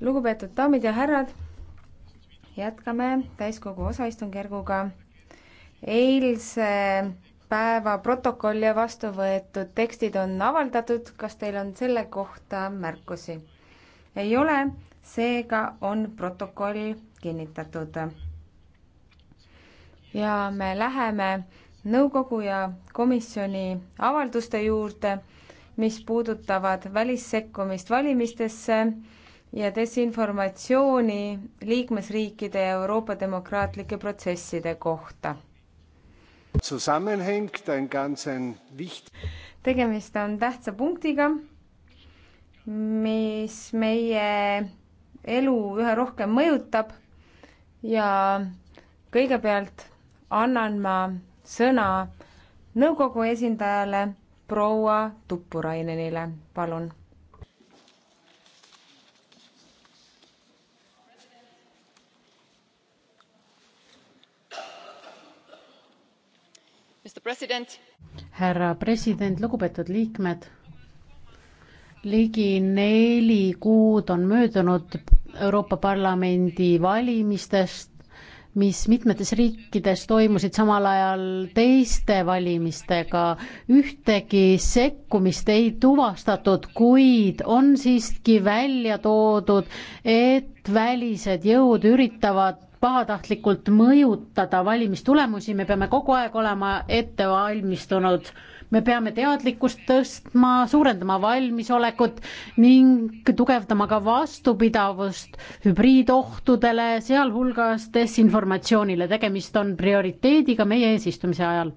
lugupeetud daamid ja härrad, jätkame täiskogu osaistungjärguga. eilse päeva protokoll ja vastu võetud tekstid on avaldatud, kas teil on selle kohta märkusi? ei ole, seega on protokoll kinnitatud. ja me läheme nõukogu ja komisjoni avalduste juurde mis puudutavad välissekkumist valimistesse ja desinformatsiooni liikmesriikide ja Euroopa demokraatlike protsesside kohta. tegemist on tähtsa punktiga, mis meie elu üha rohkem mõjutab ja kõigepealt annan ma sõna nõukogu esindajale proua Tuppurainenile, palun. härra president, lugupeetud liikmed, ligi neli kuud on möödunud Euroopa Parlamendi valimistest mis mitmetes riikides toimusid samal ajal teiste valimistega. ühtegi sekkumist ei tuvastatud, kuid on siiski välja toodud, et välised jõud üritavad pahatahtlikult mõjutada valimistulemusi, me peame kogu aeg olema ettevalmistunud äh, me peame teadlikkust tõstma, suurendama valmisolekut ning tugevdama ka vastupidavust hübriidohtudele, sealhulgas desinformatsioonile. tegemist on prioriteediga meie eesistumise ajal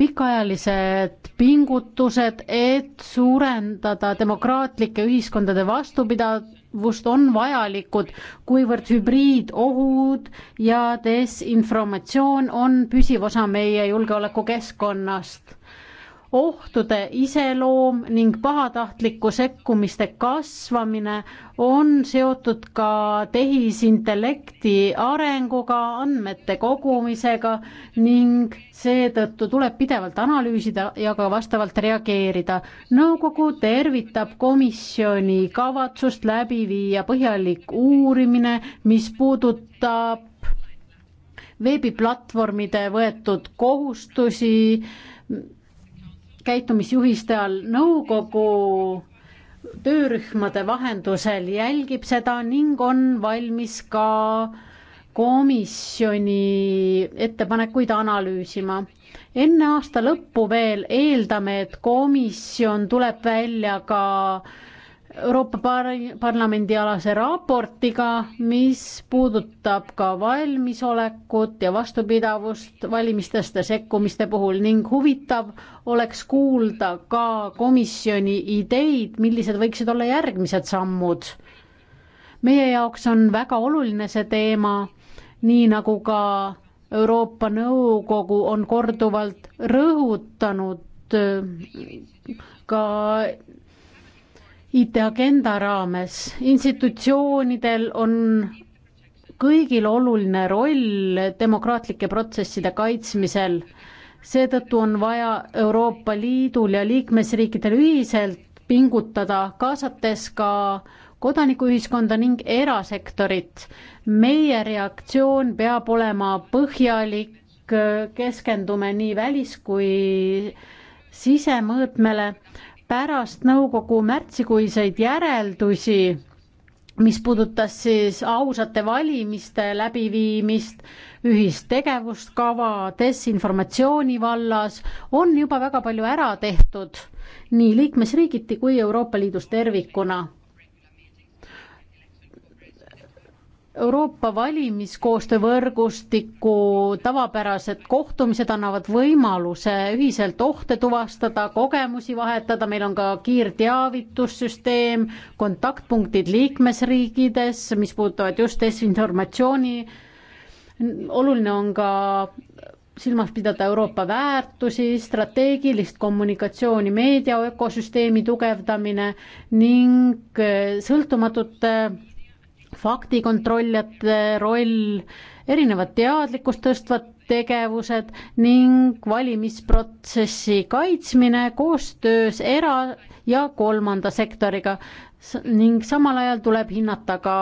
pikaajalised pingutused, et suurendada demokraatlike ühiskondade vastupidav-, teadvust on vajalikud, kuivõrd hübriidohud ja desinformatsioon on püsiv osa meie julgeolekukeskkonnast ohtude iseloom ning pahatahtliku sekkumiste kasvamine on seotud ka tehisintellekti arenguga, andmete kogumisega ning seetõttu tuleb pidevalt analüüsida ja ka vastavalt reageerida. nõukogu tervitab komisjoni kavatsust läbi viia põhjalik uurimine, mis puudutab veebiplatvormide võetud kohustusi käitumisjuhiste all nõukogu töörühmade vahendusel jälgib seda ning on valmis ka komisjoni ettepanekuid analüüsima. enne aasta lõppu veel eeldame, et komisjon tuleb välja ka äh, Euroopa par-, Parlamendi alase raportiga, mis puudutab ka valmisolekut ja vastupidavust valimistesse sekkumiste puhul ning huvitav oleks kuulda ka komisjoni ideid, millised võiksid olla järgmised sammud. meie jaoks on väga oluline see teema, nii nagu ka Euroopa Nõukogu on korduvalt rõhutanud ka IT-agenda raames. institutsioonidel on kõigil oluline roll demokraatlike protsesside kaitsmisel. seetõttu on vaja Euroopa Liidul ja liikmesriikidel ühiselt pingutada, kaasates ka kodanikuühiskonda ning erasektorit. meie reaktsioon peab olema põhjalik, keskendume nii välis- kui sisemõõtmele pärast nõukogu märtsikuiseid järeldusi, mis puudutas siis ausate valimiste läbiviimist, ühist tegevuskava desinformatsiooni vallas, on juba väga palju ära tehtud nii liikmesriigiti kui Euroopa Liidus tervikuna Euroopa valimiskoostöövõrgustiku tavapärased kohtumised annavad võimaluse ühiselt ohte tuvastada, kogemusi vahetada, meil on ka kiirteavitussüsteem, kontaktpunktid liikmesriikides, mis puudutavad just desinformatsiooni. oluline on ka silmas pidada Euroopa väärtusi, strateegilist kommunikatsiooni, meedia ökosüsteemi tugevdamine ning sõltumatute faktikontrollijate roll, erinevad teadlikkust tõstvad tegevused ning valimisprotsessi kaitsmine koostöös era- ja kolmanda sektoriga ning samal ajal tuleb hinnata ka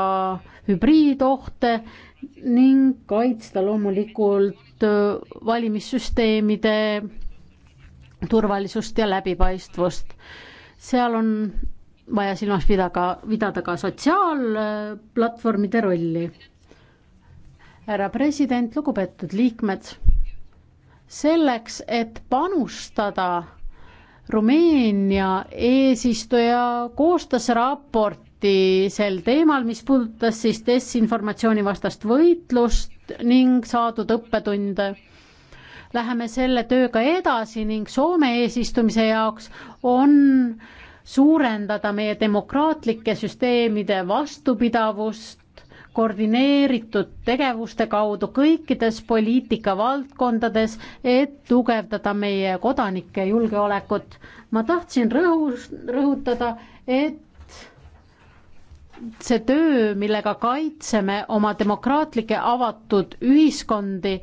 hübriidohte ning kaitsta loomulikult valimissüsteemide turvalisust ja läbipaistvust. seal on vaja silmas pidada, pidada ka sotsiaalplatvormide rolli. härra president, lugupeetud liikmed, selleks, et panustada Rumeenia eesistuja koostas raporti sel teemal, mis puudutas siis desinformatsiooni vastast võitlust ning saadud õppetunde läheme selle tööga edasi ning Soome eesistumise jaoks on suurendada meie demokraatlike süsteemide vastupidavust, koordineeritud tegevuste kaudu kõikides poliitikavaldkondades, et tugevdada meie kodanike julgeolekut. ma tahtsin rõhus, rõhutada, et see töö, millega kaitseme oma demokraatlikke avatud ühiskondi,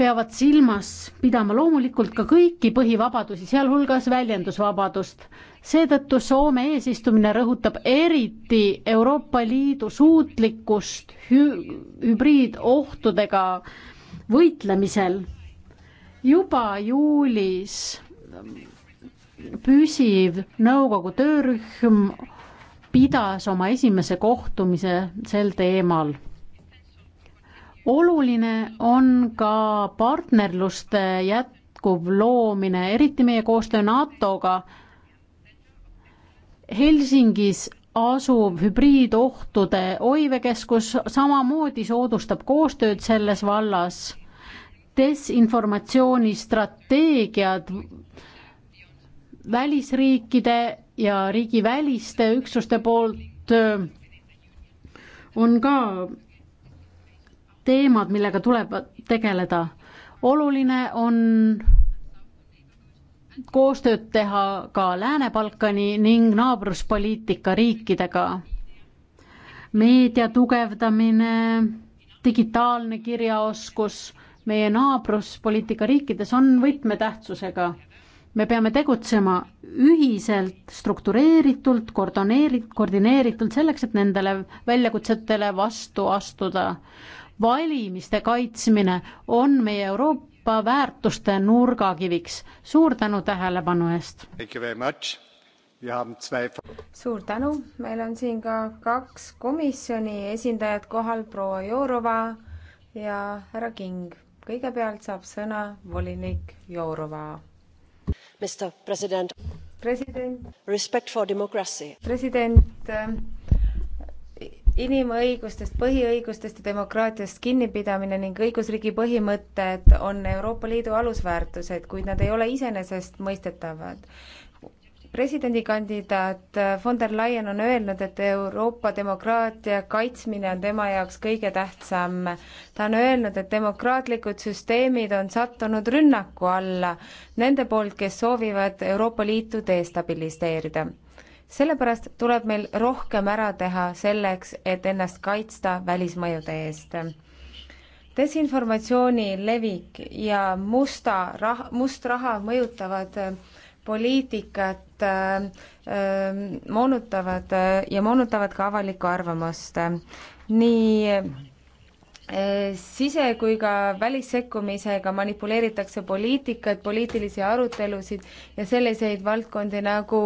peavad silmas pidama loomulikult ka kõiki põhivabadusi, sealhulgas väljendusvabadust seetõttu Soome eesistumine rõhutab eriti Euroopa Liidu suutlikkust hü-, hübriidohtudega võitlemisel. juba juulis püsiv nõukogu töörühm pidas oma esimese kohtumise sel teemal oluline on ka partnerluste jätkuv loomine, eriti meie koostöö NATO-ga Helsingis asuv hübriidohtude oivekeskus samamoodi soodustab koostööd selles vallas. desinformatsiooni strateegiad välisriikide ja riigiväliste üksuste poolt äh, on ka teemad, millega tuleb tegeleda. oluline on koostööd teha ka Lääne-Balkani ning naabruspoliitika riikidega. meedia tugevdamine, digitaalne kirjaoskus meie naabruspoliitika riikides on võtmetähtsusega. me peame tegutsema ühiselt, struktureeritult, koordineeri-, koordineeritult selleks, et nendele väljakutsetele vastu astuda. valimiste kaitsmine on meie Euroopa Euroopa väärtuste nurgakiviks. suur tänu tähelepanu eest! suur tänu, meil on siin ka kaks komisjoni esindajat kohal, proua Jourova ja härra King. kõigepealt saab sõna volinik Jourova. president, president, president inimõigustest, põhiõigustest ja demokraatiast kinnipidamine ning õigusriigi põhimõtted on Euroopa Liidu alusväärtused, kuid nad ei ole iseenesestmõistetavad. presidendikandidaat von der Leyen on öelnud, et Euroopa demokraatia kaitsmine on tema jaoks kõige tähtsam. ta on öelnud, et demokraatlikud süsteemid on sattunud rünnaku alla nende poolt, kes soovivad Euroopa Liitu destabiliseerida sellepärast tuleb meil rohkem ära teha selleks, et ennast kaitsta välismõjude eest. desinformatsiooni levik ja musta rah-, must raha mõjutavad äh, poliitikat äh, äh, moonutavad äh, ja moonutavad ka avalikku arvamust. nii Äh, sise- kui ka välissekkumisega manipuleeritakse poliitikat, poliitilisi arutelusid ja selliseid valdkondi nagu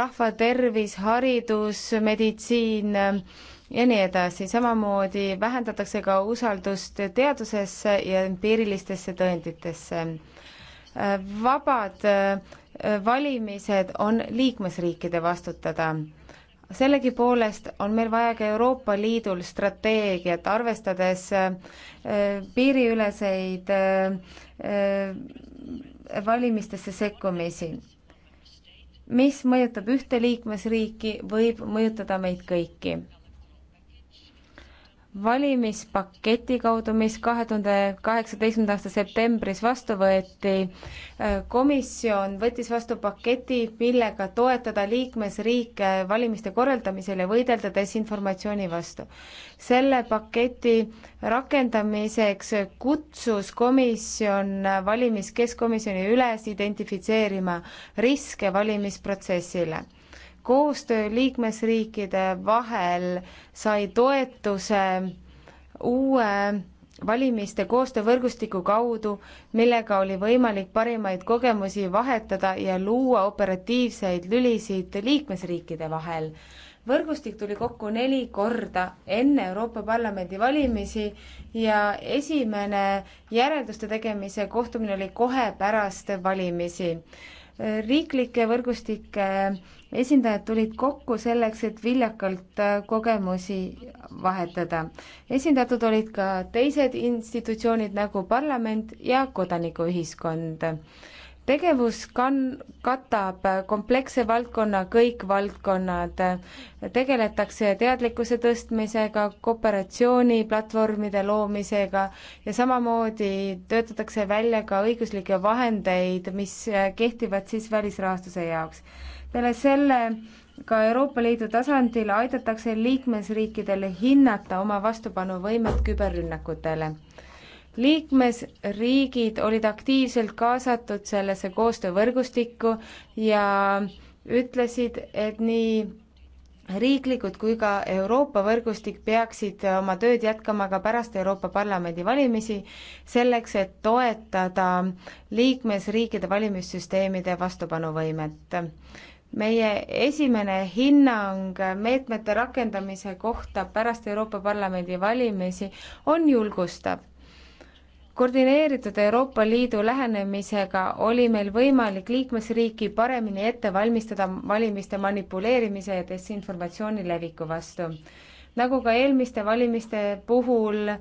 rahvatervis, haridus, meditsiin äh, ja nii edasi. samamoodi vähendatakse ka usaldust teadusesse ja empiirilistesse tõenditesse. Äh, vabad valimised on liikmesriikide vastutada sellegipoolest on meil vaja ka Euroopa Liidul strateegiat, arvestades äh, piiriüleseid äh, valimistesse sekkumisi. mis mõjutab ühte liikmesriiki, võib mõjutada meid kõiki valimispaketi kaudu, mis kahe tuhande kaheksateistkümnenda aasta septembris vastu võeti. komisjon võttis vastu paketi, millega toetada liikmesriike valimiste korraldamisel ja võidelda desinformatsiooni vastu. selle paketi rakendamiseks kutsus komisjon valimiskeskkomisjoni üles identifitseerima riske valimisprotsessile koostöö liikmesriikide vahel sai toetuse uue valimiste koostöövõrgustiku kaudu, millega oli võimalik parimaid kogemusi vahetada ja luua operatiivseid lülisid liikmesriikide vahel. võrgustik tuli kokku neli korda enne Euroopa Parlamendi valimisi ja esimene järelduste tegemise kohtumine oli kohe pärast valimisi. riiklike võrgustike esindajad tulid kokku selleks, et viljakalt äh, kogemusi vahetada. esindatud olid ka teised institutsioonid nagu parlament ja kodanikuühiskond. tegevus kann-, katab kompleksse valdkonna kõik valdkonnad, tegeletakse teadlikkuse tõstmisega, kooperatsiooniplatvormide loomisega ja samamoodi töötatakse välja ka õiguslikke vahendeid, mis äh, kehtivad siis välisrahastuse jaoks peale selle ka Euroopa Liidu tasandil aidatakse liikmesriikidel hinnata oma vastupanuvõimet küberrünnakutele. liikmesriigid olid aktiivselt kaasatud sellesse koostöövõrgustikku ja ütlesid, et nii riiklikud kui ka Euroopa võrgustik peaksid oma tööd jätkama ka pärast Euroopa Parlamendi valimisi, selleks et toetada liikmesriikide valimissüsteemide vastupanuvõimet meie esimene hinnang meetmete rakendamise kohta pärast Euroopa Parlamendi valimisi on julgustav. koordineeritud Euroopa Liidu lähenemisega oli meil võimalik liikmesriiki paremini ette valmistada valimiste manipuleerimise ja desinformatsiooni leviku vastu nagu ka eelmiste valimiste puhul äh,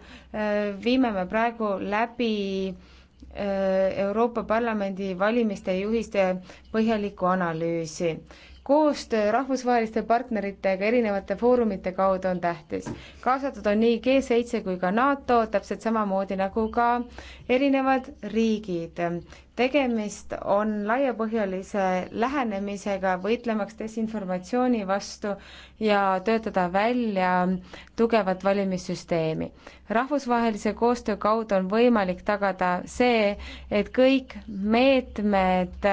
viime me praegu läbi äh, Äh, Euroopa Parlamendi valimiste juhiste põhjalikku analüüsi koostöö rahvusvaheliste partneritega erinevate foorumite kaudu on tähtis. kaasatud on nii G7 kui ka NATO, täpselt samamoodi nagu ka erinevad riigid tegemist on laiapõhjalise lähenemisega, võitlemaks desinformatsiooni vastu ja töötada välja tugevat valimissüsteemi. rahvusvahelise koostöö kaudu on võimalik tagada see, et kõik meetmed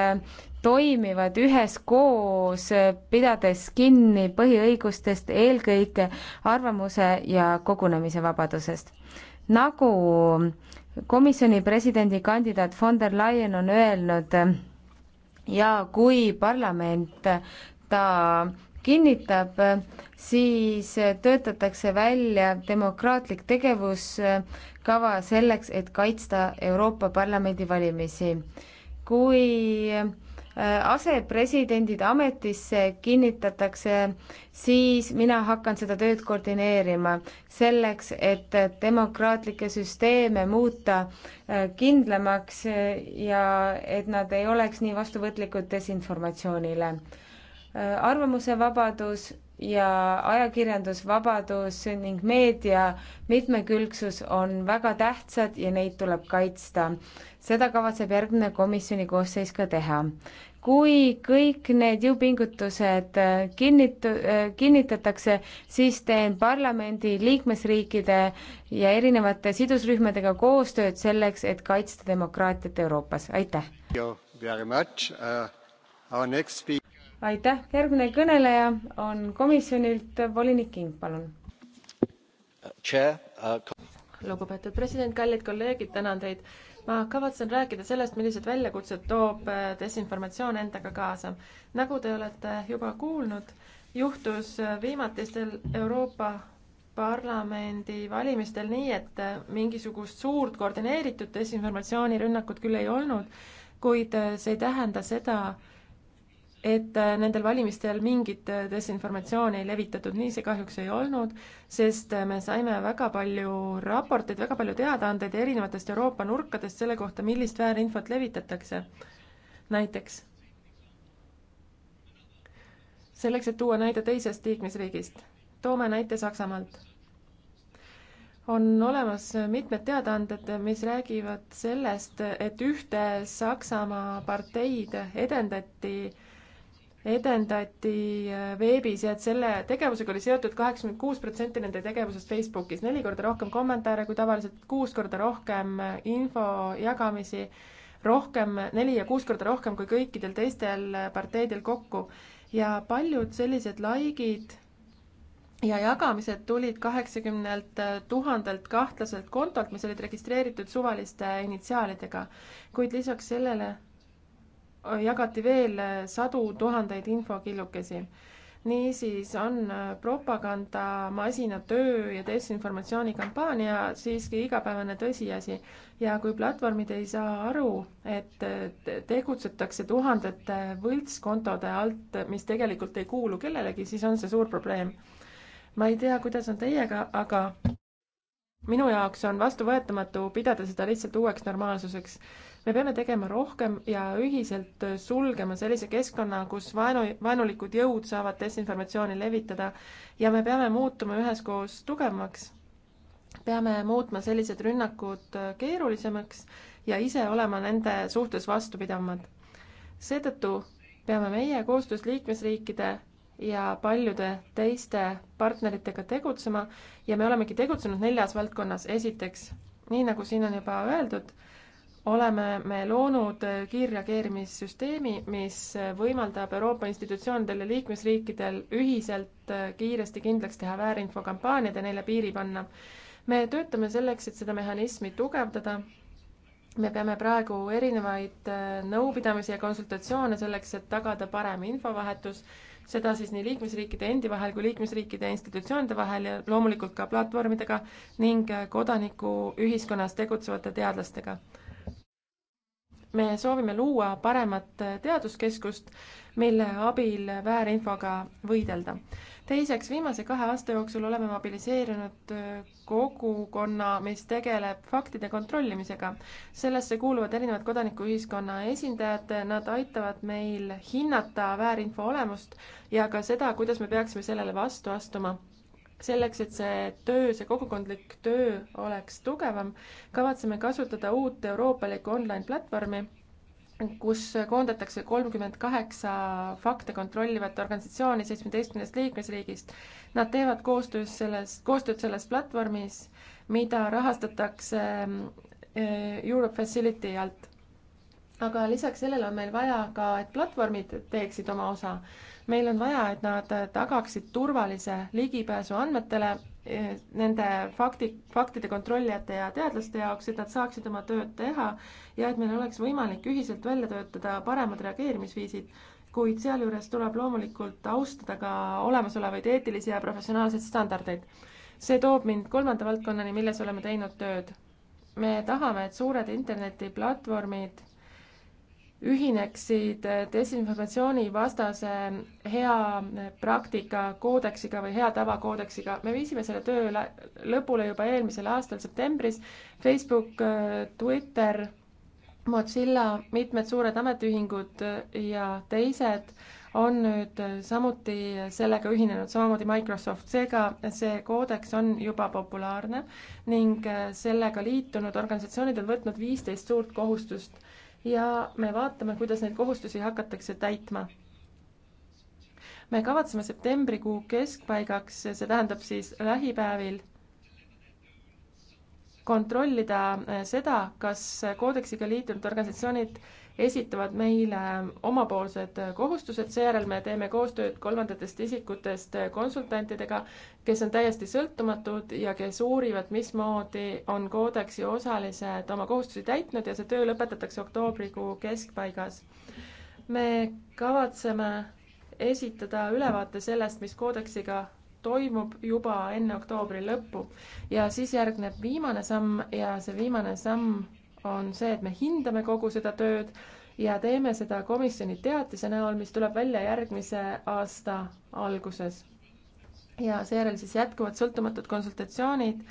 toimivad üheskoos, pidades kinni põhiõigustest, eelkõige arvamuse ja kogunemise vabadusest. nagu komisjoni presidendikandidaat von der Leyen on öelnud ja kui parlament ta kinnitab, siis töötatakse välja demokraatlik tegevuskava selleks, et kaitsta Euroopa Parlamendi valimisi. kui Äh, asepresidendid ametisse kinnitatakse, siis mina hakkan seda tööd koordineerima selleks, et demokraatlikke süsteeme muuta äh, kindlamaks äh, ja et nad ei oleks nii vastuvõtlikud desinformatsioonile. arvamusevabadus ja ajakirjandusvabadus ning meedia mitmekülgsus on väga tähtsad ja neid tuleb kaitsta seda kavatseb järgmine komisjoni koosseis ka teha. kui kõik need jõupingutused äh, kinnit-, äh, kinnitatakse, siis teen parlamendi, liikmesriikide ja erinevate sidusrühmadega koostööd selleks, et kaitsta demokraatiat Euroopas, aitäh! Uh, aitäh, järgmine kõneleja on komisjonilt volinik King, palun. Uh, lugupeetud president, kallid kolleegid, tänan teid ma kavatsen rääkida sellest, millised väljakutsed toob äh, desinformatsioon endaga kaasa. nagu te olete juba kuulnud, juhtus äh, viimatistel Euroopa Parlamendi valimistel nii, et äh, mingisugust suurt koordineeritud desinformatsioonirünnakut küll ei olnud, kuid see ei tähenda seda, et äh, nendel valimistel mingit äh, desinformatsiooni ei levitatud, nii see kahjuks ei olnud, sest äh, me saime väga palju raporteid, väga palju teadaandeid erinevatest Euroopa nurkadest selle kohta, millist väärinfot levitatakse. näiteks selleks, et tuua näide teisest liikmesriigist, toome näite Saksamaalt. on olemas mitmed teadaanded, mis räägivad sellest, et ühte Saksamaa parteid edendati äh, edendati äh, veebis ja et selle tegevusega oli seotud kaheksakümmend kuus protsenti nende tegevusest Facebookis, neli korda rohkem kommentaare kui tavaliselt, kuus korda rohkem äh, info jagamisi, rohkem, neli ja kuus korda rohkem kui kõikidel teistel äh, parteidel kokku. ja paljud sellised likeid ja jagamised tulid kaheksakümnelt tuhandelt kahtlaselt kontolt, mis olid registreeritud suvaliste initsiaalidega. kuid lisaks sellele jagati veel sadu tuhandeid infokillukesi. niisiis on äh, propagandamasina töö ja desinformatsioonikampaania siiski igapäevane tõsiasi ja kui platvormid ei saa aru, et äh, tegutsetakse tuhandete võltskontode alt, mis tegelikult ei kuulu kellelegi, siis on see suur probleem. ma ei tea, kuidas on teiega, aga minu jaoks on vastuvõetamatu pidada seda lihtsalt uueks normaalsuseks me peame tegema rohkem ja ühiselt sulgema sellise keskkonna, kus vaenu, vaenulikud jõud saavad desinformatsiooni levitada ja me peame muutuma üheskoos tugevamaks. peame muutma sellised rünnakud keerulisemaks ja ise olema nende suhtes vastupidavamad. seetõttu peame meie koostöös liikmesriikide ja paljude teiste partneritega tegutsema ja me olemegi tegutsenud neljas valdkonnas. esiteks, nii nagu siin on juba öeldud oleme me loonud kiirreageerimissüsteemi, mis võimaldab Euroopa institutsioonidel ja liikmesriikidel ühiselt kiiresti kindlaks teha väärinfokampaaniad ja neile piiri panna. me töötame selleks, et seda mehhanismi tugevdada. me peame praegu erinevaid nõupidamisi ja konsultatsioone selleks, et tagada parem infovahetus, seda siis nii liikmesriikide endi vahel kui liikmesriikide institutsioonide vahel ja loomulikult ka platvormidega ning kodanikuühiskonnas tegutsevate teadlastega me soovime luua paremat teaduskeskust, mille abil väärinfoga võidelda. teiseks, viimase kahe aasta jooksul oleme mobiliseerinud kogukonna, mis tegeleb faktide kontrollimisega. sellesse kuuluvad erinevad kodanikuühiskonna esindajad, nad aitavad meil hinnata väärinfo olemust ja ka seda, kuidas me peaksime sellele vastu astuma selleks, et see töö, see kogukondlik töö oleks tugevam, kavatseme kasutada uut euroopalikku online platvormi, kus koondatakse kolmkümmend kaheksa fakte kontrollivat organisatsiooni seitsmeteistkümnest liikmesriigist. Nad teevad koostöös selles, koostööd selles platvormis, mida rahastatakse eh, Europe Facility alt. aga lisaks sellele on meil vaja ka, et platvormid teeksid oma osa meil on vaja, et nad tagaksid turvalise ligipääsu andmetele eh, nende fakti, faktide kontrollijate ja teadlaste jaoks, et nad saaksid oma tööd teha ja et meil oleks võimalik ühiselt välja töötada paremad reageerimisviisid, kuid sealjuures tuleb loomulikult austada ka olemasolevaid eetilisi ja professionaalseid standardeid. see toob mind kolmanda valdkonnani, milles oleme teinud tööd. me tahame, et suured internetiplatvormid ühineksid desinformatsiooni vastase hea praktika koodeksiga või hea tava koodeksiga. me viisime selle töö lõpule juba eelmisel aastal septembris. Facebook, Twitter, Mozilla, mitmed suured ametiühingud ja teised on nüüd samuti sellega ühinenud, samamoodi Microsoft, seega see koodeks on juba populaarne ning sellega liitunud organisatsioonid on võtnud viisteist suurt kohustust ja me vaatame, kuidas neid kohustusi hakatakse täitma. me kavatseme septembrikuu keskpaigaks, see tähendab siis lähipäevil, kontrollida eh, seda, kas koodeksiga liitunud organisatsioonid esitavad meile omapoolsed kohustused, seejärel me teeme koostööd kolmandatest isikutest konsultantidega, kes on täiesti sõltumatud ja kes uurivad, mismoodi on koodeksi osalised oma kohustusi täitnud ja see töö lõpetatakse oktoobrikuu keskpaigas. me kavatseme esitada ülevaate sellest, mis koodeksiga toimub juba enne oktoobri lõppu ja siis järgneb viimane samm ja see viimane samm on see, et me hindame kogu seda tööd ja teeme seda komisjoni teatise näol, mis tuleb välja järgmise aasta alguses. ja seejärel siis jätkuvad sõltumatud konsultatsioonid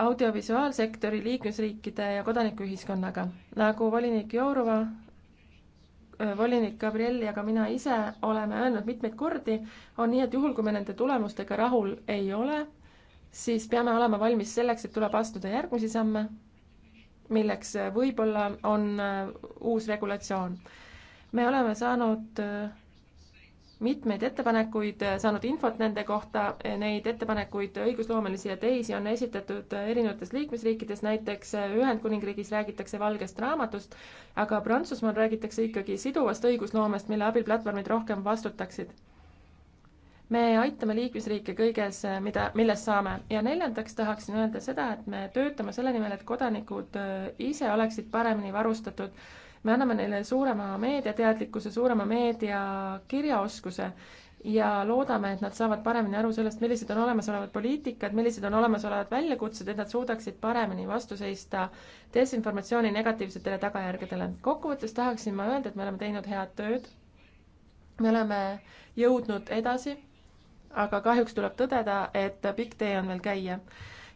audiovisuaalsektori, liikmesriikide ja kodanikuühiskonnaga. nagu volinik Jourova, äh, volinik Gabriel ja ka mina ise oleme öelnud mitmeid kordi, on nii, et juhul, kui me nende tulemustega rahul ei ole, siis peame olema valmis selleks, et tuleb astuda järgmisi samme milleks võib-olla on äh, uus regulatsioon. me oleme saanud äh, mitmeid ettepanekuid, äh, saanud infot nende kohta, neid ettepanekuid, õigusloomelisi ja teisi, on esitatud erinevates liikmesriikides, näiteks Ühendkuningriigis räägitakse valgest raamatust, aga Prantsusmaal räägitakse ikkagi siduvast õigusloomest, mille abil platvormid rohkem vastutaksid me aitame liikmesriike kõiges, eh, mida, milles saame. ja neljandaks tahaksin öelda seda, et me töötame selle nimel, et kodanikud eh, ise oleksid paremini varustatud. me anname neile suurema meediateadlikkuse, suurema meediakirjaoskuse ja loodame, et nad saavad paremini aru sellest, millised on olemasolevad poliitikad, millised on olemasolevad väljakutsed, et nad suudaksid paremini vastu seista desinformatsiooni negatiivsetele tagajärgedele. kokkuvõttes tahaksin ma öelda, et me oleme teinud head tööd. me oleme jõudnud edasi aga kahjuks tuleb tõdeda, et pikk tee on veel käia.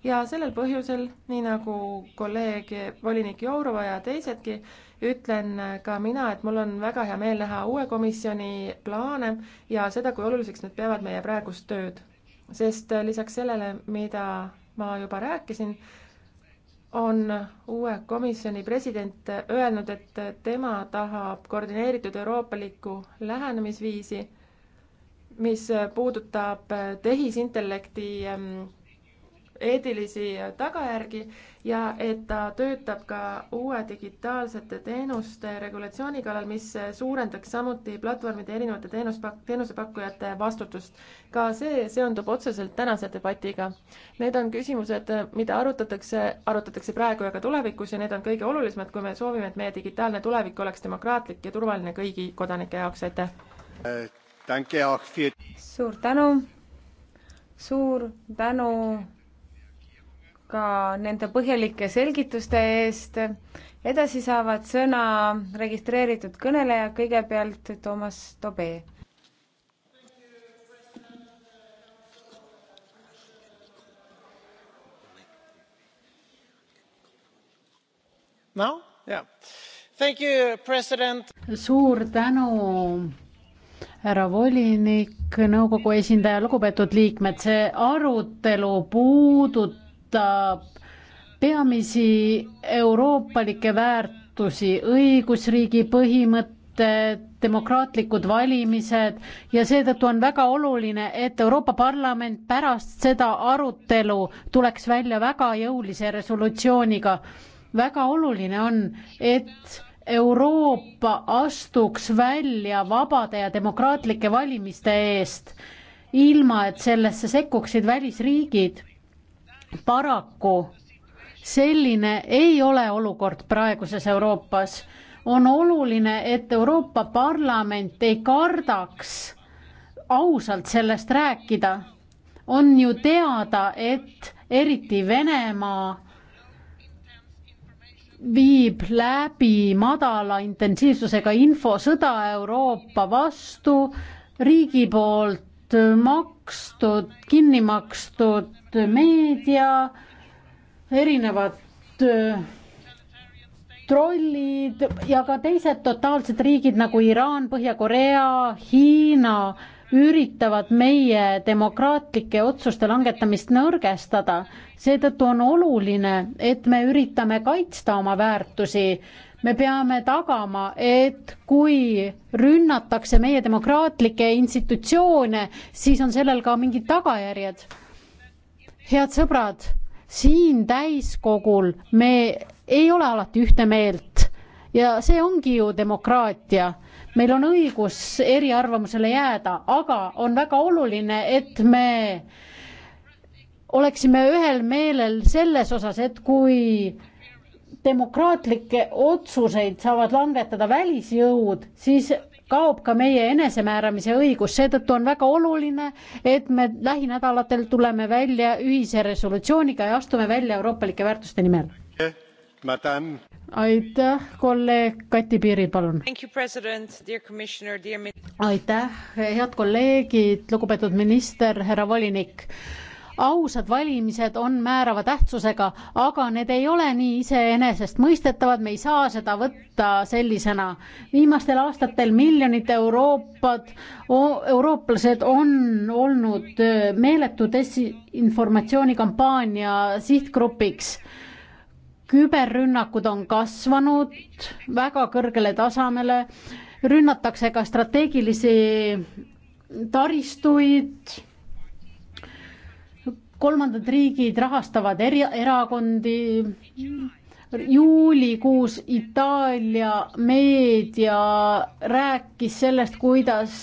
ja sellel põhjusel, nii nagu kolleeg volinik Jourova ja teisedki, ütlen ka mina, et mul on väga hea meel näha uue komisjoni plaane ja seda, kui oluliseks need peavad meie praegust tööd. sest lisaks sellele, mida ma juba rääkisin, on uue komisjoni president öelnud, et tema tahab koordineeritud euroopalikku lähenemisviisi mis puudutab tehisintellekti ähm, eetilisi tagajärgi ja et ta töötab ka uue digitaalsete teenuste regulatsiooni kallal, mis suurendaks samuti platvormide erinevate teenuspak-, teenusepakkujate vastutust. ka see seondub otseselt tänase debatiga. Need on küsimused, mida arutatakse, arutatakse praegu ja ka tulevikus ja need on kõige olulisemad, kui me soovime, et meie digitaalne tulevik oleks demokraatlik ja turvaline kõigi kodanike jaoks, aitäh! Äh, suur tänu, suur tänu ka nende põhjalike selgituste eest. edasi saavad sõna registreeritud kõnelejad, kõigepealt Toomas Tobe. no jaa yeah., thank you, president. suur tänu härra volinik, nõukogu esindaja, lugupeetud liikmed, see arutelu puudutab peamisi euroopalikke väärtusi, õigusriigi põhimõtted, demokraatlikud valimised ja seetõttu on väga oluline, et Euroopa Parlament pärast seda arutelu tuleks välja väga jõulise resolutsiooniga. väga oluline on, et Euroopa astuks välja vabade ja demokraatlike valimiste eest, ilma et sellesse sekkuksid välisriigid. paraku selline ei ole olukord praeguses Euroopas. on oluline, et Euroopa Parlament ei kardaks ausalt sellest rääkida. on ju teada, et eriti Venemaa viib läbi madala intensiivsusega infosõda Euroopa vastu, riigi poolt makstud, kinni makstud meedia, erinevad äh, trollid ja ka teised totaalsed riigid nagu Iraan, Põhja-Korea, Hiina üritavad meie demokraatlike otsuste langetamist nõrgestada. seetõttu on oluline, et me üritame kaitsta oma väärtusi. me peame tagama, et kui rünnatakse meie demokraatlikke institutsioone, siis on sellel ka mingid tagajärjed. head sõbrad, siin täiskogul me ei ole alati ühte meelt ja see ongi ju demokraatia meil on õigus eriarvamusele jääda, aga on väga oluline, et me oleksime ühel meelel selles osas, et kui demokraatlikke otsuseid saavad langetada välisjõud, siis kaob ka meie enesemääramise õigus, seetõttu on väga oluline, et me lähinädalatel tuleme välja ühise resolutsiooniga ja astume välja euroopalike väärtuste nimel aitäh, kolleeg Kati Piiri, palun. aitäh, head kolleegid, lugupeetud minister, härra volinik ausad valimised on määrava tähtsusega, aga need ei ole nii iseenesestmõistetavad, me ei saa seda võtta sellisena. viimastel aastatel miljonid Euroopad, eurooplased on olnud meeletu desinformatsioonikampaania sihtgrupiks küberrünnakud on kasvanud väga kõrgele tasemele, rünnatakse ka strateegilisi taristuid, kolmandad riigid rahastavad eri, erakondi, juulikuus Itaalia meedia rääkis sellest, kuidas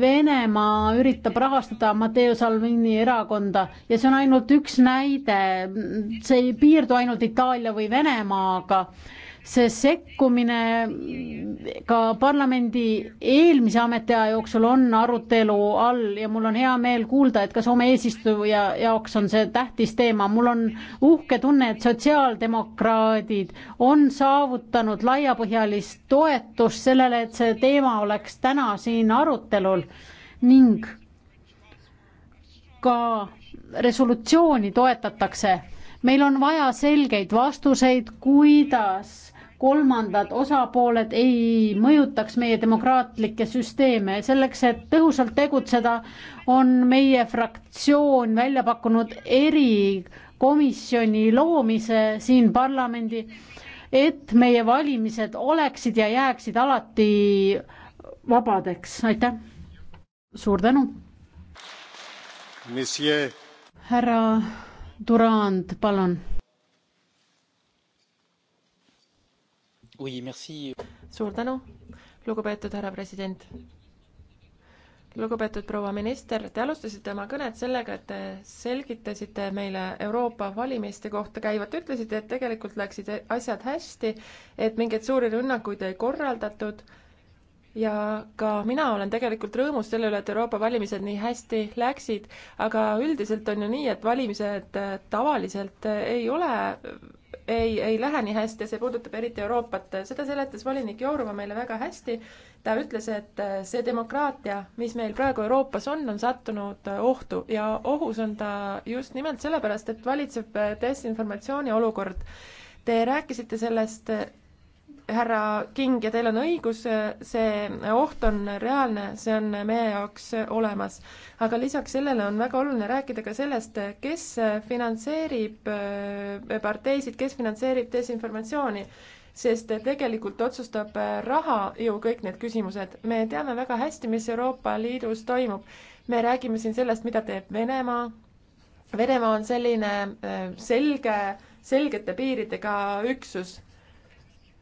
Venemaa üritab rahastada Matteo Salvini erakonda ja see on ainult üks näide, see ei piirdu ainult Itaalia või Venemaaga see sekkumine ka parlamendi eelmise ametiaja jooksul on arutelu all ja mul on hea meel kuulda, et ka Soome eesistuja jaoks on see tähtis teema. mul on uhke tunne, et sotsiaaldemokraadid on saavutanud laiapõhjalist toetust sellele, et see teema oleks täna siin arutelul ning ka resolutsiooni toetatakse meil on vaja selgeid vastuseid, kuidas kolmandad osapooled ei mõjutaks meie demokraatlikke süsteeme. selleks, et tõhusalt tegutseda, on meie fraktsioon välja pakkunud erikomisjoni loomise siin parlamendi, et meie valimised oleksid ja jääksid alati vabadeks, aitäh. suur tänu. härra Durand, palun suur tänu, lugupeetud härra president. lugupeetud proua minister, te alustasite oma kõnet sellega, et te selgitasite meile Euroopa valimiste kohta käivat, ütlesite, et tegelikult läksid asjad hästi, et mingeid suuri rünnakuid ei korraldatud ja ka mina olen tegelikult rõõmus selle üle, et Euroopa valimised nii hästi läksid, aga üldiselt on ju nii, et valimised tavaliselt ei ole ei, ei lähe nii hästi ja see puudutab eriti Euroopat. seda seletas volinik Jourova meile väga hästi. ta ütles, et see demokraatia, mis meil praegu Euroopas on, on sattunud ohtu ja ohus on ta just nimelt sellepärast, et valitseb desinformatsiooni olukord. Te rääkisite sellest härra King, ja teil on õigus, see oht on reaalne, see on meie jaoks olemas. aga lisaks sellele on väga oluline rääkida ka sellest, kes finantseerib äh, parteisid, kes finantseerib desinformatsiooni sest tegelikult otsustab raha ju kõik need küsimused. me teame väga hästi, mis Euroopa Liidus toimub. me räägime siin sellest, mida teeb Venemaa. Venemaa on selline äh, selge, selgete piiridega üksus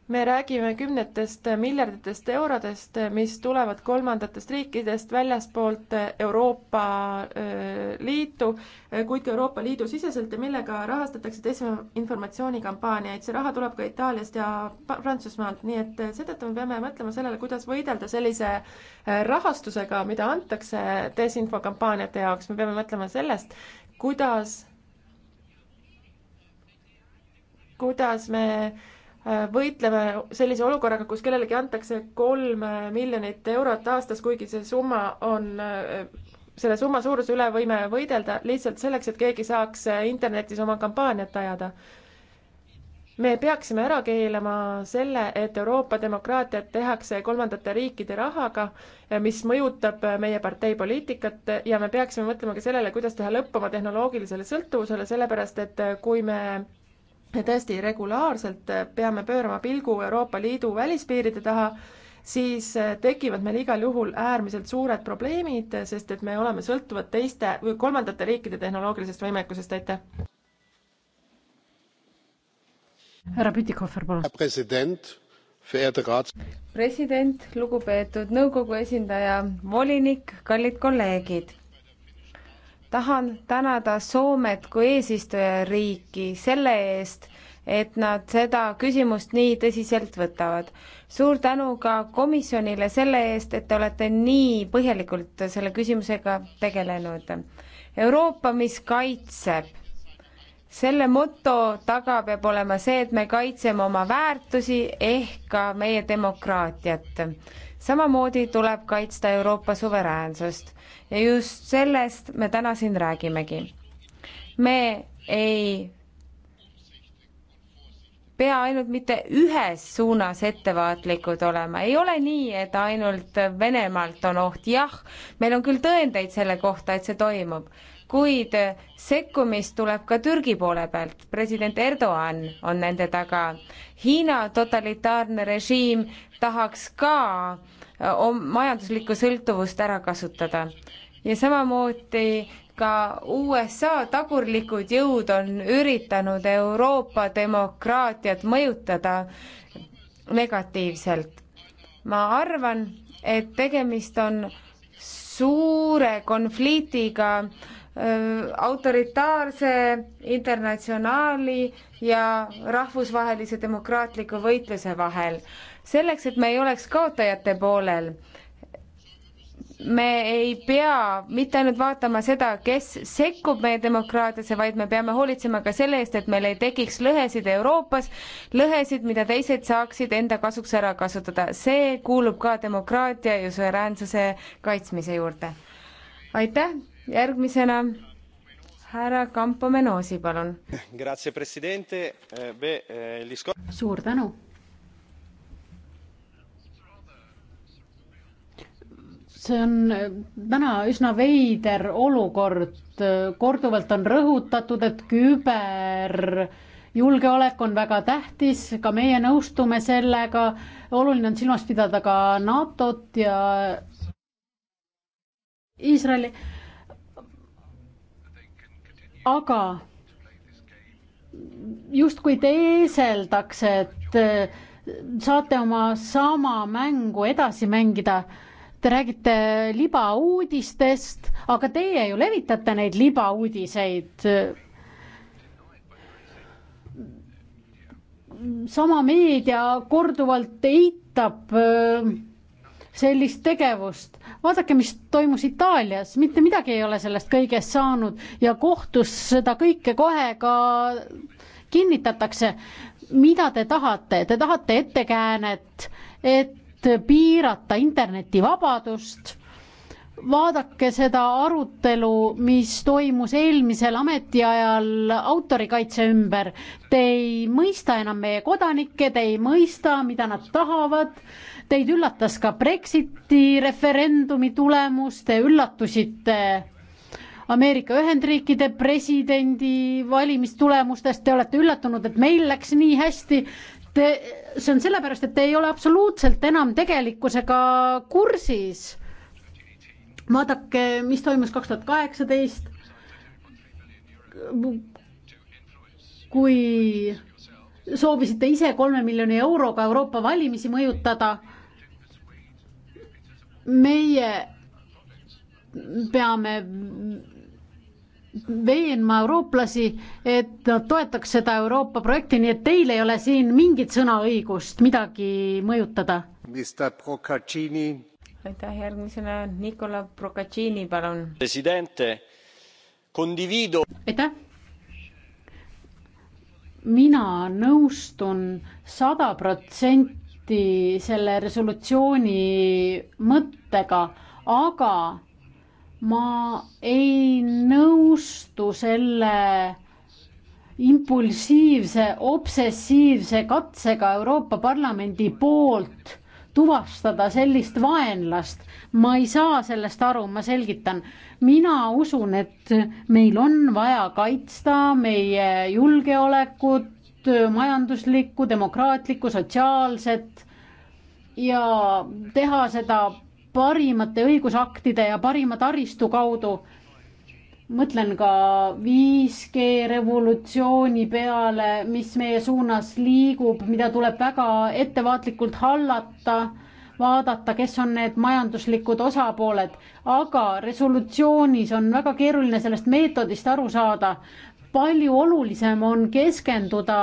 me räägime kümnetest miljarditest eurodest, mis tulevad kolmandatest riikidest väljaspoolt Euroopa äh, Liitu, äh, kuid ka Euroopa Liidu siseselt ja millega rahastatakse desinformatsioonikampaaniaid. see raha tuleb ka Itaaliast ja Prantsusmaalt, nii et äh, seetõttu me peame mõtlema sellele, kuidas võidelda sellise rahastusega, mida antakse desinfokampaaniate jaoks, me peame mõtlema sellest, kuidas kuidas me võitleme sellise olukorraga, kus kellelegi antakse kolm miljonit eurot aastas, kuigi see summa on, selle summa suuruse üle võime võidelda lihtsalt selleks, et keegi saaks internetis oma kampaaniat ajada. me peaksime ära keelama selle, et Euroopa demokraatiat tehakse kolmandate riikide rahaga, mis mõjutab meie partei poliitikat ja me peaksime mõtlema ka sellele, kuidas teha lõpp oma tehnoloogilisele sõltuvusele, sellepärast et kui me tõesti regulaarselt peame pöörama pilgu Euroopa Liidu välispiiride taha, siis tekivad meil igal juhul äärmiselt suured probleemid, sest et me oleme sõltuvad teiste või kolmandate riikide tehnoloogilisest võimekusest, aitäh! härra Pütikofer, palun! president, lugupeetud nõukogu esindaja, volinik, kallid kolleegid! tahan tänada Soomet kui eesistujariiki selle eest, et nad seda küsimust nii tõsiselt võtavad. suur tänu ka komisjonile selle eest, et te olete nii põhjalikult selle küsimusega tegelenud. Euroopa, mis kaitseb, selle moto taga peab olema see, et me kaitseme oma väärtusi ehk ka meie demokraatiat samamoodi tuleb kaitsta Euroopa suveräänsust ja just sellest me täna siin räägimegi. me ei pea ainult mitte ühes suunas ettevaatlikud olema, ei ole nii, et ainult Venemaalt on oht, jah, meil on küll tõendeid selle kohta, et see toimub kuid sekkumist tuleb ka Türgi poole pealt. president Erdoğan on nende taga. Hiina totalitaarne režiim tahaks ka äh, majanduslikku sõltuvust ära kasutada ja samamoodi ka USA tagurlikud jõud on üritanud Euroopa demokraatiat mõjutada negatiivselt. ma arvan, et tegemist on suure konfliktiga äh, Äh, autoritaarse internatsionaali ja rahvusvahelise demokraatliku võitluse vahel. selleks, et me ei oleks kaotajate poolel, me ei pea mitte ainult vaatama seda, kes sekkub meie demokraatiasse, vaid me peame hoolitsema ka selle eest, et meil ei tekiks lõhesid Euroopas, lõhesid, mida teised saaksid enda kasuks ära kasutada. see kuulub ka demokraatia ja suveräänsuse kaitsmise juurde. aitäh! järgmisena härra Campo Menosi, palun. Eh, eh, suur tänu. see on eh, täna üsna veider olukord, korduvalt on rõhutatud, et küber julgeolek on väga tähtis, ka meie nõustume sellega, oluline on silmas pidada ka NATO-t ja Iisraeli aga justkui teeseldakse, et äh, saate oma sama mängu edasi mängida. Te räägite libauudistest, aga teie ju levitate neid libauudiseid. sama meedia korduvalt eitab äh, sellist tegevust. vaadake, mis toimus Itaalias, mitte midagi ei ole sellest kõigest saanud ja kohtus seda kõike kohe ka kinnitatakse. mida te tahate, te tahate ettekäänet, et piirata internetivabadust. vaadake seda arutelu, mis toimus eelmisel ametiajal autorikaitse ümber. Te ei mõista enam meie kodanikke, te ei mõista, mida nad tahavad Teid üllatas ka Brexiti referendumi tulemus, te üllatusite Ameerika Ühendriikide presidendi valimistulemustest, te olete üllatunud, et meil läks nii hästi. Te, see on sellepärast, et te ei ole absoluutselt enam tegelikkusega kursis. vaadake, mis toimus kaks tuhat kaheksateist. kui soovisite ise kolme miljoni euroga Euroopa valimisi mõjutada meie peame veenma eurooplasi, et nad toetaks seda Euroopa projekti, nii et teil ei ole siin mingit sõnaõigust midagi mõjutada. aitäh, järgmisena Nicola Procaccini, palun. aitäh. mina nõustun sada protsenti nõustuti selle resolutsiooni mõttega, aga ma ei nõustu selle impulsiivse, obsessiivse katsega Euroopa Parlamendi poolt tuvastada sellist vaenlast. ma ei saa sellest aru, ma selgitan. mina usun, et meil on vaja kaitsta meie julgeolekut, majanduslikku, demokraatlikku, sotsiaalset ja teha seda parimate õigusaktide ja parima taristu kaudu. mõtlen ka 5G revolutsiooni peale, mis meie suunas liigub, mida tuleb väga ettevaatlikult hallata, vaadata, kes on need majanduslikud osapooled, aga resolutsioonis on väga keeruline sellest meetodist aru saada palju olulisem on keskenduda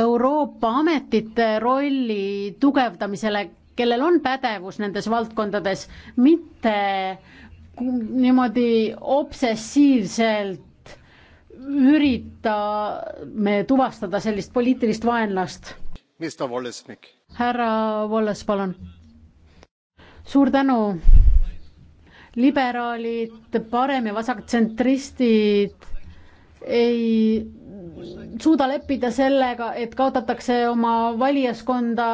Euroopa ametite rolli tugevdamisele, kellel on pädevus nendes valdkondades, mitte niimoodi obsessiivselt üritame tuvastada sellist poliitilist vaenlast. härra Wallace, palun. suur tänu. liberaalid, parem- ja vasaktsentristid ei suuda leppida sellega, et kaotatakse oma valijaskonda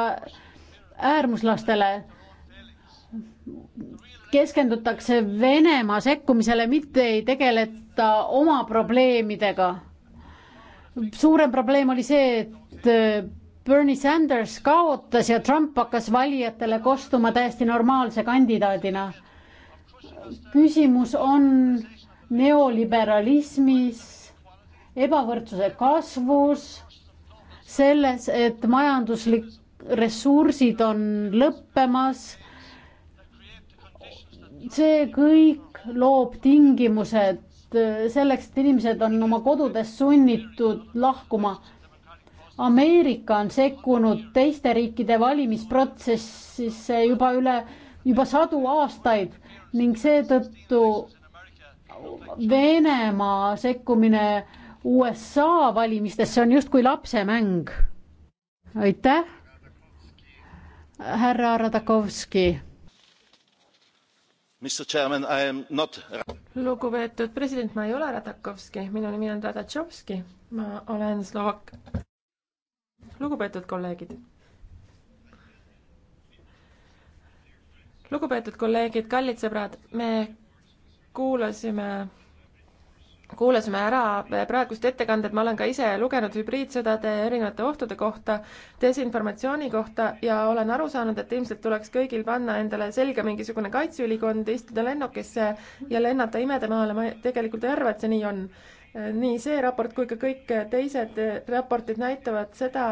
äärmuslastele. keskendutakse Venemaa sekkumisele, mitte ei tegeleta oma probleemidega. suurem probleem oli see, et äh, Bernie Sanders kaotas ja Trump hakkas valijatele kostuma täiesti normaalse kandidaadina. küsimus on neoliberalismis ebavõrdsuse kasvus, selles, et majanduslik ressursid on lõppemas. see kõik loob tingimused selleks, et inimesed on oma kodudest sunnitud lahkuma. Ameerika on sekkunud teiste riikide valimisprotsessisse juba üle, juba sadu aastaid ning seetõttu Venemaa sekkumine USA valimistest, see on justkui lapsemäng. aitäh, härra Radakovski. Not... lugupeetud president, ma ei ole Radakovski, minu nimi on Radatšovski, ma olen Slovak. lugupeetud kolleegid lugupeetud kolleegid, kallid sõbrad, me kuulasime kuulasime ära praegust ettekandet, ma olen ka ise lugenud hübriidsõdade erinevate ohtude kohta, desinformatsiooni kohta ja olen aru saanud, et ilmselt tuleks kõigil panna endale selga mingisugune kaitseülikond, istuda lennukisse ja lennata imedemaale, ma tegelikult ei arva, et see nii on. nii see raport kui ka kõik teised raportid näitavad seda,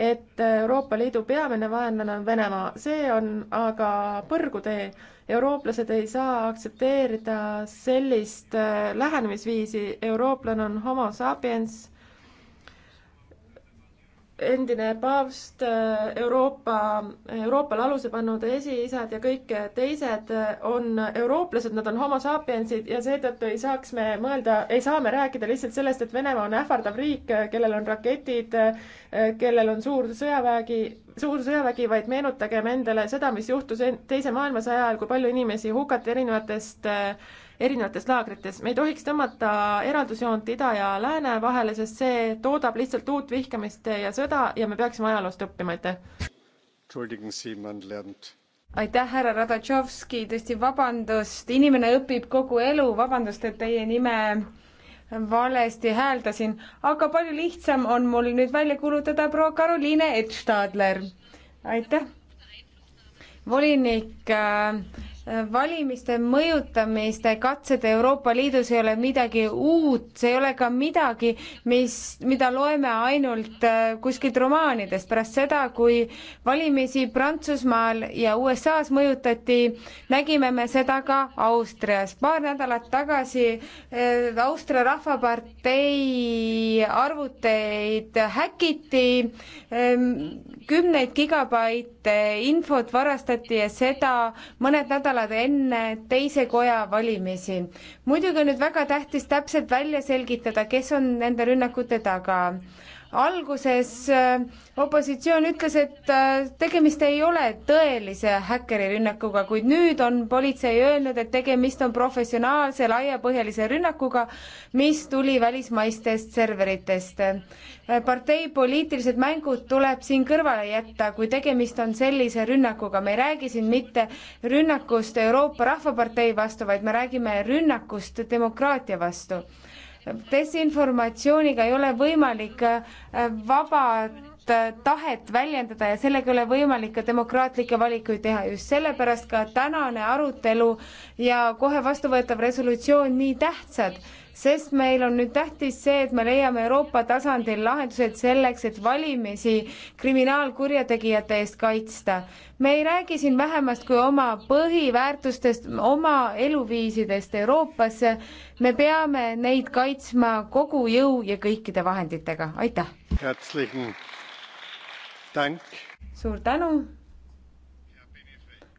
et Euroopa Liidu peamine vaenlane on Venemaa, see on aga põrgutee eurooplased ei saa aktsepteerida sellist äh, lähenemisviisi, eurooplane on homo sapiens endine paavst, äh, Euroopa, Euroopale aluse pannud esiisad ja kõik teised äh, on eurooplased, nad on homo sapiensid ja seetõttu ei saaks me mõelda, ei saa me rääkida lihtsalt sellest, et Venemaa on ähvardav riik, kellel on raketid, äh, kellel on suur sõjavägi, suur sõjavägi, vaid meenutagem endale seda, mis juhtus teise maailmasõja ajal, kui palju inimesi hukati erinevatest äh, erinevates laagrites. me ei tohiks tõmmata eraldusjoont ida ja lääne vahele, sest see toodab lihtsalt uut vihkamist ja sõda ja me peaksime ajaloost õppima, aitäh. aitäh, härra Radatšovski, tõesti vabandust, inimene õpib kogu elu, vabandust, et teie nime valesti hääldasin, aga palju lihtsam on mul nüüd välja kuulutada proua Karoliine Edstadler. aitäh volinik äh, valimiste mõjutamiste katsed Euroopa Liidus ei ole midagi uut, see ei ole ka midagi, mis, mida loeme ainult äh, kuskilt romaanidest. pärast seda, kui valimisi Prantsusmaal ja USA-s mõjutati, nägime me seda ka Austrias. paar nädalat tagasi äh, Austria Rahvapartei arvuteid häkiti, ähm, kümneid gigabaite et infot varastati ja seda mõned nädalad enne teise koja valimisi. muidugi on nüüd väga tähtis täpselt välja selgitada, kes on nende rünnakute taga alguses äh, opositsioon ütles, et äh, tegemist ei ole tõelise häkkerirünnakuga, kuid nüüd on politsei öelnud, et tegemist on professionaalse laiapõhjalise rünnakuga, mis tuli välismaistest serveritest. Äh, partei poliitilised mängud tuleb siin kõrvale jätta, kui tegemist on sellise rünnakuga. me ei räägi siin mitte rünnakust Euroopa Rahvapartei vastu, vaid me räägime rünnakust demokraatia vastu desinformatsiooniga ei ole võimalik äh, vabat äh, tahet väljendada ja sellega ei ole võimalik ka demokraatlikke valikuid teha. just sellepärast ka tänane arutelu ja kohe vastuvõetav resolutsioon nii tähtsad sest meil on nüüd tähtis see, et me leiame Euroopa tasandil lahendused selleks, et valimisi kriminaalkurjategijate eest kaitsta. me ei räägi siin vähemast kui oma põhiväärtustest, oma eluviisidest Euroopas. me peame neid kaitsma kogu jõu ja kõikide vahenditega, aitäh. suur tänu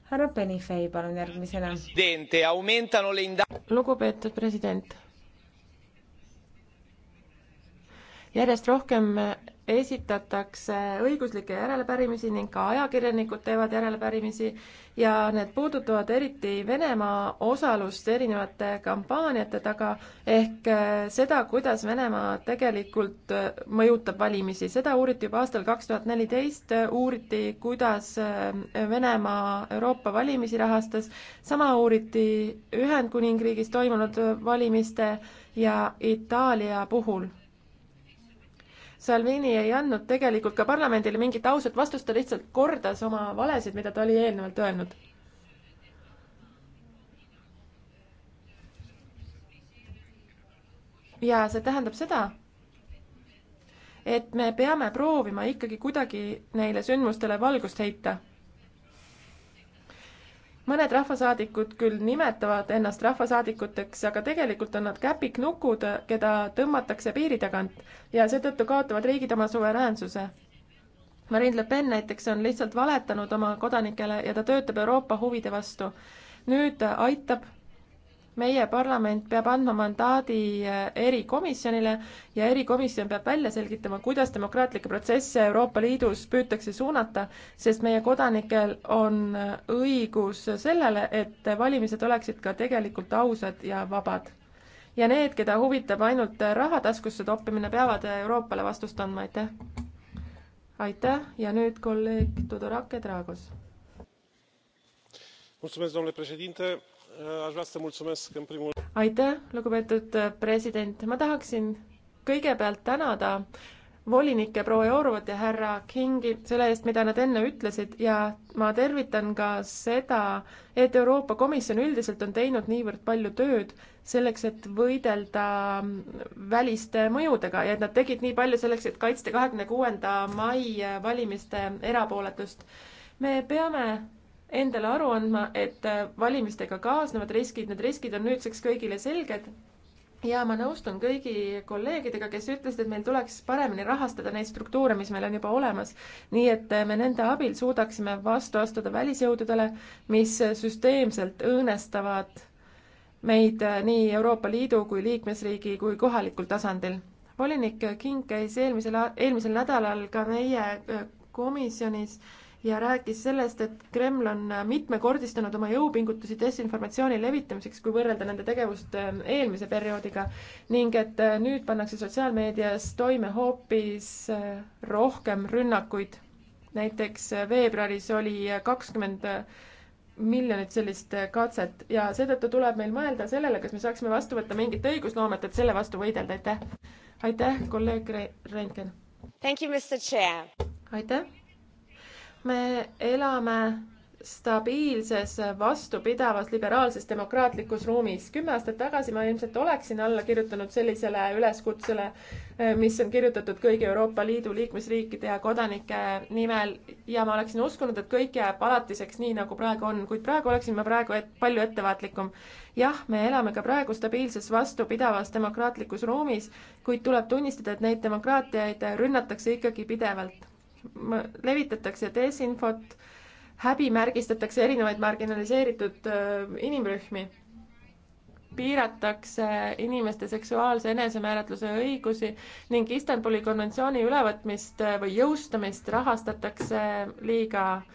härra Benifei, palun järgmisena. lugupeetud president järjest rohkem esitatakse õiguslikke järelepärimisi ning ka ajakirjanikud teevad järelepärimisi ja need puudutavad eriti Venemaa osalust erinevate kampaaniate taga ehk äh, seda, kuidas Venemaa tegelikult äh, mõjutab valimisi. seda uuriti juba aastal kaks tuhat neliteist, uuriti, kuidas äh, Venemaa Euroopa valimisi rahastas, sama uuriti Ühendkuningriigis toimunud valimiste ja Itaalia puhul Salvini ei andnud tegelikult ka parlamendile mingit ausat vastust, ta lihtsalt kordas oma valesid, mida ta oli eelnevalt öelnud. ja see tähendab seda, et me peame proovima ikkagi kuidagi neile sündmustele valgust heita mõned rahvasaadikud küll nimetavad ennast rahvasaadikuteks, aga tegelikult on nad käpiknukud, keda tõmmatakse piiri tagant ja seetõttu kaotavad riigid oma suveräänsuse. Marine Le Pen näiteks on lihtsalt valetanud oma kodanikele ja ta töötab Euroopa huvide vastu. nüüd aitab meie parlament peab andma mandaadi eh, erikomisjonile ja erikomisjon peab välja selgitama, kuidas demokraatlikke protsesse Euroopa Liidus püütakse suunata, sest meie kodanikel on eh, õigus sellele, et valimised oleksid ka tegelikult ausad ja vabad. ja need, keda huvitab ainult raha taskusse toppimine, peavad Euroopale vastust andma, aitäh! aitäh ja nüüd kolleeg Tudorake Draagos. mulțumesc, domnule președinte Eh, aitäh, lugupeetud eh, president, ma tahaksin kõigepealt tänada volinikke proua Jourovat ja härra Kingi selle eest, mida nad enne ütlesid ja ma tervitan ka seda, et Euroopa Komisjon üldiselt on teinud niivõrd palju tööd selleks, et võidelda mm, väliste mõjudega ja et nad tegid nii palju selleks, et kaitsta kahekümne kuuenda mai eh, valimiste erapooletust. me peame endale aru andma, et äh, valimistega kaasnevad riskid, need riskid on nüüdseks kõigile selged ja ma nõustun kõigi kolleegidega, kes ütlesid, et meil tuleks paremini rahastada neid struktuure, mis meil on juba olemas. nii et äh, me nende abil suudaksime vastu astuda välisjõududele, mis süsteemselt õõnestavad meid äh, nii Euroopa Liidu kui liikmesriigi kui kohalikul tasandil. volinik King käis eelmisel, eelmisel nädalal ka meie komisjonis äh, ja rääkis sellest, et Kreml on mitmekordistanud oma jõupingutusi desinformatsiooni levitamiseks, kui võrrelda nende tegevust ähm, eelmise perioodiga ning et äh, nüüd pannakse sotsiaalmeedias toime hoopis äh, rohkem rünnakuid. näiteks äh, veebruaris oli kakskümmend miljonit sellist katset ja seetõttu tuleb meil mõelda sellele, kas me saaksime vastu võtta mingit õigusloomet, et selle vastu võidelda, aitäh. aitäh, kolleeg Reinken. aitäh me elame stabiilses, vastupidavas, liberaalses, demokraatlikus ruumis. kümme aastat tagasi ma ilmselt oleksin alla kirjutanud sellisele üleskutsele, mis on kirjutatud kõigi Euroopa Liidu liikmesriikide ja kodanike nimel ja ma oleksin uskunud, et kõik jääb alatiseks, nii nagu praegu on, kuid praegu oleksin ma praegu et, palju ettevaatlikum. jah, me elame ka praegu stabiilses, vastupidavas, demokraatlikus ruumis, kuid tuleb tunnistada, et neid demokraatiaid rünnatakse ikkagi pidevalt levitatakse desinfot, häbimärgistatakse erinevaid marginaliseeritud inimrühmi, piiratakse inimeste seksuaalse enesemääratluse õigusi ning Istanbuli konventsiooni ülevõtmist või jõustamist rahastatakse liiga äh,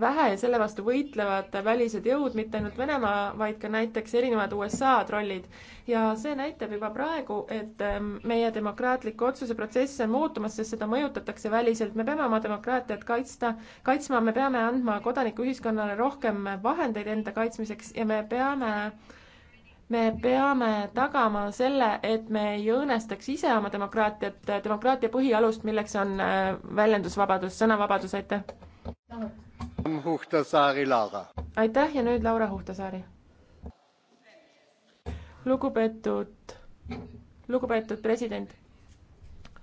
vähe ja selle vastu võitlevad välised jõud, mitte ainult Venemaa, vaid ka näiteks erinevad USA trollid. ja see näitab juba praegu, et ähm, meie demokraatlik otsuseprotsess on muutumas, sest seda mõjutatakse väliselt. me peame oma demokraatiat kaitsta, kaitsma, me peame andma kodanikuühiskonnale rohkem vahendeid enda kaitsmiseks ja me peame me peame tagama selle, et me ei õõnestaks ise oma demokraatiat, demokraatia põhialust, milleks on äh, väljendusvabadus, sõnavabadus, aitäh! aitäh ja nüüd Laura Huhtasaari. lugupeetud, lugupeetud president,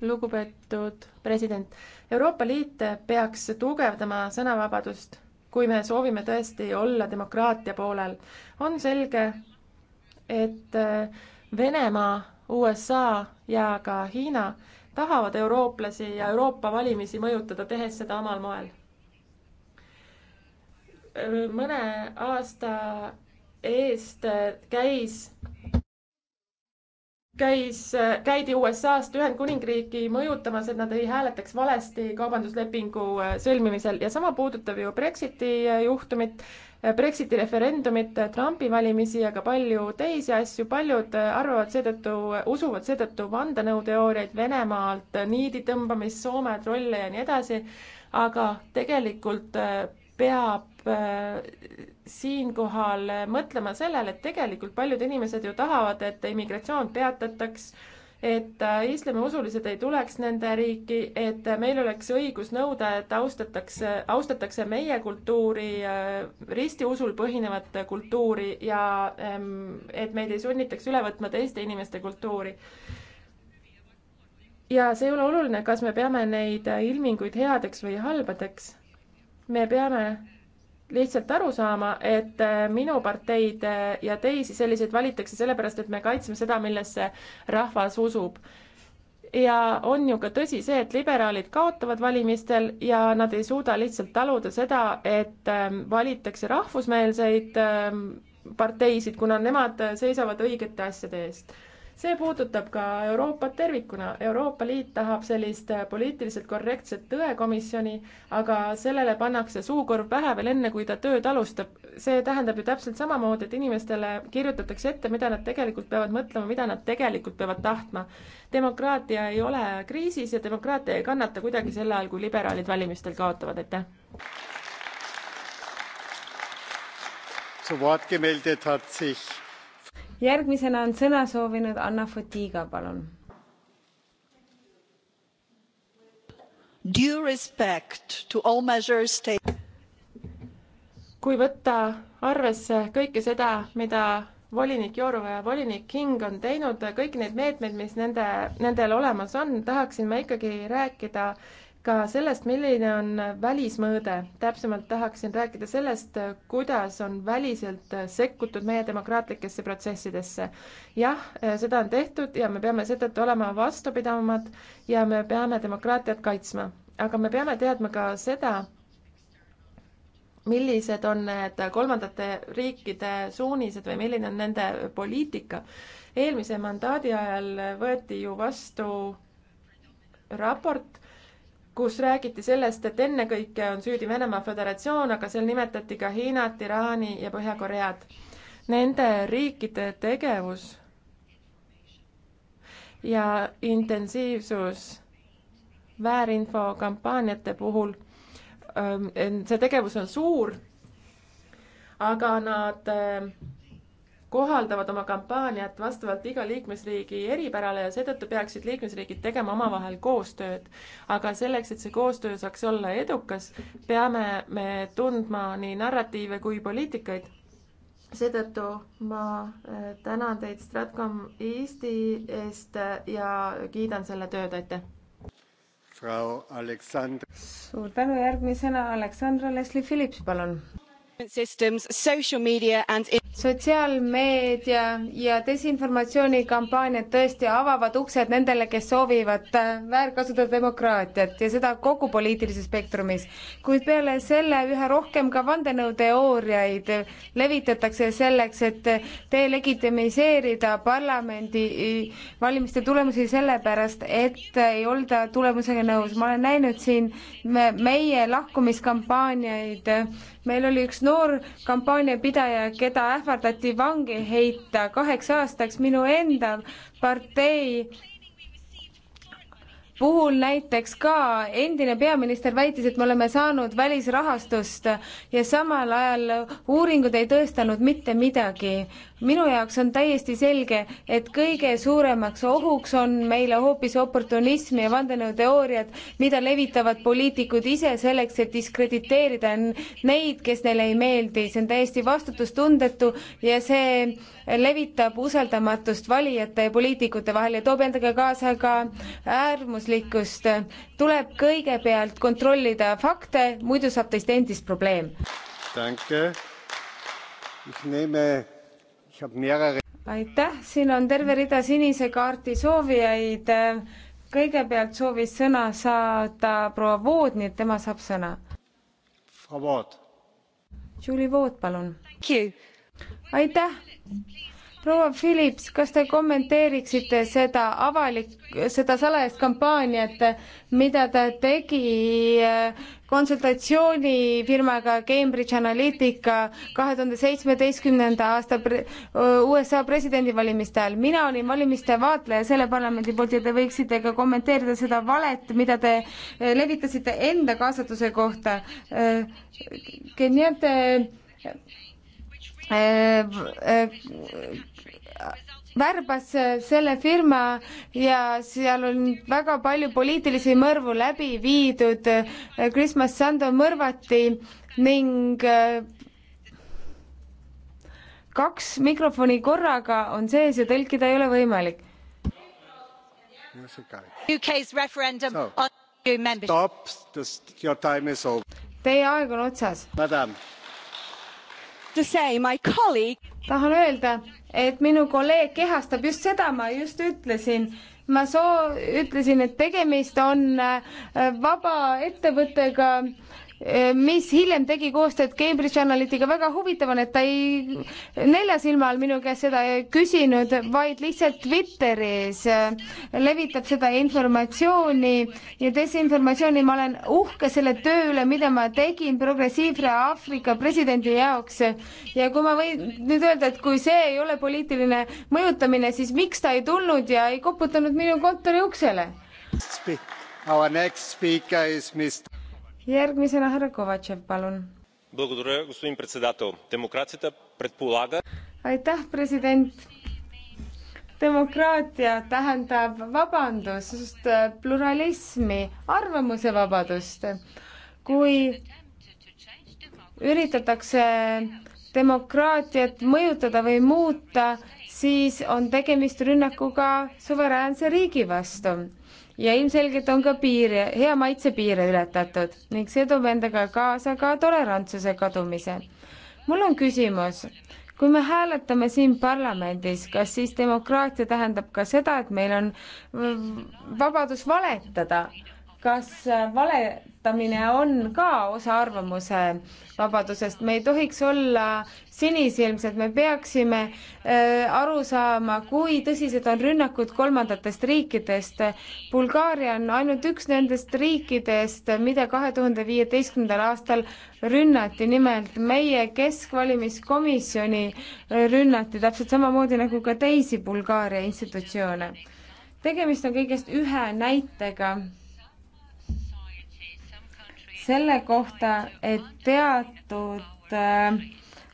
lugupeetud president, Euroopa Liit peaks tugevdama sõnavabadust, kui me soovime tõesti olla demokraatia poolel. on selge, et Venemaa, USA ja ka Hiina tahavad eurooplasi ja Euroopa valimisi mõjutada, tehes seda omal moel mõne aasta eest käis, käis, käidi USA-st Ühendkuningriiki mõjutamas, et nad ei hääletaks valesti kaubanduslepingu äh, sõlmimisel ja sama puudutab ju Brexiti äh, juhtumit, äh, Brexiti referendumit, Trumpi valimisi ja ka palju teisi asju. paljud arvavad seetõttu, usuvad seetõttu vandenõuteooriaid Venemaalt, niidi tõmbamist, Soome trolle ja nii edasi, aga tegelikult peab äh, siinkohal mõtlema sellele, et tegelikult paljud inimesed ju tahavad, et immigratsioon peatataks, et äh, islamiusulised ei tuleks nende riiki, et meil oleks õigus nõuda, et austatakse, austatakse meie kultuuri, äh, ristiusul põhinevat kultuuri ja ähm, et meid ei sunnitaks üle võtma teiste inimeste kultuuri ja see ei ole oluline, kas me peame neid ilminguid headeks või halbadeks me peame lihtsalt aru saama, et äh, minu parteid äh, ja teisi selliseid valitakse sellepärast, et me kaitseme seda, millesse rahvas usub. ja on ju ka tõsi see, et liberaalid kaotavad valimistel ja nad ei suuda lihtsalt taluda seda, et ähm, valitakse rahvusmeelseid ähm, parteisid, kuna nemad äh, seisavad õigete asjade eest see puudutab ka Euroopat tervikuna. Euroopa Liit tahab sellist äh, poliitiliselt korrektset tõekomisjoni, aga sellele pannakse suukorv pähe veel enne, kui ta tööd alustab. see tähendab ju täpselt samamoodi, et inimestele kirjutatakse ette, mida nad tegelikult peavad mõtlema, mida nad tegelikult peavad tahtma. demokraatia ei ole kriisis ja demokraatia ei kannata kuidagi sel ajal, kui liberaalid valimistel kaotavad, aitäh. Zu Wort gemeldet hat sich järgmisena on sõna soovinud Anna Fotiga, palun. Due respect to all measures taken. kui võtta arvesse kõike seda, mida volinik Jourova ja volinik King on teinud, kõiki neid meetmeid, mis nende, nendel olemas on, tahaksin ma ikkagi rääkida äh, ka sellest, milline on välismõõde. täpsemalt tahaksin rääkida sellest, kuidas on väliselt sekkutud meie demokraatlikesse protsessidesse. jah, seda on tehtud ja me peame seetõttu olema vastupidavamad ja me peame demokraatiat kaitsma. aga me peame teadma ka seda, millised on need kolmandate riikide suunised või milline on nende poliitika. eelmise mandaadi ajal võeti ju vastu raport, kus räägiti sellest, et ennekõike on süüdi Venemaa Föderatsioon, aga seal nimetati ka Hiinat, Iraani ja Põhja-Koread. Nende riikide tegevus ja intensiivsus väärinfokampaaniate puhul, ähm, see tegevus on suur, aga nad ähm, kohaldavad oma kampaaniat vastavalt iga liikmesriigi eripärale ja seetõttu peaksid liikmesriigid tegema omavahel koostööd. aga selleks, et see koostöö saaks olla edukas, peame me tundma nii narratiive kui poliitikaid seetõttu ma eh, tänan teid Stratcom Eesti eest ja kiidan selle tööd, aitäh! suur tänu, järgmisena Aleksandra Leslie Phillips, palun! sotsiaalmeedia ja desinformatsioonikampaaniad tõesti avavad uksed nendele, kes soovivad äh, väärkasutada demokraatiat ja seda kogu poliitilises spektrumis. kuid peale selle üha rohkem ka vandenõuteooriaid levitatakse selleks, et delegitimiseerida parlamendivalimiste äh, tulemusi sellepärast, et ei olda tulemusega nõus. ma olen näinud siin meie lahkumiskampaaniaid, meil oli üks noor kampaaniapidaja, keda ähvardati vangi heita kaheks aastaks, minu enda partei puhul näiteks ka endine peaminister väitis, et me oleme saanud välisrahastust ja samal ajal uuringud ei tõestanud mitte midagi minu jaoks on täiesti selge, et kõige suuremaks ohuks on meile hoopis oportunism ja vandenõuteooriad, mida levitavad poliitikud ise selleks, et diskrediteerida neid, kes neile ei meeldi. see on täiesti vastutustundetu ja see levitab usaldamatust valijate ja poliitikute vahel ja toob endaga kaasa ka äärmuslikkust. tuleb kõigepealt kontrollida fakte, muidu saab teist endist probleem. Danke. Ich nehme aitäh, siin on terve rida sinise kaardi soovijaid. kõigepealt soovis sõna saada proua Vood, nii et tema saab sõna. Julie Vood, palun. aitäh proua Philips, kas te kommenteeriksite seda avalik, seda salajast kampaaniat, mida ta tegi äh, konsultatsioonifirmaga Cambridge Analytica kahe tuhande seitsmeteistkümnenda aasta pre äh, USA presidendivalimiste ajal. mina olin valimiste vaatleja selle parlamendi poolt ja te võiksite ka kommenteerida seda valet, mida te äh, levitasite enda kaasatuse kohta. Kenyatta värbas äh, selle firma ja seal on väga palju poliitilisi mõrvu läbi viidud. Christmas Sando mõrvati ning äh, kaks mikrofoni korraga on sees ja tõlkida ei ole võimalik. Teie aeg on otsas. tahan öelda, et minu kolleeg kehastab just seda, ma just ütlesin. ma soo-, ütlesin, et tegemist on äh, vaba ettevõttega mis hiljem tegi koostööd Cambridge Analytica, väga huvitav on, et ta ei nelja silma all minu käest seda küsinud, vaid lihtsalt Twitteris äh, levitab seda informatsiooni ja desinformatsiooni, ma olen uhke selle töö üle, mida ma tegin progressiivse Aafrika presidendi jaoks. ja kui ma võin nüüd öelda, et kui see ei ole poliitiline mõjutamine, siis miks ta ei tulnud ja ei koputanud minu kontori uksele? Our next speaker is Mr järgmisena härra Kovatšev, palun. aitäh, president. demokraatia tähendab vabandust, pluralismi, arvamuse vabadust. kui üritatakse demokraatiat mõjutada või muuta, siis on tegemist rünnakuga suveräänse riigi vastu ja ilmselgelt on ka piire, hea maitse piire ületatud ning see toob endaga kaasa ka tolerantsuse kadumise. mul on küsimus, kui me hääletame siin parlamendis, kas siis demokraatia tähendab ka seda, et meil on vabadus valetada? kas äh, valetamine on ka osa arvamuse vabadusest, me ei tohiks olla sinisilmsed, me peaksime äh, aru saama, kui tõsised on rünnakud kolmandatest riikidest. Bulgaaria on ainult üks nendest riikidest, mida kahe tuhande viieteistkümnendal aastal rünnati, nimelt meie keskvalimiskomisjoni äh, rünnati täpselt samamoodi nagu ka teisi Bulgaaria institutsioone. tegemist on kõigest ühe näitega selle kohta, et teatud äh,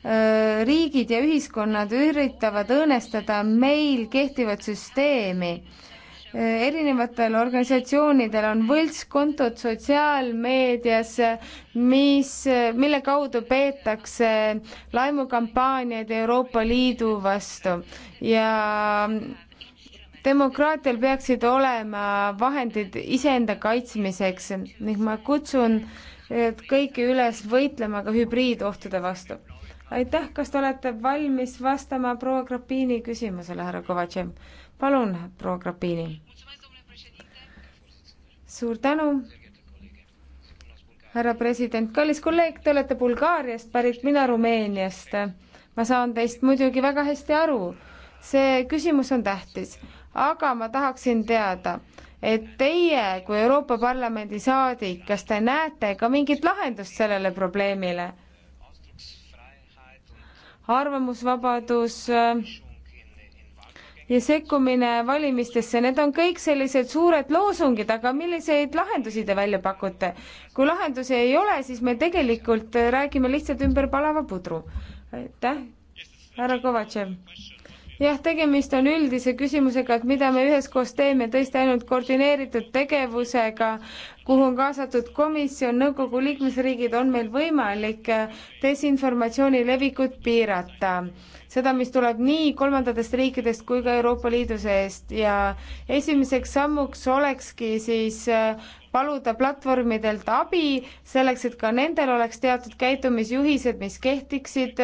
äh, riigid ja ühiskonnad üritavad õõnestada meil kehtivat süsteemi. Äh, erinevatel organisatsioonidel on võltskontod sotsiaalmeedias, mis, mille kaudu peetakse laimukampaaniaid Euroopa Liidu vastu ja demokraatial peaksid olema vahendid iseenda kaitsmiseks ning ma kutsun kõiki üles võitlema ka hübriidohtude vastu. aitäh, kas te olete valmis vastama proua Grapini küsimusele, härra Kovatšev? palun, proua Grapini. suur tänu, härra president, kallis kolleeg, te olete Bulgaariast pärit, mina Rumeeniast. ma saan teist muidugi väga hästi aru see küsimus on tähtis, aga ma tahaksin teada, et teie kui Euroopa Parlamendi saadik, kas te näete ka mingit lahendust sellele probleemile? arvamusvabadus äh, ja sekkumine valimistesse, need on kõik sellised suured loosungid, aga milliseid lahendusi te välja pakute? kui lahendusi ei ole, siis me tegelikult äh, räägime lihtsalt ümber palava pudru. aitäh, härra Kovatšev jah, tegemist on üldise küsimusega, et mida me üheskoos teeme, tõesti ainult koordineeritud tegevusega, kuhu on kaasatud komisjon, nõukogu liikmesriigid, on meil võimalik desinformatsiooni levikut piirata. seda, mis tuleb nii kolmandatest riikidest kui ka Euroopa Liidu seest ja esimeseks sammuks olekski siis äh, paluda platvormidelt abi selleks, et ka nendel oleks teatud käitumisjuhised, mis kehtiksid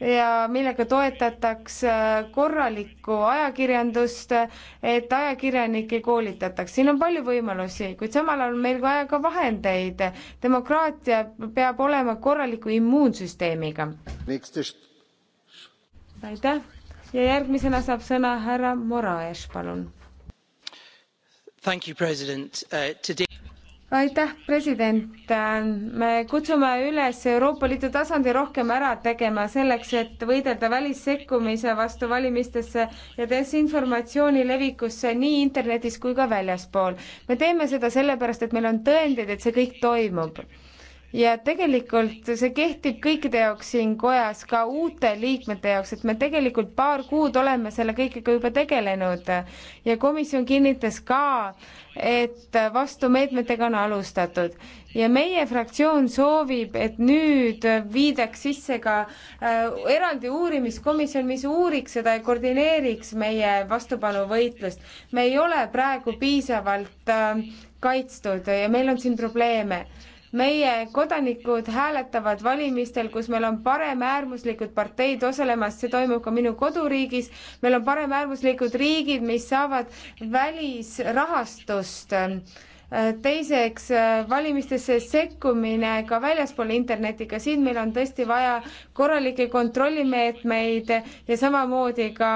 ja millega toetatakse korralikku ajakirjandust, et ajakirjanikke koolitataks. siin on palju võimalusi, kuid samal ajal on meil vaja ka vahendeid. demokraatia peab olema korraliku immuunsüsteemiga. aitäh ja järgmisena saab sõna härra Moraes, palun. Thank you, president uh, aitäh, president. me kutsume üles Euroopa Liidu tasandil rohkem ära tegema selleks, et võidelda välissekkumise vastu valimistesse ja desinformatsiooni levikusse nii internetis kui ka väljaspool. me teeme seda sellepärast, et meil on tõendeid, et see kõik toimub ja tegelikult see kehtib kõikide jaoks siin kojas, ka uute liikmete jaoks, et me tegelikult paar kuud oleme selle kõigega juba tegelenud ja komisjon kinnitas ka, et vastumeetmetega on alustatud ja meie fraktsioon soovib, et nüüd viidaks sisse ka äh, eraldi uurimiskomisjon, mis uuriks seda ja koordineeriks meie vastupanuvõitlust. me ei ole praegu piisavalt äh, kaitstud ja meil on siin probleeme meie kodanikud hääletavad valimistel, kus meil on paremäärmuslikud parteid osalemas, see toimub ka minu koduriigis, meil on paremäärmuslikud riigid, mis saavad välisrahastust. teiseks, valimistesse sekkumine ka väljaspool internetti, ka siin meil on tõesti vaja korralikke kontrollimeetmeid ja samamoodi ka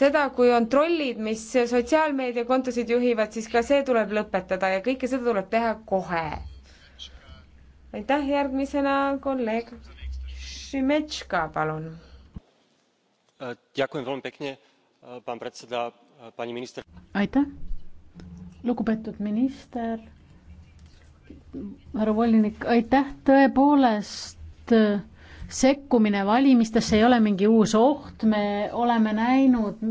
seda, kui on trollid, mis sotsiaalmeediakontosid juhivad, siis ka see tuleb lõpetada ja kõike seda tuleb teha kohe aitäh, järgmisena kolleeg Šimetška, palun. aitäh, lugupeetud minister, härra volinik, aitäh, tõepoolest sekkumine valimistesse ei ole mingi uus oht, me oleme näinud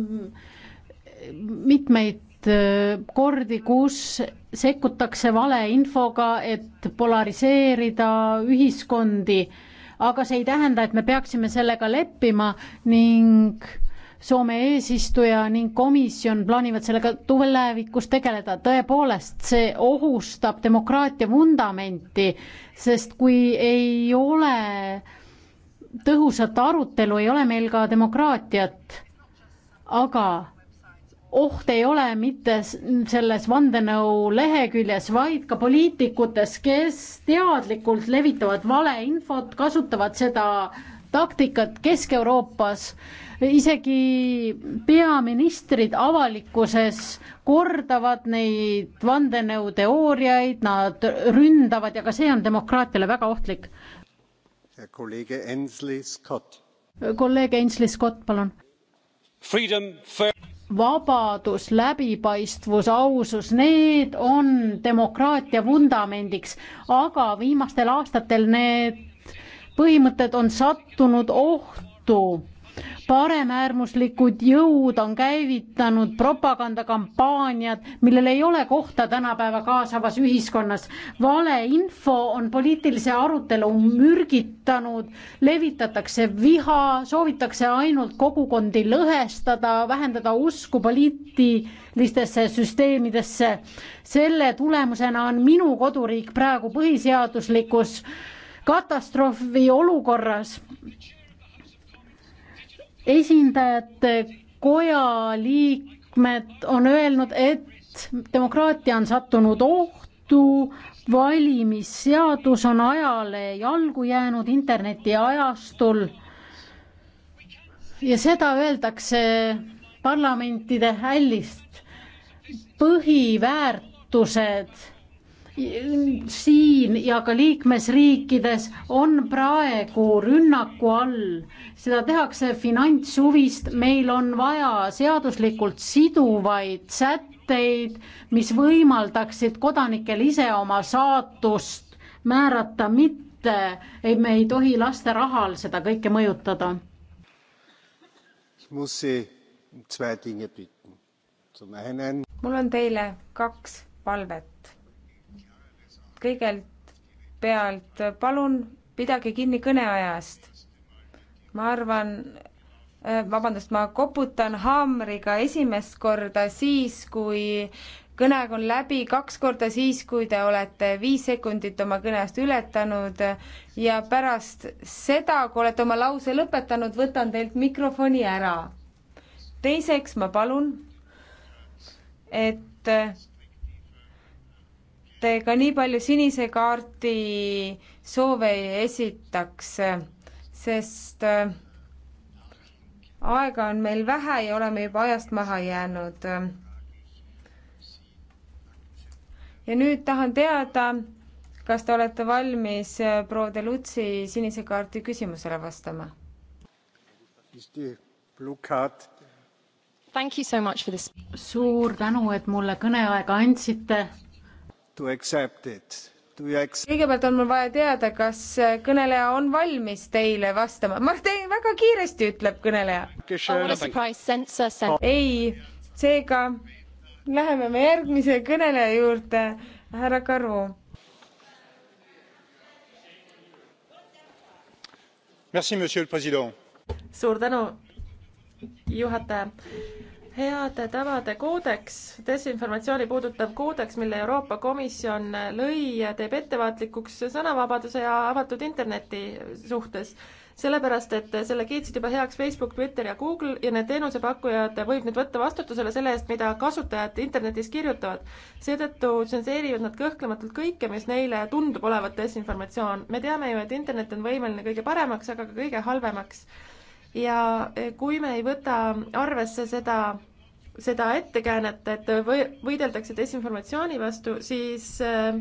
mitmeid Äh, kordi, kus sekkutakse valeinfoga, et polariseerida ühiskondi, aga see ei tähenda, et me peaksime sellega leppima ning Soome eesistuja ning komisjon plaanivad sellega tulevikus tegeleda. tõepoolest, see ohustab demokraatia vundamenti, sest kui ei ole tõhusat arutelu, ei ole meil ka demokraatiat. aga oht ei ole mitte selles vandenõu leheküljes, vaid ka poliitikutes, kes teadlikult levitavad valeinfot, kasutavad seda taktikat Kesk-Euroopas, isegi peaministrid avalikkuses kordavad neid vandenõuteooriaid, nad ründavad ja ka see on demokraatiale väga ohtlik. kolleeg Ainsley Scott, palun. Freedom, fair vabadus, läbipaistvus, ausus, need on demokraatia vundamendiks, aga viimastel aastatel need põhimõtted on sattunud ohtu paremäärmuslikud jõud on käivitanud propagandakampaaniad, millel ei ole kohta tänapäeva kaasavas ühiskonnas. valeinfo on poliitilise arutelu mürgitanud, levitatakse viha, soovitakse ainult kogukondi lõhestada, vähendada usku poliitilistesse süsteemidesse. selle tulemusena on minu koduriik praegu põhiseaduslikus katastroofi olukorras esindajate koja liikmed on öelnud, et demokraatia on sattunud ohtu, valimisseadus on ajale jalgu jäänud internetiajastul. ja seda öeldakse parlamentide hällist. põhiväärtused siin ja ka liikmesriikides on praegu rünnaku all, seda tehakse finantshuvist, meil on vaja seaduslikult siduvaid sätteid, mis võimaldaksid kodanikel ise oma saatust määrata, mitte ei, me ei tohi laste rahal seda kõike mõjutada. Um mul on teile kaks palvet kõigepealt palun pidage kinni kõneajast. ma arvan, äh, vabandust, ma koputan haamriga esimest korda siis, kui kõneaeg on läbi, kaks korda siis, kui te olete viis sekundit oma kõneajast ületanud ja pärast seda, kui olete oma lause lõpetanud, võtan teilt mikrofoni ära. teiseks ma palun, et ega nii palju sinise kaardi soove ei esitaks, sest äh, aega on meil vähe ja oleme juba ajast maha jäänud. ja nüüd tahan teada, kas te olete valmis äh, proua De Lutsi sinise kaardi küsimusele vastama? suur tänu, et mulle kõneaega andsite kõigepealt on mul vaja teada, kas äh, kõneleja on valmis teile vastama. Martin, väga kiiresti ütleb kõneleja. ei, seega läheme me järgmise kõneleja juurde, härra Karu. suur tänu, juhataja heade tavade koodeks, desinformatsiooni puudutav koodeks, mille Euroopa Komisjon lõi, teeb ettevaatlikuks sõnavabaduse ja avatud interneti suhtes. sellepärast, et selle kiitsid juba heaks Facebook, Twitter ja Google ja need teenusepakkujad võib nüüd võtta vastutusele selle eest, mida kasutajad internetis kirjutavad. seetõttu tsenseerivad nad kõhklematult kõike, mis neile tundub olevat desinformatsioon. me teame ju, et internet on võimeline kõige paremaks, aga ka kõige halvemaks ja eh, kui me ei võta arvesse seda, seda ettekäänet, et või-, võideldakse desinformatsiooni vastu, siis eh,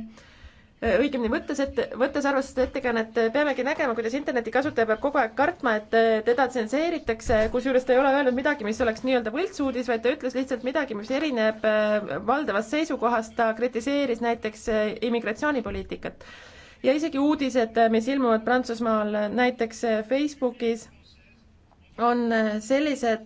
õigemini võttes ette, võttes arvesse seda ettekäänet, eh, peamegi nägema, kuidas internetikasutaja peab kogu aeg kartma, et teda tsenseeritakse, kusjuures ta ei ole öelnud midagi, mis oleks nii-öelda võltsuudis, vaid ta ütles lihtsalt midagi, mis erineb valdavast seisukohast, ta kritiseeris näiteks immigratsioonipoliitikat ja isegi uudised, mis ilmuvad Prantsusmaal näiteks Facebookis on äh, sellised,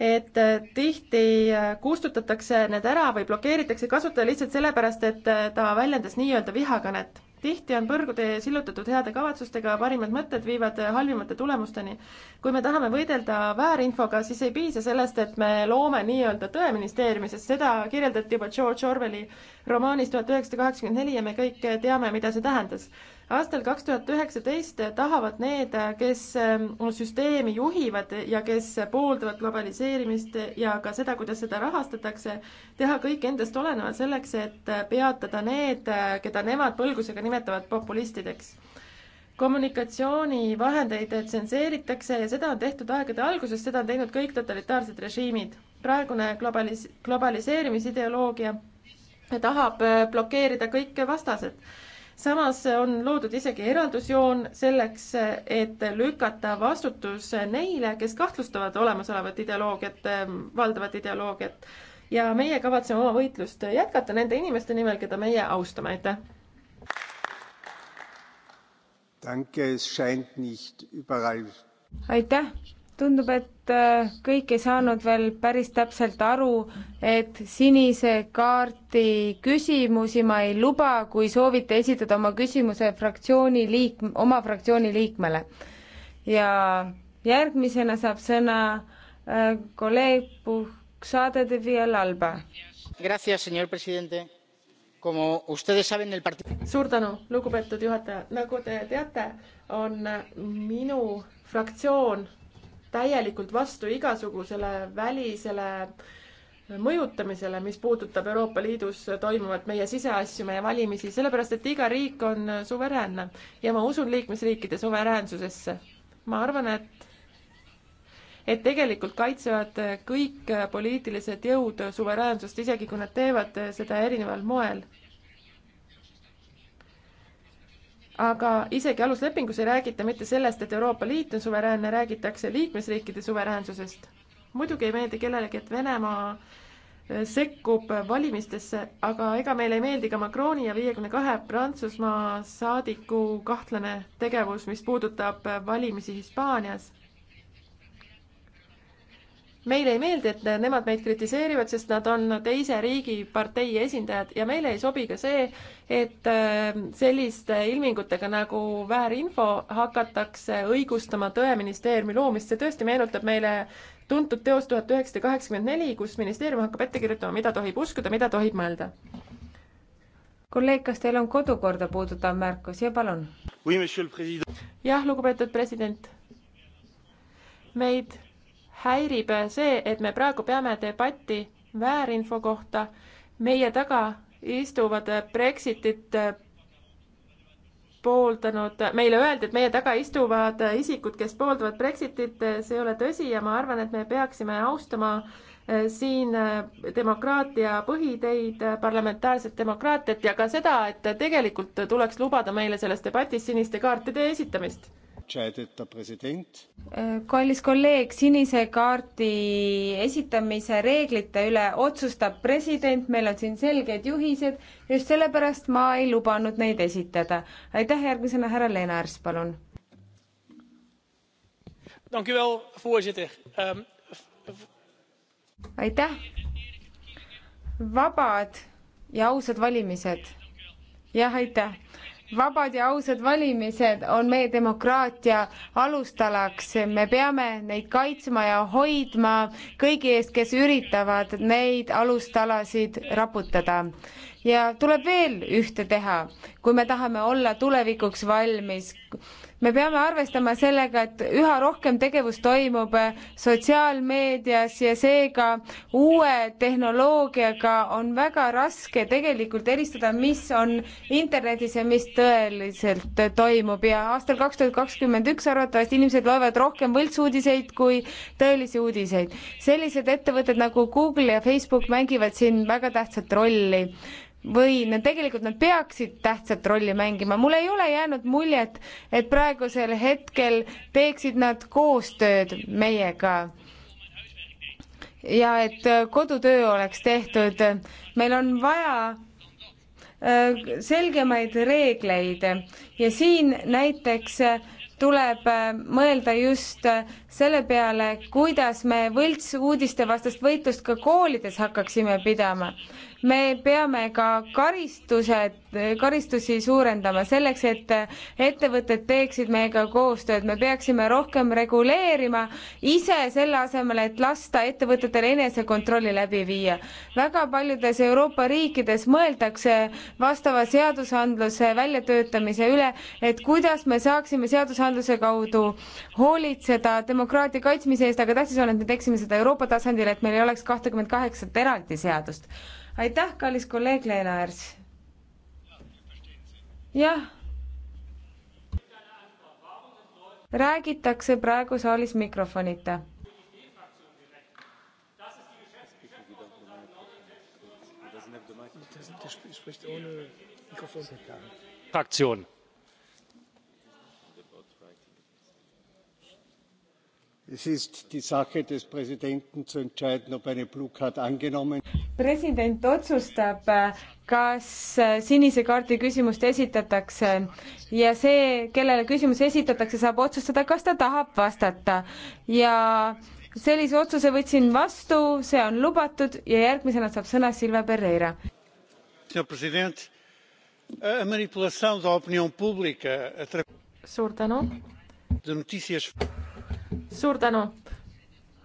et äh, tihti äh, kustutatakse need ära või blokeeritakse kasutaja lihtsalt sellepärast, et ta väljendas nii-öelda vihakõnet tihti on põrgutee sillutatud heade kavatsustega, parimad mõtted viivad halvimate tulemusteni. kui me tahame võidelda väärinfoga, siis ei piisa sellest, et me loome nii-öelda tõeministeeriumi, sest seda kirjeldati juba George Orwelli romaanis Tuhat üheksasada kaheksakümmend neli ja me kõik teame, mida see tähendas aastal kaks tuhat üheksateist tahavad need, kes äh, süsteemi juhivad ja kes pooldavad globaliseerimist ja ka seda, kuidas seda rahastatakse, teha kõik endast olenevad selleks, et peatada need, keda nemad põlgusega nimetavad populistideks kommunikatsioonivahendeid tsenseeritakse ja seda on tehtud aegade alguses, seda on teinud kõik totalitaarsed režiimid. praegune globalis-, globaliseerimisideoloogia tahab blokeerida kõik vastased samas on loodud isegi eraldusjoon selleks, et lükata vastutus neile, kes kahtlustavad olemasolevat ideoloogiat, valdavat ideoloogiat. ja meie kavatseme oma võitlust jätkata nende inimeste nimel, keda meie austame, aitäh! aitäh! tundub, et äh, kõik ei saanud veel päris täpselt aru, et sinise kaardi küsimusi ma ei luba, kui soovite esitada oma küsimuse fraktsiooni liik-, oma fraktsiooni liikmele. ja järgmisena saab sõna äh, kolleeg Puhksade de Villalba. suur tänu, lugupeetud juhataja, nagu te teate, on minu fraktsioon täielikult vastu igasugusele välisele mõjutamisele, mis puudutab Euroopa Liidus toimuvat, meie siseasju, meie valimisi, sellepärast et iga riik on suveräänne ja ma usun liikmesriikide suveräänsusesse. ma arvan, et et tegelikult kaitsevad kõik poliitilised jõud suveräänsust, isegi kui nad teevad seda erineval moel aga isegi aluslepingus ei räägita mitte sellest, et Euroopa Liit on suveräänne, räägitakse liikmesriikide suveräänsusest. muidugi ei meeldi kellelegi, et Venemaa äh, sekkub valimistesse, aga ega meile ei meeldi ka Macroni ja viiekümne kahe Prantsusmaa saadiku kahtlane tegevus, mis puudutab äh, valimisi Hispaanias meile ei meeldi, et nemad meid kritiseerivad, sest nad on teise riigi partei esindajad ja meile ei sobi ka see, et äh, selliste ilmingutega nagu väärinfo hakatakse õigustama Tõeministeeriumi loomist, see tõesti meenutab meile tuntud teost tuhat üheksasada kaheksakümmend neli, kus ministeerium hakkab ette kirjutama, mida tohib uskuda, mida tohib mõelda. kolleeg, kas teil on kodukorda puudutav märkus ja palun? jah, lugupeetud president. meid häirib see, et me praegu peame debatti väärinfo kohta. meie taga istuvad Brexitit pooldanud, meile öeldi, et meie taga istuvad isikud, kes pooldavad Brexitit, see ei ole tõsi ja ma arvan, et me peaksime austama eh, siin eh, demokraatia põhiteid, parlamentaarset demokraatiat ja ka seda, et tegelikult tuleks lubada meile selles debatis siniste kaartide esitamist Äh, kallis kolleeg, sinise kaardi esitamise reeglite üle otsustab president, meil on siin selged juhised, just sellepärast ma ei lubanud neid esitada. aitäh, järgmisena härra Lennars, palun. Ehm, aitäh. vabad ja ausad valimised. jah, aitäh vabad ja ausad valimised on meie demokraatia alustalaks, me peame neid kaitsma ja hoidma kõigi eest, kes üritavad neid alustalasid raputada. ja tuleb veel ühte teha, kui me tahame olla tulevikuks valmis me peame arvestama sellega, et üha rohkem tegevust toimub sotsiaalmeedias ja seega uue tehnoloogiaga on väga raske tegelikult eristada, mis on internetis ja mis tõeliselt toimub ja aastal kaks tuhat kakskümmend üks arvatavasti inimesed loevad rohkem võltsuudiseid kui tõelisi uudiseid. sellised ettevõtted nagu Google ja Facebook mängivad siin väga tähtsat rolli või nad tegelikult, nad peaksid tähtsat rolli mängima. mul ei ole jäänud muljet, et praegusel hetkel teeksid nad koostööd meiega. ja et äh, kodutöö oleks tehtud. meil on vaja äh, selgemaid reegleid ja siin näiteks äh, tuleb mõelda just selle peale, kuidas me võltsuudiste vastast võitlust ka koolides hakkaksime pidama me peame ka karistused, karistusi suurendama selleks, et ettevõtted teeksid meiega koostööd, me peaksime rohkem reguleerima ise selle asemel, et lasta ettevõtetele enesekontrolli läbi viia. väga paljudes Euroopa riikides mõeldakse vastava seadusandluse väljatöötamise üle, et kuidas me saaksime seadusandluse kaudu hoolitseda demokraatia kaitsmise eest, aga tähtis on, et me teeksime seda Euroopa tasandil, et meil ei oleks kahtekümmet kaheksat eraldi seadust aitäh, kallis kolleeg Leena Ärs. jah. räägitakse praegu saalis mikrofonita. fraktsioon es ist die sache des präsidenten zu entscheiden ob er eine blue card angenommen president otsustab, kas sinise kaardi küsimust esitatakse ja see, kellele küsimus esitatakse, saab otsustada, kas ta tahab vastata ja sellise otsuse võtsin vastu, see on lubatud ja järgmisena saab sõna Silva Pereira. suur tänu. suur tänu.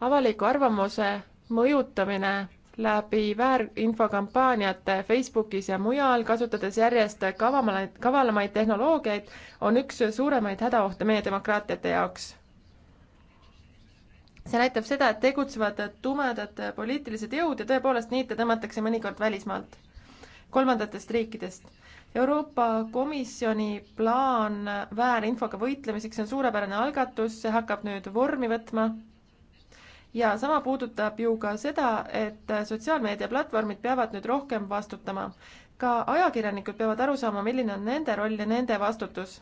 avaliku arvamuse mõjutamine läbi väärinfokampaaniate Facebookis ja mujal, kasutades järjest kavamaid, kavalamaid tehnoloogiaid, on üks suuremaid hädaohte meie demokraatiate jaoks. see näitab seda, et tegutsevad tumedad poliitilised jõud ja tõepoolest niite tõmmatakse mõnikord välismaalt, kolmandatest riikidest. Euroopa Komisjoni plaan väärinfoga võitlemiseks on suurepärane algatus, see hakkab nüüd vormi võtma ja sama puudutab ju ka seda, et sotsiaalmeediaplatvormid peavad nüüd rohkem vastutama. ka ajakirjanikud peavad aru saama, milline on nende roll ja nende vastutus.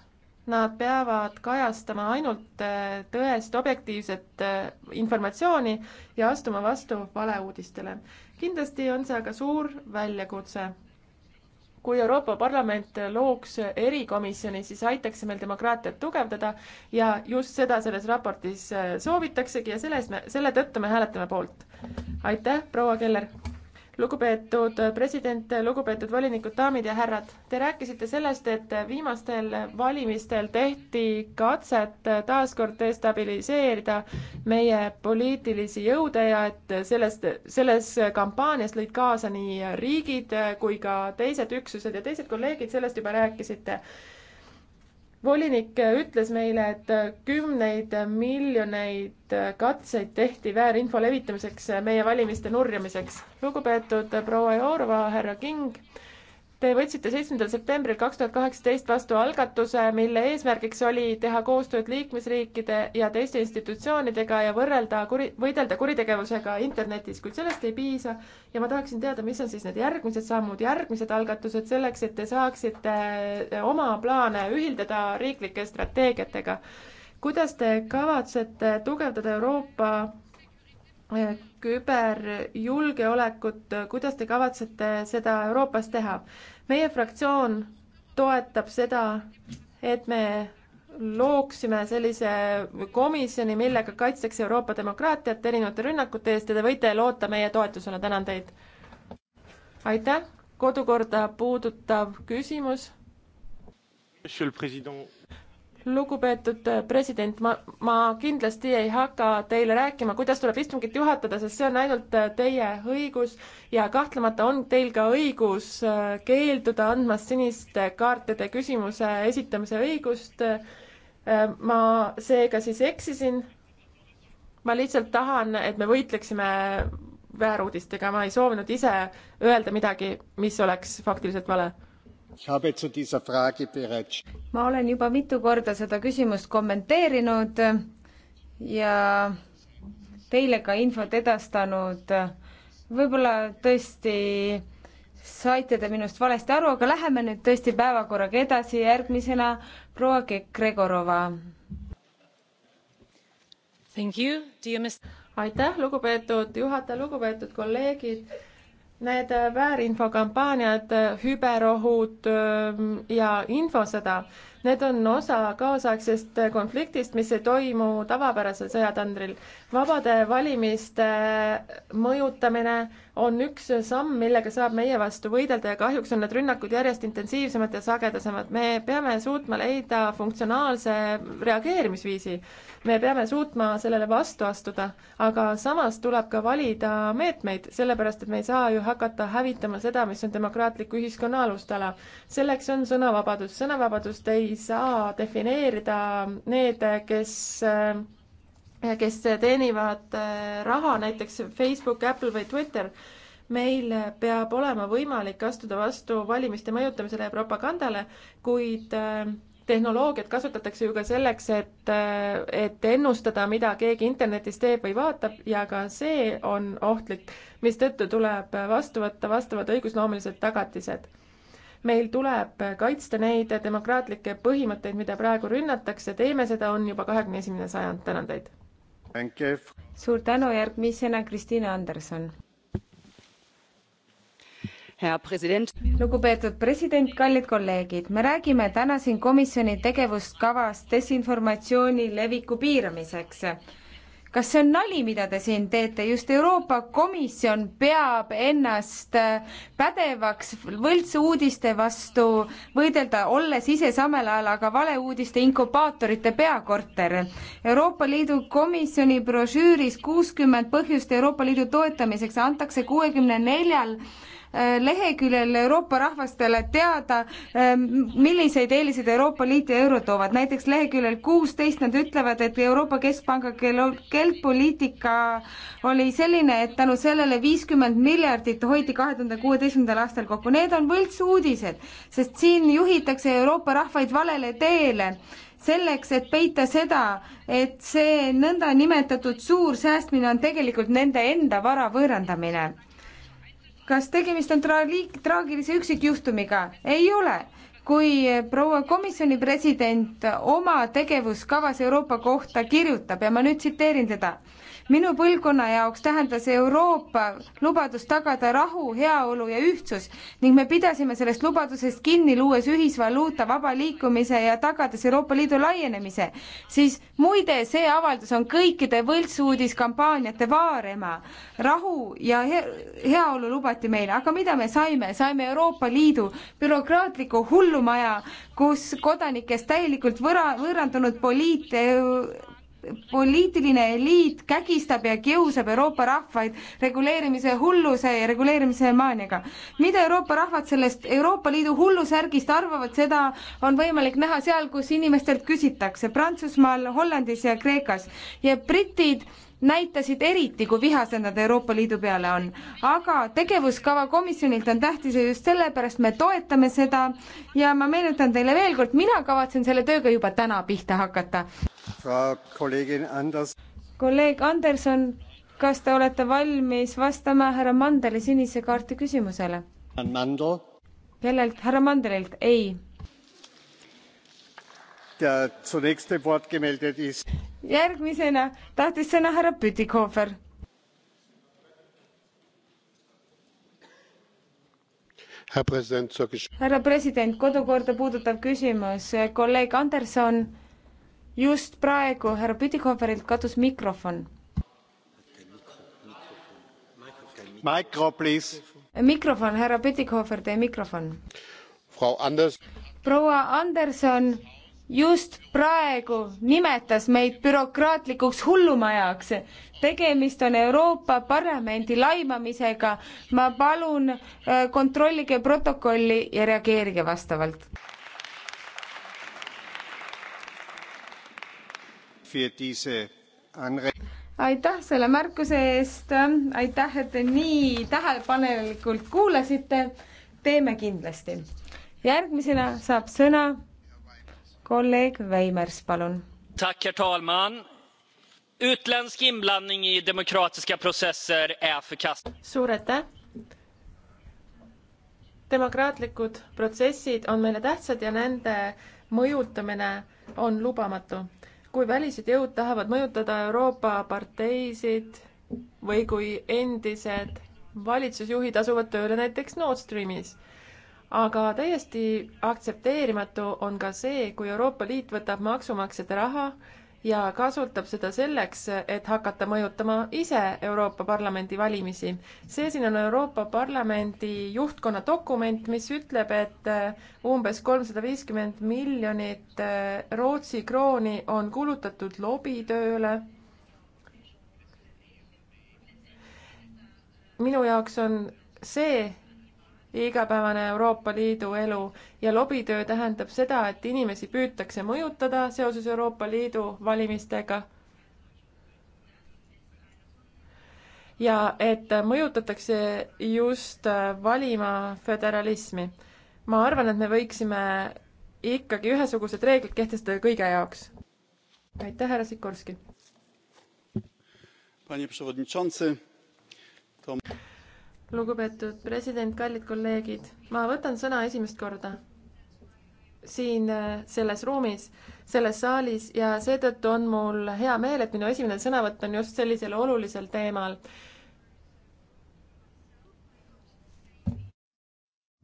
Nad peavad kajastama ainult eh, tõest objektiivset eh, informatsiooni ja astuma vastu valeuudistele. kindlasti on see aga suur väljakutse kui Euroopa Parlament looks erikomisjoni, siis aitaks see meil demokraatiat tugevdada ja just seda selles raportis soovitaksegi ja selles me, selle tõttu me hääletame poolt. aitäh, proua Keller! lugupeetud president, lugupeetud volinikud, daamid ja härrad. Te rääkisite sellest, et viimastel valimistel tehti katset taaskord destabiliseerida meie poliitilisi jõude ja et sellest, selles kampaanias lõid kaasa nii riigid kui ka teised üksused ja teised kolleegid sellest juba rääkisite volinik ütles meile, et kümneid miljoneid katseid tehti väärinfo levitamiseks meie valimiste nurjamiseks. lugupeetud proua Jourova, härra King, Te võtsite seitsmendal septembril kaks tuhat kaheksateist vastu algatuse, mille eesmärgiks oli teha koostööd liikmesriikide ja teiste institutsioonidega ja võrrelda kuri, võidelda kuritegevusega internetis, kuid sellest ei piisa. ja ma tahaksin teada, mis on siis need järgmised sammud, järgmised algatused selleks, et te saaksite oma plaane ühildada riiklike strateegiatega. kuidas te kavatsete tugevdada Euroopa eh, küberjulgeolekut, kuidas te kavatsete seda Euroopas teha? meie fraktsioon toetab seda, et me looksime sellise komisjoni, millega kaitstakse Euroopa demokraatiat erinevate rünnakute eest ja te võite loota meie toetusele, tänan teid. aitäh, kodukorda puudutav küsimus. Monsieur le Président, lugupeetud äh, president, ma, ma kindlasti ei hakka teile rääkima, kuidas tuleb istungit juhatada, sest see on ainult äh, teie õigus ja kahtlemata on teil ka õigus äh, keelduda andmast siniste kaartide küsimuse esitamise õigust. ma seega siis eksisin. ma lihtsalt tahan, et me võitleksime vääruudistega, ma ei soovinud ise öelda midagi, mis oleks faktiliselt vale ma olen juba mitu korda seda küsimust kommenteerinud ja teile ka infot edastanud. võib-olla tõesti saite te minust valesti aru, aga läheme nüüd tõesti päevakorraga edasi, järgmisena proua Gregorova. aitäh, lugupeetud juhataja, lugupeetud kolleegid Need väärinfokampaaniad, hüberohud ähm, ja infosõda, need on osa kaasaegsest konfliktist, mis ei toimu tavapärasel sõjatandril. vabade valimiste mõjutamine on üks samm, millega saab meie vastu võidelda ja kahjuks on need rünnakud järjest intensiivsemad ja sagedasemad. me peame suutma leida funktsionaalse reageerimisviisi me peame suutma sellele vastu astuda, aga samas tuleb ka valida meetmeid, sellepärast et me ei saa ju hakata hävitama seda, mis on demokraatliku ühiskonna alustala. selleks on sõnavabadus, sõnavabadust ei saa defineerida need, kes kes teenivad äh, raha näiteks Facebook, Apple või Twitter meil peab olema võimalik astuda vastu valimiste mõjutamisele ja propagandale, kuid äh, tehnoloogiat kasutatakse ju ka selleks, et, et ennustada, mida keegi internetis teeb või vaatab ja ka see on ohtlik, mistõttu tuleb vastu võtta vastavad õigusloomelised tagatised. meil tuleb kaitsta neid demokraatlikke põhimõtteid, mida praegu rünnatakse, teeme seda, on juba kahekümne esimene sajand, tänan teid! suur tänu, järgmisena Kristiina Anderson lugupeetud president, kallid kolleegid, me räägime täna siin komisjoni tegevuskavast desinformatsiooni leviku piiramiseks. kas see on nali, mida te siin teete, just Euroopa Komisjon peab ennast äh, pädevaks võltsuudiste vastu võidelda, olles ise samal ajal aga valeuudiste inkubaatorite peakorter. Euroopa Liidu Komisjoni brošüüris kuuskümmend põhjust Euroopa Liidu toetamiseks antakse kuuekümne neljal Äh, leheküljel Euroopa rahvastele teada, äh, milliseid eeliseid Euroopa Liit ja euro toovad. näiteks leheküljel kuusteist nad ütlevad, et Euroopa Keskpanga keldpoliitika oli selline, et tänu sellele viiskümmend miljardit hoiti kahe tuhande kuueteistkümnendal aastal kokku. Need on võltsuudised, sest siin juhitakse Euroopa rahvaid valele teele selleks, et peita seda, et see nõndanimetatud suur säästmine on tegelikult nende enda vara võõrandamine kas tegemist on traali-, traagilise üksikjuhtumiga? ei ole. kui eh, proua komisjoni president oma tegevuskavas Euroopa kohta kirjutab ja ma nüüd tsiteerin teda minu põlvkonna jaoks tähendas Euroopa lubadus tagada rahu, heaolu ja ühtsus ning me pidasime sellest lubadusest kinni, luues ühisvaluuta vaba liikumise ja tagades Euroopa Liidu laienemise. siis muide, see avaldus on kõikide võltsuudiskampaaniate vaarema. rahu ja he heaolu lubati meile, aga mida me saime, saime Euroopa Liidu bürokraatliku hullumaja, kus kodanikest täielikult võra, võõrandunud poliit poliitiline eliit kägistab ja kiusab Euroopa rahvaid reguleerimise hulluse ja reguleerimise maaniaga. mida Euroopa rahvad sellest Euroopa Liidu hullusärgist arvavad, seda on võimalik näha seal, kus inimestelt küsitakse, Prantsusmaal, Hollandis ja Kreekas ja britid näitasid eriti, kui vihased nad Euroopa Liidu peale on. aga tegevuskava komisjonilt on tähtis ja just sellepärast me toetame seda ja ma meenutan teile veel kord, mina kavatsen selle tööga juba täna pihta hakata. kolleeg Anderson, kas te olete valmis vastama härra Mandeli sinise kaarti küsimusele? kellelt, härra Mandelilt, ei järgmisena tahtis sõna härra Pütikofer. härra president, kodukorda puudutav küsimus. kolleeg Anderson, just praegu härra Pütikoferilt kadus mikrofon. mikrofon, härra Pütikofer, teie mikrofon. proua Anderson just praegu nimetas meid bürokraatlikuks hullumajaks. tegemist on Euroopa Parlamendi laimamisega. ma palun, äh, kontrollige protokolli ja reageerige vastavalt. aitäh selle märkuse eest, aitäh, et te nii tähelepanelikult kuulasite. teeme kindlasti. järgmisena saab sõna kolleeg Veimers, palun. Utländsk inblandning i demokratiska processer är förkastligt. suur aitäh! demokraatlikud protsessid on meile tähtsad ja nende mõjutamine on lubamatu. kui välised jõud tahavad mõjutada Euroopa parteisid või kui endised valitsusjuhid asuvad tööle näiteks Nord Streamis aga täiesti aktsepteerimatu on ka see, kui Euroopa Liit võtab maksumaksjate raha ja kasutab seda selleks, et hakata mõjutama ise Euroopa Parlamendi valimisi. see siin on Euroopa Parlamendi juhtkonna dokument, mis ütleb, et eh, umbes kolmsada viiskümmend miljonit eh, Rootsi krooni on kulutatud lobitööle. minu jaoks on see igapäevane Euroopa Liidu elu ja lobitöö tähendab seda, et inimesi püütakse mõjutada seoses Euroopa Liidu valimistega. ja et mõjutatakse just valima föderalismi. ma arvan, et me võiksime ikkagi ühesugused reeglid kehtestada kõige jaoks. aitäh, härra Sikorski. Panie przewodniczący, to lugupeetud president, kallid kolleegid, ma võtan sõna esimest korda siin äh, selles ruumis, selles saalis ja seetõttu on mul hea meel, et minu esimene sõnavõtt on just sellisel olulisel teemal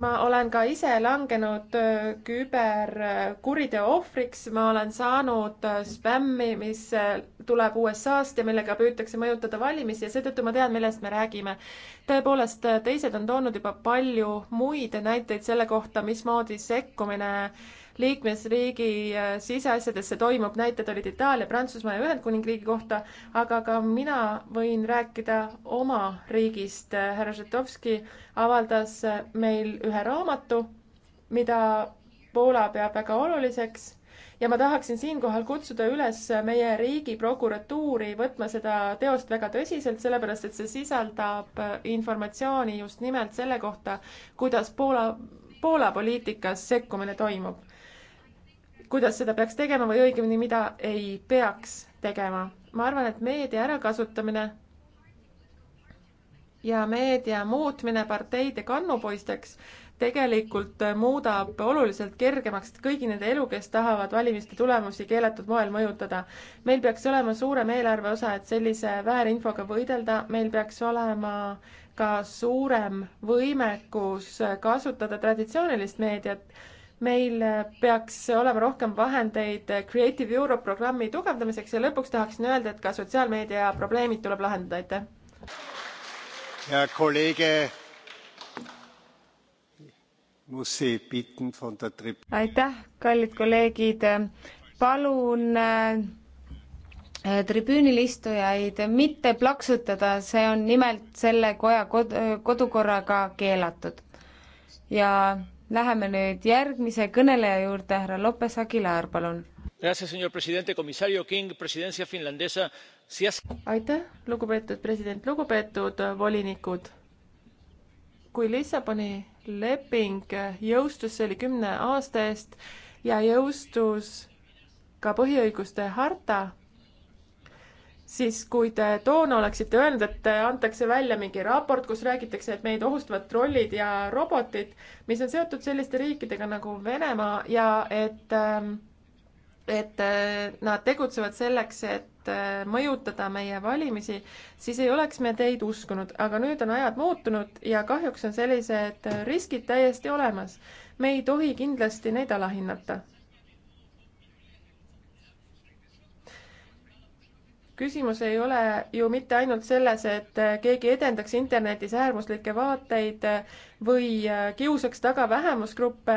ma olen ka ise langenud äh, küberkuriteo ohvriks, ma olen saanud äh, spämmi, mis äh, tuleb USA-st ja millega püütakse mõjutada valimisi ja seetõttu ma tean, millest me räägime. tõepoolest, teised on toonud juba palju muid näiteid selle kohta, mismoodi sekkumine äh, liikmesriigi äh, siseasjadesse toimub, näited olid Itaalia, Prantsusmaa ja Ühendkuningriigi kohta, aga ka mina võin rääkida oma riigist. härra Žetovski avaldas äh, meil ühe raamatu, mida Poola peab väga oluliseks ja ma tahaksin siinkohal kutsuda üles meie riigiprokuratuuri võtma seda teost väga tõsiselt, sellepärast et see sisaldab äh, informatsiooni just nimelt selle kohta, kuidas Poola, Poola poliitikas sekkumine toimub kuidas seda peaks tegema või õigemini, mida ei peaks tegema. ma arvan, et meedia ärakasutamine ja meedia muutmine parteide kannupoisteks tegelikult muudab oluliselt kergemaks kõigi nende elu, kes tahavad valimiste tulemusi keelatud moel mõjutada. meil peaks olema suurem eelarve osa, et sellise väärinfoga võidelda, meil peaks olema ka suurem võimekus kasutada traditsioonilist meediat meil peaks olema rohkem vahendeid Creative Europe programmi tugevdamiseks ja lõpuks tahaksin öelda, et ka sotsiaalmeedia probleemid tuleb lahendada, aitäh. hea kolleeg. aitäh, kallid kolleegid, palun äh, tribüünil istujaid mitte plaksutada, see on nimelt selle koja kod-, kodukorraga keelatud ja Läheme nüüd järgmise kõneleja juurde, härra Lopes Aguilar, palun. aitäh, lugupeetud president, lugupeetud volinikud. kui Lissaboni leping jõustus, see oli kümne aasta eest ja jõustus ka põhiõiguste harta, siis kui te toona oleksite öelnud, et antakse välja mingi raport, kus räägitakse, et meid ohustavad trollid ja robotid, mis on seotud selliste riikidega nagu Venemaa ja et, ähm, et äh, nad tegutsevad selleks, et äh, mõjutada meie valimisi, siis ei oleks me teid uskunud, aga nüüd on ajad muutunud ja kahjuks on sellised riskid täiesti olemas. me ei tohi kindlasti neid alahinnata küsimus ei ole ju mitte ainult selles, et keegi edendaks internetis äärmuslikke vaateid või kiusaks taga vähemusgruppe.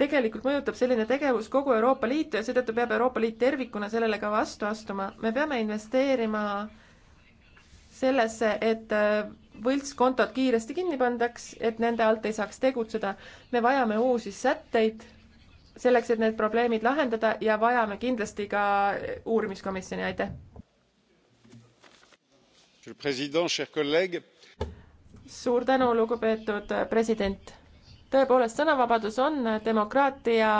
tegelikult mõjutab selline tegevus kogu Euroopa Liitu ja seetõttu peab Euroopa Liit tervikuna sellele ka vastu astuma. me peame investeerima sellesse, et võltskontod kiiresti kinni pandaks, et nende alt ei saaks tegutseda. me vajame uusi sätteid selleks, et need probleemid lahendada ja vajame kindlasti ka uurimiskomisjoni, aitäh! monsieur le président chers collègues suur tänu lugupeetud president tõepoolest sõnavabadus on demokraatia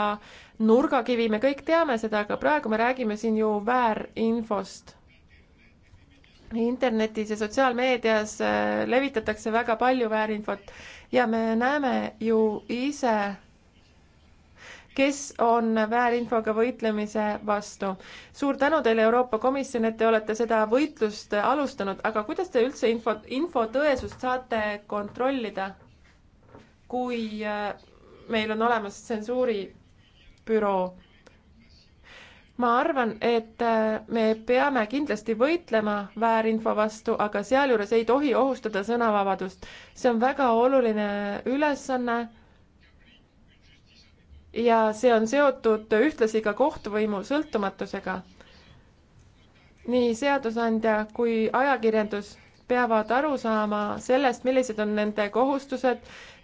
nurgakivi me kõik teame seda aga praegu me räägime siin ju väärinfost internetis ja sotsiaalmeedias äh, levitatakse väga palju väärinfot ja me näeme ju ise kes on väärinfoga võitlemise vastu. suur tänu teile, Euroopa Komisjon, et te olete seda võitlust alustanud, aga kuidas te üldse info, info tõesust saate kontrollida, kui äh, meil on olemas tsensuuribüroo? ma arvan, et äh, me peame kindlasti võitlema väärinfo vastu, aga sealjuures ei tohi ohustada sõnavabadust. see on väga oluline ülesanne ja see on seotud ühtlasi ka kohtuvõimu sõltumatusega. nii seadusandja kui ajakirjandus peavad aru saama sellest, millised on nende kohustused,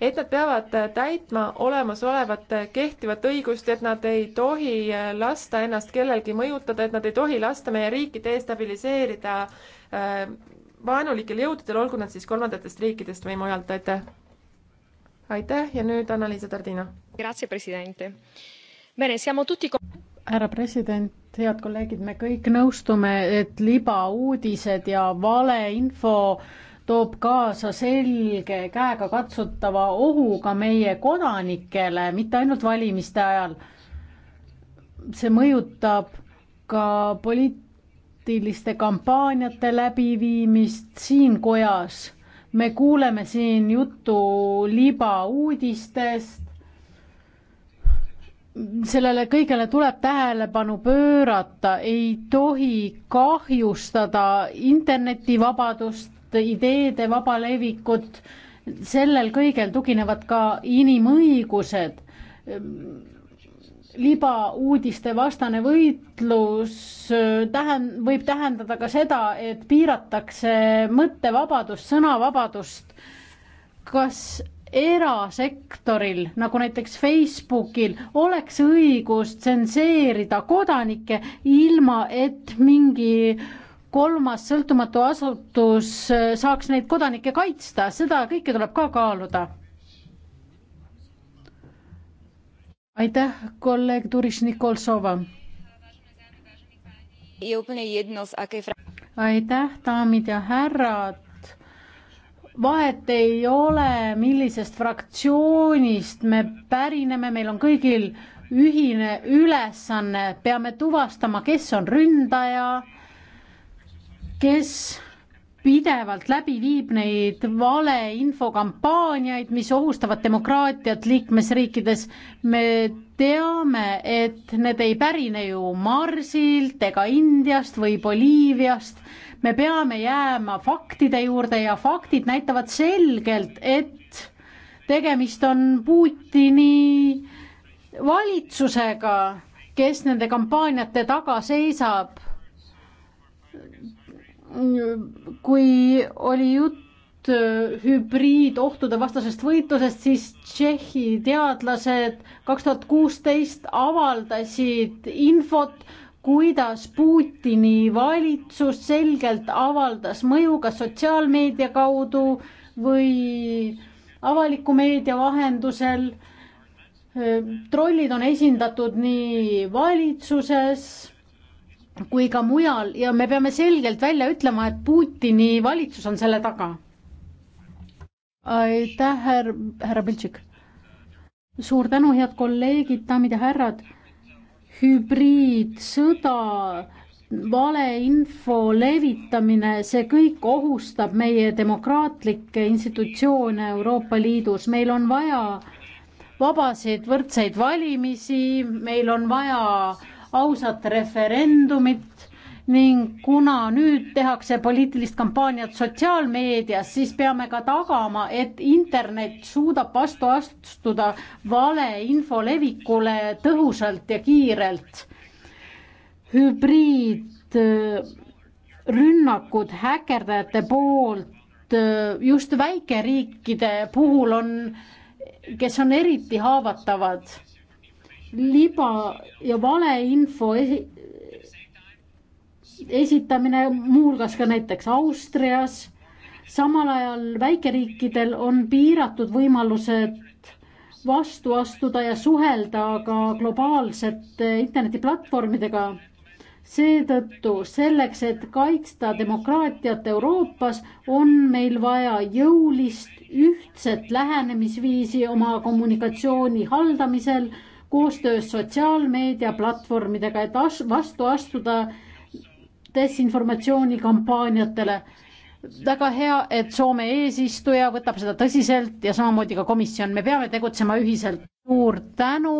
et nad peavad täitma olemasolevat kehtivat õigust, et nad ei tohi lasta ennast kellelgi mõjutada, et nad ei tohi lasta meie riiki destabiliseerida äh, vaenulikel jõududel, olgu nad siis kolmandatest riikidest või mujalt, aitäh! aitäh ja nüüd Annaliisa Tardina. härra president, head kolleegid, me kõik nõustume, et libauudised ja valeinfo toob kaasa selge käegakatsutava ohu ka meie kodanikele, mitte ainult valimiste ajal. see mõjutab ka poliitiliste kampaaniate läbiviimist siin kojas me kuuleme siin juttu libauudistest. sellele kõigele tuleb tähelepanu pöörata, ei tohi kahjustada internetivabadust, ideede vaba levikut, sellel kõigel tuginevad ka inimõigused libauudiste vastane võitlus äh, tähen-, võib tähendada ka seda, et piiratakse mõttevabadust, sõnavabadust. kas erasektoril, nagu näiteks Facebookil, oleks õigus tsenseerida kodanikke, ilma et mingi kolmas sõltumatu asutus äh, saaks neid kodanikke kaitsta, seda kõike tuleb ka kaaluda aitäh, kolleeg Turiš Nikolsova. aitäh, daamid ja härrad vahet ei ole, millisest fraktsioonist me pärineme, meil on kõigil ühine ülesanne, peame tuvastama, kes on ründaja, kes pidevalt läbi viib neid valeinfokampaaniaid, mis ohustavad demokraatiat liikmesriikides. me teame, et need ei pärine ju Marsilt ega Indiast või Boliiviast. me peame jääma faktide juurde ja faktid näitavad selgelt, et tegemist on Putini valitsusega, kes nende kampaaniate taga seisab kui oli jutt äh, hübriidohtude vastasest võitlusest, siis Tšehhi teadlased kaks tuhat kuusteist avaldasid infot, kuidas Putini valitsus selgelt avaldas mõju kas sotsiaalmeedia kaudu või avaliku meedia vahendusel. Äh, trollid on esindatud nii valitsuses kui ka mujal ja me peame selgelt välja ütlema, et Putini valitsus on selle taga. aitäh, härra, härra Piltšik. suur tänu, head kolleegid, daamid ja härrad. hübriidsõda, valeinfo levitamine, see kõik ohustab meie demokraatlikke institutsioone Euroopa Liidus, meil on vaja vabasid võrdseid valimisi, meil on vaja äh, ausat referendumit ning kuna nüüd tehakse poliitilist kampaaniat sotsiaalmeedias, siis peame ka tagama, et internet suudab vastu astuda valeinfo levikule tõhusalt ja kiirelt. hübriidrünnakud äh, häkkerdajate poolt äh, just väikeriikide puhul on, kes on eriti haavatavad liba ja valeinfo esi esitamine, muuhulgas ka näiteks Austrias. samal ajal väikeriikidel on piiratud võimalused vastu astuda ja suhelda ka globaalsete internetiplatvormidega. seetõttu selleks, et kaitsta demokraatiat Euroopas, on meil vaja jõulist ühtset lähenemisviisi oma kommunikatsiooni haldamisel koostöös sotsiaalmeediaplatvormidega, et vastu astuda desinformatsioonikampaaniatele. väga hea, et Soome eesistuja võtab seda tõsiselt ja samamoodi ka komisjon, me peame tegutsema ühiselt. suur tänu.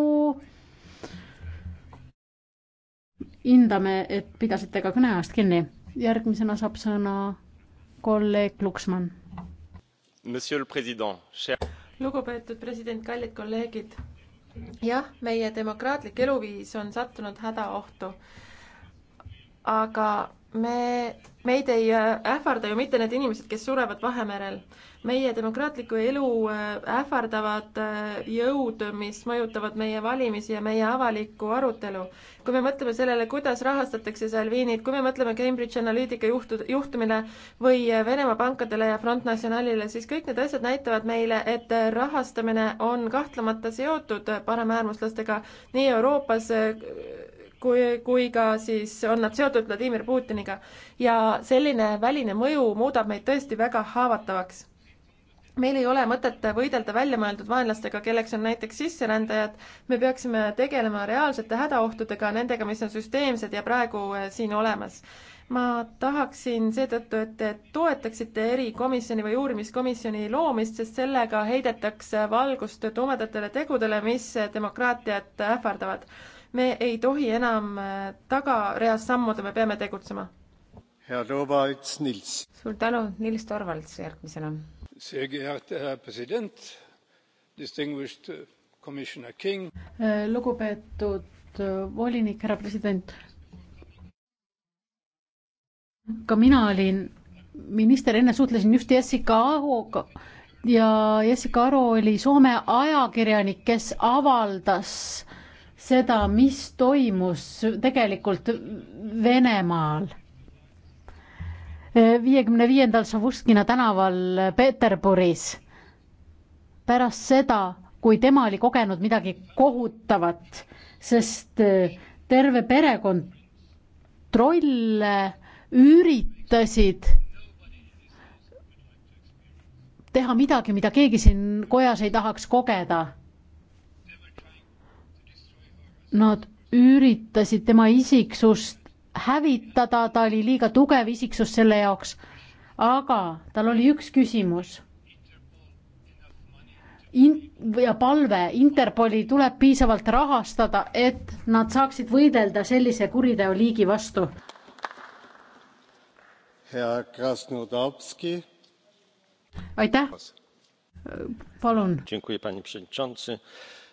hindame, et pidasite ka kõneajast kinni. järgmisena saab sõna kolleeg Luksmann. Lugupeetud president, kallid kolleegid jah, meie demokraatlik eluviis on sattunud hädaohtu. aga me, meid ei äh, ähvarda ju mitte need inimesed, kes surevad Vahemerel. meie demokraatliku elu äh, ähvardavad äh, jõud, mis mõjutavad meie valimisi ja meie avalikku arutelu. kui me mõtleme sellele, kuidas rahastatakse Salvinit, kui me mõtleme Cambridge Analytica juhtu, juhtumile või Venemaa pankadele ja Front Nationalile, siis kõik need asjad näitavad meile, et rahastamine on kahtlemata seotud paremäärmuslastega nii Euroopas kui, kui ka siis on nad seotud Vladimir Putiniga. ja selline väline mõju muudab meid tõesti väga haavatavaks meil ei ole mõtet võidelda väljamõeldud vaenlastega, kelleks on näiteks sisserändajad, me peaksime tegelema reaalsete hädaohtudega, nendega, mis on süsteemsed ja praegu eh, siin olemas. ma tahaksin seetõttu, et te toetaksite erikomisjoni või uurimiskomisjoni loomist, sest sellega heidetakse valgust tumedatele tegudele, mis demokraatiat ähvardavad me ei tohi enam äh, tagareas sammuda, me peame tegutsema. Herr Torvalds, Nils. suur tänu, Nils Torvalds järgmisena. Sehr geehrter Herr Präsident, distinguished äh, Commissioner King. Äh, lugupeetud volinik, härra president. ka mina olin minister, enne suhtlesin just Jessica Ahoga ja Jessica Aro oli Soome ajakirjanik, kes avaldas äh, seda, mis toimus tegelikult Venemaal. viiekümne viiendal Savuskina tänaval Peterburis. pärast seda, kui tema oli kogenud midagi kohutavat, sest äh, terve perekontrolle üritasid teha midagi, mida keegi siin kojas ei tahaks kogeda Nad üritasid tema isiksust hävitada, ta oli liiga tugev isiksus selle jaoks. aga tal oli üks küsimus. In-, ja palve, Interpoli tuleb piisavalt rahastada, et nad saaksid võidelda sellise kuriteoliigi vastu. aitäh, palun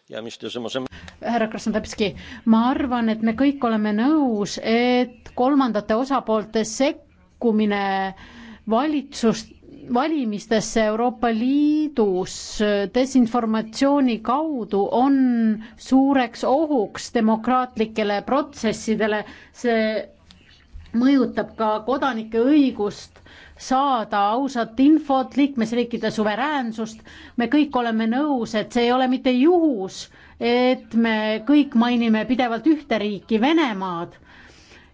ja mis te mõtlete? härra Krasnodebski, ma arvan, et me kõik oleme nõus, et kolmandate osapoolte sekkumine valitsust, valimistesse Euroopa Liidus desinformatsiooni kaudu on suureks ohuks demokraatlikele protsessidele, see mõjutab ka kodanike õigust saada ausat infot, liikmesriikide suveräänsust. me kõik oleme nõus, et see ei ole mitte juhus, et me kõik mainime pidevalt ühte riiki, Venemaad.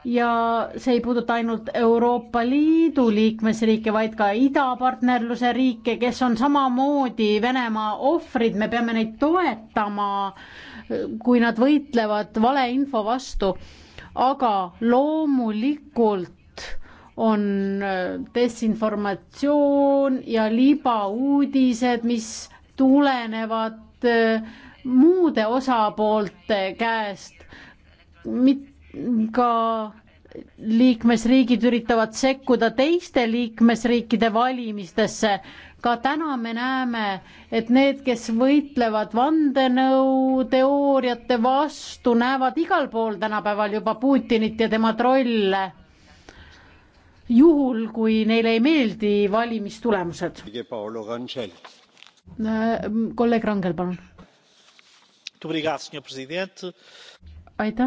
ja see ei puuduta ainult Euroopa Liidu liikmesriike, vaid ka idapartnerluse riike, kes on samamoodi Venemaa ohvrid, me peame neid toetama, kui nad võitlevad valeinfo vastu. aga loomulikult on desinformatsioon ja libauudised, mis tulenevad eh, muude osapoolte käest. ka liikmesriigid üritavad sekkuda teiste liikmesriikide valimistesse. ka täna me näeme, et need, kes võitlevad vandenõuteooriate vastu, näevad igal pool tänapäeval juba Putinit ja tema trolle juhul, kui neile ei meeldi valimistulemused. Äh, kolleeg Rangel, palun. aitäh.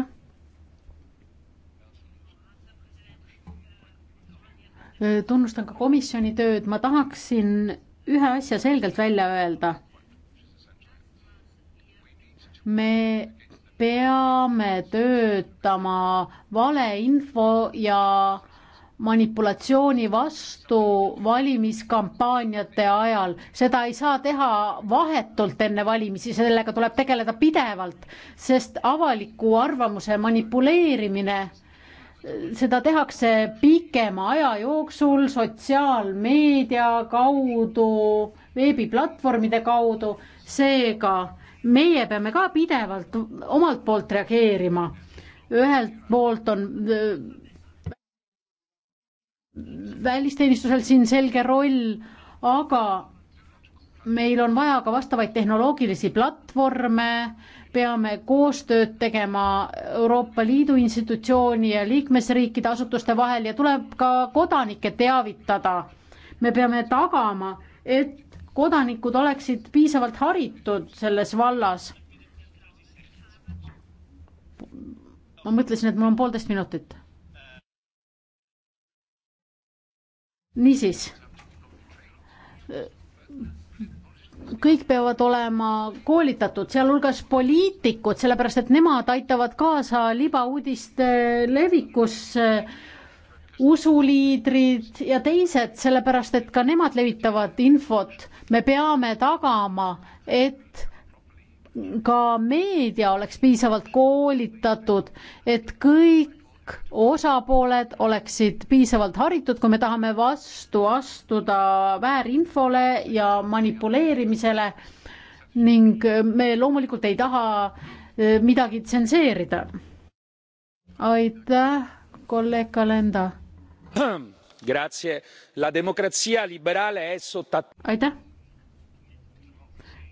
Äh, tunnustan ka komisjoni tööd, ma tahaksin ühe asja selgelt välja öelda. me peame töötama valeinfo ja äh, manipulatsiooni vastu valimiskampaaniate ajal, seda ei saa teha vahetult enne valimisi, sellega tuleb tegeleda pidevalt, sest avaliku arvamuse manipuleerimine, seda tehakse pikema aja jooksul sotsiaalmeedia kaudu, veebiplatvormide kaudu, seega meie peame ka pidevalt omalt poolt reageerima. ühelt poolt on välisteenistusel siin selge roll, aga meil on vaja ka vastavaid tehnoloogilisi platvorme, peame koostööd tegema Euroopa Liidu institutsiooni ja liikmesriikide asutuste vahel ja tuleb ka kodanikke teavitada. me peame tagama, et kodanikud oleksid piisavalt haritud selles vallas. ma mõtlesin, et mul on poolteist minutit niisiis, kõik peavad olema koolitatud, sealhulgas poliitikud, sellepärast et nemad aitavad kaasa libauudiste levikusse, usuliidrid ja teised, sellepärast et ka nemad levitavad infot. me peame tagama, et ka meedia oleks piisavalt koolitatud, et kõik kõik osapooled oleksid piisavalt haritud, kui me tahame vastu astuda väärinfole ja manipuleerimisele ning me loomulikult ei taha eh, midagi tsenseerida. aitäh, kolleeg Kalenda. aitäh.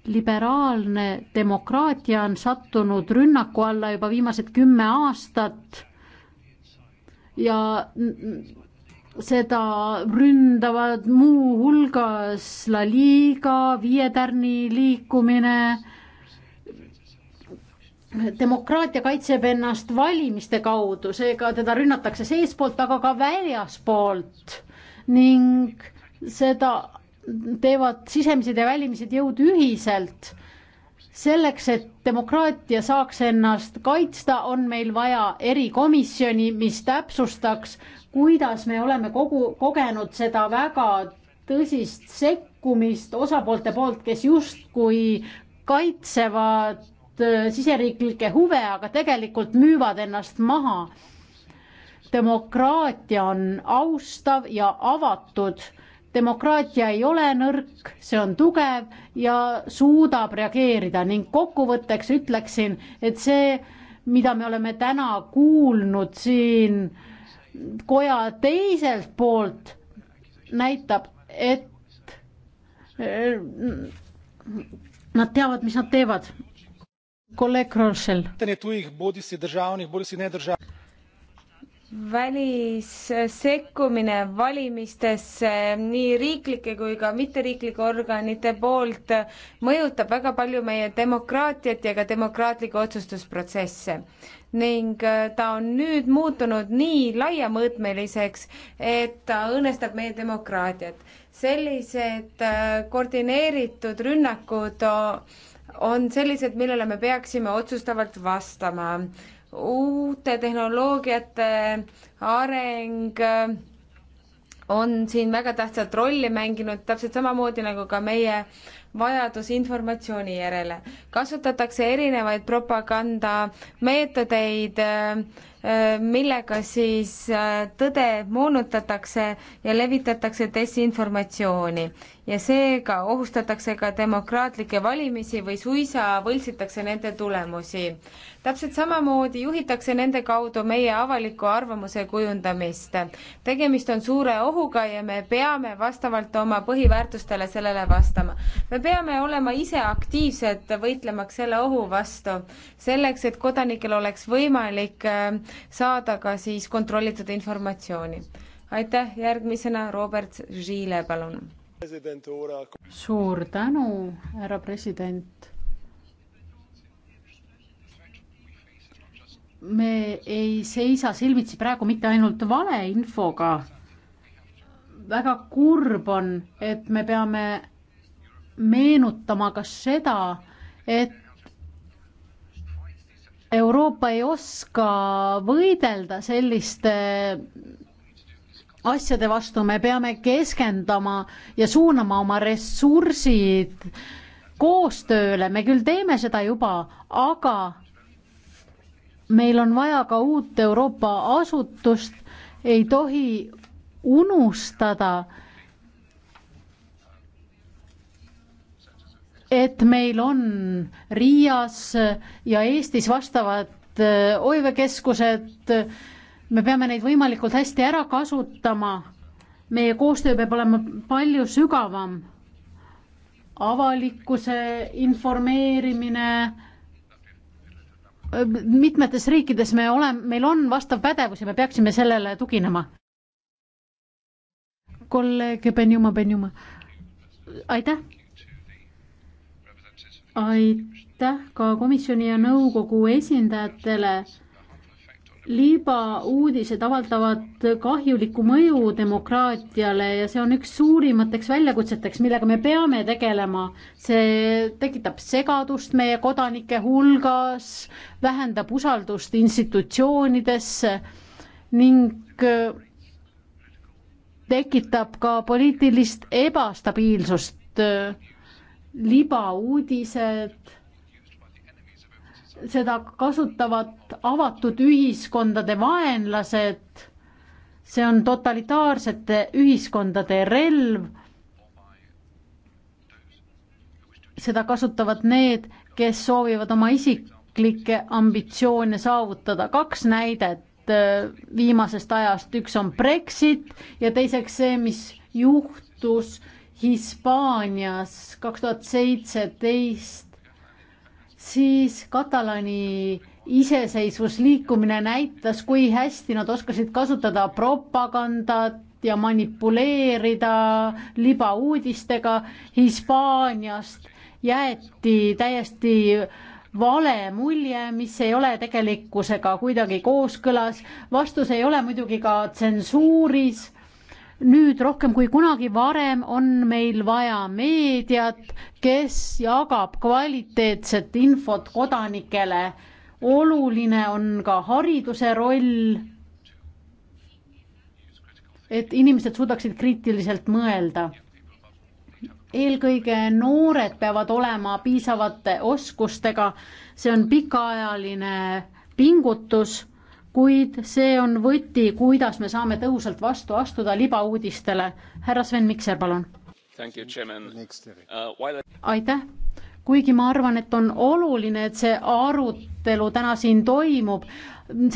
liberaalne demokraatia on sattunud rünnaku alla juba viimased kümme aastat ja seda ründavad muuhulgas La Liga, Viie Tärni liikumine. demokraatia kaitseb ennast valimiste kaudu, seega teda rünnatakse seestpoolt, aga ka väljaspoolt ning seda teevad sisemised ja välimised jõud ühiselt selleks, et demokraatia saaks ennast kaitsta, on meil vaja erikomisjoni, mis täpsustaks, kuidas me oleme kogu, kogenud seda väga tõsist sekkumist osapoolte poolt, kes justkui kaitsevad äh, siseriiklikke huve, aga tegelikult müüvad ennast maha. demokraatia on austav ja avatud demokraatia ei ole nõrk, see on tugev ja suudab reageerida ning kokkuvõtteks ütleksin, et see, mida me oleme täna kuulnud siin koja teiselt poolt, näitab, et äh, nad teavad, mis nad teevad. kolleeg Rošel välissekkumine valimistesse nii riiklike kui ka mitteriiklike organite poolt mõjutab väga palju meie demokraatiat ja ka demokraatlikke otsustusprotsesse. ning äh, ta on nüüd muutunud nii laiamõõtmeliseks, et ta õõnestab meie demokraatiat. sellised äh, koordineeritud rünnakud on sellised, millele me peaksime otsustavalt vastama uute tehnoloogiate areng äh, on siin väga tähtsat rolli mänginud, täpselt samamoodi nagu ka meie vajadus informatsiooni järele. kasutatakse erinevaid propagandameetodeid äh, Äh, millega siis äh, tõde moonutatakse ja levitatakse desinformatsiooni ja seega ohustatakse ka demokraatlikke valimisi või suisa võltsitakse nende tulemusi. täpselt samamoodi juhitakse nende kaudu meie avaliku arvamuse kujundamist. tegemist on suure ohuga ja me peame vastavalt oma põhiväärtustele sellele vastama. me peame olema ise aktiivsed, võitlemaks selle ohu vastu, selleks et kodanikel oleks võimalik äh, saada ka siis kontrollitud informatsiooni. aitäh, järgmisena Robert Žile, palun. suur tänu, härra president. me ei seisa silmitsi praegu mitte ainult valeinfoga, väga kurb on, et me peame meenutama ka seda, et Euroopa ei oska võidelda selliste asjade vastu, me peame keskenduma ja suunama oma ressursid koostööle, me küll teeme seda juba, aga meil on vaja ka uut Euroopa asutust, ei tohi unustada, et meil on Riias ja Eestis vastavad äh, oivekeskused, me peame neid võimalikult hästi ära kasutama, meie koostöö peab olema palju sügavam, avalikkuse informeerimine, mitmetes riikides me oleme, meil on vastav pädevus ja me peaksime sellele tuginema. kolleeg Benjuma, Benjuma, aitäh aitäh ka komisjoni ja nõukogu esindajatele. libauudised avaldavad kahjulikku mõju demokraatiale ja see on üks suurimateks väljakutseteks, millega me peame tegelema. see tekitab segadust meie kodanike hulgas, vähendab usaldust institutsioonidesse ning tekitab ka poliitilist ebastabiilsust libauudised, seda kasutavad avatud ühiskondade vaenlased, see on totalitaarsete ühiskondade relv, seda kasutavad need, kes soovivad oma isiklikke ambitsioone saavutada, kaks näidet äh, viimasest ajast, üks on Brexit ja teiseks see, mis juhtus Hispaanias kaks tuhat seitseteist, siis Katalani iseseisvusliikumine näitas, kui hästi nad oskasid kasutada propagandat ja manipuleerida libauudistega. Hispaaniast jäeti täiesti vale mulje, mis ei ole tegelikkusega kuidagi kooskõlas. vastus ei ole muidugi ka tsensuuris nüüd rohkem kui kunagi varem on meil vaja meediat, kes jagab kvaliteetset infot kodanikele. oluline on ka hariduse roll. et inimesed suudaksid kriitiliselt mõelda. eelkõige noored peavad olema piisavate oskustega, see on pikaajaline pingutus kuid see on võti, kuidas me saame tõhusalt vastu astuda libauudistele. härra Sven Mikser, palun. Uh, aitäh, kuigi ma arvan, et on oluline, et see arutelu täna siin toimub,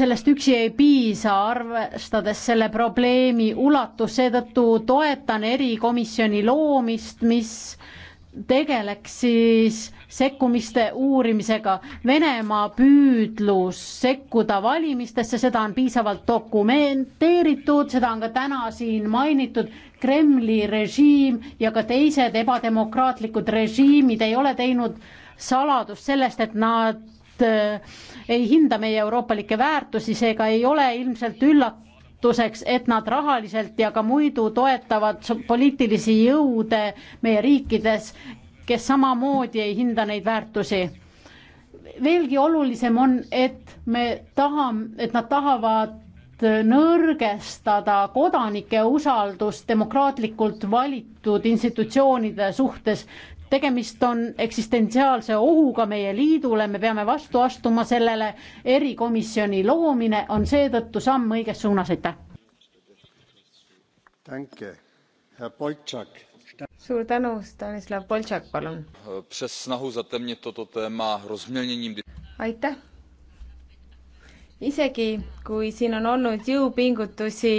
sellest üksi ei piisa, arvestades selle probleemi ulatust, seetõttu toetan erikomisjoni loomist, mis äh, tegeleks siis sekkumiste uurimisega. Venemaa püüdlus sekkuda valimistesse, seda on piisavalt dokumenteeritud, seda on ka täna siin mainitud. Kremli režiim ja ka teised ebademokraatlikud režiimid ei ole teinud saladust sellest, et nad äh, ei hinda meie euroopalikke väärtusi, seega ei ole ilmselt üllatav toetuseks, et nad rahaliselt ja ka muidu toetavad poliitilisi jõude meie riikides, kes samamoodi ei hinda neid väärtusi. veelgi olulisem on, et me tahame, et nad tahavad nõrgestada kodanike usaldust demokraatlikult valitud institutsioonide suhtes tegemist on eksistentsiaalse ohuga meie liidule, me peame vastu astuma sellele, erikomisjoni loomine on seetõttu samm õiges suunas, aitäh. suur tänu, Stanislav Boltšak, palun. aitäh isegi kui siin on olnud jõupingutusi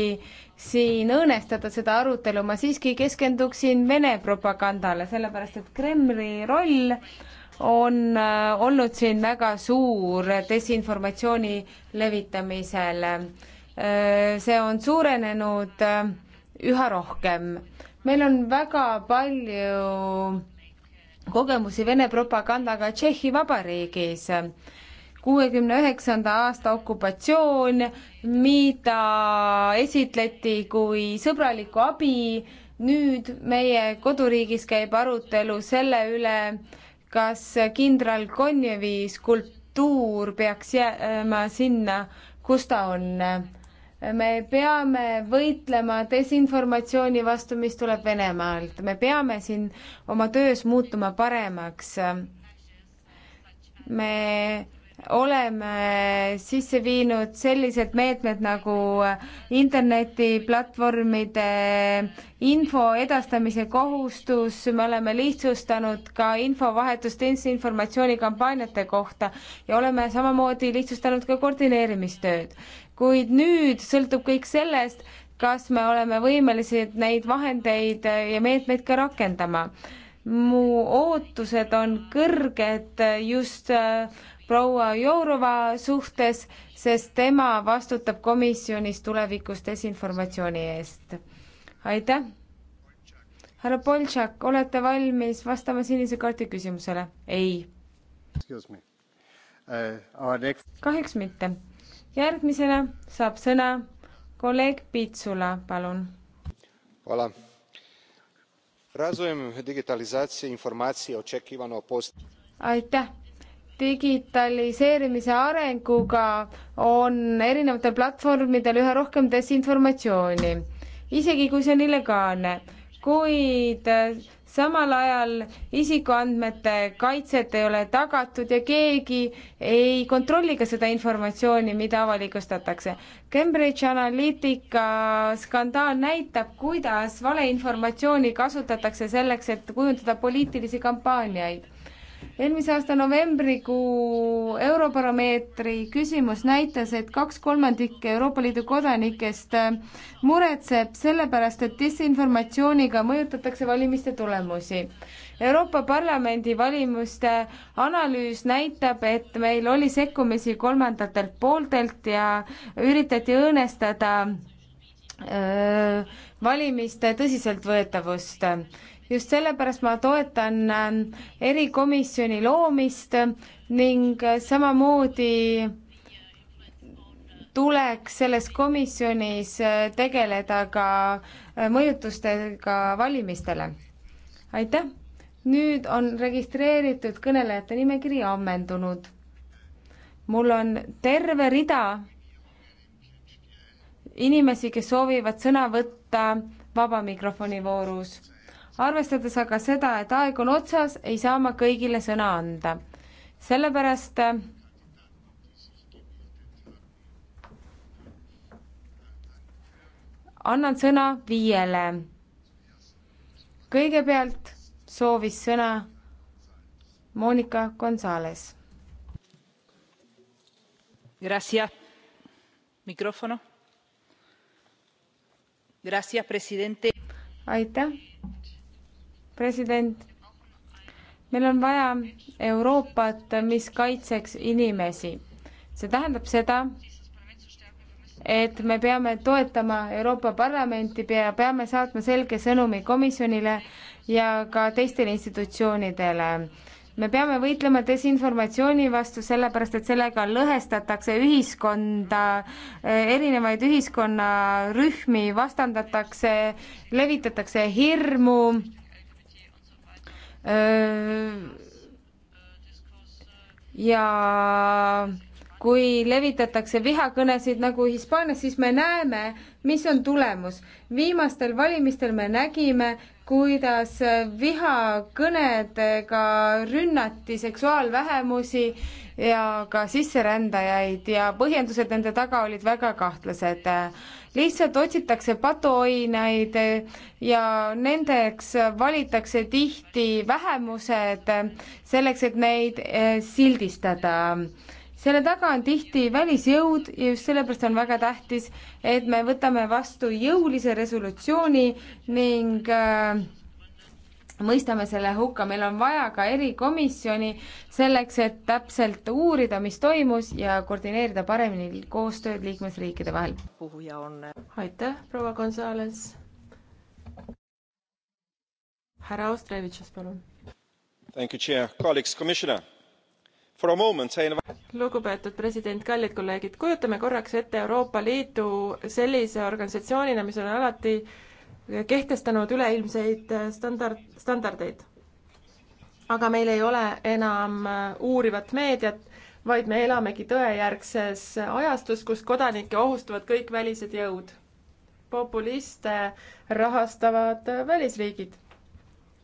siin õõnestada seda arutelu, ma siiski keskenduksin Vene propagandale, sellepärast et Kremli roll on äh, olnud siin väga suur desinformatsiooni levitamisel. Äh, see on suurenenud äh, üha rohkem. meil on väga palju kogemusi Vene propagandaga Tšehhi Vabariigis kuuekümne üheksanda aasta okupatsioon, mida esitleti kui sõbralikku abi, nüüd meie koduriigis käib arutelu selle üle, kas kindral Konjevi skulptuur peaks jääma sinna, kus ta on. me peame võitlema desinformatsiooni vastu, mis tuleb Venemaalt, me peame siin oma töös muutuma paremaks. me oleme sisse viinud sellised meetmed nagu internetiplatvormide info edastamise kohustus, me oleme lihtsustanud ka infovahetust informatsioonikampaaniate kohta ja oleme samamoodi lihtsustanud ka koordineerimistööd. kuid nüüd sõltub kõik sellest, kas me oleme võimelised neid vahendeid ja meetmeid ka rakendama mu ootused on kõrged just äh, proua Jourova suhtes, sest tema vastutab komisjonis tulevikus desinformatsiooni eest. aitäh! härra Boltšak, olete valmis vastama sinise kaardi küsimusele? ei. Uh, kahjuks mitte. järgmisena saab sõna kolleeg Pitsula, palun. razvojem digitalizacije informacije očekivano post- aitäh! digitaliseerimise arenguga on erinevatel platvormidel üha rohkem desinformatsiooni, isegi kui see on illegaalne, kuid äh, samal ajal isikuandmete kaitset ei ole tagatud ja keegi ei kontrolli ka seda informatsiooni, mida avalikustatakse. Cambridge Analytica skandaal näitab, kuidas valeinformatsiooni kasutatakse selleks, et kujundada poliitilisi kampaaniaid eelmise aasta novembrikuu Eurobaromeetri küsimus näitas, et kaks kolmandikke Euroopa Liidu kodanikest äh, muretseb selle pärast, et disinformatsiooniga mõjutatakse valimiste tulemusi. Euroopa Parlamendi valimuste analüüs näitab, et meil oli sekkumisi kolmandatelt pooltelt ja üritati õõnestada öö, äh, valimiste tõsiseltvõetavust just sellepärast ma toetan ähm, erikomisjoni loomist ning äh, samamoodi tuleks selles komisjonis äh, tegeleda ka äh, mõjutustega valimistele. aitäh! nüüd on registreeritud kõnelejate nimekiri ammendunud. mul on terve rida inimesi, kes soovivad sõna võtta vaba mikrofoni voorus arvestades aga seda, et aeg on otsas, ei saa ma kõigile sõna anda. sellepärast annan sõna viiele. kõigepealt soovis sõna Monika Gonzalez. Gracias. Micrófono. Gracias, presidente. aitäh president, meil on vaja Euroopat, mis kaitseks inimesi. see tähendab seda, et me peame toetama Euroopa Parlamenti ja peame saatma selge sõnumi komisjonile ja ka teistele institutsioonidele. me peame võitlema desinformatsiooni vastu, sellepärast et sellega lõhestatakse ühiskonda, erinevaid ühiskonnarühmi vastandatakse, levitatakse hirmu ja kui levitatakse vihakõnesid nagu Hispaanias, siis me näeme, mis on tulemus. viimastel valimistel me nägime, kuidas vihakõnedega rünnati seksuaalvähemusi ja ka sisserändajaid ja põhjendused nende taga olid väga kahtlased. lihtsalt otsitakse patuoinaid ja nendeks valitakse tihti vähemused selleks, et neid sildistada selle taga on tihti välisjõud ja just sellepärast on väga tähtis, et me võtame vastu jõulise resolutsiooni ning äh, mõistame selle hukka, meil on vaja ka erikomisjoni selleks, et täpselt uurida, mis toimus ja koordineerida paremini koostööd liikmesriikide vahel. puhuja on. aitäh, proua Gonzales. härra Ostrevitšas, palun. Thank you, chair, colleagues, commissioner lugupeetud president, kallid kolleegid, kujutame korraks ette Euroopa Liitu sellise organisatsioonina, mis on alati kehtestanud üleilmseid standard, standardeid. aga meil ei ole enam uurivat meediat, vaid me elamegi tõejärgses ajastus, kus kodanikke ohustavad kõik välised jõud. populiste rahastavad välisriigid,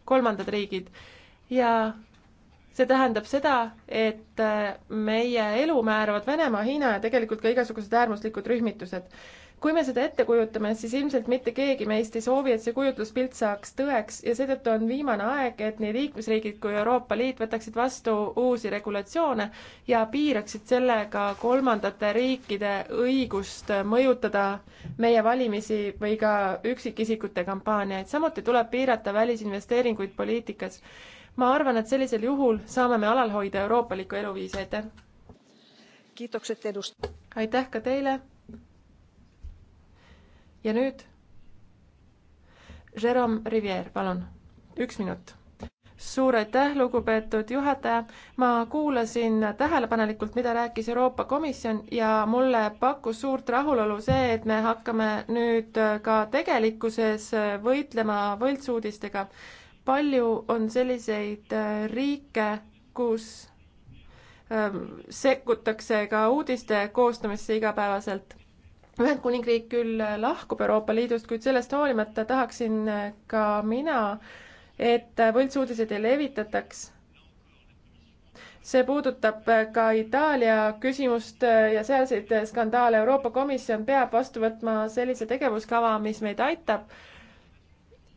kolmandad riigid ja see tähendab seda, et äh, meie elu määravad Venemaa, Hiina ja tegelikult ka igasugused äärmuslikud rühmitused. kui me seda ette kujutame, siis ilmselt mitte keegi meist ei soovi, et see kujutluspilt saaks tõeks ja seetõttu on viimane aeg, et nii liikmesriigid kui Euroopa Liit võtaksid vastu uusi regulatsioone ja piiraksid sellega kolmandate riikide õigust mõjutada meie valimisi või ka üksikisikute kampaaniaid. samuti tuleb piirata välisinvesteeringuid poliitikas ma arvan, et sellisel juhul saame me alal hoida euroopaliku eluviisi, aitäh! kiitokset edust! aitäh ka teile! ja nüüd Jerome Rivier, palun, üks minut suur aitäh, lugupeetud juhataja. ma kuulasin tähelepanelikult, mida rääkis Euroopa Komisjon ja mulle pakkus suurt rahulolu see, et me hakkame nüüd ka tegelikkuses võitlema võltsuudistega palju on selliseid äh, riike, kus ähm, sekkutakse ka uudiste koostamisse igapäevaselt. Ühendkuningriik küll äh, lahkub Euroopa Liidust, kuid sellest hoolimata tahaksin äh, ka mina, et võltsuudiseid ei levitataks see puudutab ka Itaalia küsimust ja sealseid skandaale. Euroopa Komisjon peab vastu võtma sellise tegevuskava, mis meid aitab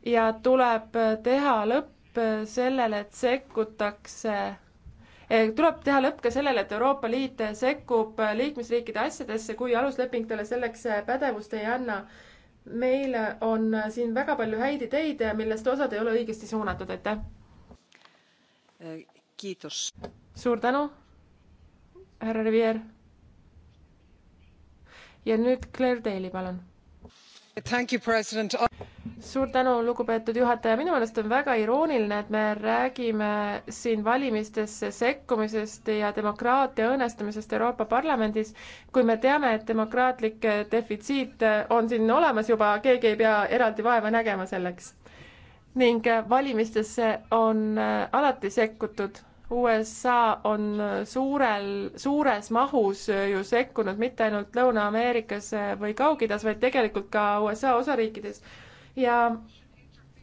ja tuleb teha lõpp sellele, et sekkutakse eh, tuleb teha lõpp ka sellele, et Euroopa Liit sekkub liikmesriikide asjadesse, kui alusleping talle selleks pädevust ei anna. meil on siin väga palju häid ideid, millest osad ei ole õigesti suunatud, aitäh. Eh, kiitus. suur tänu, härra Rivier. ja nüüd Claire Daly, palun suur tänu, lugupeetud juhataja, minu meelest on väga irooniline, et me räägime siin valimistesse sekkumisest ja demokraatia õõnestamisest Euroopa Parlamendis, kui me teame, et demokraatlik defitsiit on siin olemas juba, keegi ei pea eraldi vaeva nägema selleks. ning valimistesse on alati sekkutud USA on suurel, suures mahus ju sekkunud mitte ainult Lõuna-Ameerikas või Kaug-Idas, vaid tegelikult ka USA osariikides. ja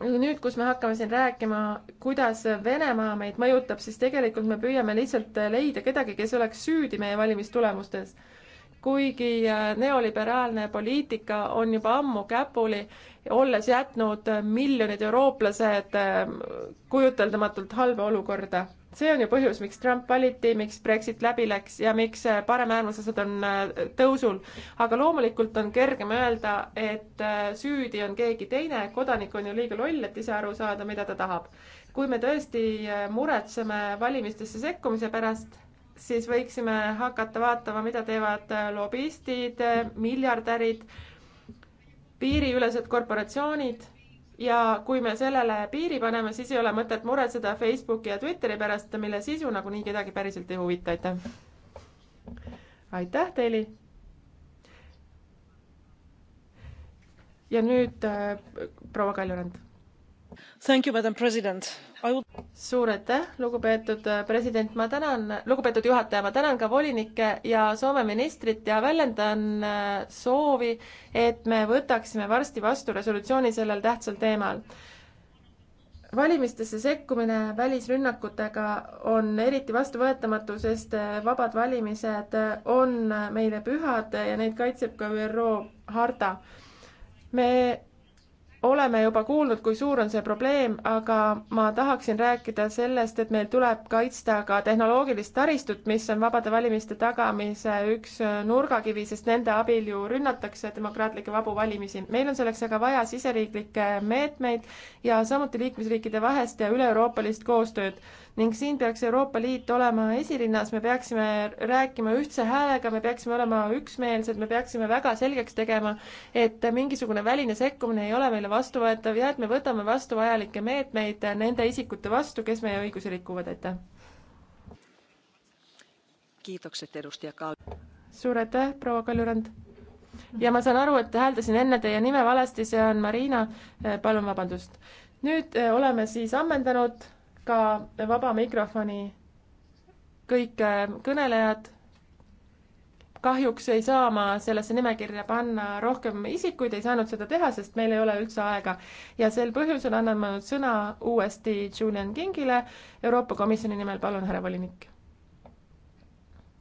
nüüd, kus me hakkame siin rääkima, kuidas Venemaa meid mõjutab, siis tegelikult me püüame lihtsalt leida kedagi, kes oleks süüdi meie valimistulemustes kuigi äh, neoliberaalne poliitika on juba ammu käpuli, olles jätnud miljonid eurooplased äh, kujuteldamatult halba olukorda see on ju põhjus, miks Trump valiti, miks Brexit läbi läks ja miks äh, paremäärmuslased on äh, tõusul. aga loomulikult on kergem öelda, et äh, süüdi on keegi teine, kodanik on ju liiga loll, et ise aru saada, mida ta tahab. kui me tõesti muretseme valimistesse sekkumise pärast, siis võiksime hakata vaatama, mida teevad lobistid, miljardärid, piiriülesed korporatsioonid ja kui me sellele piiri paneme, siis ei ole mõtet muretseda Facebooki ja Twitteri pärast, mille sisu nagunii kedagi päriselt ei huvita, aitäh. aitäh, Teili. ja nüüd äh, proua Kaljurand. Thank you, madam president suur aitäh, lugupeetud äh, president, ma tänan, lugupeetud juhataja, ma tänan ka volinikke ja Soome ministrit ja väljendan äh, soovi, et me võtaksime varsti vastu resolutsiooni sellel tähtsal teemal valimistesse sekkumine välisrünnakutega on eriti vastuvõetamatu, sest äh, vabad valimised on meile pühad ja neid kaitseb ka ÜRO harta. me oleme juba kuulnud, kui suur on see probleem, aga ma tahaksin rääkida sellest, et meil tuleb kaitsta ka tehnoloogilist taristut, mis on vabade valimiste tagamise üks nurgakivi, sest nende abil ju rünnatakse demokraatlikke vabu valimisi. meil on selleks aga vaja siseriiklikke meetmeid ja samuti liikmesriikide vahest ja üle-euroopalist koostööd ning siin peaks Euroopa Liit olema esirinnas, me peaksime rääkima ühtse häälega, me peaksime olema üksmeelsed, me peaksime väga selgeks tegema, et mingisugune väline sekkumine ei ole meile vastuvõetav ja et me võtame vastu vajalikke meetmeid nende isikute vastu, kes meie õigusi rikuvad, aitäh. kiitokset, edustaja Kaal. suur aitäh, proua Kaljurand. ja ma saan aru, et hääldasin enne teie nime valesti, see on Marina, palun vabandust. nüüd eh, oleme siis ammendanud ka vaba mikrofoni kõik äh, kõnelejad. kahjuks ei saa ma sellesse nimekirja panna rohkem isikuid, ei saanud seda teha, sest meil ei ole üldse aega. ja sel põhjusel annan ma nüüd sõna uuesti Julian Kingile Euroopa Komisjoni nimel, palun, härra volinik.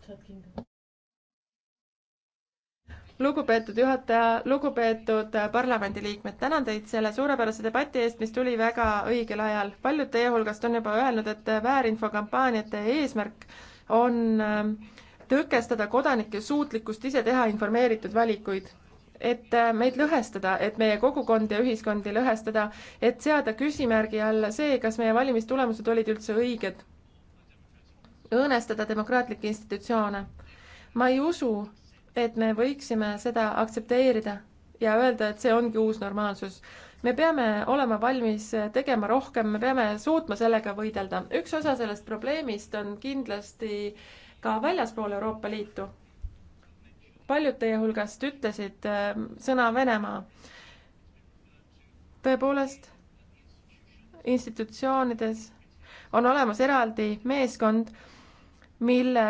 saad kindel? lugupeetud juhataja, lugupeetud parlamendiliikmed, tänan teid selle suurepärase debati eest, mis tuli väga õigel ajal. paljud teie hulgast on juba öelnud, et väärinfokampaaniate eesmärk on ähm, tõkestada kodanike suutlikkust ise teha informeeritud valikuid et äh, meid lõhestada, et meie kogukondi ja ühiskondi lõhestada, et seada küsimärgi alla see, kas meie valimistulemused olid üldse õiged. õõnestada demokraatlikke institutsioone. ma ei usu, et me võiksime seda aktsepteerida ja öelda, et see ongi uus normaalsus. me peame olema valmis tegema rohkem, me peame suutma sellega võidelda. üks osa sellest probleemist on kindlasti ka väljaspool Euroopa Liitu. paljud teie hulgast ütlesid äh, sõna Venemaa. tõepoolest, institutsioonides on olemas eraldi meeskond, mille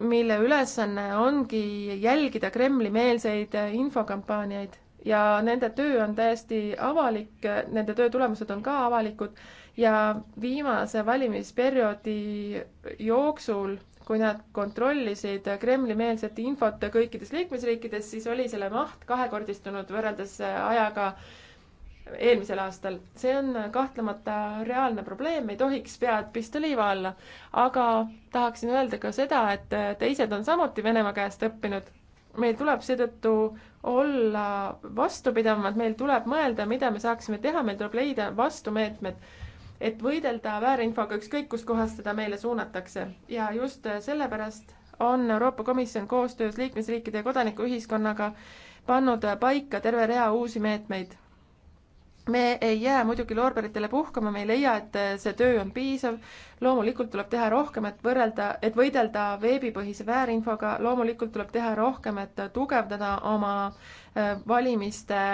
mille ülesanne ongi jälgida Kremli-meelseid infokampaaniaid ja nende töö on täiesti avalik, nende töö tulemused on ka avalikud ja viimase valimisperioodi jooksul kui nad kontrollisid Kremli-meelset infot kõikides liikmesriikides, siis oli selle maht kahekordistunud võrreldes ajaga eelmisel aastal. see on kahtlemata reaalne probleem, ei tohiks pead pista liiva alla. aga tahaksin öelda ka seda, et teised on samuti Venemaa käest õppinud. meil tuleb seetõttu olla vastupidavamad, meil tuleb mõelda, mida me saaksime teha, meil tuleb leida vastumeetmed, et võidelda väärinfoga, ükskõik kuskohast seda meile suunatakse. ja just sellepärast on Euroopa Komisjon koostöös liikmesriikide ja kodanikuühiskonnaga pannud paika terve rea uusi meetmeid me ei jää muidugi loorberitele puhkama, me ei leia, et äh, see töö on piisav, loomulikult tuleb teha rohkem, et võrrelda, et võidelda veebipõhise väärinfoga, loomulikult tuleb teha rohkem, et äh, tugevdada oma äh, valimiste,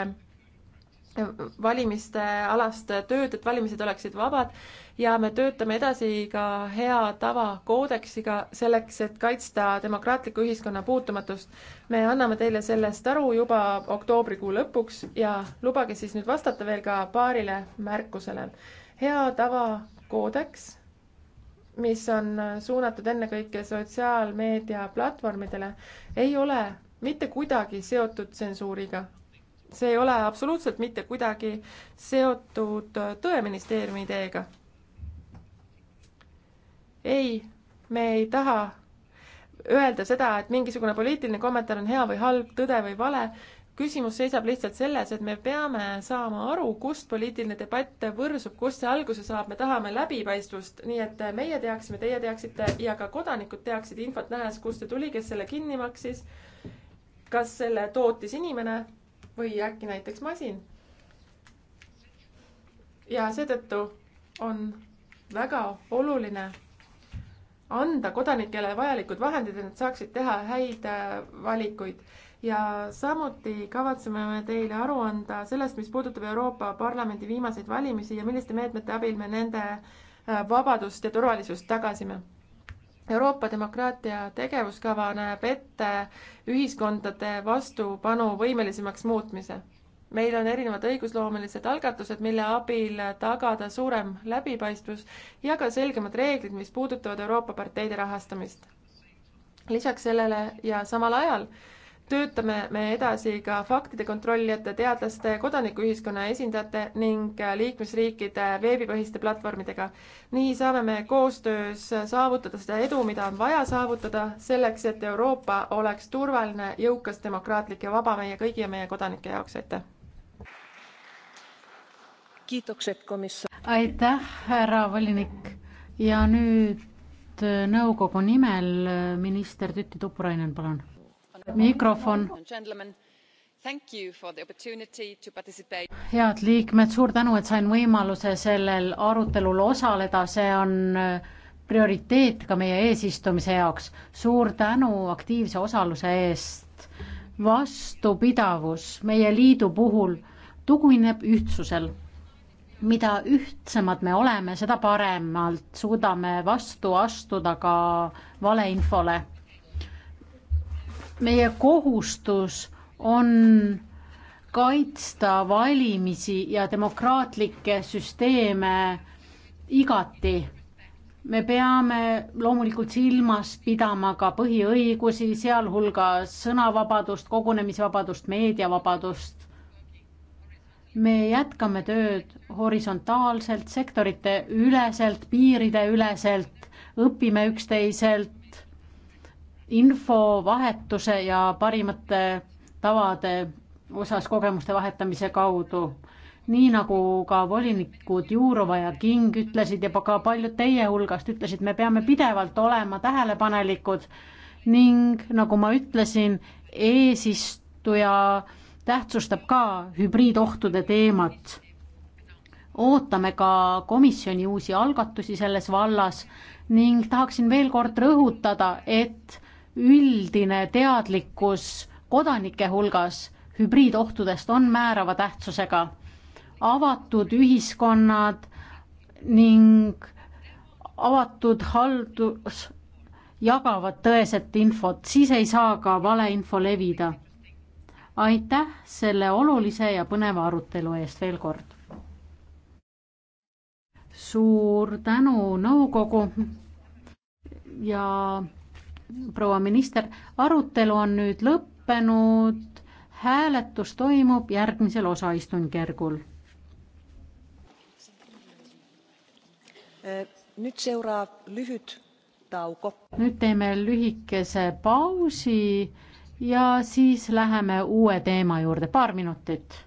valimiste alast tööd, et valimised oleksid vabad ja me töötame edasi ka hea tava koodeksiga selleks, et kaitsta demokraatliku ühiskonna puutumatust. me anname teile sellest aru juba oktoobrikuu lõpuks ja lubage siis nüüd vastata veel ka paarile märkusele. hea tava koodeks mis on suunatud ennekõike sotsiaalmeedia platvormidele, ei ole mitte kuidagi seotud tsensuuriga. see ei ole absoluutselt mitte kuidagi seotud Tõeministeeriumi ideega ei, me ei taha öelda seda, et mingisugune poliitiline kommentaar on hea või halb, tõde või vale, küsimus seisab lihtsalt selles, et me peame saama aru, kust poliitiline debatt võrsub, kust see alguse saab, me tahame läbipaistvust, nii et meie teaksime, teie teaksite ja ka kodanikud teaksid infot nähes, kust see tuli, kes selle kinni maksis, kas selle tootis inimene või äkki näiteks masin. ja seetõttu on väga oluline anda kodanikele vajalikud vahendid, et nad saaksid teha häid äh, valikuid. ja samuti kavatseme me teile aru anda sellest, mis puudutab Euroopa Parlamendi viimaseid valimisi ja milliste meetmete abil me nende äh, vabadust ja turvalisust tagasime. Euroopa demokraatia tegevuskava näeb ette ühiskondade vastupanuvõimelisemaks muutmise meil on erinevad õigusloomelised algatused, mille abil tagada suurem läbipaistvus ja ka selgemad reeglid, mis puudutavad Euroopa parteide rahastamist. lisaks sellele ja samal ajal töötame me edasi ka faktide kontrollijate, teadlaste, kodanikuühiskonna esindajate ning liikmesriikide veebipõhiste platvormidega. nii saame me koostöös saavutada seda edu, mida on vaja saavutada selleks, et Euroopa oleks turvaline, jõukas, demokraatlik ja vaba meie kõigi ja meie kodanike jaoks, aitäh! aitäh, härra volinik ja nüüd äh, nõukogu nimel äh, minister Tytti Tuppurainen, palun. mikrofon. head liikmed, suur tänu, et sain võimaluse sellel arutelul osaleda, see on äh, prioriteet ka meie eesistumise jaoks. suur tänu aktiivse osaluse eest. vastupidavus meie liidu puhul tugineb ühtsusel mida ühtsemad me oleme, seda paremalt suudame vastu astuda ka valeinfole. meie kohustus on kaitsta valimisi ja demokraatlikke süsteeme igati. me peame loomulikult silmas pidama ka põhiõigusi, sealhulgas sõnavabadust, kogunemisvabadust, meediavabadust me jätkame tööd horisontaalselt, sektorite üleselt, piiride üleselt, õpime üksteiselt infovahetuse ja parimate tavade osas kogemuste vahetamise kaudu. nii nagu ka volinikud Juurova ja King ütlesid ja ka paljud teie hulgast ütlesid, me peame pidevalt olema tähelepanelikud ning nagu ma ütlesin, eesistuja tähtsustab ka hübriidohtude teemat. ootame ka komisjoni uusi algatusi selles vallas ning tahaksin veel kord rõhutada, et üldine teadlikkus kodanike hulgas hübriidohtudest on määrava tähtsusega. avatud ühiskonnad ning avatud haldus jagavad tõeset infot, siis ei saa ka valeinfo levida aitäh selle olulise ja põneva arutelu eest veel kord. suur tänu, nõukogu ja proua minister, arutelu on nüüd lõppenud, hääletus toimub järgmisel osaistungjärgul. nüüd seuraab lühüt tauko. nüüd teeme lühikese pausi ja siis läheme uue teema juurde, paar minutit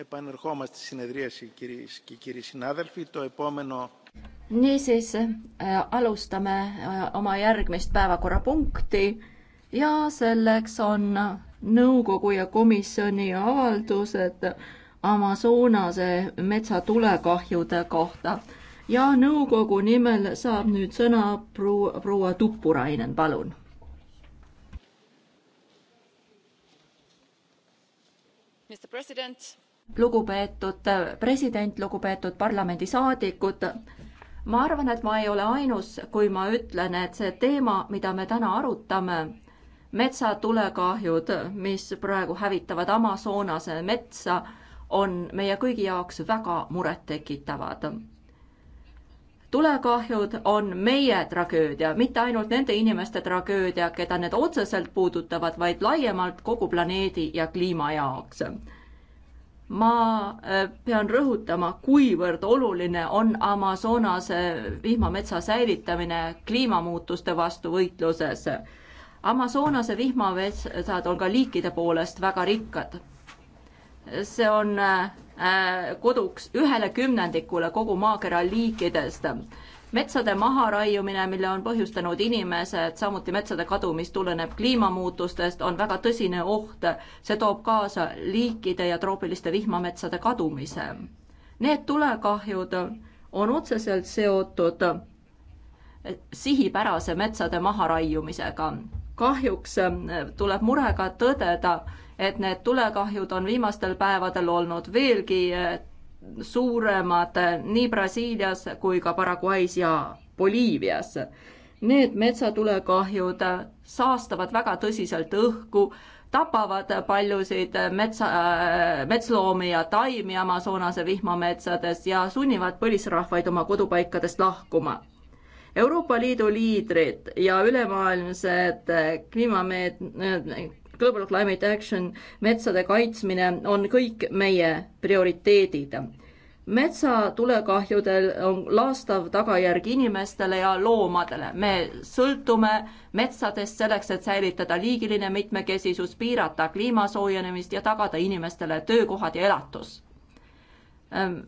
Επανερχόμαστε στη συνεδρίαση, κυρίες και κύριοι συνάδελφοι. Το επόμενο... Niisiis äh, alustame äh, oma järgmist päevakorrapunkti ja selleks on nõukogu ja komisjoni avaldused Amazonase metsatulekahjude kohta. ja nõukogu nimel saab nüüd sõna proua, proua Tuppurainen, palun lugupeetud president, lugupeetud parlamendisaadikud. ma arvan, et ma ei ole ainus, kui ma ütlen, et see teema, mida me täna arutame, metsatulekahjud, mis praegu hävitavad Amazonase metsa, on meie kõigi jaoks väga murettekitavad. tulekahjud on meie tragöödia, mitte ainult nende inimeste tragöödia, keda need otseselt puudutavad, vaid laiemalt kogu planeedi ja kliima jaoks ma äh, pean rõhutama, kuivõrd oluline on Amazonase vihmametsa säilitamine kliimamuutuste vastu võitluses. Amazonase vihmametsad on ka liikide poolest väga rikkad. see on äh, koduks ühele kümnendikule kogu maakera liikidest metsade maharaiumine, mille on põhjustanud inimesed, samuti metsade kadu, mis tuleneb kliimamuutustest, on väga tõsine oht. see toob kaasa liikide ja troopiliste vihmametsade kadumise. Need tulekahjud on otseselt seotud sihipärase metsade maharaiumisega. kahjuks tuleb murega tõdeda, et need tulekahjud on viimastel päevadel olnud veelgi suuremad nii Brasiilias kui ka Paraguay's ja Boliivias. Need metsatulekahjud saastavad väga tõsiselt õhku, tapavad paljusid metsa, metsloomi ja taimi Amazonase vihmametsades ja sunnivad põlisrahvaid oma kodupaikadest lahkuma. Euroopa Liidu liidrid ja ülemaailmsed kliimameet-, Global Climate Action, metsade kaitsmine on kõik meie prioriteedid. metsatulekahjudel on laastav tagajärg inimestele ja loomadele. me sõltume metsadest selleks, et säilitada liigiline mitmekesisus, piirata kliima soojenemist ja tagada inimestele töökohad ja elatus ehm,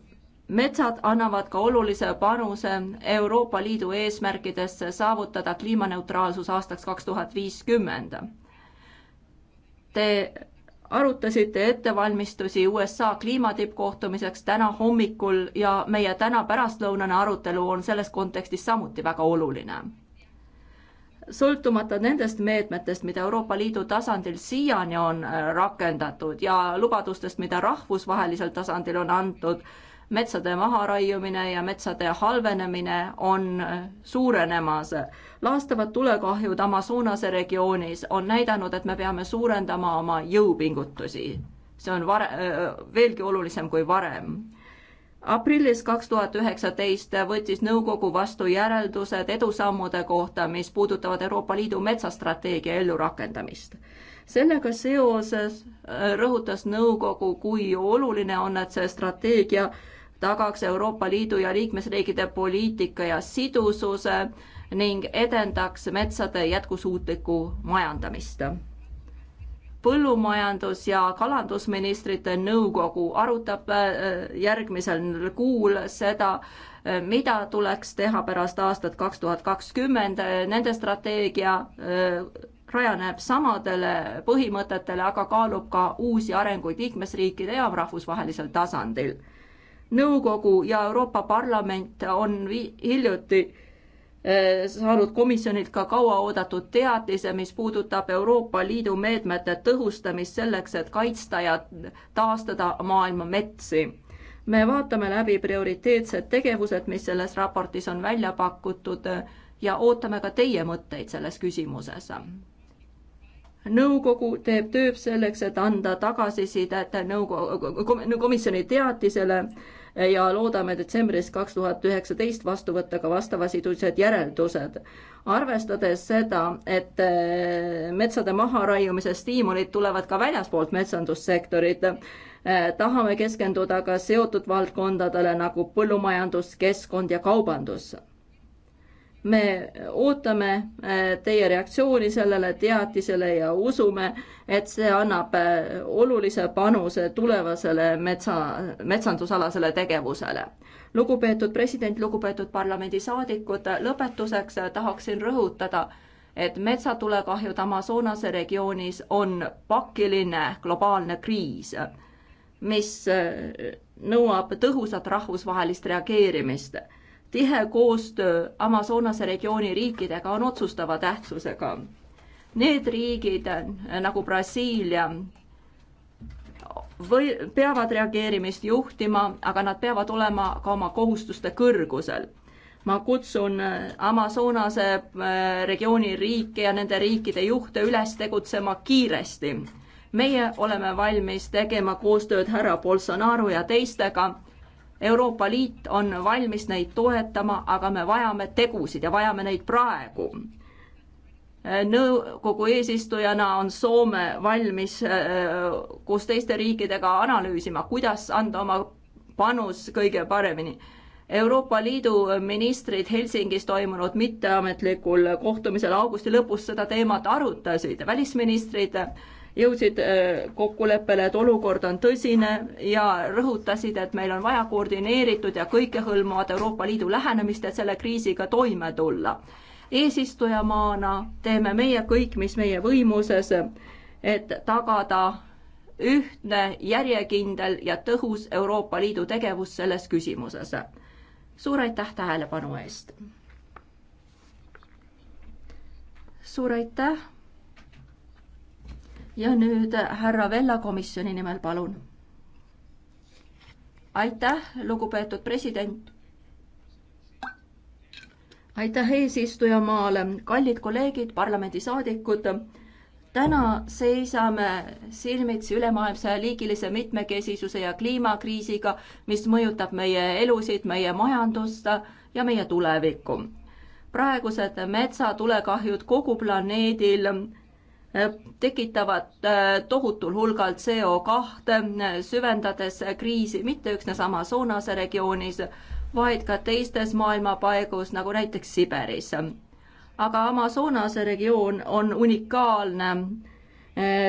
metsad annavad ka olulise panuse Euroopa Liidu eesmärkidesse saavutada kliimaneutraalsus aastaks kaks tuhat viiskümmend. Te arutasite ettevalmistusi USA kliimatippkohtumiseks täna hommikul ja meie täna pärastlõunane arutelu on selles kontekstis samuti väga oluline. sõltumata nendest meetmetest, mida Euroopa Liidu tasandil siiani on äh, rakendatud ja lubadustest, mida rahvusvahelisel tasandil on antud, metsade maharaiumine ja metsade halvenemine on suurenemas. laastavad tulekahjud Amazonase regioonis on näidanud, et me peame suurendama oma jõupingutusi. see on vare-, veelgi olulisem kui varem aprillis kaks tuhat üheksateist võttis nõukogu vastu järeldused edusammude kohta, mis puudutavad Euroopa Liidu metsastrateegia ellurakendamist. sellega seoses rõhutas nõukogu, kui oluline on, et see strateegia tagaks Euroopa Liidu ja liikmesriikide poliitika ja sidususe ning edendaks metsade jätkusuutlikku majandamist. põllumajandus- ja kalandusministrite nõukogu arutab äh, järgmisel kuul seda, äh, mida tuleks teha pärast aastat kaks tuhat kakskümmend, nende strateegia äh, rajaneb samadele põhimõtetele, aga kaalub ka uusi arenguid liikmesriikide ja rahvusvahelisel tasandil nõukogu ja Euroopa Parlament on hiljuti eh, saanud komisjonilt ka kauaoodatud teatise, mis puudutab Euroopa Liidu meetmete tõhustamist selleks, et kaitsta ja taastada maailma metsi. me vaatame läbi prioriteetsed tegevused, mis selles raportis on välja pakutud ja ootame ka teie mõtteid selles küsimuses. nõukogu teeb tööd selleks, et anda tagasisidet nõukogu, komisjoni teatisele ja loodame detsembris kaks tuhat üheksateist vastu võtta ka vastavasisulised järeldused. arvestades seda, et eh, metsade maharaiumise stiimulid tulevad ka väljaspoolt metsandussektorit, eh, tahame keskenduda ka seotud valdkondadele nagu põllumajandus, keskkond ja kaubandus me ootame äh, teie reaktsiooni sellele teatisele ja usume, et see annab äh, olulise panuse tulevasele metsa, metsandusalasele tegevusele. lugupeetud president, lugupeetud parlamendisaadikud, lõpetuseks tahaksin rõhutada, et metsatulekahjud Amazonase regioonis on pakiline globaalne kriis, mis äh, nõuab tõhusat rahvusvahelist reageerimist tihe koostöö Amazonase regiooni riikidega on otsustava tähtsusega. Need riigid äh, nagu Brasiilia või peavad reageerimist juhtima, aga nad peavad olema ka oma kohustuste kõrgusel. ma kutsun äh, Amazonase äh, regiooni riike ja nende riikide juhte üles tegutsema kiiresti. meie oleme valmis tegema koostööd härra Bolsonaro ja teistega Euroopa Liit on valmis neid toetama, aga me vajame tegusid ja vajame neid praegu. nõukogu eesistujana on Soome valmis äh, koos teiste riikidega analüüsima, kuidas anda oma panus kõige paremini Euroopa Liidu ministrid Helsingis toimunud mitteametlikul kohtumisel augusti lõpus seda teemat arutasid. välisministrid jõudsid äh, kokkuleppele, et olukord on tõsine ja rõhutasid, et meil on vaja koordineeritud ja kõikehõlmavat Euroopa Liidu lähenemist, et selle kriisiga toime tulla. eesistujamaana teeme meie kõik, mis meie võimuses, et tagada ühtne, järjekindel ja tõhus Euroopa Liidu tegevus selles küsimuses. suur aitäh tähelepanu eest! suur aitäh! ja nüüd härra Vella komisjoni nimel, palun. aitäh, lugupeetud president. aitäh eesistujamaale, kallid kolleegid, parlamendisaadikud. täna seisame silmitsi ülemaailmse liigilise mitmekesisuse ja kliimakriisiga, mis mõjutab meie elusid, meie majandust ja meie tulevikku. praegused metsatulekahjud kogu planeedil Äh, tekitavad äh, tohutul hulgal CO kahte, äh, süvendades kriisi mitte üksnes Amazonase regioonis, vaid ka teistes maailma paigus, nagu näiteks Siberis. aga Amazonase regioon on unikaalne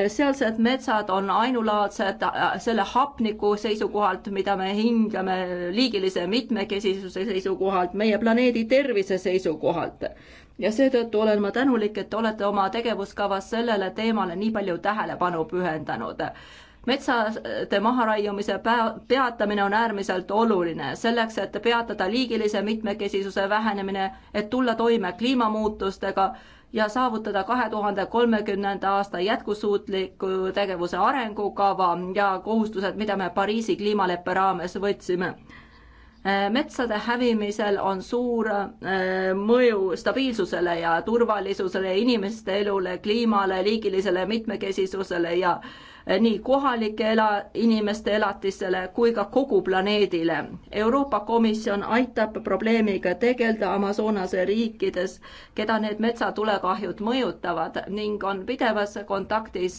sealsed metsad on ainulaadsed selle hapniku seisukohalt, mida me hingame, liigilise mitmekesisuse seisukohalt, meie planeedi tervise seisukohalt ja seetõttu olen ma tänulik, et olete oma tegevuskavas sellele teemale nii palju tähelepanu pühendanud metsade maharaiumise peatamine on äärmiselt oluline selleks, et peatada liigilise mitmekesisuse vähenemine, et tulla toime kliimamuutustega ja saavutada kahe tuhande kolmekümnenda aasta jätkusuutliku tegevuse arengukava ja kohustused, mida me Pariisi kliimaleppe raames võtsime Äh, metsade hävimisel on suur äh, mõju stabiilsusele ja turvalisusele, inimeste elule, kliimale, liigilisele mitmekesisusele ja äh, nii kohalike ela-, inimeste elatisele kui ka kogu planeedile. Euroopa Komisjon aitab probleemiga tegeleda Amazonase riikides, keda need metsatulekahjud mõjutavad ning on pidevas kontaktis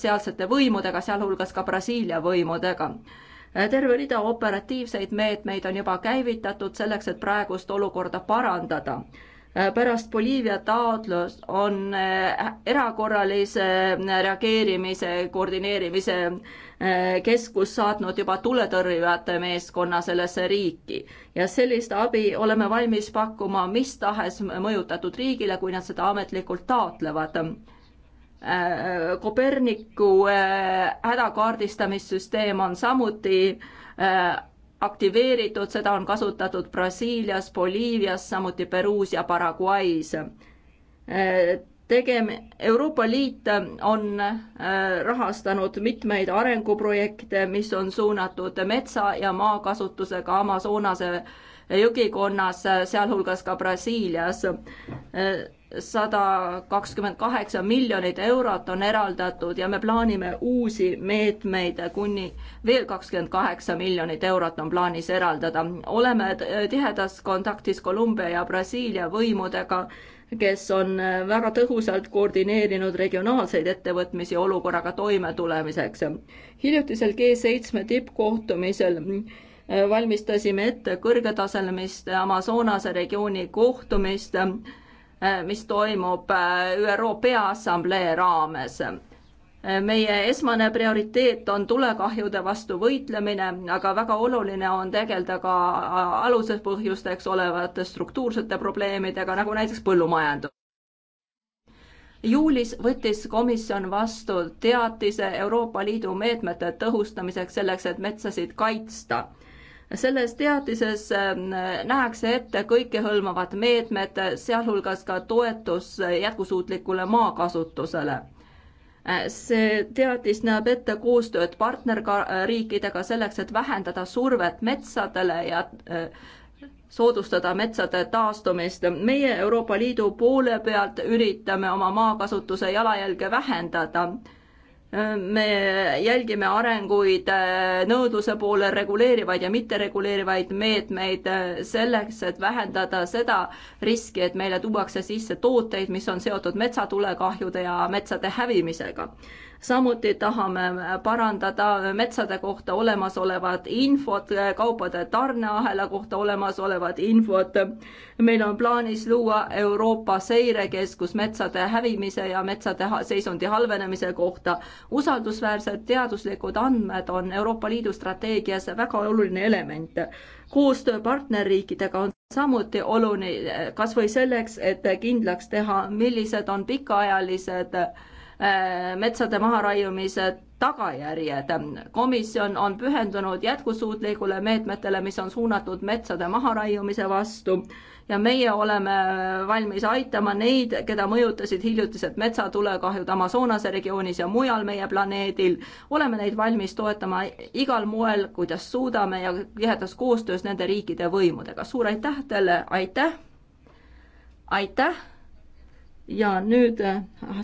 sealsete võimudega, sealhulgas ka Brasiilia võimudega Äh, terve rida operatiivseid meetmeid on juba käivitatud selleks, et praegust olukorda parandada. Äh, pärast Boliivia taotlust on äh, erakorralise reageerimise koordineerimise keskus saatnud juba tuletõrjujate meeskonna sellesse riiki ja sellist abi oleme valmis pakkuma mis tahes mõjutatud riigile, kui nad seda ametlikult taotlevad Äh, Koperniku äh, hädakaardistamissüsteem on samuti äh, aktiveeritud, seda on kasutatud Brasiilias, Boliivias, samuti Peruus ja Paraguay's. tegem-, Euroopa Liit on rahastanud mitmeid arenguprojekte, mis on suunatud metsa- ja maakasutusega Amazonase jõgikonnas, sealhulgas ka Brasiilias sada kakskümmend kaheksa miljonit eurot on eraldatud ja me plaanime uusi meetmeid, kuni veel kakskümmend kaheksa miljonit eurot on plaanis eraldada. oleme tihedas kontaktis Kolumbia ja Brasiilia võimudega, kes on väga tõhusalt koordineerinud regionaalseid ettevõtmisi olukorraga toimetulemiseks. hiljutisel G7 tippkohtumisel valmistasime ette kõrgetasemelist Amazonase regiooni kohtumist Äh, mis toimub äh, ÜRO Peaassamblee raames. Äh, meie esmane prioriteet on tulekahjude vastu võitlemine, aga väga oluline on tegeleda ka alused põhjusteks olevate struktuursete probleemidega, nagu näiteks põllumajandus juulis võttis komisjon vastu teatise Euroopa Liidu meetmete tõhustamiseks selleks, et metsasid kaitsta selles teatises ähm, nähakse ette kõikehõlmavad meetmed, sealhulgas ka toetus jätkusuutlikule maakasutusele äh, see teadis näeb ette koostööd partnerriikidega selleks, et vähendada survet metsadele ja äh, soodustada metsade taastumist. meie Euroopa Liidu poole pealt üritame oma maakasutuse jalajälge vähendada me jälgime arenguid äh, nõudluse poole reguleerivaid ja mittereguleerivaid meetmeid äh, selleks, et vähendada seda riski, et meile tuuakse sisse tooteid, mis on seotud metsatulekahjude ja metsade hävimisega samuti tahame parandada metsade kohta olemasolevat infot, kaupade tarneahela kohta olemasolevat infot. meil on plaanis luua Euroopa seirekeskus metsade hävimise ja metsade seisundi halvenemise kohta. usaldusväärsed teaduslikud andmed on Euroopa Liidu strateegias väga oluline element koostöö partnerriikidega on samuti oluline, kas või selleks, et kindlaks teha, millised on pikaajalised äh, Äh, metsade maharaiumise tagajärjed. komisjon on pühendunud jätkusuutlikule meetmetele, mis on suunatud metsade maharaiumise vastu ja meie oleme valmis aitama neid, keda mõjutasid hiljutised metsatulekahjud Amazonase regioonis ja mujal meie planeedil. oleme neid valmis toetama igal moel, kuidas suudame ja tihedas koostöös nende riikide võimudega. suur aitäh teile, aitäh! aitäh! ja nüüd äh,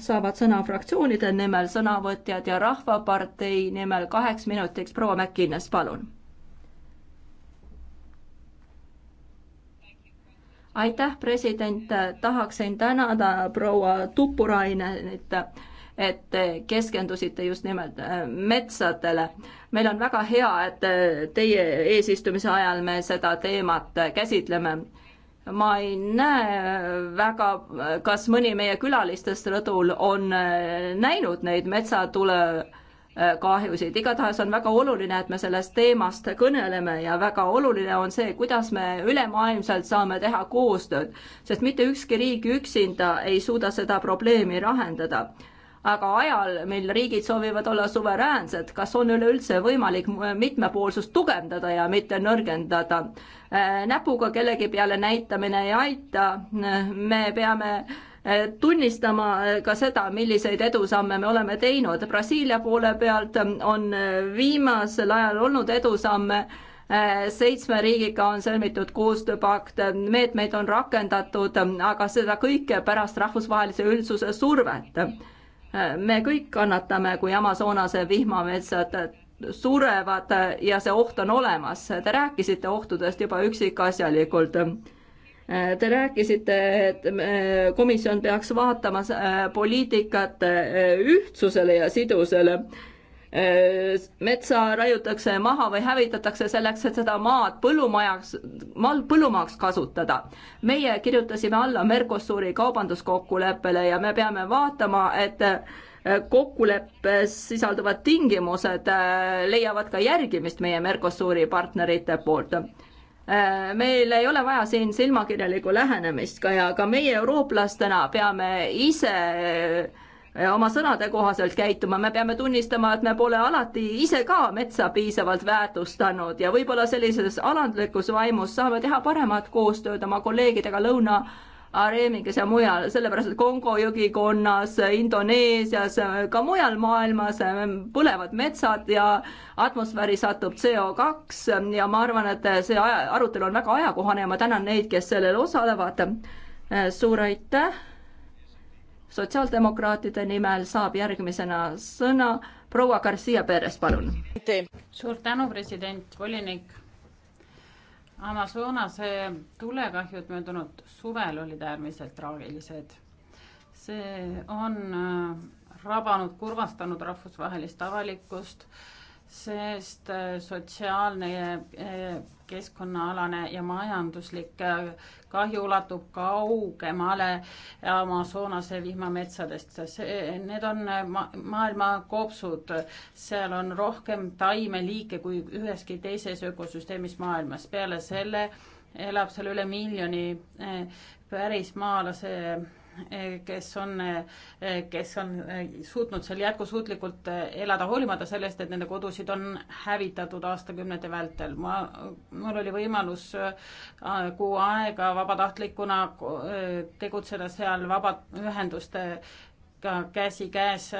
saavad sõna fraktsioonide nimel sõnavõtjad ja Rahvapartei nimel kaheks minutiks proua Mäkkines, palun. aitäh, president, tahaksin tänada proua Tupurainenit, et keskendusite just nimelt äh, metsadele. meil on väga hea, et äh, teie eesistumise ajal me seda teemat käsitleme ma ei näe väga, kas mõni meie külalistest rõdul on äh, näinud neid metsatule äh, kahjusid, igatahes on väga oluline, et me sellest teemast kõneleme ja väga oluline on see, kuidas me ülemaailmselt saame teha koostööd, sest mitte ükski riik üksinda ei suuda seda probleemi lahendada. aga ajal, mil riigid soovivad olla suveräänsed, kas on üleüldse võimalik mitmepoolsust tugevdada ja mitte nõrgendada? Äh, näpuga kellegi peale näitamine ei aita, me peame äh, tunnistama äh, ka seda, milliseid edusamme me oleme teinud. Brasiilia poole pealt on viimasel ajal olnud edusamme seitsme riigiga on sõlmitud koostööpakt, meetmeid on rakendatud, aga seda kõike pärast rahvusvahelise üldsuse survet. me kõik kannatame, kui Amazonase vihmametsad surevad ja see oht on olemas. Te rääkisite ohtudest juba üksikasjalikult. Te rääkisite, et äh, komisjon peaks vaatama äh, poliitikat äh, ühtsusele ja sidusele. metsa raiutakse maha või hävitatakse selleks, et seda maad põllumajaks, maal põllumaaks kasutada. meie kirjutasime alla Mercosuri kaubanduskokkuleppele ja me peame vaatama, et Äh, kokkuleppes sisalduvad tingimused äh, leiavad ka järgimist meie Mercosuri partnerite poolt. Äh, meil ei ole vaja siin silmakirjalikku lähenemist ka ja ka meie eurooplastena peame ise oma sõnade kohaselt käituma, me peame tunnistama, et me pole alati ise ka metsa piisavalt väärtustanud ja võib-olla sellises alandlikus vaimus saame teha paremat koostööd oma kolleegidega Lõuna- areemiges ja mujal, sellepärast et Kongo jõgikonnas, Indoneesias, ka mujal maailmas äh, põlevad metsad ja atmosfääri satub CO2 ja ma arvan, et see aja, arutelu on väga ajakohane ja ma tänan neid, kes sellel osalevad. Äh, suur aitäh. sotsiaaldemokraatide nimel saab järgmisena sõna proua Garcia Perez, palun. suur tänu, president, volinik Amazonase tulekahjud möödunud suvel olid äärmiselt traagilised. see on äh, rabanud, kurvastanud rahvusvahelist avalikkust, sest äh, sotsiaalne äh, keskkonnaalane ja majanduslik äh, kahju ulatub kaugemale Amazonase vihmametsadest. Need on äh, ma-, maailma kopsud, seal on rohkem taimeliike kui üheski teises ökosüsteemis maailmas. peale selle elab seal üle miljoni äh, pärismaalase kes on, kes on suutnud seal jätkusuutlikult elada, hoolimata sellest, et nende kodusid on hävitatud aastakümnete vältel. ma, mul oli võimalus äh, kuu aega vabatahtlikuna äh, tegutseda seal vabaühenduste ka käsikäes,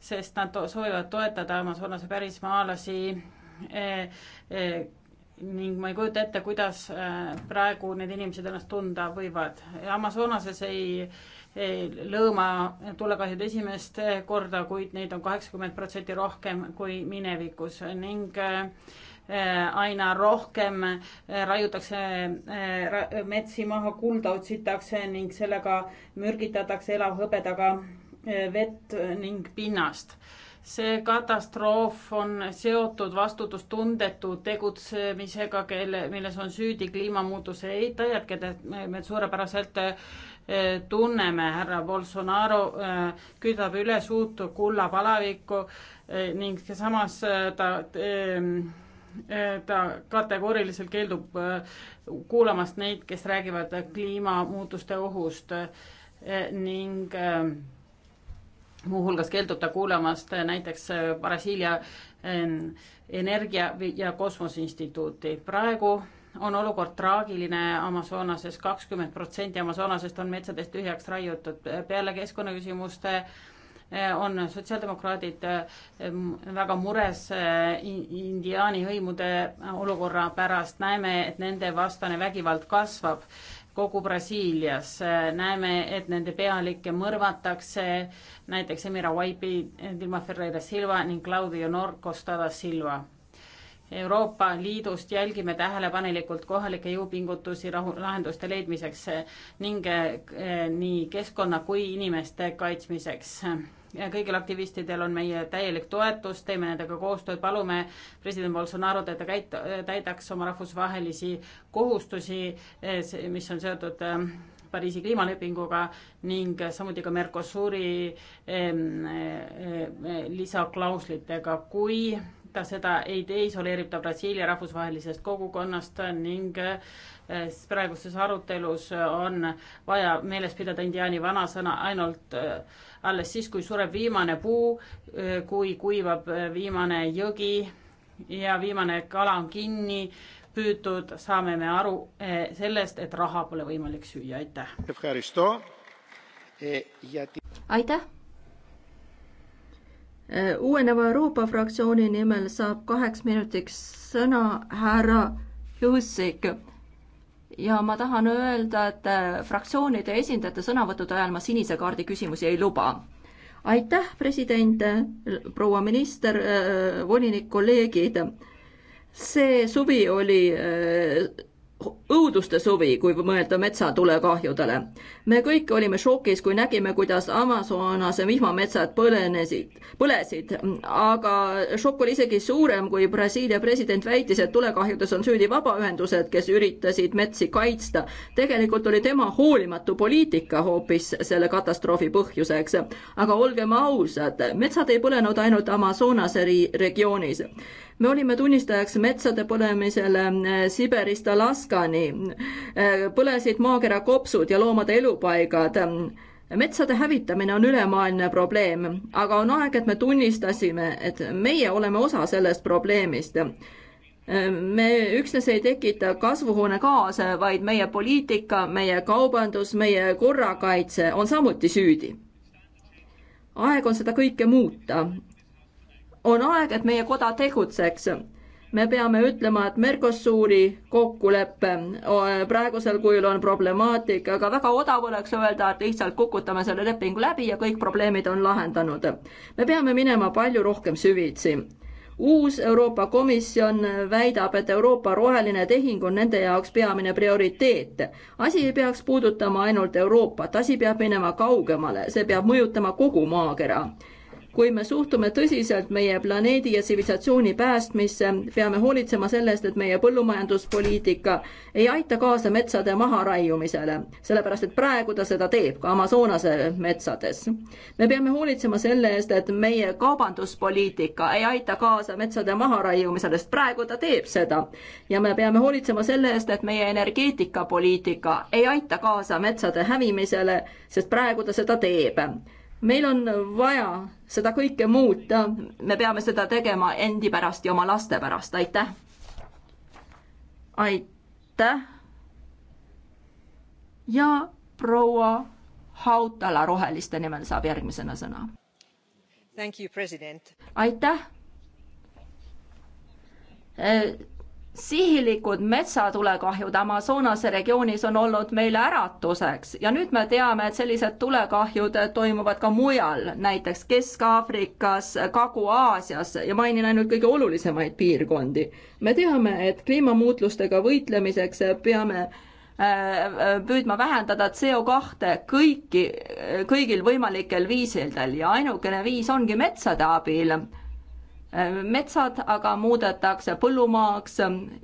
sest nad soovivad toetada amazonlase pärismaalasi äh, ning ma ei kujuta ette, kuidas äh, praegu need inimesed ennast tunda võivad. Amazonases ei, ei lõõma tulekahjud esimest äh, korda, kuid neid on kaheksakümmend protsenti rohkem kui minevikus ning äh, aina rohkem raiutakse metsi maha, kulda otsitakse ning sellega mürgitatakse elavhõbedaga vett ning pinnast see katastroof on seotud vastutustundetu tegutsemisega, kelle, milles on süüdi kliimamuutuse eitajad, keda me suurepäraselt eh, tunneme. härra Bolsonaro eh, küdab üles uut kullapalavikku eh, ning samas ta ta kategooriliselt keeldub kuulamast neid, kes räägivad kliimamuutuste ohust ning muuhulgas keeldub ta kuulamast eh, näiteks eh, Brasiilia eh, Energia- ja Kosmoseinstituuti. praegu on olukord traagiline Amazonases, kakskümmend protsenti Amazonasest on metsadest tühjaks raiutud. peale keskkonnaküsimuste on sotsiaaldemokraadid väga mures indiaani hõimude olukorra pärast. näeme, et nende vastane vägivald kasvab kogu Brasiilias. näeme, et nende pealikke mõrvatakse, näiteks Emira Waipi, Dilma Ferreira Silva ning Claudio Norcosta da Silva. Euroopa Liidust jälgime tähelepanelikult kohalikke jõupingutusi rahu, lahenduste leidmiseks ning eh, nii keskkonna kui inimeste kaitsmiseks kõigil aktivistidel on meie täielik toetus, teeme nendega koostööd, palume president Bolsonaro't, et ta käit-, täidaks oma rahvusvahelisi kohustusi, eh, mis on seotud eh, Pariisi kliimalepinguga ning samuti ka Mercosuri eh, lisaklauslitega, kui ta seda ei tee, isoleerib ta Brasiilia rahvusvahelisest kogukonnast ning Äh, praeguses arutelus äh, on vaja meeles pidada indiaani vanasõna ainult äh, alles siis, kui sureb viimane puu, kui kuivab viimane jõgi ja viimane kala on kinni püütud, saame me aru sellest, et raha pole võimalik süüa, aitäh. aitäh. uueneva Euroopa fraktsiooni nimel saab kaheks minutiks sõna härra Jussik ja ma tahan öelda, et äh, fraktsioonide esindajate sõnavõttude ajal ma sinise kaardi küsimusi ei luba. aitäh, president, äh, proua minister, äh, volinik, kolleegid. see suvi oli õuduste suvi, kui mõelda metsatulekahjudele. me kõik olime šokis, kui nägime, kuidas Amazonase vihmametsad põlenesid, põlesid, aga šokk oli isegi suurem, kui Brasiilia president väitis, et tulekahjudes on süüdi vabaühendused, kes üritasid metsi kaitsta. tegelikult oli tema hoolimatu poliitika hoopis selle katastroofi põhjuseks. aga olgem ausad, metsad ei põlenud ainult Amazonase regioonis me olime tunnistajaks metsade põlemisele äh, Siberist Alaskani. Äh, põlesid maakera kopsud ja loomade elupaigad metsade hävitamine on ülemaailmne probleem, aga on aeg, et me tunnistasime, et meie oleme osa sellest probleemist äh, me üksnes ei tekita kasvuhoonegaase, vaid meie poliitika, meie kaubandus, meie korrakaitse on samuti süüdi. aeg on seda kõike muuta on aeg, et meie koda tegutseks me peame ütlema, et Mercosuri kokkulepe praegusel kujul on problemaatik, aga väga odav oleks öelda, et lihtsalt kukutame selle lepingu läbi ja kõik probleemid on lahendanud. me peame minema palju rohkem süvitsi. uus Euroopa Komisjon väidab, et Euroopa roheline tehing on nende jaoks peamine prioriteet. asi ei peaks puudutama ainult Euroopat, asi peab minema kaugemale, see peab mõjutama kogu maakera kui me suhtume tõsiselt meie planeedi ja tsivilisatsiooni päästmisse, peame hoolitsema selle eest, et meie põllumajanduspoliitika ei aita kaasa metsade maharaiumisele, sellepärast et praegu ta seda teeb ka Amazonase metsades. me peame hoolitsema selle eest, et meie kaubanduspoliitika ei aita kaasa metsade maharaiumisele, sest praegu ta teeb seda. ja me peame hoolitsema selle eest, et meie energeetikapoliitika ei aita kaasa metsade hävimisele, sest praegu ta seda teeb meil on vaja seda kõike muuta, me peame seda tegema endi pärast ja oma laste pärast, aitäh. aitäh. ja proua Hautala Roheliste nimel saab järgmisena sõna. aitäh sihilikud metsatulekahjud Amazonase regioonis on olnud meile äratuseks ja nüüd me teame, et sellised tulekahjud toimuvad ka mujal, näiteks Kesk-Aafrikas, Kagu-Aasias ja mainin ainult kõige olulisemaid piirkondi. me teame, et kliimamuutlustega võitlemiseks peame äh, püüdma vähendada CO kahte kõiki, kõigil võimalikel viisidel ja ainukene viis ongi metsade abil Äh, metsad aga muudetakse põllumaaks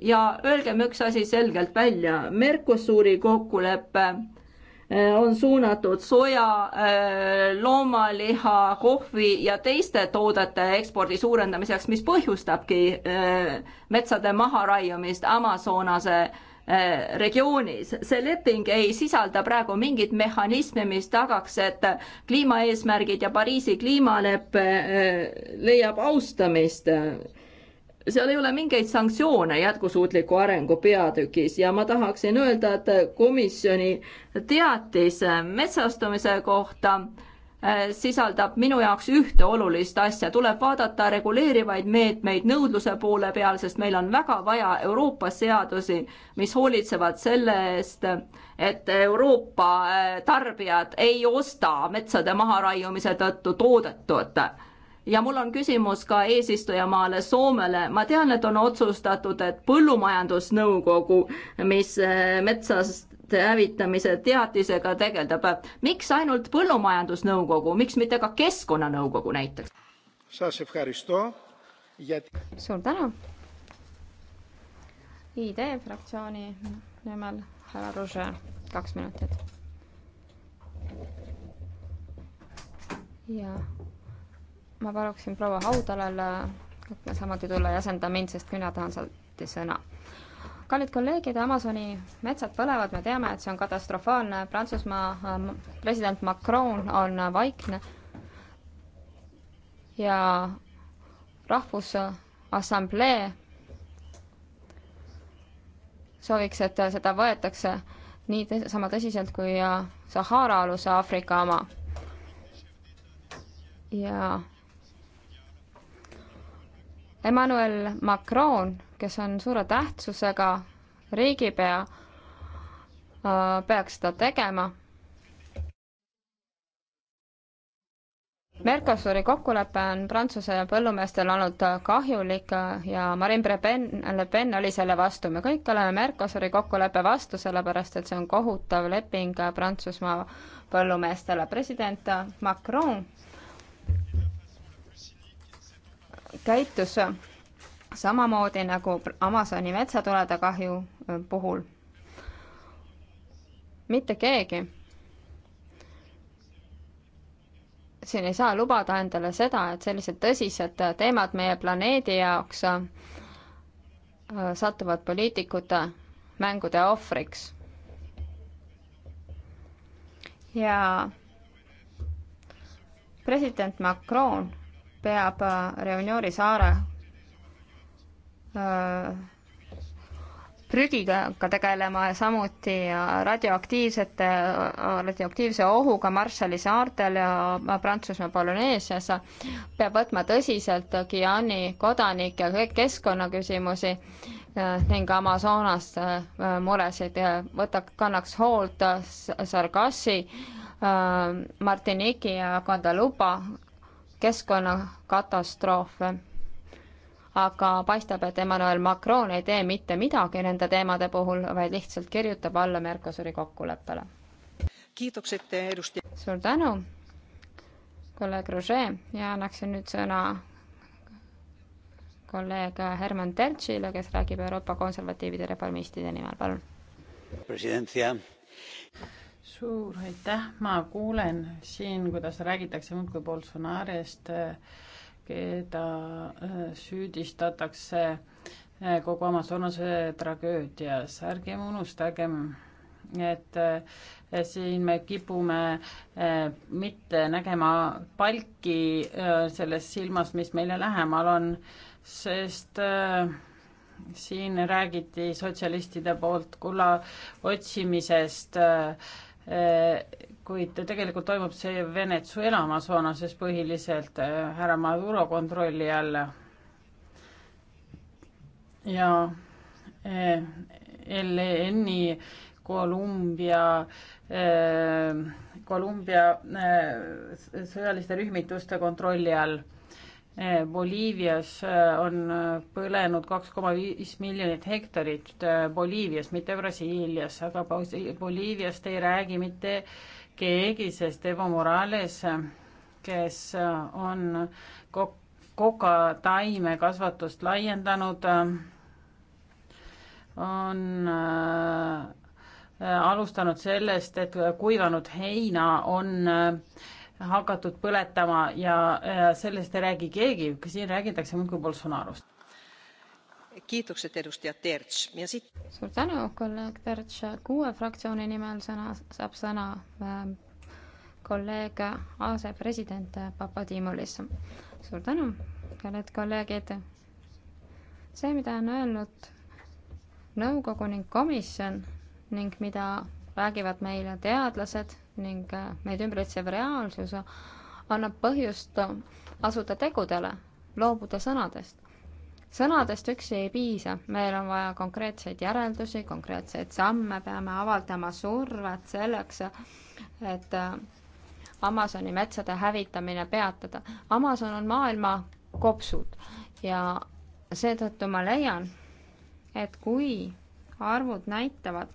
ja öelgem üks asi selgelt välja, Mercosuri kokkulepe äh, on suunatud soja, äh, loomaliha, kohvi ja teiste toodete ekspordi suurendamiseks, mis põhjustabki metsade maharaiumist Amazonase regioonis. see leping ei sisalda praegu mingit mehhanismi, mis tagaks, et kliimaeesmärgid ja Pariisi kliimalepe äh, leiab austamist. seal ei ole mingeid sanktsioone jätkusuutliku arengu peatükis ja ma tahaksin öelda, et komisjoni teatis metsastumise kohta äh, Äh, sisaldab minu jaoks ühte olulist asja, tuleb vaadata reguleerivaid meetmeid nõudluse poole peal, sest meil on väga vaja Euroopa seadusi, mis hoolitsevad selle eest, et Euroopa äh, tarbijad ei osta metsade maharaiumise tõttu toodetut ja mul on küsimus ka eesistujamaale Soomele. ma tean, et on otsustatud, et põllumajandusnõukogu, mis äh, metsast toiduainete hävitamise teatisega tegeldab. miks ainult Põllumajandusnõukogu, miks mitte ka Keskkonnanõukogu näiteks? suur tänu. ID fraktsiooni nimel härra Rože, kaks minutit. ja ma paluksin proua Haudalale samuti tulla ja asenda mind, sest mina tahan samuti sõna kallid kolleegid, Amazoni metsad põlevad, me teame, et see on katastrofaalne, Prantsusmaa ähm, president Macron on vaikne ja Rahvusassamblee sooviks, et seda võetakse nii tõs sama tõsiselt kui äh, Sahara-aluse Aafrika oma. ja Emmanuel Macron kes on suure tähtsusega riigipea, äh, peaks seda tegema. Mercosuri kokkulepe on Prantsuse põllumeestel olnud kahjulik ja Marine Le Pen, Le Pen oli selle vastu. me kõik oleme Mercosuri kokkuleppe vastu, sellepärast et see on kohutav leping Prantsusmaa põllumeestele. president Macron käitus samamoodi nagu Amazoni metsatulede kahju puhul. mitte keegi siin ei saa lubada endale seda, et sellised tõsised teemad meie planeedi jaoks satuvad poliitikute mängude ohvriks. ja president Macron peab Reunioni saare prügiga tegelema ja samuti radioaktiivsete, radioaktiivse ohuga Marshalli saartel ja Prantsusmaa Polüneesias. peab võtma tõsiselt Guyani kodanike keskkonnaküsimusi äh, ning Amazonas äh, muresid ja võta, kannaks hoolt Sargassi, äh, Martiniki ja Guadalupe keskkonnakatastroofe aga paistab, et Emmanuel Macron ei tee mitte midagi nende teemade puhul, vaid lihtsalt kirjutab alla Mercosuri kokkuleppele. suur tänu, kolleeg Roger ja annaksin nüüd sõna kolleeg Herman Tertšile, kes räägib Euroopa konservatiivide reformistide nimel, palun. suur aitäh, ma kuulen siin, kuidas räägitakse muudkui Bolsonarost äh, keda äh, süüdistatakse äh, kogu Amazonase tragöödias. ärgem unustagem, et äh, siin me kipume mitte nägema palki selles silmas, mis meile lähemal on, sest siin räägiti sotsialistide poolt kulla otsimisest äh, Äh, kuid tegelikult toimub see Venezuela Amazonases põhiliselt äh, härra Maduro kontrolli all. ja äh, LN-i e Kolumbia, Kolumbia sõjaliste rühmituste kontrolli all Boliivias äh, on äh, põlenud kaks koma viis miljonit hektarit, äh, Boliivias, mitte Brasiilias, aga Boliiviast ei räägi mitte keegi, sest Evo Morales, kes on kok-, kokataime kasvatust laiendanud, on alustanud sellest, et kuivanud heina on äh, hakatud põletama ja, ja sellest ei räägi keegi, siin räägitakse muudkui Bolsonarost. kiitukset edustajad Terts ja siit. suur tänu, kolleeg Terts, kuue fraktsiooni nimel sõna, saab sõna äh, kolleeg asepresident Papadimulis. suur tänu, kallid kolleegid. see, mida on öelnud nõukogu ning komisjon ning mida räägivad meile teadlased ning äh, meid ümbritsev reaalsus annab põhjust asuda tegudele, loobuda sõnadest. sõnadest üksi ei piisa, meil on vaja konkreetseid järeldusi, konkreetseid samme, peame avaldama survet selleks, et äh, Amazoni metsade hävitamine peatada. Amazon on maailma kopsud ja seetõttu ma leian, et kui arvud näitavad,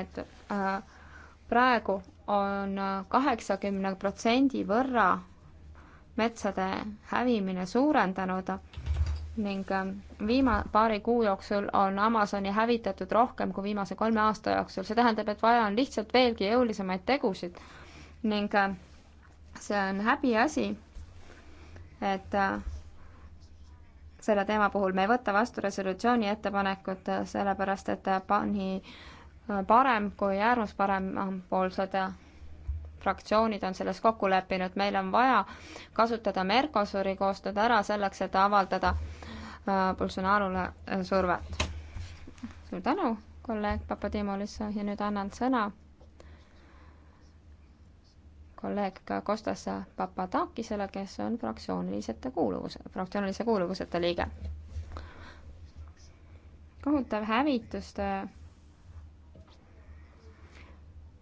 et äh, praegu on kaheksakümne protsendi võrra metsade hävimine suurendanud ning ähm, viima-, paari kuu jooksul on Amazoni hävitatud rohkem kui viimase kolme aasta jooksul. see tähendab, et vaja on lihtsalt veelgi jõulisemaid tegusid ning ähm, see on häbiasi, et äh, selle teema puhul me ei võta vastu resolutsiooni ettepanekut, äh, sellepärast et äh, pani parem kui äärmusparempoolsed fraktsioonid on selles kokku leppinud, meil on vaja kasutada Mercosuri koostööd ära selleks, et avaldada äh, Bolsonaro'le äh, survet. suur tänu, kolleeg Papadimolis ja nüüd annan sõna kolleeg Kostas Papadakisele, kes on fraktsioonilisete kuuluvuse, fraktsioonilise kuuluvuseta liige. kohutav hävitustöö äh,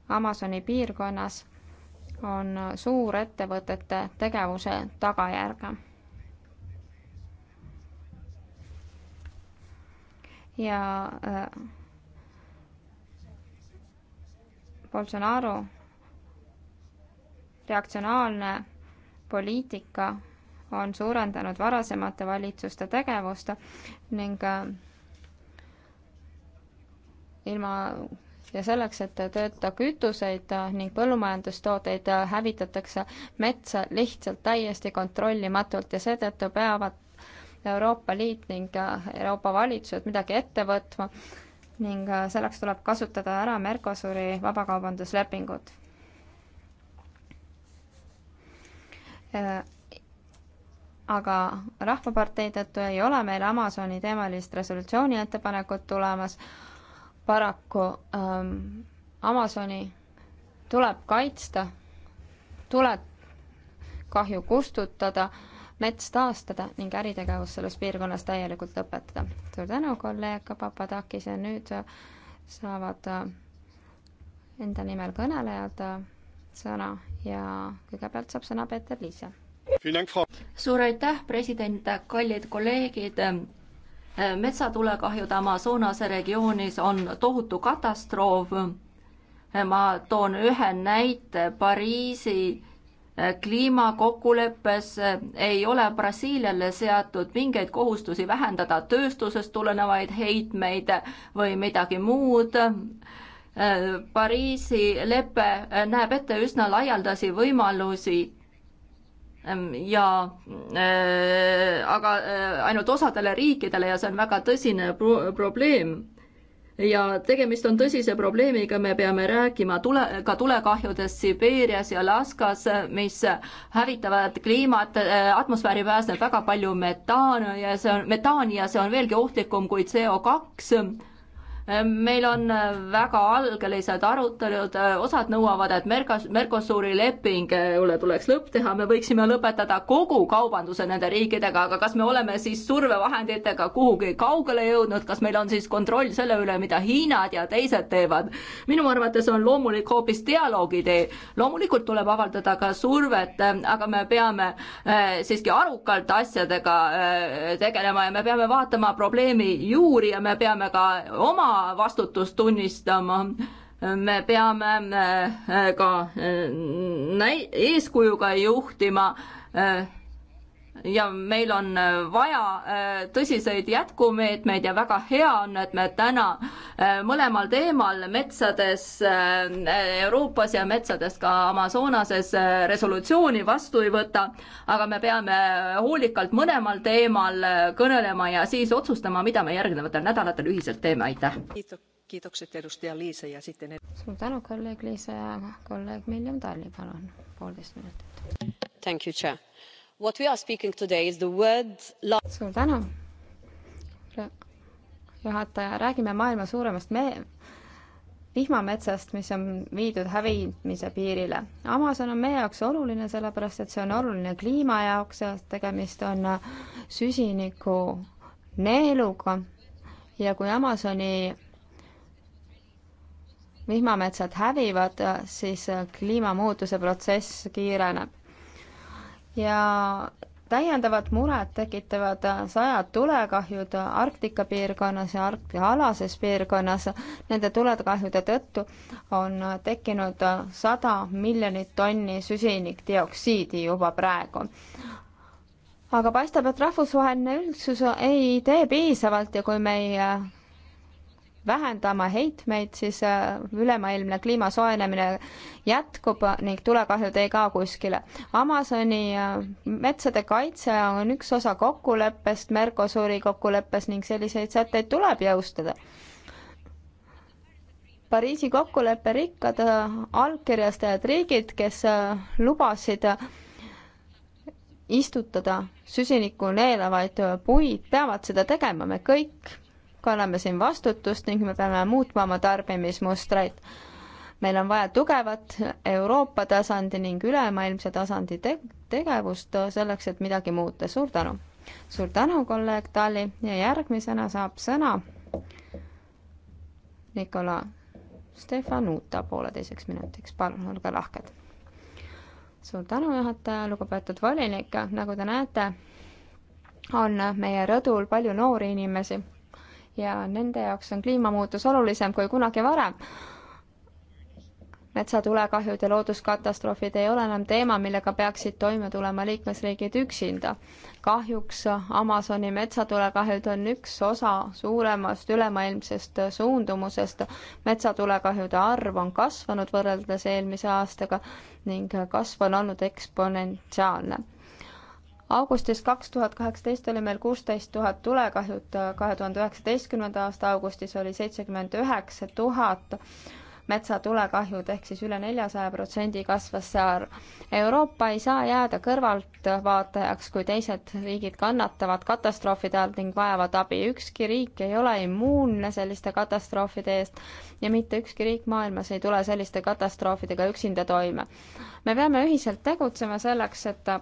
Amazoni piirkonnas on suurettevõtete tegevuse tagajärg. ja äh, Bolsonaro reaktsionaalne poliitika on suurendanud varasemate valitsuste tegevust ning äh, ilma ja selleks, et tööta kütuseid ning põllumajandustooteid, hävitatakse metsa lihtsalt täiesti kontrollimatult ja seetõttu peavad Euroopa Liit ning Euroopa valitsused midagi ette võtma ning selleks tuleb kasutada ära Mercosuri vabakaubanduslepingud. aga Rahvapartei tõttu ei ole meil Amazoni teemalist resolutsiooni ettepanekut tulemas paraku ähm, Amazoni tuleb kaitsta, tuleb kahju kustutada, mets taastada ning äritegevus selles piirkonnas täielikult lõpetada. suur tänu, kolleeg Papadakis ja nüüd saavad äh, enda nimel kõnelejad äh, sõna ja kõigepealt saab sõna Peeter Liise. suur aitäh, president, kallid kolleegid metsatulekahjud Amazonase regioonis on tohutu katastroof. ma toon ühe näite, Pariisi eh, kliimakokkuleppes eh, ei ole Brasiiliale seatud mingeid kohustusi vähendada tööstusest tulenevaid heitmeid või midagi muud. Eh, Pariisi lepe näeb ette üsna laialdasi võimalusi Ehm, ja äh, aga äh, ainult osadele riikidele ja see on väga tõsine pro probleem. ja tegemist on tõsise probleemiga, me peame rääkima tule, ka tulekahjudest Sibeerias ja Alaskas, mis hävitavad kliimat äh,, atmosfääri pääseb väga palju metaani ja see on, metaani ja see on veelgi ohtlikum kui CO kaks meil on äh, väga algelised arutelud, äh, osad nõuavad, et Mercos-, Mercosuri lepingule äh, tuleks lõpp teha, me võiksime lõpetada kogu kaubanduse nende riikidega, aga kas me oleme siis survevahenditega kuhugi kaugele jõudnud, kas meil on siis kontroll selle üle, mida Hiinad ja teised teevad? minu arvates on loomulik hoopis dialoogi tee. loomulikult tuleb avaldada ka survet, aga me peame siiski arukalt asjadega tegelema ja me peame vaatama probleemi juuri ja me peame ka oma oma vastutust tunnistama me peame äh, ka äh, eeskujuga juhtima äh, ja meil on äh, vaja äh, tõsiseid jätkumeetmeid ja väga hea on, et me täna äh, mõlemal teemal metsades Euroopas ja metsades ka Amazonases resolutsiooni vastu ei võta, aga me peame hoolikalt mõlemal teemal kõnelema ja siis otsustama, mida me järgnevatel nädalatel ühiselt teeme, aitäh! Kiitokset edustaja Liise ja sitten... Suur tänu, kolleeg Liise ja kolleeg Miljon Talli, palun, poolteist minutit. Thank you, Chair what we are speaking today is the world suur tänu, juhataja, räägime maailma suuremast me-, vihmametsast, mis on viidud hävimise piirile. Amazon on meie jaoks oluline, sellepärast et see on oluline kliima jaoks, sest tegemist on süsiniku neeluga ja kui Amazoni vihmametsad hävivad, siis kliimamuutuse protsess kiireneb ja täiendavat muret tekitavad sajad tulekahjud Arktika piirkonnas ja Arktika alases piirkonnas. Nende tulekahjude tõttu on tekkinud sada miljonit tonni süsinikdioksiidi juba praegu. aga paistab, et rahvusvaheline üldsus ei tee piisavalt ja kui me ei vähendama heitmeid, siis äh, ülemaailmne kliima soojenemine jätkub ning tulekahjud ei kao kuskile. Amazoni äh, metsade kaitse on üks osa kokkuleppest, Mercosuri kokkuleppes ning selliseid sätteid tuleb jõustada. Pariisi kokkuleppe rikkad äh, allkirjastajad riigid, kes lubasid istutada süsinikku neelavaid puid, peavad seda tegema, me kõik kanname siin vastutust ning me peame muutma oma tarbimismustreid. meil on vaja tugevat Euroopa tasandi ning ülemaailmse tasandi te tegevust selleks, et midagi muuta. suur tänu! suur tänu, kolleeg Tali ja järgmisena saab sõna Nikola Stefanuta pooleteiseks minutiks, palun, olge lahked. suur tänu, juhataja, lugupeetud volinik, nagu te näete, on meie rõdul palju noori inimesi ja nende jaoks on kliimamuutus olulisem kui kunagi varem. metsatulekahjud ja looduskatastroofid ei ole enam teema, millega peaksid toime tulema liikmesriigid üksinda. kahjuks Amazoni metsatulekahjud on üks osa suuremast ülemaailmsest suundumusest. metsatulekahjude arv on kasvanud võrreldes eelmise aastaga ning kasv on olnud eksponentsiaalne augustis kaks tuhat kaheksateist oli meil kuusteist tuhat tulekahjut, kahe tuhande üheksateistkümnenda aasta augustis oli seitsekümmend üheksa tuhat metsatulekahjud ehk siis üle neljasaja protsendi kasvas see arv. Euroopa ei saa jääda kõrvaltvaatajaks, kui teised riigid kannatavad katastroofide all ning vajavad abi. ükski riik ei ole immuunne selliste katastroofide eest ja mitte ükski riik maailmas ei tule selliste katastroofidega üksinda toime. me peame ühiselt tegutsema selleks, et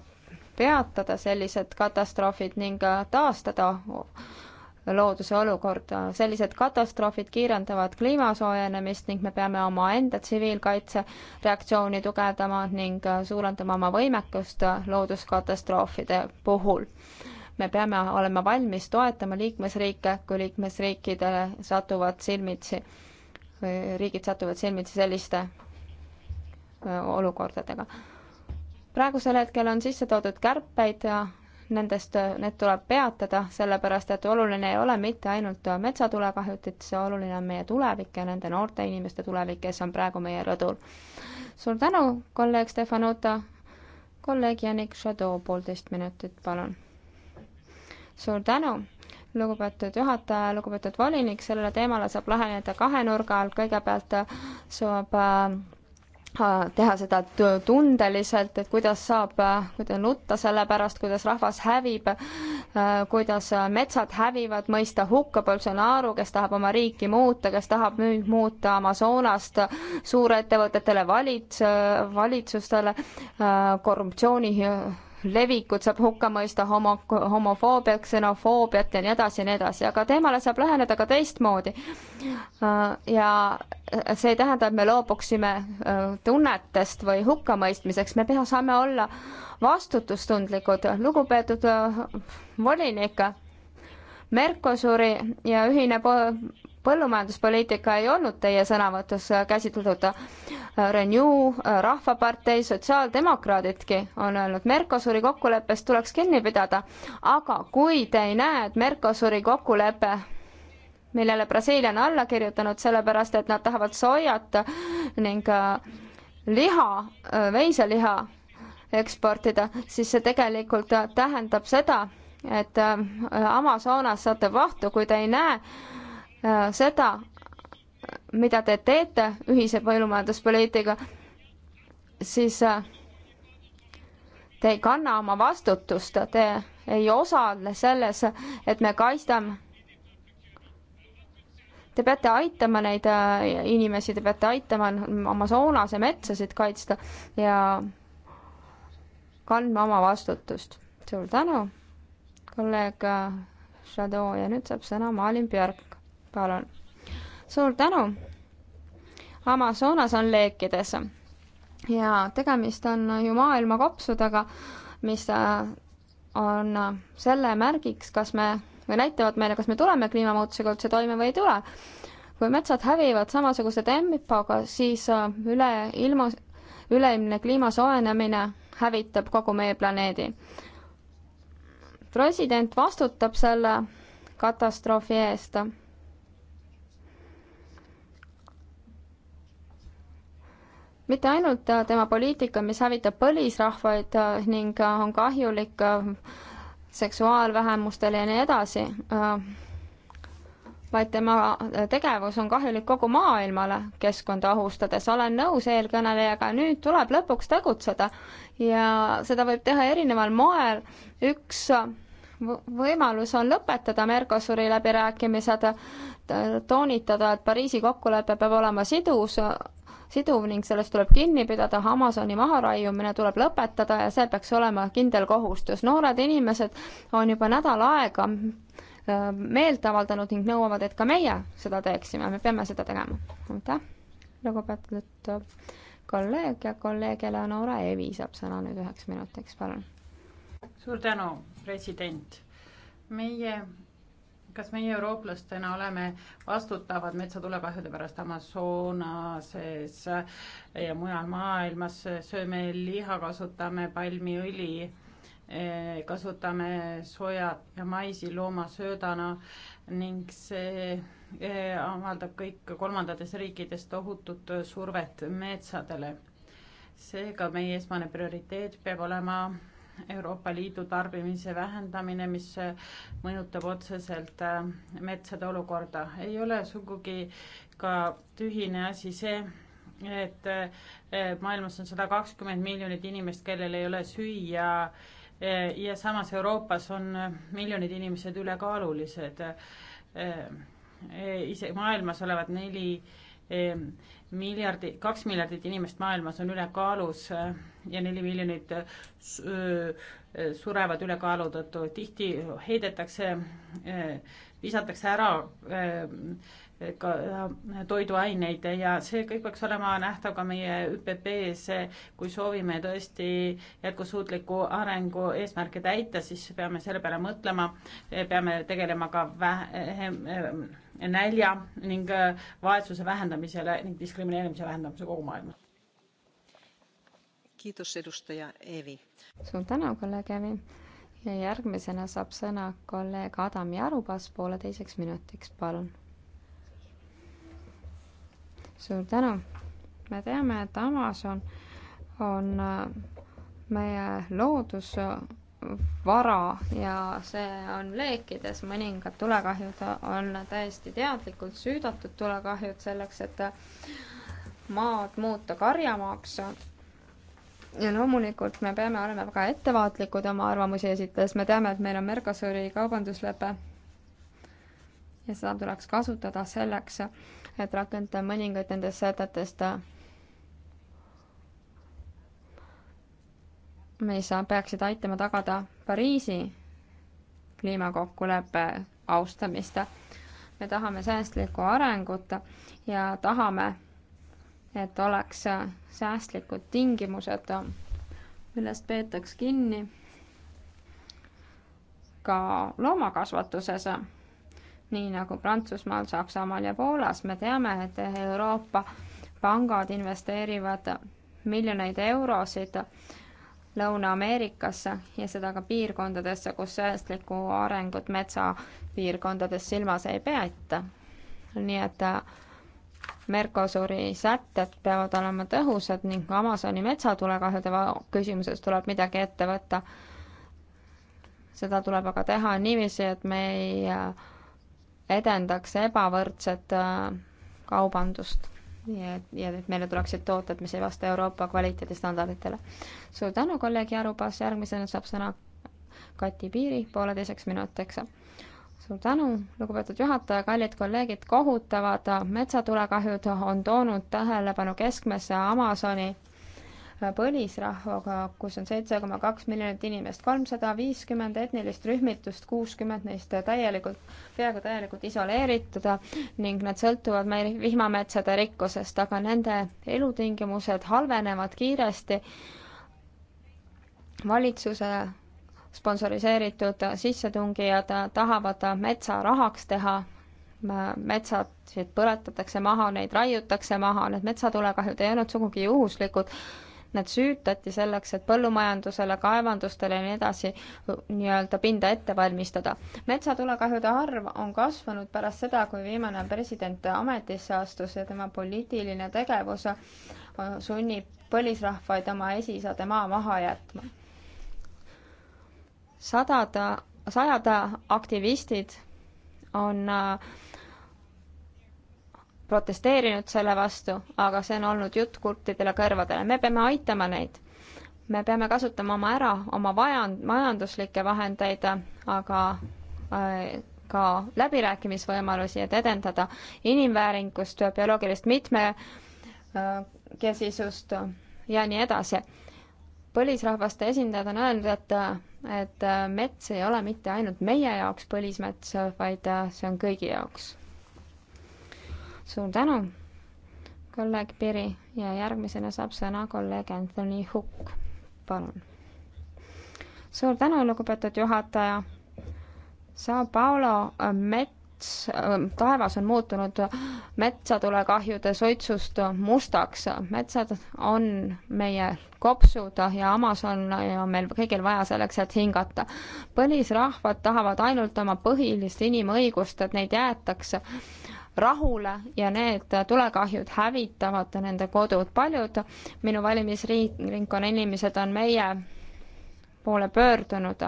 peatada sellised katastroofid ning taastada looduse olukorda. sellised katastroofid kiirendavad kliima soojenemist ning me peame omaenda tsiviilkaitsereaktsiooni tugevdama ning suurendama oma võimekust looduskatastroofide puhul me peame olema valmis toetama liikmesriike, kui liikmesriikidele satuvad silmitsi, riigid satuvad silmitsi selliste olukordadega praegusel hetkel on sisse toodud kärpeid ja nendest, need tuleb peatada, sellepärast et oluline ei ole mitte ainult metsatulekahjutid, see oluline on meie tulevik ja nende noorte inimeste tulevik, kes on praegu meie rõdul. suur tänu, kolleeg Stefanuta. kolleeg Janik Šadov, poolteist minutit, palun. suur tänu, lugupeetud juhataja, lugupeetud volinik, sellele teemale saab läheneda kahe nurga alt, kõigepealt saab äh, Äh, teha seda tundeliselt, et kuidas saab, äh, kuidas nutta selle pärast, kuidas rahvas hävib, äh, kuidas metsad hävivad, mõista hukka Bolsonaro, kes tahab oma riiki muuta, kes tahab nüüd muuta Amazonast suurettevõtetele, valits-, valitsustele, korruptsiooni levikut saab hukka mõista homo, homofoobiat, ksenofoobiat ja nii edasi ja nii edasi, aga teemale saab läheneda ka teistmoodi. Äh, ja see ei tähenda, et me loobuksime äh, tunnetest või hukkamõistmiseks, me pea, saame olla vastutustundlikud, lugupeetud äh, volinik, Mercosuri ja ühine po-, põllumajanduspoliitika ei olnud teie sõnavõtus äh, käsitletud. Äh, Renew, äh, Rahvapartei, sotsiaaldemokraadidki on öelnud, Mercosuri kokkuleppest tuleks kinni pidada, aga kui te ei näe, et Mercosuri kokkulepe millele Brasiilia on alla kirjutanud, sellepärast et nad tahavad soojat ning liha, veiseliha eksportida, siis see tegelikult tähendab seda, et Amazonas saate vahtu, kui te ei näe Äh, seda, mida te teete ühise põllumajanduspoliitika, siis äh, te ei kanna oma vastutust, te ei osale selles, et me kaitstame. Te peate aitama neid äh, inimesi, te peate aitama Amazonase metsasid kaitsta ja kandma oma vastutust. suur tänu, kolleeg Shadow ja nüüd saab sõna Malin Björk palun. suur tänu. Amazonas on leekides ja tegemist on ju maailma kopsudega, mis äh, on äh, selle märgiks, kas me või näitavad meile, kas me tuleme kliimamuutusega üldse toime või ei tule. kui metsad hävivad samasuguse tempoga, siis äh, üle ilma, üleilmne kliima soojenemine hävitab kogu meie planeedi. president vastutab selle katastroofi eest mitte ainult äh, tema poliitika, mis hävitab põlisrahvaid äh, ning äh, on kahjulik seksuaalvähemustele ja nii edasi, vaid tema tegevus on kahjulik kogu maailmale keskkonda ohustades. olen nõus eelkõnelejaga, nüüd tuleb lõpuks tegutseda ja seda võib teha erineval moel. üks võimalus on lõpetada Mercosuri läbirääkimised, toonitada, et Pariisi kokkulepe peab olema sidus siduv ning sellest tuleb kinni pidada, Amazoni maharaiumine tuleb lõpetada ja see peaks olema kindel kohustus. noored inimesed on juba nädal aega äh, meelt avaldanud ning nõuavad, et ka meie seda teeksime, me peame seda tegema. aitäh, lugupeetud äh, kolleeg ja kolleeg Eleonora Evi saab sõna nüüd üheks minutiks, palun. suur tänu, president. meie kas meie eurooplastena oleme vastutavad metsatulekahjude pärast Amazonases ja mujal maailmas, sööme liha, kasutame palmiõli, eh, kasutame soja ja maisi loomasöödana ning see eh, avaldab kõik kolmandates riikides tohutut survet metsadele. seega meie esmane prioriteet peab olema Euroopa Liidu tarbimise vähendamine, mis äh, mõjutab otseselt äh, metsade olukorda. ei ole sugugi ka tühine asi see, et äh, maailmas on sada kakskümmend miljonit inimest, kellel ei ole süüa ja samas Euroopas on miljonid inimesed ülekaalulised. ise maailmas olevat neli miljardi, kaks miljardit inimest maailmas on ülekaalus äh, ja neli miljonit äh, äh, surevad ülekaalu tõttu. tihti heidetakse, visatakse ära ka toiduaineid ja see kõik peaks olema nähtav ka meie ÜPP-s. kui soovime tõesti jätkusuutliku arengu eesmärke täita, siis peame selle peale mõtlema, peame tegelema ka vähem nälja ning äh, vaesuse vähendamisele ning diskrimineerimise vähendamise kogu maailmas. suur tänu, kolleeg Evi. ja järgmisena saab sõna kolleeg Adam Jarubas pooleteiseks minutiks, palun. suur tänu. me teame, et Amazon on äh, meie loodus vara ja see on leekides, mõningad tulekahjud on täiesti teadlikult süüdatud tulekahjud selleks, et maad muuta karjamaaks. ja loomulikult me peame olema väga ettevaatlikud oma arvamusi esitades, me teame, et meil on Mercosuri kaubanduslepe ja seda tuleks kasutada selleks, et rakendada mõningaid nendest sätetest mis peaksid aitama tagada Pariisi kliimakokkuleppe austamist. me tahame säästlikku arengut ja tahame, et oleks säästlikud tingimused, millest peetaks kinni ka loomakasvatuses, nii nagu Prantsusmaal, Saksamaal ja Poolas. me teame, et Euroopa pangad investeerivad miljoneid eurosid Lõuna-Ameerikasse ja seda ka piirkondadesse, kus säästlikku arengut metsapiirkondades silmas ei peeta. nii et äh, Mercosuri sätted peavad olema tõhusad ning Amazoni metsatulekahjude küsimuses tuleb midagi ette võtta. seda tuleb aga teha niiviisi, et me ei äh, edendaks ebavõrdset äh, kaubandust ja, ja et meile tuleksid tooted, mis ei vasta Euroopa kvaliteedistandarditele. suur tänu, kolleeg Jarupas, järgmisena saab sõna Kati Piiri pooleteiseks minutiks. suur tänu, lugupeetud juhataja, kallid kolleegid, kohutavad metsatulekahjud on toonud tähelepanu keskmesse Amazoni põlisrahvaga, kus on seitse koma kaks miljonit inimest, kolmsada viiskümmend etnilist rühmitust, kuuskümmend neist täielikult, peaaegu täielikult isoleeritud ning nad sõltuvad meil vihmametsade rikkusest, aga nende elutingimused halvenevad kiiresti. valitsuse sponsoriseeritud sissetungijad tahavad metsa rahaks teha, metsad põletatakse maha, neid raiutakse maha, need metsatulekahjud ei olnud sugugi juhuslikud Nad süütati selleks, et põllumajandusele, kaevandustele ja nii edasi nii-öelda pinda ette valmistada. metsatulekahjude arv on kasvanud pärast seda, kui viimane president ametisse astus ja tema poliitiline tegevus äh, sunnib põlisrahvaid oma esiisade maa maha jätma. sadad, sajad aktivistid on äh, protesteerinud selle vastu, aga see on olnud jutt kurtidele kõrvadele, me peame aitama neid. me peame kasutama oma ära, oma vajand, majanduslikke vahendeid, aga äh, ka läbirääkimisvõimalusi, et edendada inimväärikust, bioloogilist mitmekesisust äh, ja nii edasi. põlisrahvaste esindajad on öelnud, et, et äh, mets ei ole mitte ainult meie jaoks põlismets, vaid äh, see on kõigi jaoks suur tänu, kolleeg Piri ja järgmisena saab sõna kolleeg Anthony Hook, palun. suur tänu, lugupeetud juhataja. Sao Paulo äh, mets, äh, taevas on muutunud metsatulekahjude suitsust mustaks. metsad on meie kopsud ja Amazon ja meil kõigil vaja selleks, et hingata. põlisrahvad tahavad ainult oma põhilist inimõigust, et neid jäetakse rahule ja need tulekahjud hävitavad nende kodud. paljud minu valimisringkonna inimesed on meie poole pöördunud.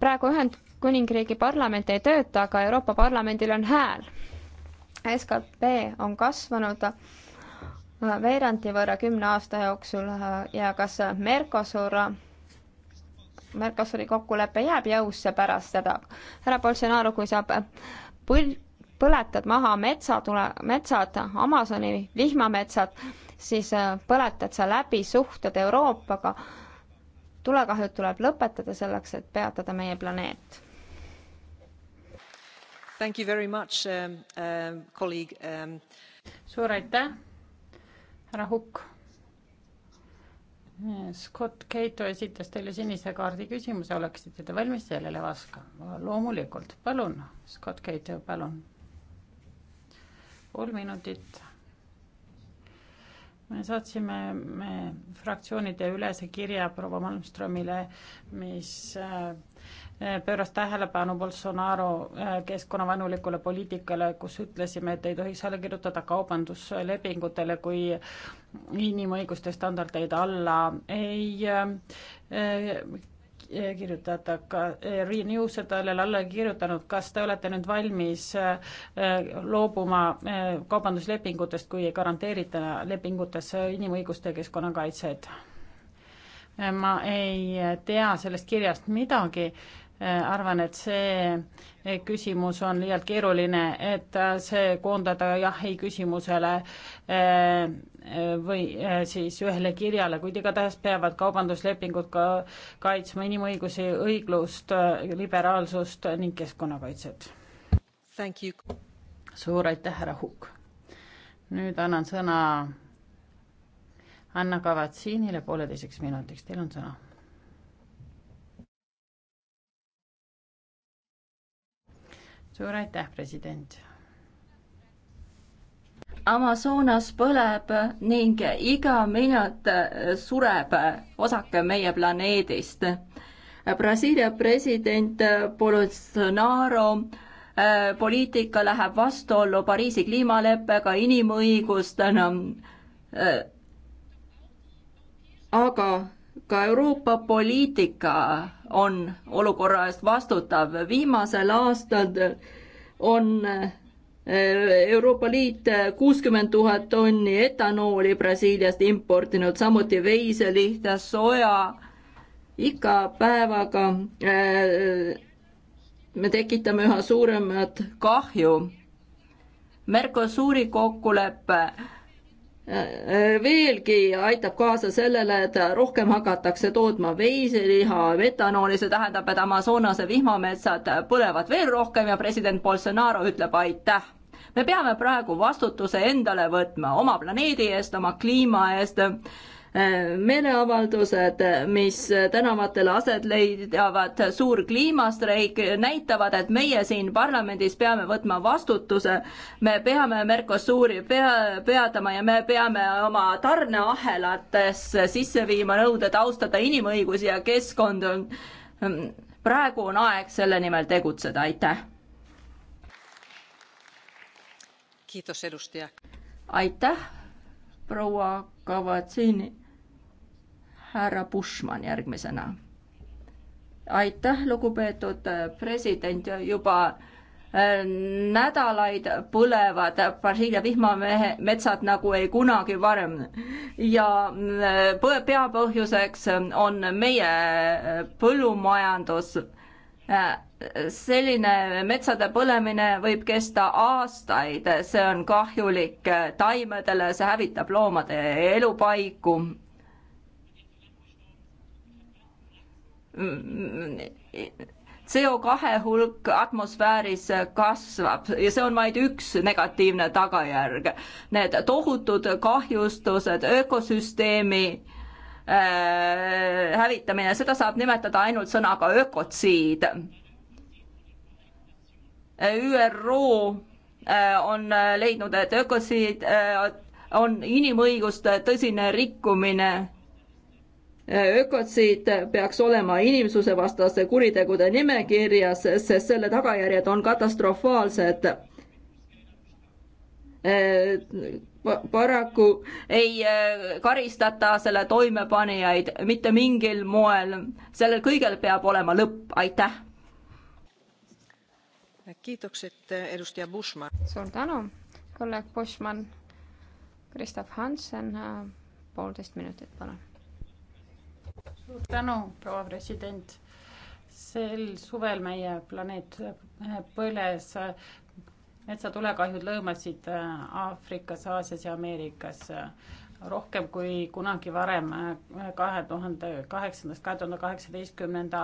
praegu Ühendkuningriigi parlament ei tööta, aga Euroopa Parlamendil on hääl. SKP on kasvanud veerandi võrra kümne aasta jooksul ja kas Mercosur Mercosuri kokkulepe jääb jõusse pärast seda. härra Bolsonaro, kui sa põl-, põletad maha metsatule, metsad, Amazoni vihmametsad, siis äh, põletad sa läbi suhted Euroopaga. tulekahjud tuleb lõpetada selleks, et peatada meie planeet. Thank you very much um,, um, kolleeg um.... suur aitäh, härra Hukk. Scott Cato esitas teile sinise kaardi küsimuse, oleksite te valmis sellele vastama? loomulikult, palun, Scott Cato, palun pool minutit. me saatsime me fraktsioonide ülese kirja proua Malmströmile, mis äh, pööras tähelepanu Bolsonaro äh, keskkonnavaenulikule poliitikale, kus ütlesime, et ei tohiks alla kirjutada kaubanduslepingutele, kui inimõiguste standardeid alla ei äh, kirjutada, ka eh, Renew sellele alla kirjutanud, kas te olete nüüd valmis eh, loobuma eh, kaubanduslepingutest, kui ei garanteerita lepingutes inimõiguste ja keskkonnakaitset? ma ei tea sellest kirjast midagi, arvan, et see küsimus on liialt keeruline, et see koondada jah-ei küsimusele või äh, siis ühele kirjale, kuid igatahes peavad kaubanduslepingud ka kaitsma inimõigusi, õiglust, äh, liberaalsust ning keskkonnakaitset. suur aitäh, härra Hukk. nüüd annan sõna Anna Kavatsiinile pooleteiseks minutiks, teil on sõna. suur aitäh, president Amazonas põleb ning iga minut äh, sureb osake meie planeedist. Brasiilia president äh, Bolsonaro äh, poliitika läheb vastuollu Pariisi kliimaleppega, inimõigustena. aga ka Euroopa poliitika on olukorra eest vastutav. viimasel aastal on Euroopa Liit kuuskümmend tuhat tonni etanooli Brasiiliast importinud, samuti veiselihta, soja, iga päevaga äh, me tekitame üha suuremat kahju. Mercosuri kokkulepe veelgi aitab kaasa sellele, et rohkem hakatakse tootma veiseliha, metanooli, see tähendab, et Amazonase vihmametsad põlevad veel rohkem ja president Bolsonaro ütleb aitäh. me peame praegu vastutuse endale võtma oma planeedi eest, oma kliima eest meeleavaldused, mis tänavatele aset leidavad, suur kliimastreik, näitavad, et meie siin parlamendis peame võtma vastutuse, me peame Mercosuri pea, peatama ja me peame oma tarneahelatesse sisse viima nõuded austada inimõigusi ja keskkonda. praegu on aeg selle nimel tegutseda, aitäh! aitäh, proua Kavatsini härra Bushman järgmisena. aitäh, lugupeetud äh, president, juba äh, nädalaid põlevad Brasiilia vihmamehe metsad nagu ei kunagi varem ja äh, peapõhjuseks on meie põllumajandus. selline metsade põlemine võib kesta aastaid, see on kahjulik taimedele, see hävitab loomade elupaiku CO kahe hulk atmosfääris kasvab ja see on vaid üks negatiivne tagajärg. Need tohutud kahjustused ökosüsteemi äh, hävitamine, seda saab nimetada ainult sõnaga ökotsiid. ÜRO äh, on leidnud, et ökotsiid äh, on inimõiguste tõsine rikkumine ökotsiid peaks olema inimsusevastaste kuritegude nimekirjas, sest selle tagajärjed on katastrofaalsed. Äh, paraku ei äh, karistata selle toimepanijaid mitte mingil moel, sellel kõigel peab olema lõpp, aitäh. suur tänu, kolleeg Bushman. Kristof Hansen, äh, poolteist minutit, palun suur tänu, proua president. sel suvel meie planeet eh, põles, eh, metsatulekahjud lõõmasid eh, Aafrikas, Aasias ja Ameerikas rohkem kui kunagi varem kahe tuhande kaheksandast kahe tuhande kaheksateistkümnenda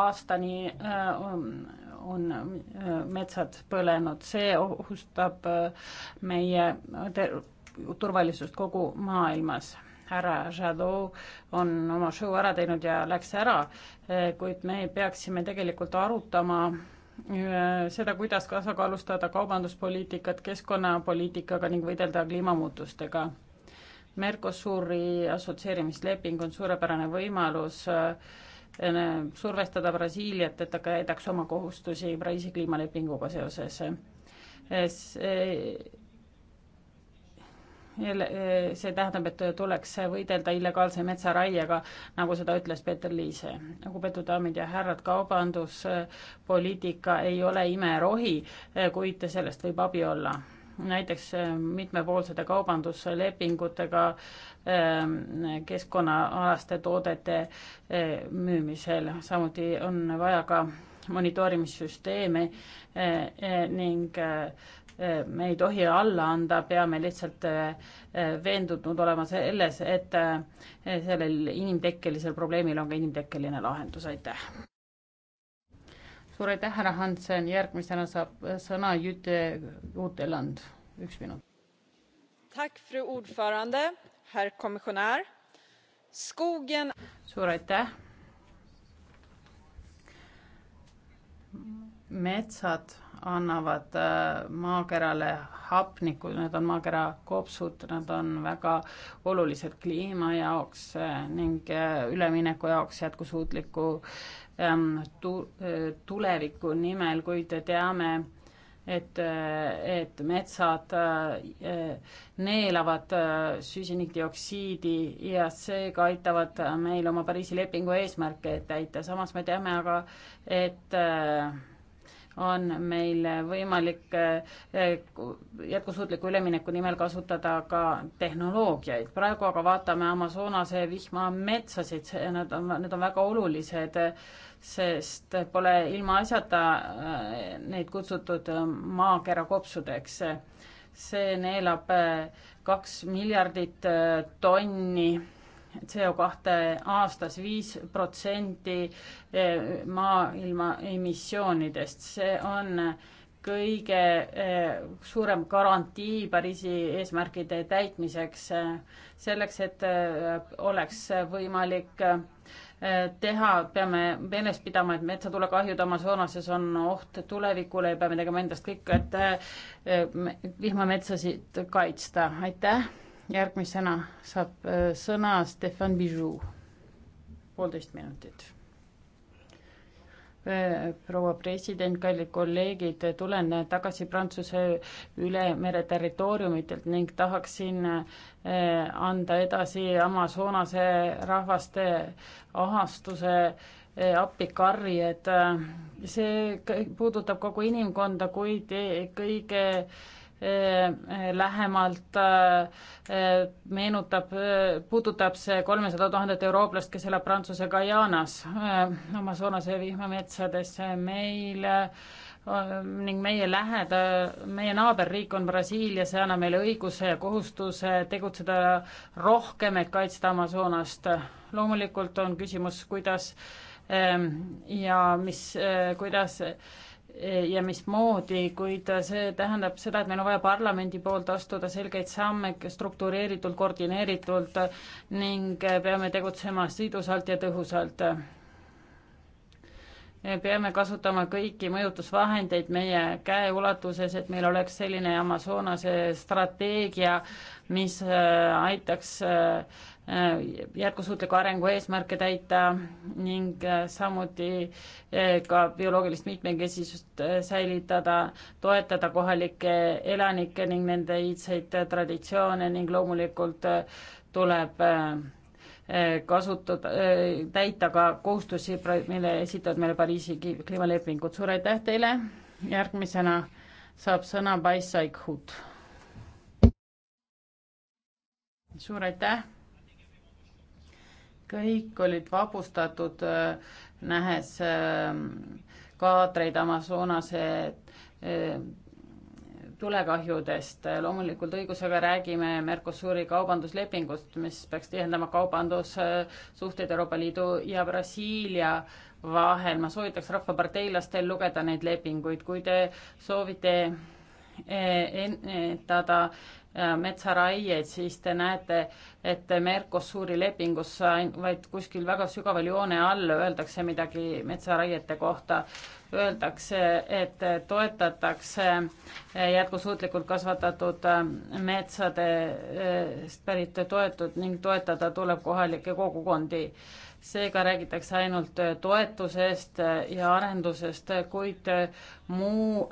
aastani on metsad põlenud, see ohustab meie turvalisust kogu maailmas härra Jadot on oma show ära teinud ja läks ära, eh, kuid me peaksime tegelikult arutama eh, seda, kuidas tasakaalustada kaubanduspoliitikat keskkonnapoliitikaga ning võidelda kliimamuutustega. Mercosuri assotsieerimisleping on suurepärane võimalus eh, survestada Brasiiliat, et ta täidaks oma kohustusi Pariisi kliimalepinguga seoses. see E, see tähendab, et tuleks võidelda illegaalse metsaraiega, nagu seda ütles Peeter Liise. lugupeetud daamid ja härrad, kaubanduspoliitika ei ole imerohi, e, kuid sellest võib abi olla. näiteks e, mitmepoolsete kaubanduslepingutega keskkonnaalaste toodete müümisel, samuti on vaja ka monitoorimissüsteeme ning Äh, me ei tohi alla anda, peame lihtsalt äh, äh, veendunud olema selles, et sellel inimtekkelisel probleemil on ka inimtekkeline lahendus, aitäh. suur aitäh, härra Hansen, järgmisena saab sõna Jüte Uuteland, üks minut. suur aitäh. metsad annavad äh, maakerale hapnikku, need on maakera kopsud, nad on väga olulised kliima jaoks äh, ning äh, ülemineku jaoks jätkusuutliku ähm, tu-, tuleviku nimel, kuid teame, et, et metsad neelavad süsinikdioksiidi ja seega aitavad meil oma Pariisi lepingu eesmärke täita, samas me teame aga, et on meil võimalik eh, jätkusuutliku ülemineku nimel kasutada ka tehnoloogiaid. praegu aga vaatame Amazonase vihmametsasid, nad on, need on väga olulised, sest pole ilmaasjata eh, neid kutsutud eh, maakera kopsudeks. see neelab kaks miljardit tonni CO kahte aastas viis protsenti eh, maailma emissioonidest, see on kõige eh, suurem garantii Pariisi eesmärkide täitmiseks, eh, selleks et oleks võimalik teha, peame meeles pidama, et metsatulekahjud Amazonases on oht tulevikule ja peame tegema endast kõik, et vihmametsasid kaitsta, aitäh järgmisena saab äh, sõna Stefan Bijou, poolteist minutit. Äh, proua president, kallid kolleegid, tulen tagasi Prantsuse üle mere territooriumitelt ning tahaksin äh, anda edasi Amazonase rahvaste ahastuse appikarri, et see puudutab kogu inimkonda, kuid kõige Äh, äh, lähemalt äh, meenutab, puudutab see kolmesada tuhandet eurooplast, kes elab Prantsuse Guyanas, Amazonase vihmametsades, meil ning meie läheda, meie naaberriik on Brasiilia, see annab meile õiguse ja kohustuse tegutseda rohkem, et kaitsta Amazonast. loomulikult on küsimus, kuidas ähm, ja mis, kuidas ja mismoodi, kuid see tähendab seda, et meil on vaja parlamendi poolt astuda selgeid samme struktureeritult, koordineeritult ning peame tegutsema sidusalt ja tõhusalt. peame kasutama kõiki mõjutusvahendeid meie käeulatuses, et meil oleks selline Amazonase strateegia, mis äh, aitaks äh, Äh, jätkusuutliku arengu eesmärke täita ning äh, samuti äh, ka bioloogilist mitmekesisust säilitada, toetada kohalikke elanikke ning nende iidseid traditsioone ning loomulikult tuleb kasutada, täita ka kohustusi, mille esitavad meile Pariisi kliimalepingud. suur aitäh teile, järgmisena saab sõna Bais Aikhut. suur aitäh kõik olid vapustatud, äh, nähes ähm, kaadreid Amazonase äh, tulekahjudest. loomulikult õigusega räägime Mercosuri kaubanduslepingust, mis peaks tihendama kaubandussuhteid Euroopa Liidu ja Brasiilia vahel. ma soovitaks rahvaparteilastel lugeda neid lepinguid, kui te soovite Eh, ennetada eh, metsaraieid, siis te näete, et Mercosuri lepingus vaid kuskil väga sügaval joone all öeldakse midagi metsaraiete kohta. Öeldakse, et toetatakse eh, jätkusuutlikult kasvatatud metsadest pärit toetud ning toetada tuleb kohalikke kogukondi seega räägitakse ainult äh, toetusest äh, ja arendusest, äh, kuid muu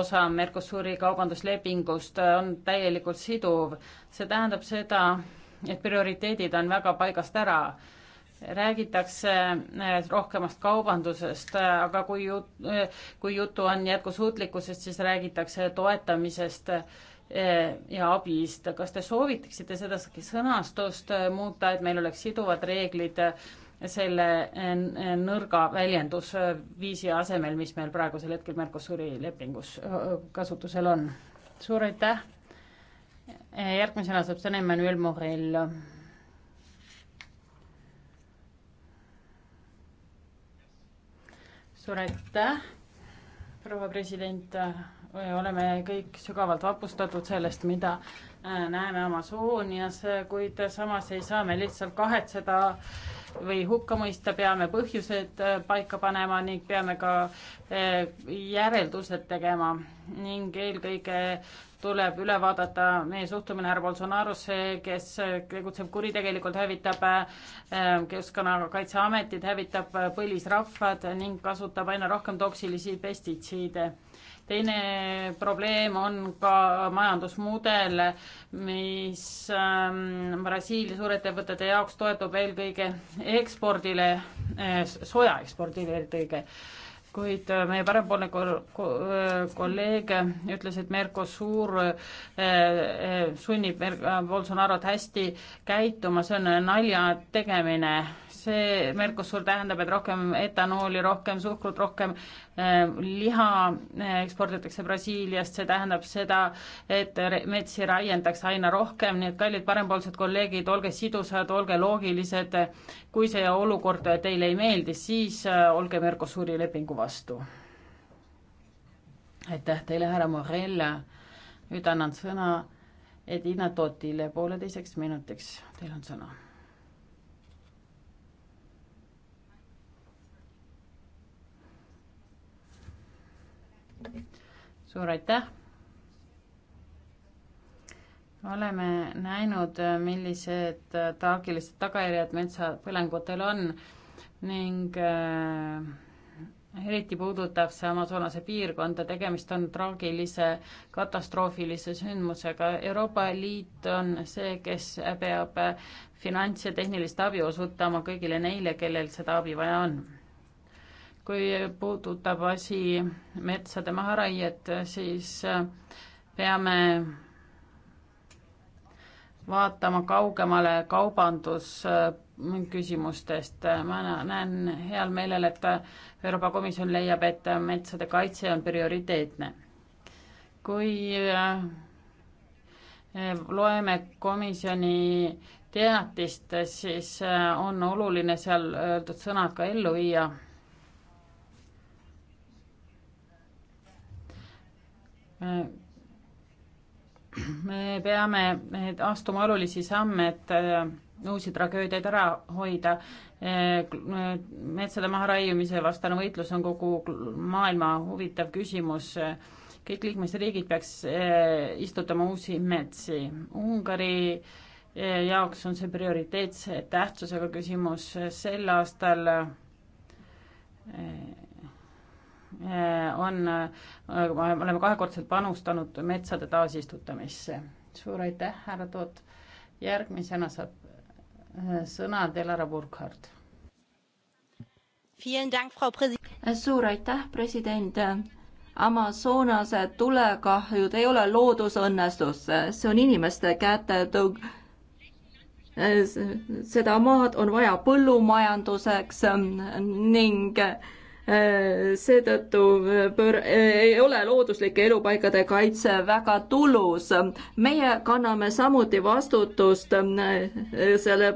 osa Mercosuri kaubanduslepingust on täielikult siduv. see tähendab seda, et prioriteedid on väga paigast ära. räägitakse rohkemast kaubandusest, aga kui jut-, kui juttu on jätkusuutlikkusest, siis räägitakse toetamisest ja abist. kas te soovitaksite seda sõnastust muuta, et meil oleks siduvad reeglid äh, selle nõrga väljendusviisi asemel, mis meil praegusel hetkel Mercosuri lepingus kasutusel on. suur aitäh! järgmisena saab sõna Emmanuel Morel. suur aitäh, proua president, oleme kõik sügavalt vapustatud sellest, mida äh, näeme Amazonias, kuid samas ei saa me lihtsalt kahetseda äh, või hukka mõista, peame põhjused äh, paika panema ning peame ka äh, järeldused tegema ning eelkõige tuleb üle vaadata meie suhtumine härra Bolsonarosse, kes äh, tegutseb kuritegelikult, hävitab Keskkonnakaitseametit, hävitab põlisrahvad ning kasutab aina rohkem toksilisi pestitsiide teine probleem on ka majandusmudel, mis ähm, Brasiilia suurettevõtete jaoks toetub eelkõige ekspordile, äh, soja ekspordile eelkõige. kuid äh, meie parempoolne äh, kolleeg ütles, et Mercosur sunnib Bolsonaro't hästi käituma, see on nalja tegemine see Mercosur tähendab, et rohkem etanooli, rohkem suhkrut, rohkem Äh, liha äh, eksporditakse Brasiiliast, see tähendab seda, et metsi raiendaks aina rohkem, nii et kallid parempoolsed kolleegid, olge sidusad, olge loogilised, kui see olukord teile ei meeldi, siis äh, olge Mercosuri lepingu vastu. aitäh teile, härra Morell, nüüd annan sõna Edina Totile pooleteiseks minutiks, teil on sõna suur aitäh. oleme näinud, millised äh, traagilised tagajärjed metsapõlengutel on ning äh, eriti puudutab see Amazonase piirkonda, tegemist on traagilise, katastroofilise sündmusega. Euroopa Liit on see, kes peab äh, finants- ja tehnilist abi osutama kõigile neile, kellel seda abi vaja on kui puudutab asi metsade maharaiet, siis äh, peame vaatama kaugemale kaubandusküsimustest. Äh, ma näen heal meelel, et äh, Euroopa Komisjon leiab, et metsade kaitse on prioriteetne. kui loeme komisjoni teatist, siis on oluline seal öeldud sõnad ka ellu viia me peame astuma olulisi samme, et äh, uusi tragöödiaid ära hoida. Äh, metsade maharaiumise vastane võitlus on kogu maailma huvitav küsimus. kõik liikmesriigid peaks äh, istutama uusi metsi. Ungari jaoks on see prioriteetse tähtsusega küsimus. sel aastal Äh, on, äh, oleme kahekordselt panustanud metsade taasistutamisse. suur aitäh, härra Toot. järgmisena saab äh, sõna Delara Burkhardt. suur aitäh, president. Amazonase tulekahjud ei ole loodusõnnestus, see on inimeste käte tõug-. seda maad on vaja põllumajanduseks ning seetõttu äh, pöör-, äh, ei ole looduslike elupaikade kaitse väga tulus. meie kanname samuti vastutust äh, selle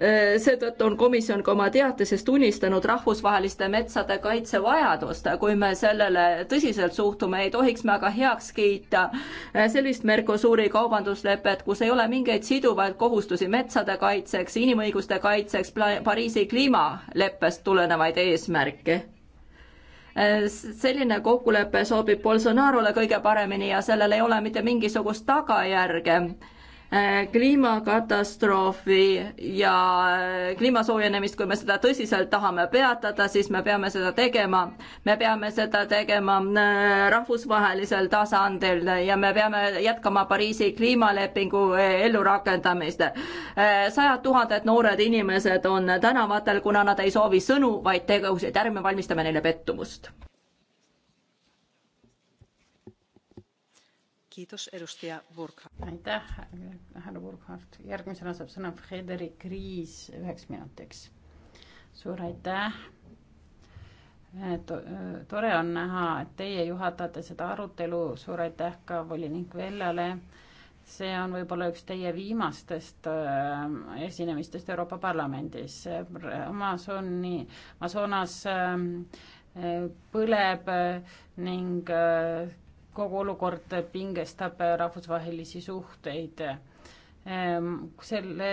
Äh, seetõttu on komisjon ka oma teatises tunnistanud rahvusvaheliste metsade kaitse vajadust. kui me sellele tõsiselt suhtume, ei tohiks me aga heaks kiita äh, sellist Mercosuri kaubanduslepet, kus ei ole mingeid siduvaid kohustusi metsade kaitseks, inimõiguste kaitseks, Pariisi kliimaleppest tulenevaid eesmärke äh, selline kokkulepe sobib Bolsonaro'le kõige paremini ja sellel ei ole mitte mingisugust tagajärge Äh, kliimakatastroofi ja äh, kliima soojenemist, kui me seda tõsiselt tahame peatada, siis me peame seda tegema. me peame seda tegema äh, rahvusvahelisel tasandil ja me peame jätkama Pariisi kliimalepingu ellurakendamist. sajad tuhanded noored inimesed on tänavatel, kuna nad ei soovi sõnu, vaid tegusid, ärme valmistame neile pettumust. aitäh, härra Burkhardt. järgmisena saab sõna Frederik Riis üheks minutiks. suur aitäh eh, to,. Eh, tore on näha, et teie juhatate seda arutelu. suur aitäh ka volinik Vellale. see on võib-olla üks teie viimastest äh, esinemistest Euroopa Parlamendis. Amazoni, Amazonas äh, põleb äh, ning äh, kogu olukord pingestab rahvusvahelisi suhteid. Ehm, selle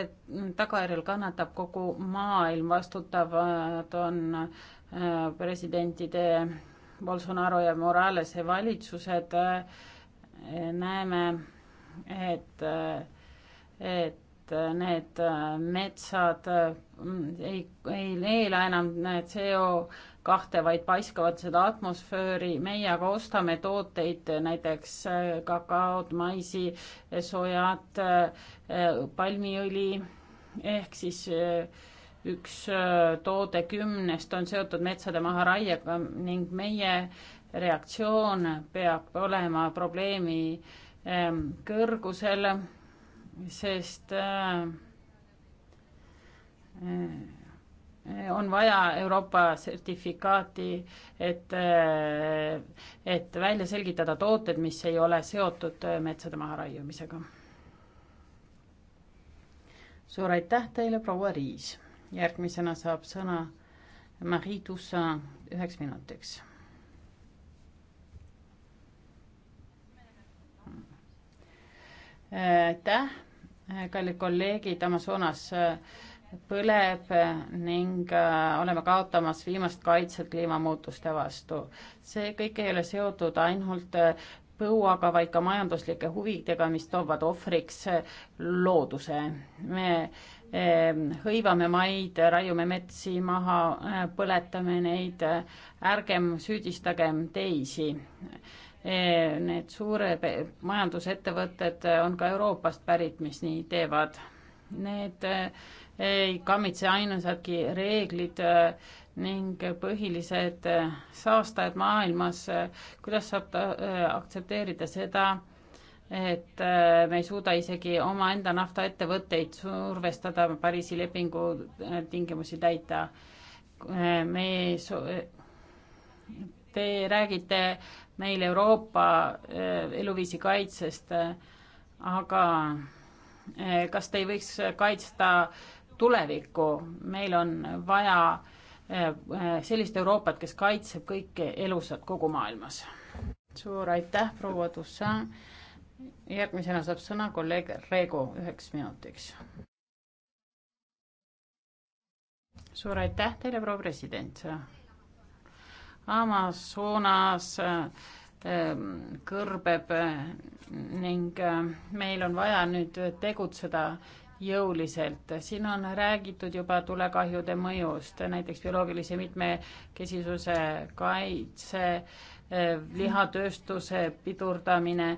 tagajärjel kannatab kogu maailm, vastutavad on äh, presidentide Bolsonaro ja Moralese valitsused. Äh, näeme, et, äh, et need metsad ei, ei neela enam CO kahte, vaid paiskavad seda atmosfääri. meie aga ostame tooteid, näiteks äh, kakaod, maisi, äh, sojad, äh, palmiõli ehk siis üks toode kümnest on seotud metsade maharaiega ning meie reaktsioon peab olema probleemi ähm, kõrgusel, sest äh, on vaja Euroopa sertifikaati, et, et välja selgitada tooted, mis ei ole seotud metsade maharaiumisega. suur aitäh teile, proua Riis. järgmisena saab sõna Marie Tussin üheks minutiks. aitäh, kallid kolleegid Amazonas äh, põleb ning äh, oleme kaotamas viimast kaitset kliimamuutuste vastu. see kõik ei ole seotud ainult äh, põuaga, vaid ka majanduslike huvidega, mis toovad ohvriks äh, looduse. me ähm, hõivame maid, raiume metsi maha, põletame neid, ärgem süüdistagem teisi. Need suured majandusettevõtted on ka Euroopast pärit, mis nii teevad Need eh, ei kammitse ainusadki reeglid eh, ning põhilised eh, saastajad maailmas, kuidas saab ta aktsepteerida seda, et me ei suuda isegi omaenda naftaettevõtteid survestada Pariisi lepingu tingimusi täita. me so-, te räägite meil Euroopa eluviisi kaitsest, aga Eh, kas te ei võiks kaitsta tulevikku, meil on vaja eh, eh, sellist Euroopat, kes kaitseb kõike elusat kogu maailmas. suur aitäh, proua Tussan. järgmisena saab sõna kolleeg Reego üheks minutiks. suur aitäh teile, proua president. Amazonas äh, Ähm, kõrbeb äh, ning äh, meil on vaja nüüd tegutseda jõuliselt. siin on räägitud juba tulekahjude mõjust, näiteks bioloogilise mitmekesisuse kaitse, äh, lihatööstuse pidurdamine,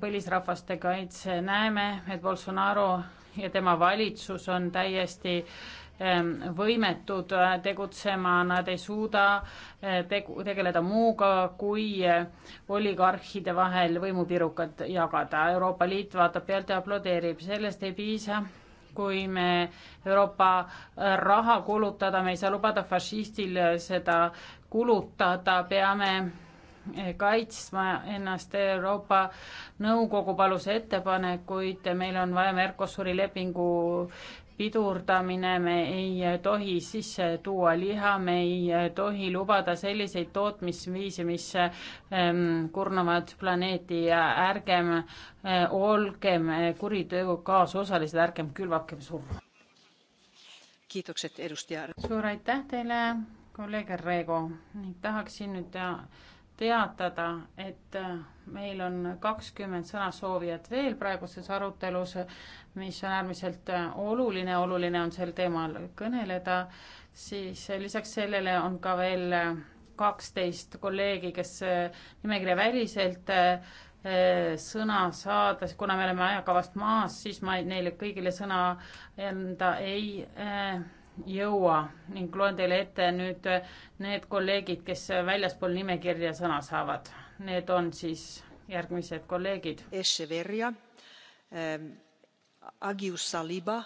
põlisrahvaste kaitse. näeme, et Bolsonaro ja tema valitsus on täiesti äh, Ähm, võimetud äh, tegutsema, nad ei suuda äh, tegu, tegeleda muuga, kui äh, oligarhide vahel võimupirukad jagada. Euroopa Liit vaatab pealt ja aplodeerib, sellest ei piisa kui me Euroopa raha kulutada, me ei saa lubada fašistil seda kulutada, peame kaitsma ennast, Euroopa Nõukogu palus ettepanekuid, meil on vaja Mercosuri lepingu pidurdamine, me ei tohi sisse tuua liha, me ei tohi lubada selliseid tootmisviise, mis ähm, kurnavad planeeti ja ärgem äh, olgem kuritöö kaasosalised, ärgem külvakem surma. kiitokset, edustaja. suur aitäh teile, kolleeg Rego. tahaksin nüüd teha teatada, et eh, meil on kakskümmend sõnasoovijat veel praeguses arutelus mis on äärmiselt äh, oluline, oluline on sel teemal kõneleda, siis lisaks sellele on ka veel äh, kaksteist kolleegi, kes äh, nimekirja väliselt sõna saada, kuna me oleme ajakavast maas, siis ma neile kõigile sõna anda ei jõua ning loen teile ette nüüd need kolleegid, kes väljaspool nimekirja sõna saavad. Need on siis järgmised kolleegid. Echeverria ähm,, agius saliba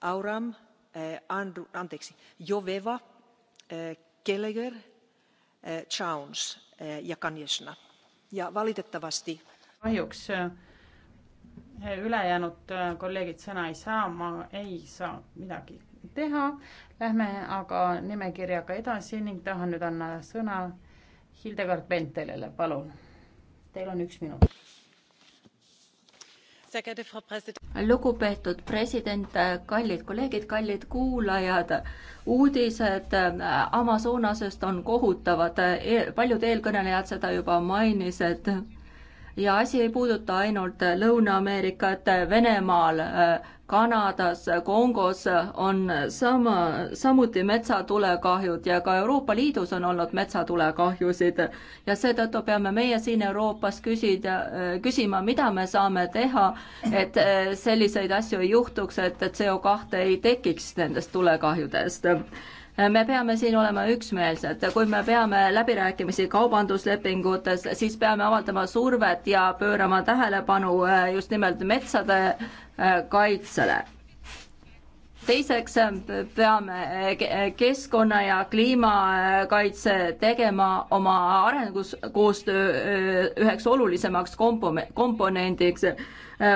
auram eh, Andru, anteeksi joveva eh, gallagher jones eh, ja kanjeshna ja valitettavasti kahjuks ülejäänud kolleegid sõna ei saa, ma ei saa midagi teha. Lähme aga nimekirjaga edasi ning tahan nüüd anda sõna Hildegard Bentelele, palun. Teil on üks minut lugupeetud president, kallid kolleegid, kallid kuulajad. uudised äh, Amazonasest on kohutavad, e-, paljud eelkõnelejad seda juba mainisid ja asi ei puuduta ainult Lõuna-Ameerikat, Venemaal, äh, Kanadas, Kongos on sama, samuti metsatulekahjud ja ka Euroopa Liidus on olnud metsatulekahjusid ja seetõttu peame meie siin Euroopas küsida, äh, küsima, mida me saame teha, et äh, selliseid asju ei juhtuks, et CO2 ei tekiks nendest tulekahjudest me peame siin olema üksmeelsed, kui me peame läbirääkimisi kaubanduslepingutes, siis peame avaldama survet ja pöörama tähelepanu äh, just nimelt metsade äh, kaitsele teiseks äh, peame keskkonna ja kliimakaitse tegema oma arenguskoostöö üheks olulisemaks komponendiks.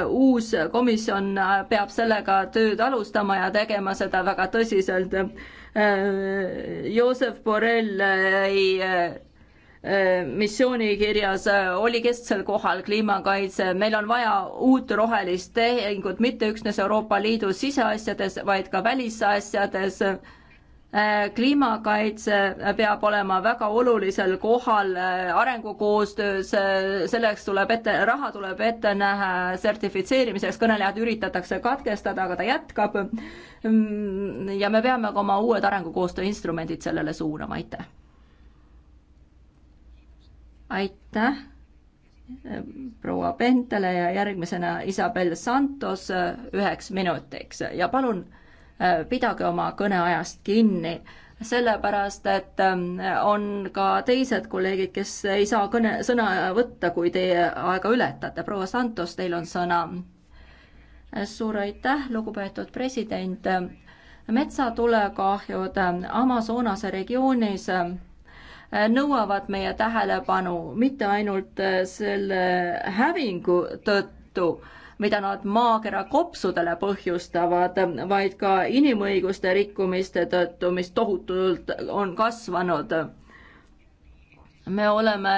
uus komisjon peab sellega tööd alustama ja tegema seda väga tõsiselt. Äh, Joosep Borrell äh, äh, missioonikirjas oli kesksel kohal kliimakaitse, meil on vaja uut rohelist tehingut mitte üksnes Euroopa Liidu siseasjades, vaid ka välisasjades. kliimakaitse peab olema väga olulisel kohal arengukoostöös, selleks tuleb ette, raha tuleb ette näha sertifitseerimiseks, kõnelejad üritatakse katkestada, aga ta jätkab Mm, ja me peame ka oma uued arengukoostöö instrumendid sellele suunama, aitäh. aitäh eh, proua Pentele ja järgmisena Isabel Santos eh, üheks minutiks ja palun eh, pidage oma kõneajast kinni, sellepärast et on ka teised kolleegid, kes ei saa kõne, sõna võtta, kui teie aega ületate. proua Santos, teil on sõna suur aitäh, lugupeetud president. metsatulekahjud Amazonase regioonis äh, nõuavad meie tähelepanu mitte ainult äh, selle hävingu tõttu, mida nad maakera kopsudele põhjustavad, vaid ka inimõiguste rikkumiste tõttu, mis tohutult on kasvanud me oleme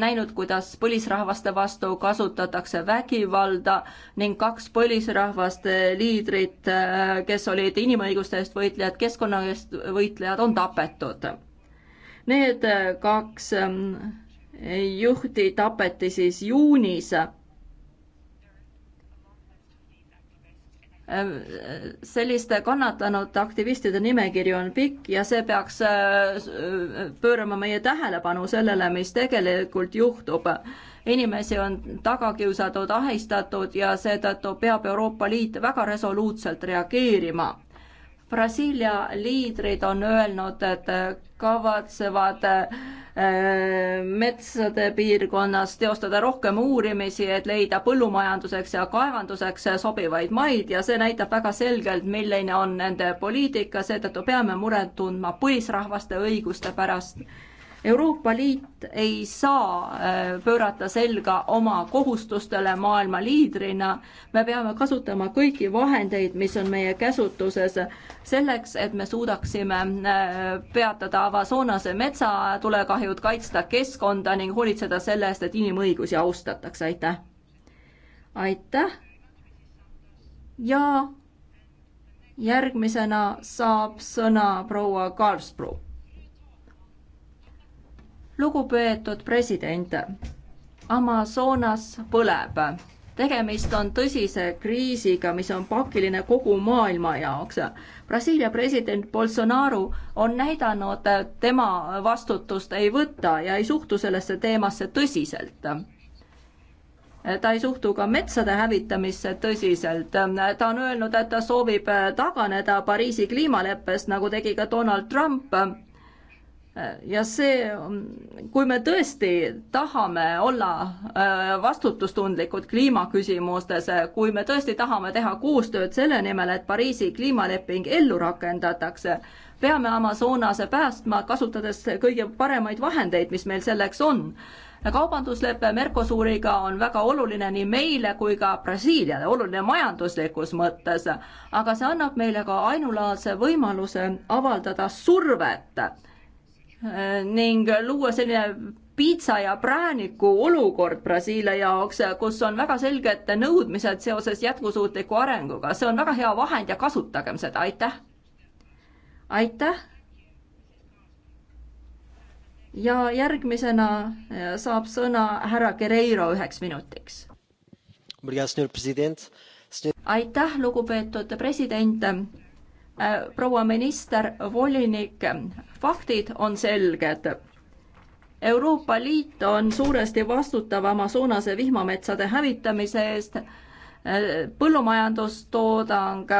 näinud, kuidas põlisrahvaste vastu kasutatakse vägivalda ning kaks põlisrahvaste liidrit, kes olid inimõiguste eest võitlejad, keskkonna eest võitlejad, on tapetud. Need kaks ähm, juhti tapeti siis juunis Äh, selliste kannatanud aktivistide nimekiri on pikk ja see peaks äh, pöörama meie tähelepanu sellele, mis tegelikult juhtub. inimesi on taga kiusatud, ahistatud ja seetõttu peab Euroopa Liit väga resoluutselt reageerima. Brasiilia liidrid on öelnud, et kavatsevad äh, Äh, metsade piirkonnas teostada rohkem uurimisi, et leida põllumajanduseks ja kaevanduseks sobivaid maid ja see näitab väga selgelt, milline on nende poliitika, seetõttu peame muret tundma põlisrahvaste õiguste pärast Euroopa Liit ei saa äh, pöörata selga oma kohustustele maailma liidrina. me peame kasutama kõiki vahendeid, mis on meie käsutuses selleks, et me suudaksime äh, peatada Amazonase metsatulekahjud, kaitsta keskkonda ning hoolitseda selle eest, et inimõigusi austatakse. aitäh. aitäh. ja järgmisena saab sõna proua Karlsbruck lugupeetud president, Amazonas põleb. tegemist on tõsise kriisiga, mis on pakiline kogu maailma jaoks. Brasiilia president Bolsonaro on näidanud, et tema vastutust ei võta ja ei suhtu sellesse teemasse tõsiselt ta ei suhtu ka metsade hävitamisse tõsiselt. ta on öelnud, et ta soovib taganeda Pariisi kliimaleppest, nagu tegi ka Donald Trump ja see, kui me tõesti tahame olla äh, vastutustundlikud kliimaküsimustes, äh, kui me tõesti tahame teha koostööd selle nimel, et Pariisi kliimaleping ellu rakendatakse, peame Amazonase päästma, kasutades kõige paremaid vahendeid, mis meil selleks on. kaubanduslepe Mercosuriga on väga oluline nii meile kui ka Brasiiliale, oluline majanduslikus mõttes, aga see annab meile ka ainulaadse võimaluse avaldada survet ning luua selline piitsa ja prääniku olukord Brasiilia jaoks, kus on väga selged nõudmised seoses jätkusuutliku arenguga, see on väga hea vahend ja kasutagem seda, aitäh. aitäh. ja järgmisena eh, saab sõna härra Guerreiro üheks minutiks. aitäh, lugupeetud president Äh, proua minister, volinik, faktid on selged. Euroopa Liit on suuresti vastutav Amazonase vihmametsade hävitamise eest, äh, põllumajandustoodang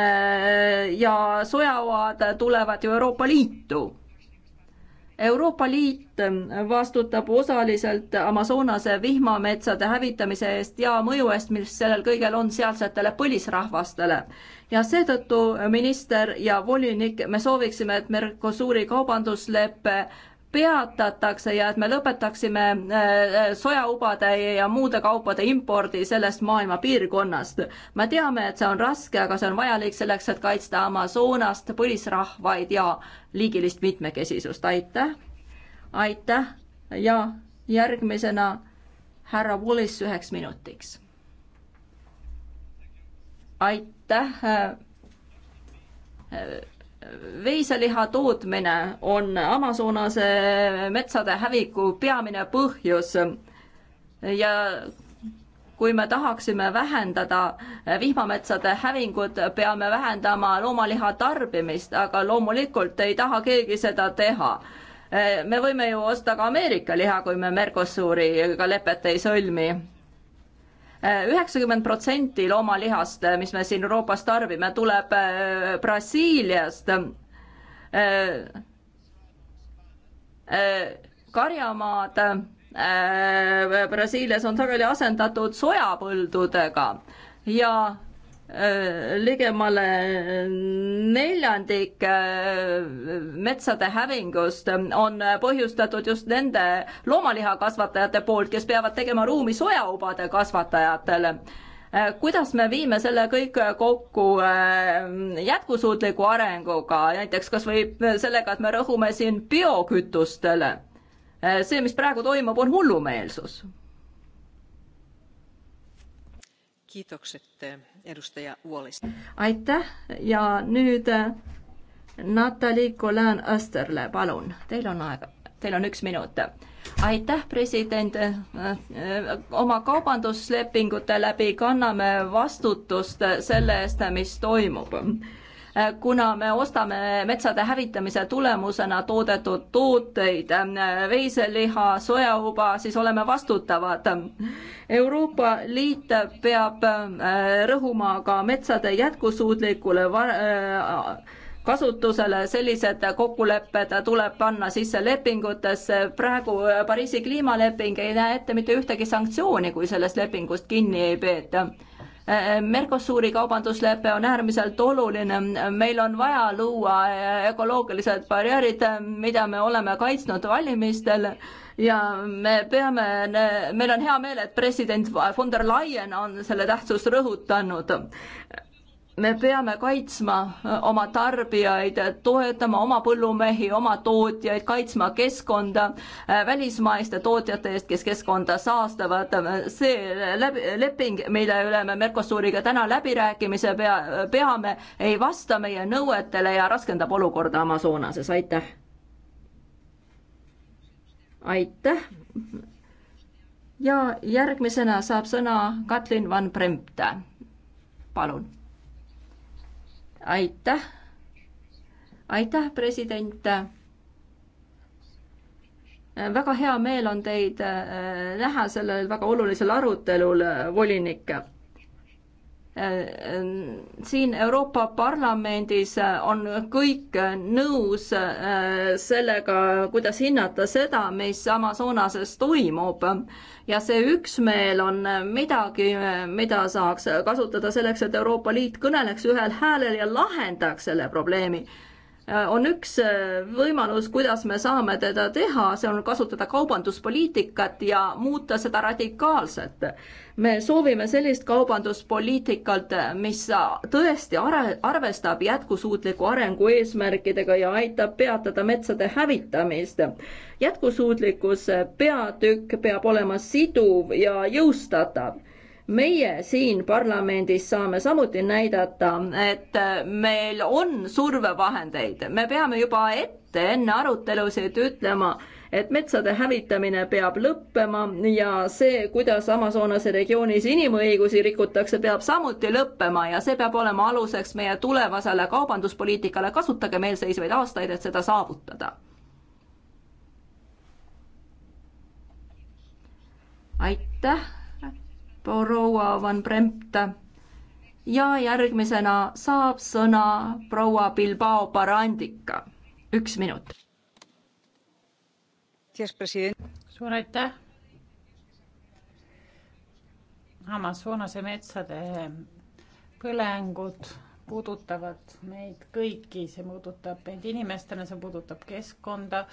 äh, ja sojauad tulevad ju Euroopa Liitu. Euroopa Liit vastutab osaliselt Amazonase vihmametsade hävitamise eest ja mõju eest, mis sellel kõigel on sealsetele põlisrahvastele ja seetõttu äh, minister ja volinik, me sooviksime, et Mercosuri kaubanduslepe peatatakse ja et me lõpetaksime äh, äh, sojaubade ja muude kaupade impordi sellest maailma piirkonnast. me teame, et see on raske, aga see on vajalik selleks, et kaitsta Amazonast põlisrahvaid ja liigilist mitmekesisust. aitäh, aitäh ja järgmisena härra Wallis üheks minutiks. aitäh aitäh. veiseliha tootmine on Amazonase metsade häviku peamine põhjus ja kui me tahaksime vähendada vihmametsade hävingut, peame vähendama loomaliha tarbimist, aga loomulikult ei taha keegi seda teha. me võime ju osta ka Ameerika liha, kui me Mercosuriga lepet ei sõlmi Äh, üheksakümmend protsenti loomalihast, äh, mis me siin Euroopas tarbime, tuleb äh, Brasiiliast. karjamaad Brasiilias on sageli asendatud sojapõldudega ja Äh, ligemale neljandik äh, metsade hävingust ähm, on äh, põhjustatud just nende loomalihakasvatajate poolt, kes peavad tegema ruumi sojaubade kasvatajatele kuidas me viime selle kõik kokku jätkusuutliku arenguga, näiteks kas või sellega, et me rõhume siin biokütustele? see, mis praegu toimub, on hullumeelsus Eh, aitäh ja nüüd eh, Natalja Kolan-Österle, palun, teil on aega, teil on üks minut aitäh, president. Eh, oma kaubanduslepingute läbi kanname vastutust selle eest, mis toimub Äh, kuna me ostame metsade hävitamise tulemusena toodetud tooteid, äh, veiseliha, sojauba, siis oleme vastutavad. Euroopa Liit peab äh, rõhuma ka metsade jätkusuutlikule kasutusele, sellised kokkulepped tuleb panna sisse lepingutesse, praegu Pariisi kliimaleping ei näe ette mitte ühtegi sanktsiooni, kui sellest lepingust kinni ei peeta Mercosuri kaubanduslepe on äärmiselt oluline, meil on vaja luua ökoloogilised barjäärid, mida me oleme kaitsnud valimistel ja me peame, meil on hea meel, et president von der Leyen on selle tähtsust rõhutanud me peame kaitsma äh, oma tarbijaid, toetama oma põllumehi, oma tootjaid, kaitsma keskkonda äh, välismaiste tootjate eest, kes keskkonda saastavad. see läbi, leping, mille üle me Mercosuriga täna läbirääkimise pea, peame, ei vasta meie nõuetele ja raskendab olukorda Amazonases, aitäh. aitäh. ja järgmisena saab sõna Katlin Van Bremte, palun aitäh. aitäh, president. väga hea meel on teid äh, näha sellel väga olulisel arutelul, äh, volinik Äh, äh, siin Euroopa Parlamendis äh, on kõik nõus sellega, kuidas hinnata seda, mis Amazonases toimub. ja see üksmeel on midagi, mida saaks kasutada selleks, et Euroopa Liit kõneleks ühel häälel ja lahendaks selle probleemi Äh, on üks äh, võimalus, kuidas me saame teda teha, see on kasutada kaubanduspoliitikat ja muuta seda radikaalselt. me soovime sellist kaubanduspoliitikat, mis tõesti are-, arvestab jätkusuutliku arengu eesmärkidega ja aitab peatada metsade hävitamist. jätkusuutlikkuse peatükk peab olema siduv ja jõustatav meie siin parlamendis saame samuti näidata, et meil on survevahendeid, me peame juba ette, enne arutelusid ütlema, et metsade hävitamine peab lõppema ja see, kuidas Amazonase regioonis inimõigusi rikutakse, peab samuti lõppema ja see peab olema aluseks meie tulevasele kaubanduspoliitikale, kasutage meelseisvaid aastaid, et seda saavutada. aitäh proua Van Brempt ja järgmisena saab sõna proua Bilbao Barandika. üks minut. suur aitäh. Amazonase metsade põlengud puudutavad meid kõiki, see puudutab meid inimestena, see puudutab keskkonda,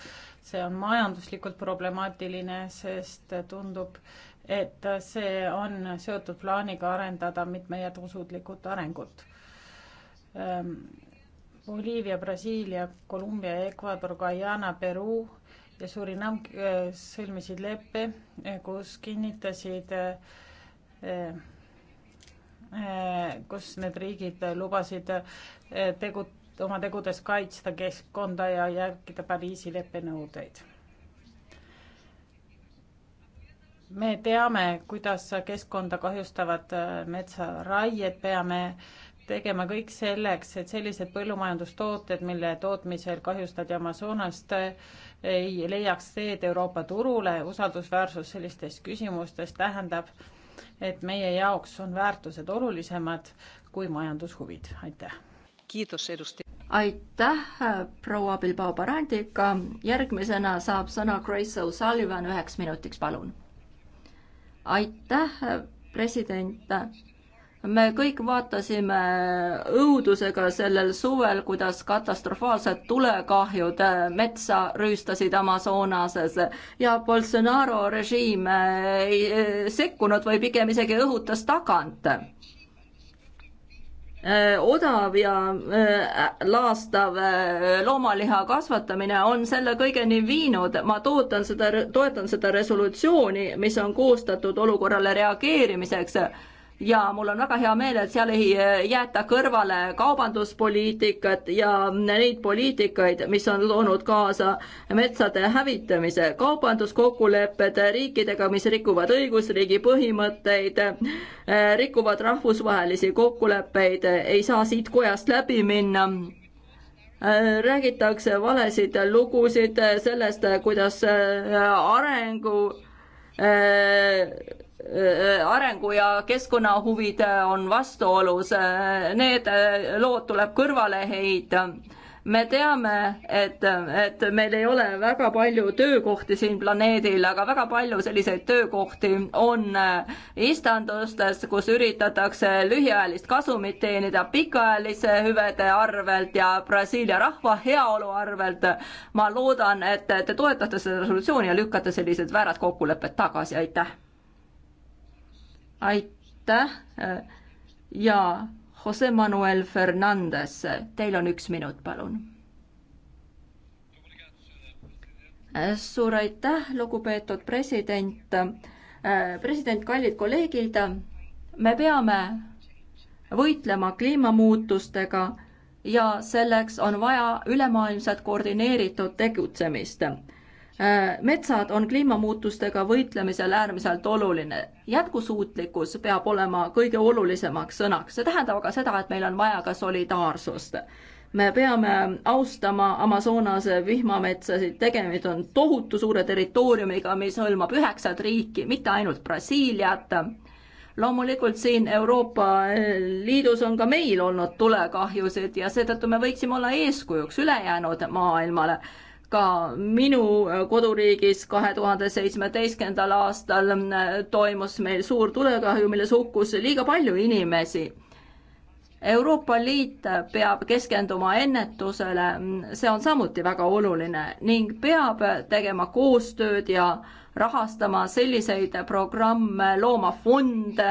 see on majanduslikult problemaatiline, sest tundub, et see on seotud plaaniga arendada mitme jätkusuutlikut arengut. Ähm, Boliivia, Brasiilia, Kolumbia, Ecuador, Guyana, Peruu ja Surinam äh, sõlmisid leppe, äh, kus kinnitasid, äh, kus need riigid lubasid tegu, oma tegudes kaitsta keskkonda ja järgida Pariisi leppe nõudeid me teame, kuidas keskkonda kahjustavad äh, metsaraied, peame tegema kõik selleks, et sellised põllumajandustooted, mille tootmisel kahjustati Amazonast, äh, ei leiaks teed Euroopa turule, usaldusväärsus sellistes küsimustes tähendab, et meie jaoks on väärtused olulisemad kui majandushuvid, aitäh. aitäh, proua Bilbao Barandiga, järgmisena saab sõna Grace O'Sullivan üheks minutiks, palun aitäh, president. me kõik vaatasime õudusega sellel suvel, kuidas katastrofaalsed tulekahjud metsa rüüstasid Amazonases ja Bolsonaro režiim ei sekkunud või pigem isegi õhutas tagant Äh, odav ja äh, laastav äh, loomaliha kasvatamine on selle kõigeni viinud. ma tootan seda, toetan seda resolutsiooni, mis on koostatud olukorrale reageerimiseks ja mul on väga hea meel, et seal ei eh, jäeta kõrvale kaubanduspoliitikat ja neid poliitikaid, mis on toonud kaasa metsade hävitamise, kaubanduskokkulepped riikidega, mis rikuvad õigusriigi põhimõtteid, eh, rikuvad rahvusvahelisi kokkuleppeid, ei saa siit kojast läbi minna eh, räägitakse valesid lugusid sellest, kuidas arengu arengu ja keskkonnahuvid on vastuolus, need lood tuleb kõrvale heita. me teame, et, et meil ei ole väga palju töökohti siin planeedil, aga väga palju selliseid töökohti on istandustes, kus üritatakse lühiajalist kasumit teenida pikaajalise hüvede arvelt ja Brasiilia rahva heaolu arvelt. ma loodan, et te toetate seda resolutsiooni ja lükkate sellised väärad kokkulepped tagasi, aitäh aitäh äh, ja Jose Manuel Fernandez, teil on üks minut, palun. Äh, suur aitäh, lugupeetud president, äh, president, kallid kolleegid, me peame võitlema kliimamuutustega ja selleks on vaja ülemaailmset koordineeritud tegutsemist. Äh, metsad on kliimamuutustega võitlemisel äärmiselt oluline. jätkusuutlikkus peab olema kõige olulisemaks sõnaks, see tähendab aga seda, et meil on vaja ka solidaarsust. me peame austama Amazonase vihmametsasid, tegemist on tohutu suure territooriumiga, mis hõlmab üheksat riiki, mitte ainult Brasiiliat loomulikult siin Euroopa äh, Liidus on ka meil olnud tulekahjusid ja seetõttu me võiksime olla eeskujuks ülejäänud maailmale ka minu äh, koduriigis kahe tuhande seitsmeteistkümnendal aastal äh, toimus meil suur tulekahju, milles hukkus liiga palju inimesi. Euroopa Liit peab keskenduma ennetusele, mm, see on samuti väga oluline ning peab tegema koostööd ja äh, rahastama selliseid programme, looma fonde,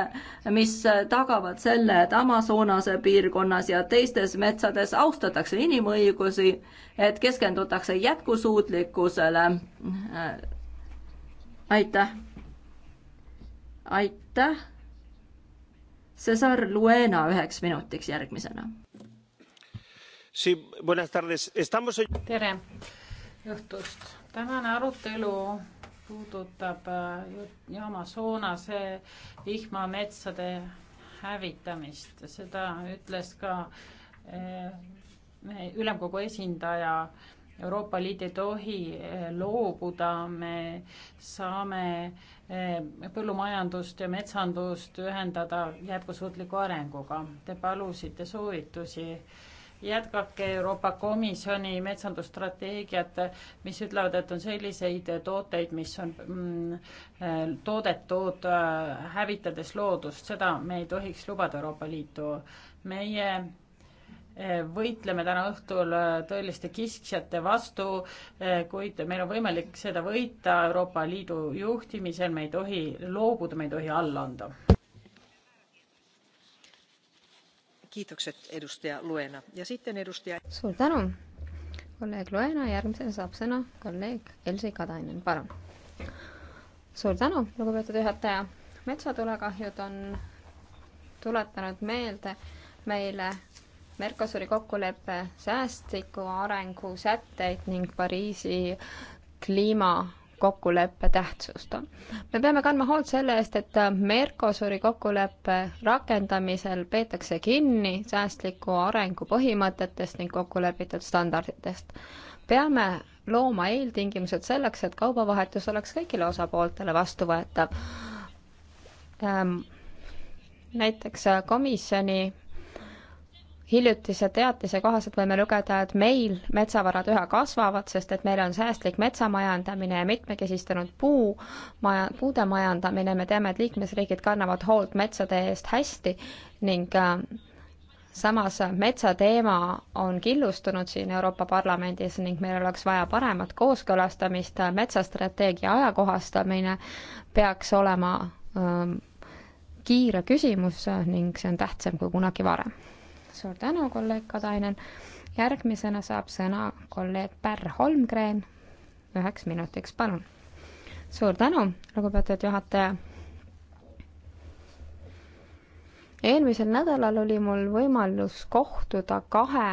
mis tagavad selle, et Amazonase piirkonnas ja teistes metsades austatakse inimõigusi, et keskendutakse jätkusuutlikkusele. aitäh. aitäh. Cesar Luena üheks minutiks järgmisena. tere õhtust. tänane arutelu puudutab äh, ja Amazonase vihmametsade hävitamist, seda ütles ka äh, ülemkogu esindaja. Euroopa Liit ei tohi äh, loobuda, me saame põllumajandust ja metsandust ühendada jätkusuutliku arenguga. Te palusite soovitusi jätkake Euroopa Komisjoni metsandusstrateegiat, mis ütlevad, et on selliseid tooteid, mis on mm, äh, toodetud äh, hävitades loodust, seda me ei tohiks lubada Euroopa Liitu. meie äh, võitleme täna õhtul tõeliste kiskjate vastu, kuid meil on võimalik seda võita Euroopa Liidu juhtimisel, me ei tohi loobuda, me ei tohi alla anda. suur tänu, kolleeg Luena, järgmisena saab sõna kolleeg Elsi Katainen, palun. suur tänu, lugupeetud juhataja. metsatulekahjud on tuletanud meelde meile Mercosuri kokkuleppe säästliku arengu sätteid ning Pariisi kliima kokkuleppe tähtsust. me peame kandma hoolt selle eest, et Mercosuri kokkuleppe rakendamisel peetakse kinni säästliku arengu põhimõtetest ning kokkulepitud standarditest. peame looma eeltingimused selleks, et kaubavahetus oleks kõigile osapooltele vastuvõetav. Ehm, näiteks komisjoni hiljutise teatise kohaselt võime lugeda, et meil metsavarad üha kasvavad, sest et meil on säästlik metsamajandamine ja mitmekesistunud puu, maja, puude majandamine, me teame, et liikmesriigid kannavad hoolt metsade eest hästi ning äh, samas metsateema on killustunud siin Euroopa Parlamendis ning meil oleks vaja paremat kooskõlastamist, metsastrateegia ajakohastamine peaks olema äh, kiire küsimus ning see on tähtsam kui kunagi varem suur tänu, kolleeg Kadainen. järgmisena saab sõna kolleeg Pärr Holmgren üheks minutiks, palun. suur tänu, lugupeetud juhataja. eelmisel nädalal oli mul võimalus kohtuda kahe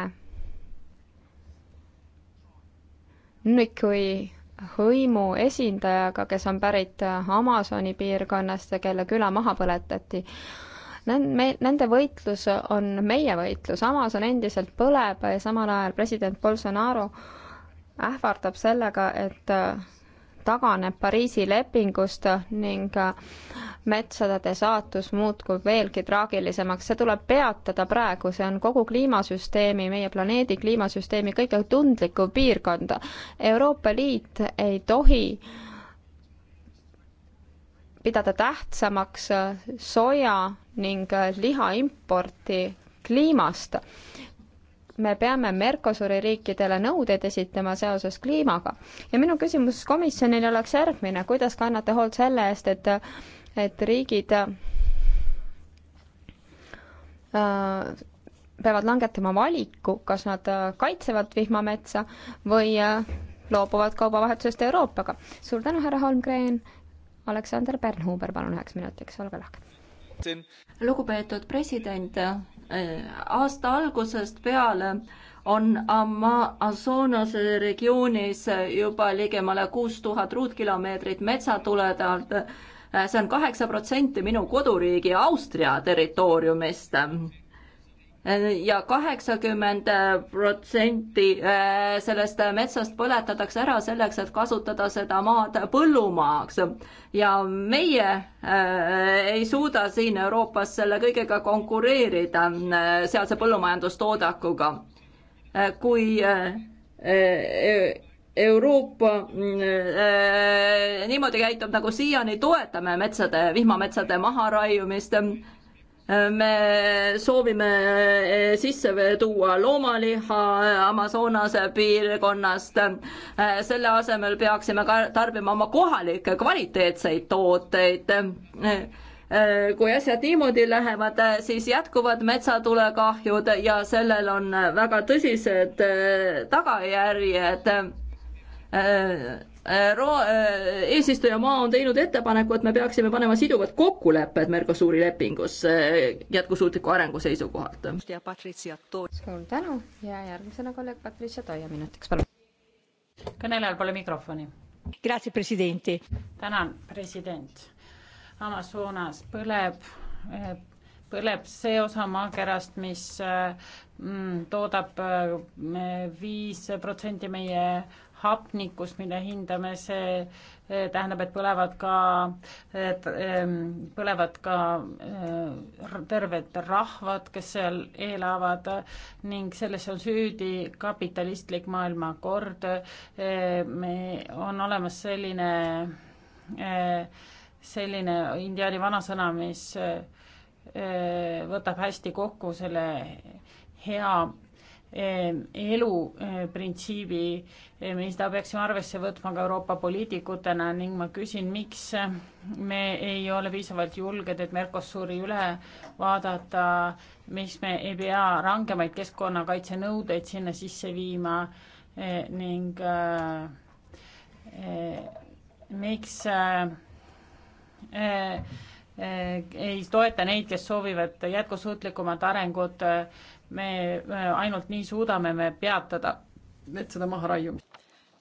Nükui hõimu esindajaga, kes on pärit Amazoni piirkonnast ja kelle küla maha põletati Nende võitlus on meie võitlus, Amazon endiselt põleb ja samal ajal president Bolsonaro ähvardab sellega, et äh, taganeb Pariisi lepingust ning äh, metsade saatus muutub veelgi traagilisemaks. see tuleb peatada praegu, see on kogu kliimasüsteemi, meie planeedi kliimasüsteemi kõige tundlikum piirkond. Euroopa Liit ei tohi pidada tähtsamaks äh, soja ning äh, liha importi kliimast. me peame Mercosuri riikidele nõudeid esitama seoses kliimaga ja minu küsimus komisjonile oleks järgmine, kuidas kannate hoolt selle eest, et, et riigid äh, peavad langetama valiku, kas nad äh, kaitsevad vihmametsa või äh, loobuvad kaubavahetusest Euroopaga. suur tänu, härra Holmgren, Aleksander Bernhuber, palun üheks minutiks, olge lahked lugupeetud president, äh, aasta algusest peale on Ama-, Amazonase regioonis juba ligemale kuus tuhat ruutkilomeetrit metsatulede alt. Äh, see on kaheksa protsenti minu koduriigi Austria territooriumist Äh, ja kaheksakümmend äh, protsenti äh, sellest metsast põletatakse ära selleks, et kasutada seda maad põllumaaks. ja meie ei suuda siin Euroopas selle kõigega konkureerida sealse põllumajandustoodakuga. kui Euroopa mm, niimoodi käitub, nagu siiani toetame metsade, vihmametsade maharaiumist me soovime eh, sisse tuua loomaliha eh, Amazonase piirkonnast. Eh, selle asemel peaksime ka tarbima oma kohalikke kvaliteetseid tooteid. kui asjad niimoodi lähevad, siis jätkuvad metsatulekahjud ja sellel on väga tõsised tagajärjed Äh, äh, eesistujamaa on teinud ettepaneku, et me peaksime panema siduvad kokkulepped Mercosuri lepingusse äh, jätkusuutliku arengu seisukohalt. suur tänu ja järgmisena kolleeg Patricia Toia minutiks, palun. kõnelejal pole mikrofoni. tänan, president. Amazonas põleb, põleb see osa maakerast, mis mm, toodab viis protsenti meie hapnikust, mille hindame, see eh, tähendab, et põlevad ka, põlevad ka eh, terved rahvad, kes seal elavad ning selles on süüdi kapitalistlik maailmakord. Eh, me, on olemas selline, selline indiaani vanasõna, mis võtab hästi kokku selle hea Eh, eluprintsiibi, eh, eh, mida peaksime arvesse võtma ka Euroopa poliitikutena ning ma küsin, miks me ei ole piisavalt julged, et Mercosuri üle vaadata, miks me ei pea rangemaid keskkonnakaitsenõudeid sinna sisse viima ning miks ei toeta neid, kes soovivad jätkusuutlikumat arengut me ainult nii suudame me peatada metsade maharaiumist.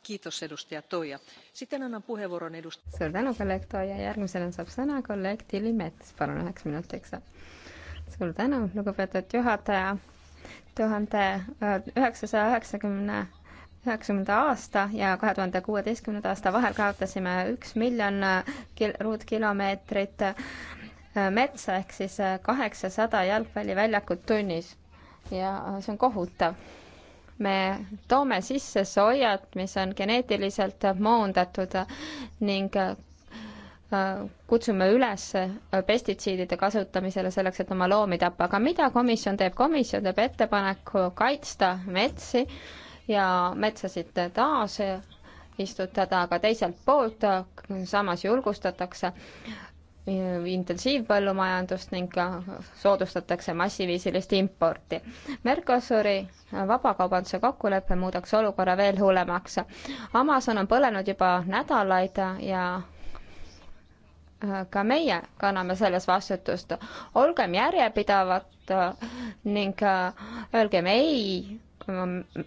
Kiitos edustaja Toija. Sitten annan puheenvuoron edustaja. Suur tänu, kolleeg Toija. Järgmisena saab sõna kolleeg Tilli Mets. Palun üheks minutiks. Suur tänu, lugupeetud juhataja. tuhande äh, üheksasaja üheksakümne üheksakümnenda aasta ja kahe tuhande kuueteistkümnenda aasta vahel kaotasime üks miljon äh, kil-, ruutkilomeetrit äh, metsa ehk siis kaheksasada jalgpalliväljakut tunnis ja äh, see on kohutav. me toome sisse soojat, mis on geneetiliselt moondatud ning äh, kutsume üles äh, pestitsiidide kasutamisele selleks, et oma loomi tappa, aga mida komisjon teeb? komisjon teeb ettepaneku kaitsta metsi ja metsasid taas istutada, aga teiselt poolt samas julgustatakse äh, intensiivpõllumajandust ning soodustatakse massiviisilist importi. Mercosuri vabakaubanduse kokkulepe muudaks olukorra veel hullemaks. Amazon on põlenud juba nädalaid ja äh, ka meie kanname selles vastutust. olgem järjepidavad äh, ning äh, öelgem ei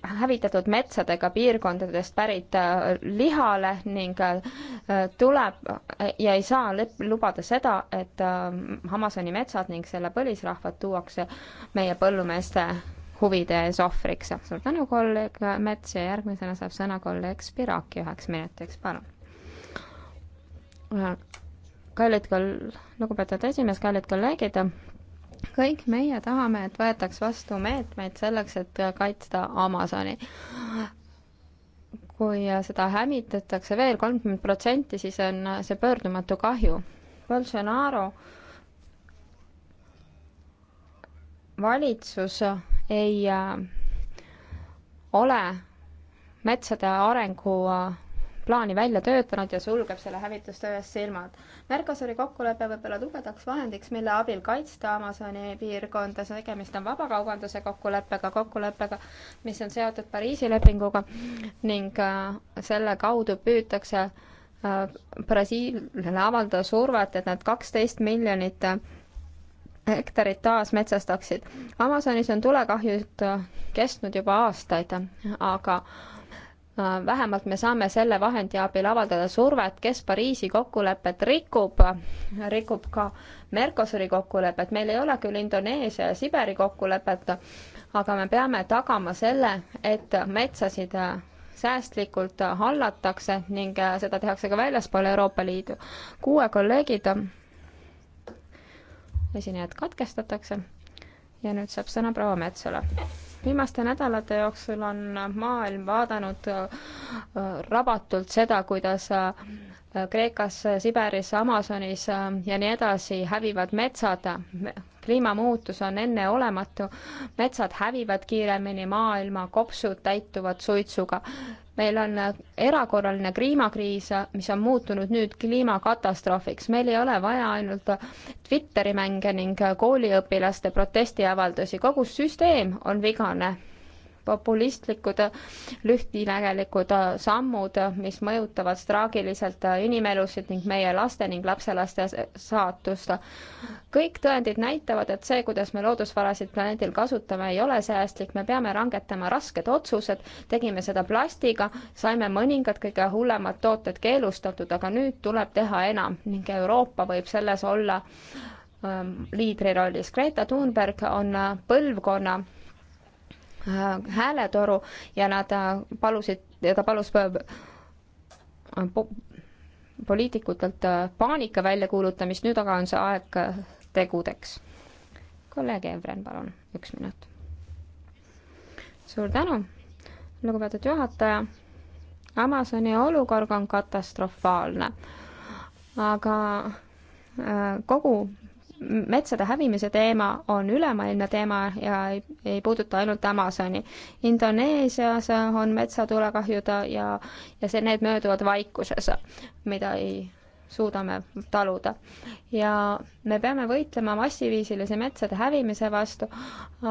hävitatud metsadega piirkondadest pärit äh, lihale ning äh, tuleb ja ei saa lubada seda, et äh, Amazoni metsad ning selle põlisrahvad tuuakse meie põllumeeste huvide ees ohvriks. suur tänu, kolleeg Mets ja järgmisena saab sõna kolleeg Spiraki üheks minutiks, palun. kallid kol-, lugupeetud esimees, kallid kolleegid kõik meie tahame, et võetaks vastu meetmeid selleks, et kaitsta Amazoni. kui seda hävitatakse veel kolmkümmend protsenti, siis on see pöördumatu kahju. Bolsonaro valitsus ei äh, ole metsade arengu äh, plaani välja töötanud ja sulgeb selle hävitustöö eest silmad. Mercosuri kokkulepe võib olla tugevaks vahendiks, mille abil kaitsta Amazoni piirkonda, tegemist on vabakaubanduse kokkuleppega, kokkuleppega, mis on seotud Pariisi lepinguga ning äh, selle kaudu püütakse äh, Brasiiliale avaldada survet, et nad kaksteist miljonit äh, hektarit taasmetsastaksid. Amazonis on tulekahjud kestnud juba aastaid, aga Äh, vähemalt me saame selle vahendi abil avaldada survet, kes Pariisi kokkulepet rikub, rikub ka Mercosuri kokkulepet, meil ei ole küll Indoneesia ja Siberi kokkulepet, aga me peame tagama selle, et metsasid äh, säästlikult äh, hallatakse ning seda tehakse ka väljaspool Euroopa Liidu. kuue kolleegid, esinejad katkestatakse ja nüüd saab sõna proua Metsola viimaste nädalate jooksul on maailm vaadanud äh, rabatult seda, kuidas äh, Kreekas, Siberis, Amazonis äh, ja nii edasi hävivad metsad. kliimamuutus on enneolematu, metsad hävivad kiiremini, maailma kopsud täituvad suitsuga meil on äh, erakorraline kliimakriis, äh, mis on muutunud nüüd kliimakatastroofiks. meil ei ole vaja ainult äh, Twitteri mänge ning kooliõpilaste protestiavaldusi, kogu süsteem on vigane populistlikud lühinägelikud sammud, mis mõjutavad traagiliselt inimelusid ning meie laste ning lapselaste saatust. kõik tõendid näitavad, et see, kuidas me loodusvarasid planeedil kasutame, ei ole säästlik, me peame rangetama rasked otsused, tegime seda plastiga, saime mõningad kõige hullemad tooted keelustatud, aga nüüd tuleb teha enam ning Euroopa võib selles olla ähm, liidri rollis. Greta Thunberg on äh, põlvkonna Äh, hääletoru ja nad äh, palusid, ta palus äh, poliitikutelt paanika väljakuulutamist, nüüd aga on see aeg tegudeks. kolleeg Evren, palun, üks minut. suur tänu, lugupeetud juhataja. Amazoni olukord on katastrofaalne, aga kogu metsade hävimise teema on ülemaailmne teema ja ei, ei puuduta ainult Amazoni. Indoneesias on metsatulekahjud ja, ja see, need mööduvad vaikuses, mida ei suudame taluda. ja me peame võitlema massiviisilise metsade hävimise vastu,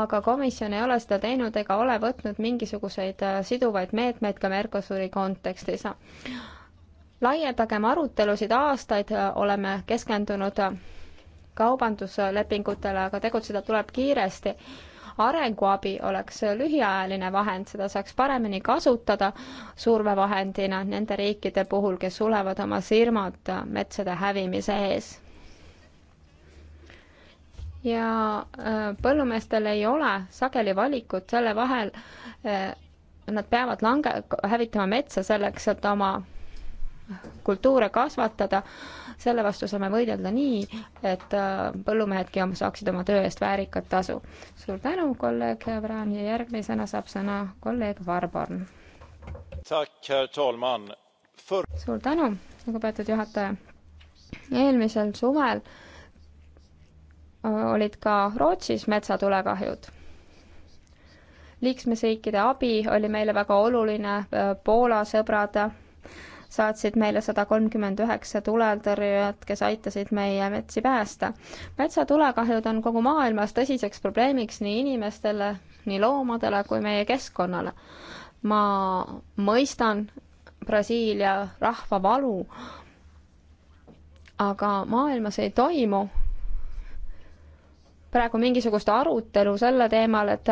aga komisjon ei ole seda teinud ega ole võtnud mingisuguseid äh, siduvaid meetmeid ka Mercosuri kontekstis laiendagem arutelusid aastaid, äh, oleme keskendunud kaubanduslepingutele, aga tegutseda tuleb kiiresti. arenguabi oleks lühiajaline vahend, seda saaks paremini kasutada survevahendina nende riikide puhul, kes sulevad oma silmad metsade hävimise ees ja äh, põllumeestel ei ole sageli valikut selle vahel, äh, nad peavad lange-, hävitama metsa selleks, et oma kultuure kasvatada selle vastu saame võidelda nii, et äh, põllumehedki saaksid oma töö eest väärikat tasu. suur tänu, kolleeg Vraan ja järgmisena saab sõna kolleeg Varborn. suur tänu, lugupeetud juhataja. eelmisel suvel äh, olid ka Rootsis metsatulekahjud liikmesriikide abi oli meile väga oluline, äh, Poola sõbrad saatsid meile sada kolmkümmend üheksa tuletõrjujat, kes aitasid meie metsi päästa. metsatulekahjud on kogu maailmas tõsiseks probleemiks nii inimestele, nii loomadele kui meie keskkonnale. ma mõistan Brasiilia rahva valu, aga maailmas ei toimu praegu mingisugust arutelu selle teemal, et,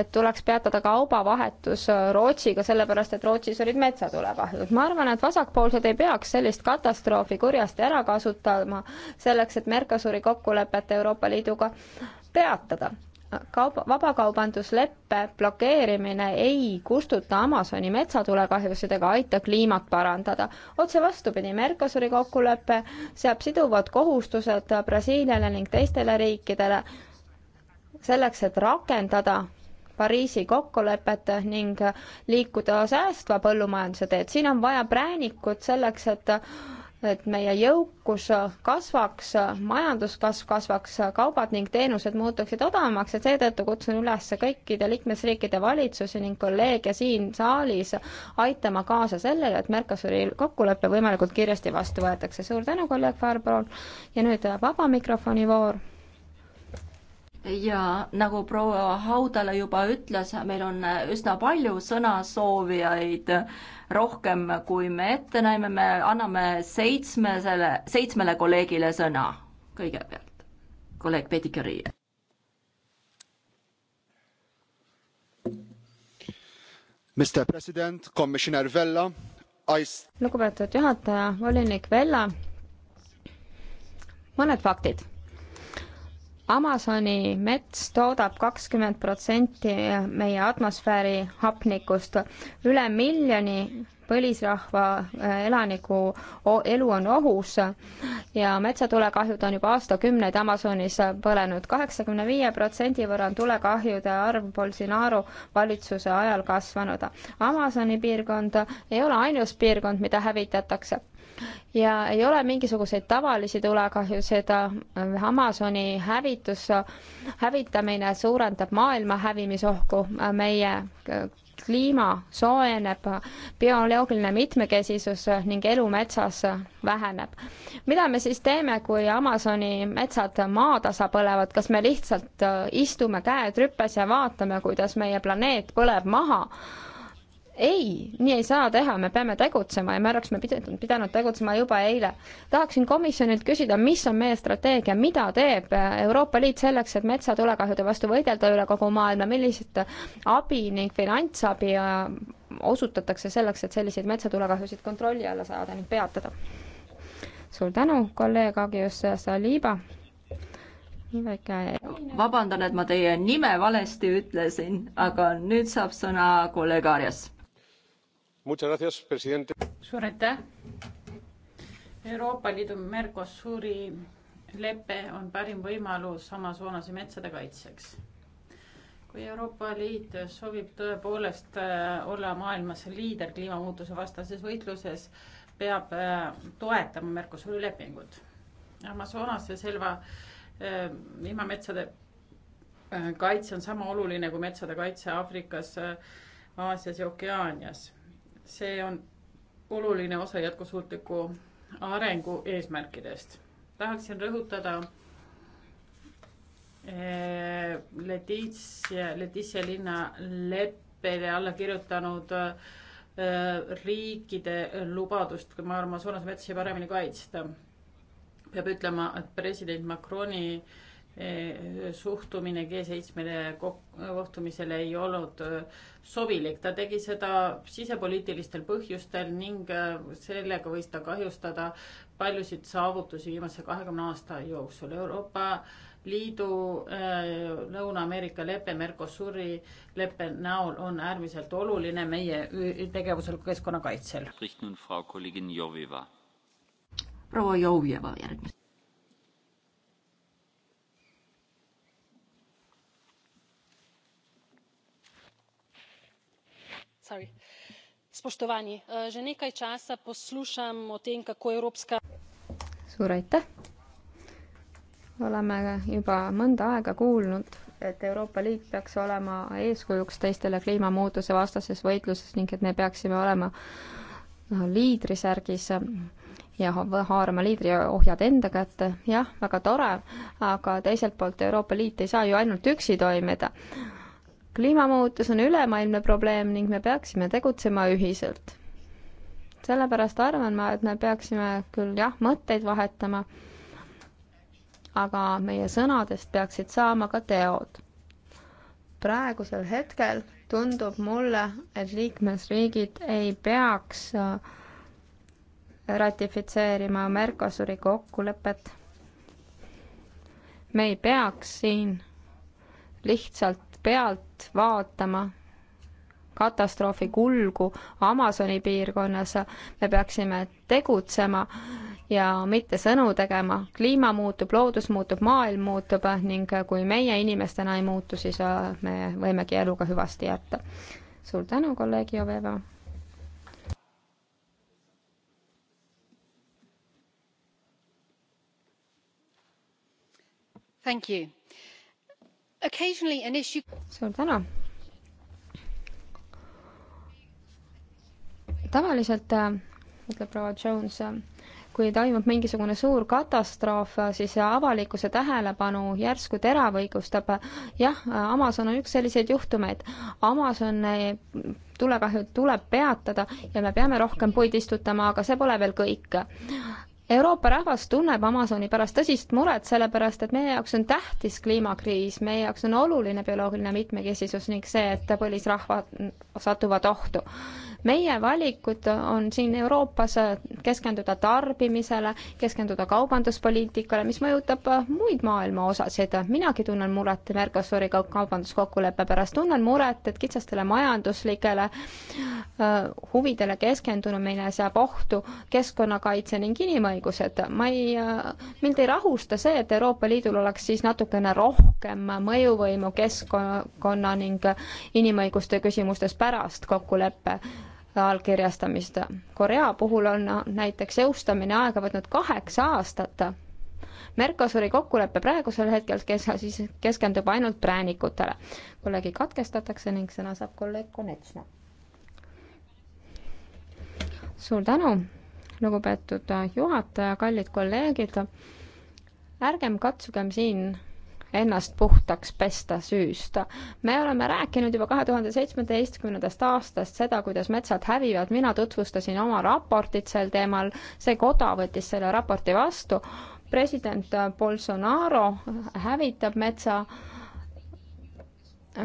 et tuleks peatada kaubavahetus Rootsiga, sellepärast et Rootsis olid metsatulekahjud. ma arvan, et vasakpoolsed ei peaks sellist katastroofi kurjasti ära kasutama selleks, et Mercosuri kokkulepet Euroopa Liiduga peatada kauba, vabakaubandusleppe blokeerimine ei kustuta Amazoni metsatulekahjusid ega aita kliimat parandada. otse vastupidi, Mercosuri kokkulepe seab siduvad kohustused Brasiiliale ning teistele riikidele selleks, et rakendada Pariisi kokkulepet ning liikuda säästva põllumajanduse teed. siin on vaja präänikut selleks, et et meie jõukus kasvaks, majanduskasv kasvaks, kaubad ning teenused muutuksid odavamaks ja seetõttu kutsun üles kõikide liikmesriikide valitsusi ning kolleege siin saalis aitama kaasa sellele, et Mercosuri kokkulepe võimalikult kiiresti vastu võetakse. suur tänu, kolleeg Farbrol ja nüüd vaba mikrofoni voor ja nagu proua Haudala juba ütles, meil on üsna palju sõnasoovijaid, rohkem kui me ette näeme, me anname seitsmesele, seitsmele kolleegile sõna kõigepealt. kolleeg Pedikeri. Mr President, Commissioner Vella, I lugupeetud juhataja, volinik Vella, mõned faktid Amazoni mets toodab kakskümmend protsenti meie atmosfääri hapnikust. üle miljoni põlisrahva äh, elaniku elu on ohus ja metsatulekahjud on juba aastakümneid Amazonis põlenud. kaheksakümne viie protsendi võrra on tulekahjude arv Bolsonaro valitsuse ajal kasvanud. Amazoni piirkond ei ole ainus piirkond, mida hävitatakse ja ei ole mingisuguseid tavalisi tulekahjusid, äh, Amazoni hävitus, hävitamine suurendab maailma hävimisohku, äh, meie äh, kliima soojeneb, bioloogiline mitmekesisus ning elu metsas väheneb. mida me siis teeme, kui Amazoni metsad maatasa põlevad, kas me lihtsalt istume käed rüpes ja vaatame, kuidas meie planeet põleb maha? ei, nii ei saa teha, me peame tegutsema ja me oleksime pidanud, pidanud tegutsema juba eile. tahaksin komisjonilt küsida, mis on meie strateegia, mida teeb Euroopa Liit selleks, et metsatulekahjude vastu võidelda üle kogu maailma, millist abi ning finantsabi äh, osutatakse selleks, et selliseid metsatulekahjusid kontrolli alla saada ning peatada? suur tänu, kolleeg Agius Saliba. Väike... vabandan, et ma teie nime valesti ütlesin, aga nüüd saab sõna kolleeg Arjas suur aitäh. Euroopa Liidu Mercosuri lepe on parim võimalus Amazonase metsade kaitseks. kui Euroopa Liit soovib tõepoolest äh, olla maailmas liider kliimamuutuse vastases võitluses, peab äh, toetama Mercosuri lepingut. Amazonase selva äh, ilmametsade kaitse on sama oluline kui metsade kaitse Aafrikas, Aasias ja Okeaanias see on oluline osa jätkusuutliku arengu eesmärkidest. tahaksin rõhutada eh, Letitsia, Letitsia linna leppele alla kirjutanud eh, riikide lubadust, kui ma arvan, Soonas metsi paremini kaitsta. peab ütlema, et president Macroni äh, Eh, suhtumine G7-le kohtumisele ei olnud eh, sobilik. ta tegi seda sisepoliitilistel põhjustel ning eh, sellega võis ta kahjustada paljusid saavutusi viimase kahekümne aasta jooksul. Euroopa Liidu Lõuna-Ameerika lepe, Mercosuri lepe näol on äärmiselt oluline meie tegevusel keskkonnakaitsel. proua Jovieva järgmisena spoštovani eh, že nekaj časa poslušam o tem kako evropska. suur aitäh! oleme juba mõnda aega kuulnud, et Euroopa Liit peaks olema eeskujuks teistele kliimamuutuse vastases võitluses ning et me peaksime olema liidrisärgis ja haarama liidriohjad enda kätte, jah, väga tore, aga teiselt poolt Euroopa Liit ei saa ju ainult üksi toimida kliimamuutus on ülemaailmne probleem ning me peaksime tegutsema ühiselt. sellepärast arvan ma, et me peaksime küll jah, mõtteid vahetama, aga meie sõnadest peaksid saama ka teod. praegusel hetkel tundub mulle, et liikmesriigid ei peaks äh, ratifitseerima Mercosuri kokkulepet. me ei peaks siin lihtsalt pealt vaatama katastroofi kulgu Amazoni piirkonnas, me peaksime tegutsema ja mitte sõnu tegema. kliima muutub, loodus muutub, maailm muutub ning kui meie inimestena ei muutu, siis äh, me võimegi eluga hüvasti jätta. suur tänu, kolleeg Joveva. Thank you. Occasionally an issue. suur tänu. tavaliselt äh, ütleb proua Jones, äh, kui toimub mingisugune suur katastroof, äh, siis avalikkuse tähelepanu järsku teravõigustab. jah, Amazon on üks selliseid juhtumeid. Amazon tulekahjud tuleb peatada ja me peame rohkem puid istutama, aga see pole veel kõik. Euroopa rahvas tunneb Amazoni pärast tõsist muret, sellepärast et meie jaoks on tähtis kliimakriis, meie jaoks on oluline bioloogiline mitmekesisus ning see, et põlisrahvad satuvad ohtu. meie valikud on siin Euroopas keskenduda tarbimisele, keskenduda kaubanduspoliitikale, mis mõjutab muid maailma osasid. minagi tunnen muret Mercosuri kaubanduskokkuleppe pärast, tunnen muret, et kitsastele majanduslikele äh, huvidele keskendumine seab ohtu keskkonnakaitse ning inimõigusi inimõigused. ma ei, mind ei rahusta see, et Euroopa Liidul oleks siis natukene rohkem mõjuvõimu keskkonna ning inimõiguste küsimustes pärast kokkuleppe allkirjastamist. Korea puhul on näiteks jõustamine aega võtnud kaheksa aastat. Mercosuri kokkulepe praegusel hetkel kes-, siis keskendub ainult präänikutele. kolleegi katkestatakse ning sõna saab kolleeg Konetsna. suur tänu lugupeetud äh, juhataja, kallid kolleegid, ärgem katsugem siin ennast puhtaks pesta süüst. me oleme rääkinud juba kahe tuhande seitsmeteistkümnendast aastast seda, kuidas metsad hävivad, mina tutvustasin oma raportit sel teemal, see koda võttis selle raporti vastu, president Bolsonaro hävitab metsa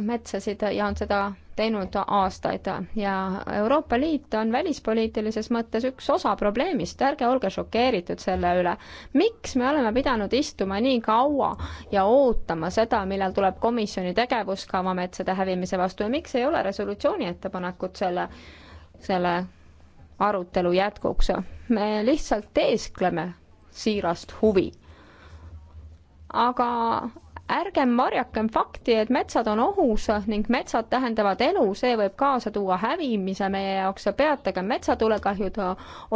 metsasid ja on seda teinud aastaid ja Euroopa Liit on välispoliitilises mõttes üks osa probleemist, ärge olge šokeeritud selle üle. miks me oleme pidanud istuma nii kaua ja ootama seda, millal tuleb komisjoni tegevuskava metsade hävimise vastu ja miks ei ole resolutsiooni ettepanekut selle, selle arutelu jätkuks? me lihtsalt teeskleme siirast huvi. aga ärgem varjakem fakti, et metsad on ohus ning metsad tähendavad elu, see võib kaasa tuua hävimise meie jaoks ja peatagem metsatulekahjud,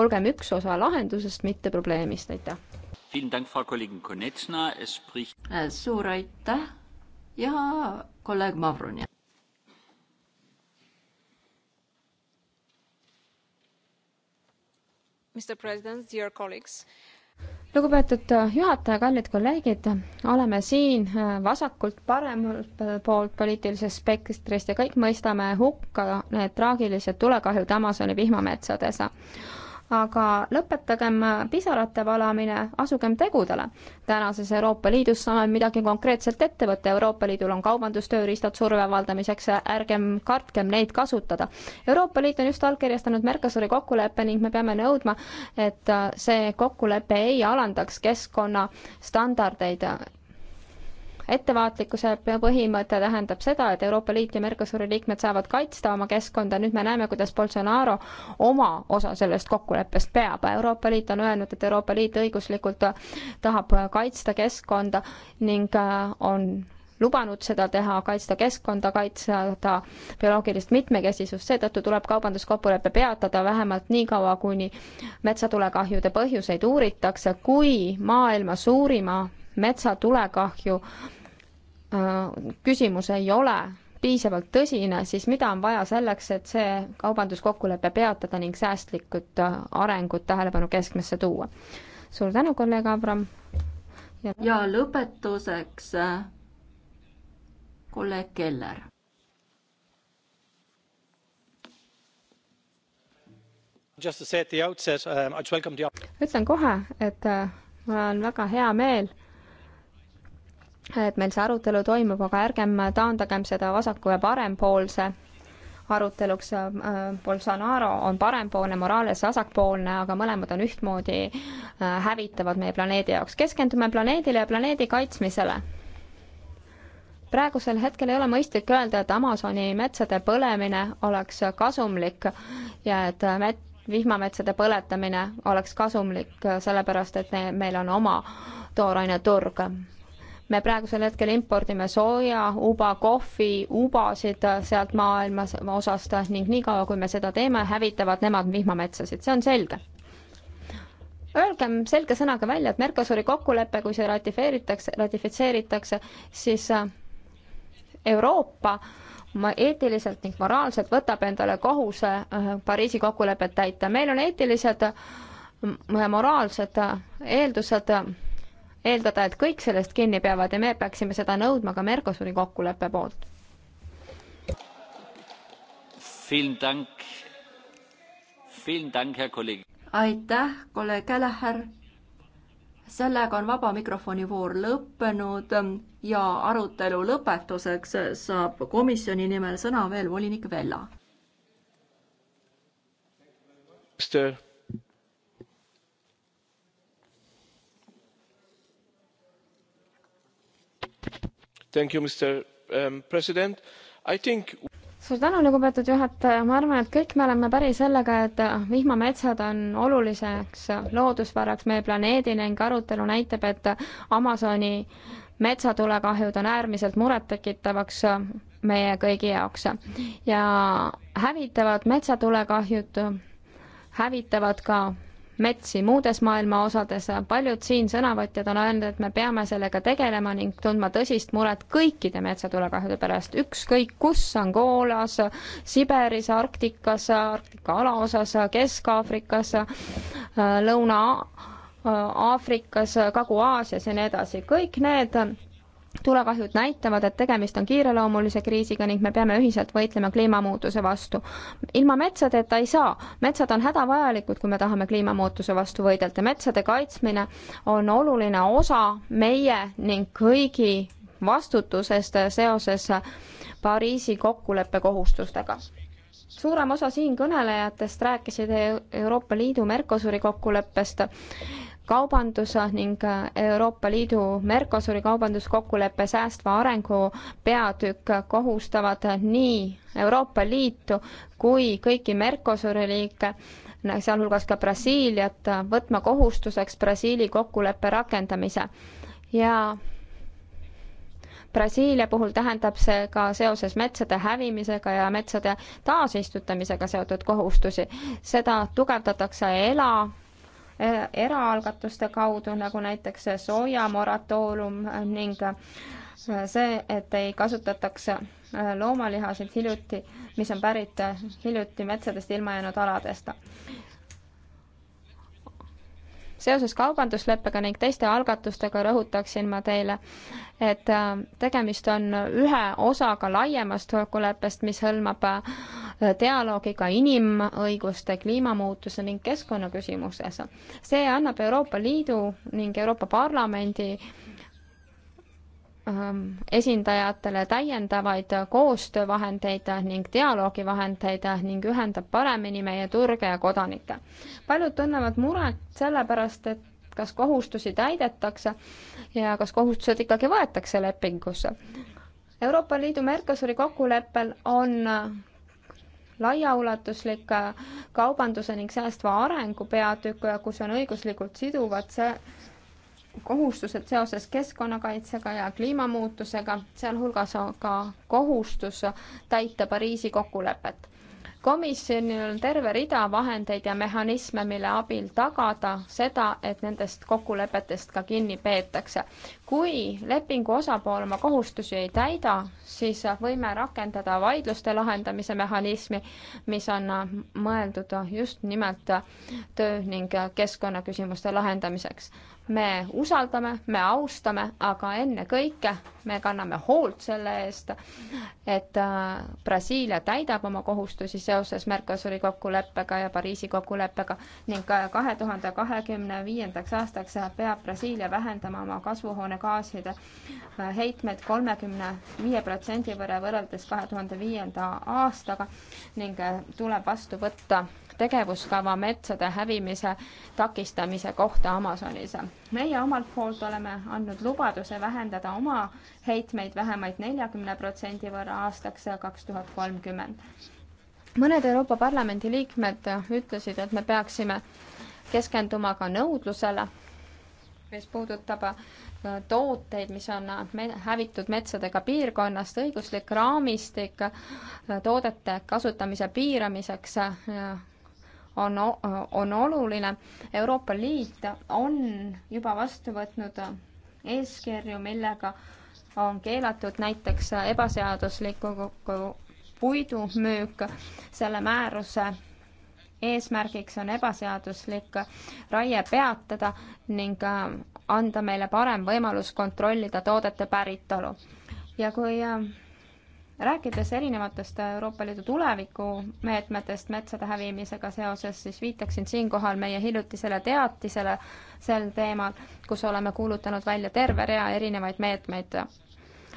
olgem üks osa lahendusest, mitte probleemist, aitäh. Äh, suur aitäh ja kolleeg Mavroni. Mr President, dear colleagues lugupeetud äh, juhataja, kallid kolleegid, oleme siin äh, vasakult paremalt poolt poliitilisest spektrist ja kõik mõistame hukka need traagilised tulekahjud Amazoni vihmametsades aga lõpetagem äh, pisarate valamine, asugem tegudele. tänases Euroopa Liidus saame midagi konkreetselt ette võtta, Euroopa Liidul on kaubandustööriistad surve avaldamiseks, äh, ärgem kartkem neid kasutada. Euroopa Liit on just allkirjastanud Mercosuri kokkuleppe ning me peame nõudma, et äh, see kokkulepe ei alandaks keskkonnastandardeid ettevaatlikkuse põhimõte tähendab seda, et Euroopa Liit ja Mercosuri liikmed saavad kaitsta oma keskkonda, nüüd me näeme, kuidas Bolsonaro oma osa sellest kokkuleppest peab. Euroopa Liit on öelnud, et Euroopa Liit õiguslikult tahab kaitsta keskkonda ning äh, on lubanud seda teha, kaitsta keskkonda, kaitsta bioloogilist mitmekesisust, seetõttu tuleb kaubanduskokkulepe peatada vähemalt niikaua, kuni metsatulekahjude põhjuseid uuritakse, kui maailma suurima metsatulekahju küsimus ei ole piisavalt tõsine, siis mida on vaja selleks, et see kaubanduskokkulepe peatada ning säästlikud arengud tähelepanu keskmesse tuua? suur tänu, kolleeg Abram ja...! ja lõpetuseks kolleeg Keller. Um, ütlen kohe, et mul on väga hea meel et meil see arutelu toimub, aga ärgem taandagem seda vasaku- ja parempoolse aruteluks. Bolsonaro on parempoolne, Morales vasakpoolne, aga mõlemad on ühtmoodi äh, hävitavad meie planeedi jaoks. keskendume planeedile ja planeedi kaitsmisele. praegusel hetkel ei ole mõistlik öelda, et Amazoni metsade põlemine oleks kasumlik ja et met-, vihmametsade põletamine oleks kasumlik, sellepärast et meil on oma tooraineturg me praegusel hetkel impordime sooja, uba, kohvi, ubasid sealt maailma osast ning niikaua, kui me seda teeme, hävitavad nemad vihmametsasid, see on selge. Öelgem selge sõnaga välja, et Mercosuri kokkulepe, kui see ratifeeritakse, ratifitseeritakse, siis äh, Euroopa ma eetiliselt ning moraalselt võtab endale kohuse äh, Pariisi kokkulepet täita. meil on eetilised ja moraalsed äh, eeldused eeldada, et kõik sellest kinni peavad ja me peaksime seda nõudma ka Mercosuri kokkuleppe poolt. aitäh, kolleeg Kälehär. sellega on vaba mikrofoni voor lõppenud ja arutelu lõpetuseks saab komisjoni nimel sõna veel volinik Vella. Mr Um, suur tänu, lugupeetud juhataja, ma arvan, et kõik me oleme päri sellega, et ah, vihmametsad on oluliseks loodusvaraks meie planeedi ning arutelu näitab, et ah, Amazoni metsatulekahjud on äärmiselt murettekitavaks ah, meie kõigi jaoks ja hävitavad metsatulekahjud hävitavad ka metsi muudes maailma osades. paljud siin sõnavõtjad on öelnud, et me peame sellega tegelema ning tundma tõsist muret kõikide metsatulekahjude pärast, ükskõik kus, Angolas, Siberis, Arktikas, Arktika alaosas, Kesk-Aafrikas, Lõuna-Aafrikas, Kagu-Aasias ja nii edasi, kõik need tulekahjud näitavad, et tegemist on kiireloomulise kriisiga ning me peame ühiselt võitlema kliimamuutuse vastu. ilma metsadeta ei saa, metsad on hädavajalikud, kui me tahame kliimamuutuse vastu võidelda. metsade kaitsmine on oluline osa meie ning kõigi vastutusest seoses Pariisi kokkuleppe kohustustega suurem osa siinkõnelejatest rääkisid Euroopa Liidu Mercosuri kokkuleppest kaubanduse ning äh, Euroopa Liidu Mercosuri kaubanduskokkuleppe säästva arengu peatükk kohustavad nii Euroopa Liitu kui kõiki Mercosuri liike, sealhulgas ka Brasiiliat, võtma kohustuseks Brasiili kokkuleppe rakendamise ja Brasiilia puhul tähendab see ka seoses metsade hävimisega ja metsade taasistutamisega seotud kohustusi. seda tugevdatakse ELA Eh, eraalgatuste kaudu, nagu näiteks soojamoratoorium ning eh, see, et ei kasutataks eh, loomalihasid hiljuti, mis on pärit hiljuti metsadest ilma jäänud aladest seoses kaubandusleppega ning teiste algatustega rõhutaksin ma teile, et äh, tegemist on ühe osaga laiemast kokkuleppest, mis hõlmab äh, dialoogi ka inimõiguste, kliimamuutuse ning keskkonnaküsimuses. see annab Euroopa Liidu ning Euroopa Parlamendi Ähm, esindajatele täiendavaid koostöövahendeid ning dialoogivahendeid ning ühendab paremini meie turge ja kodanikke. paljud tunnevad muret sellepärast, et kas kohustusi täidetakse ja kas kohustused ikkagi võetakse lepingusse. Euroopa Liidu Mercosuri kokkuleppel on laiaulatuslik kaubanduse ning säästva arengu peatükk, kus on õiguslikult siduvad see kohustused seoses keskkonnakaitsega ja kliimamuutusega, sealhulgas ka kohustus täita Pariisi kokkulepet. komisjonil on terve rida vahendeid ja mehhanisme, mille abil tagada seda, et nendest kokkulepetest ka kinni peetakse. kui lepingu osapool oma kohustusi ei täida, siis võime rakendada vaidluste lahendamise mehhanismi, mis on mõeldud just nimelt töö ning keskkonnaküsimuste lahendamiseks me usaldame, me austame, aga ennekõike me kanname hoolt selle eest, et äh, Brasiilia täidab oma kohustusi seoses Mercosuri kokkuleppega ja Pariisi kokkuleppega ning äh, kahe tuhande kahekümne viiendaks aastaks peab Brasiilia vähendama oma kasvuhoonegaaside äh, heitmeid kolmekümne viie protsendi võrra võrreldes kahe tuhande viienda aastaga ning tuleb vastu võtta tegevuskava metsade hävimise takistamise kohta Amazonis. meie omalt poolt oleme andnud lubaduse vähendada oma heitmeid vähemalt neljakümne protsendi võrra aastaks kaks tuhat kolmkümmend. mõned Euroopa Parlamendi liikmed ütlesid, et me peaksime keskenduma ka nõudlusele, mis puudutab äh, tooteid, mis on me-, äh, hävitud metsadega piirkonnast, õiguslik raamistik äh, toodete kasutamise piiramiseks on, on oluline. Euroopa Liit on juba vastu võtnud eeskirju, millega on keelatud näiteks ebaseadusliku puidumüük. selle määruse eesmärgiks on ebaseaduslik raie peatada ning äh, anda meile parem võimalus kontrollida toodete päritolu. ja kui äh, rääkides erinevatest Euroopa Liidu tulevikumeetmetest metsade hävimisega seoses, siis viitaksin siinkohal meie hiljutisele teatisele sel teemal, kus oleme kuulutanud välja terve rea erinevaid meetmeid.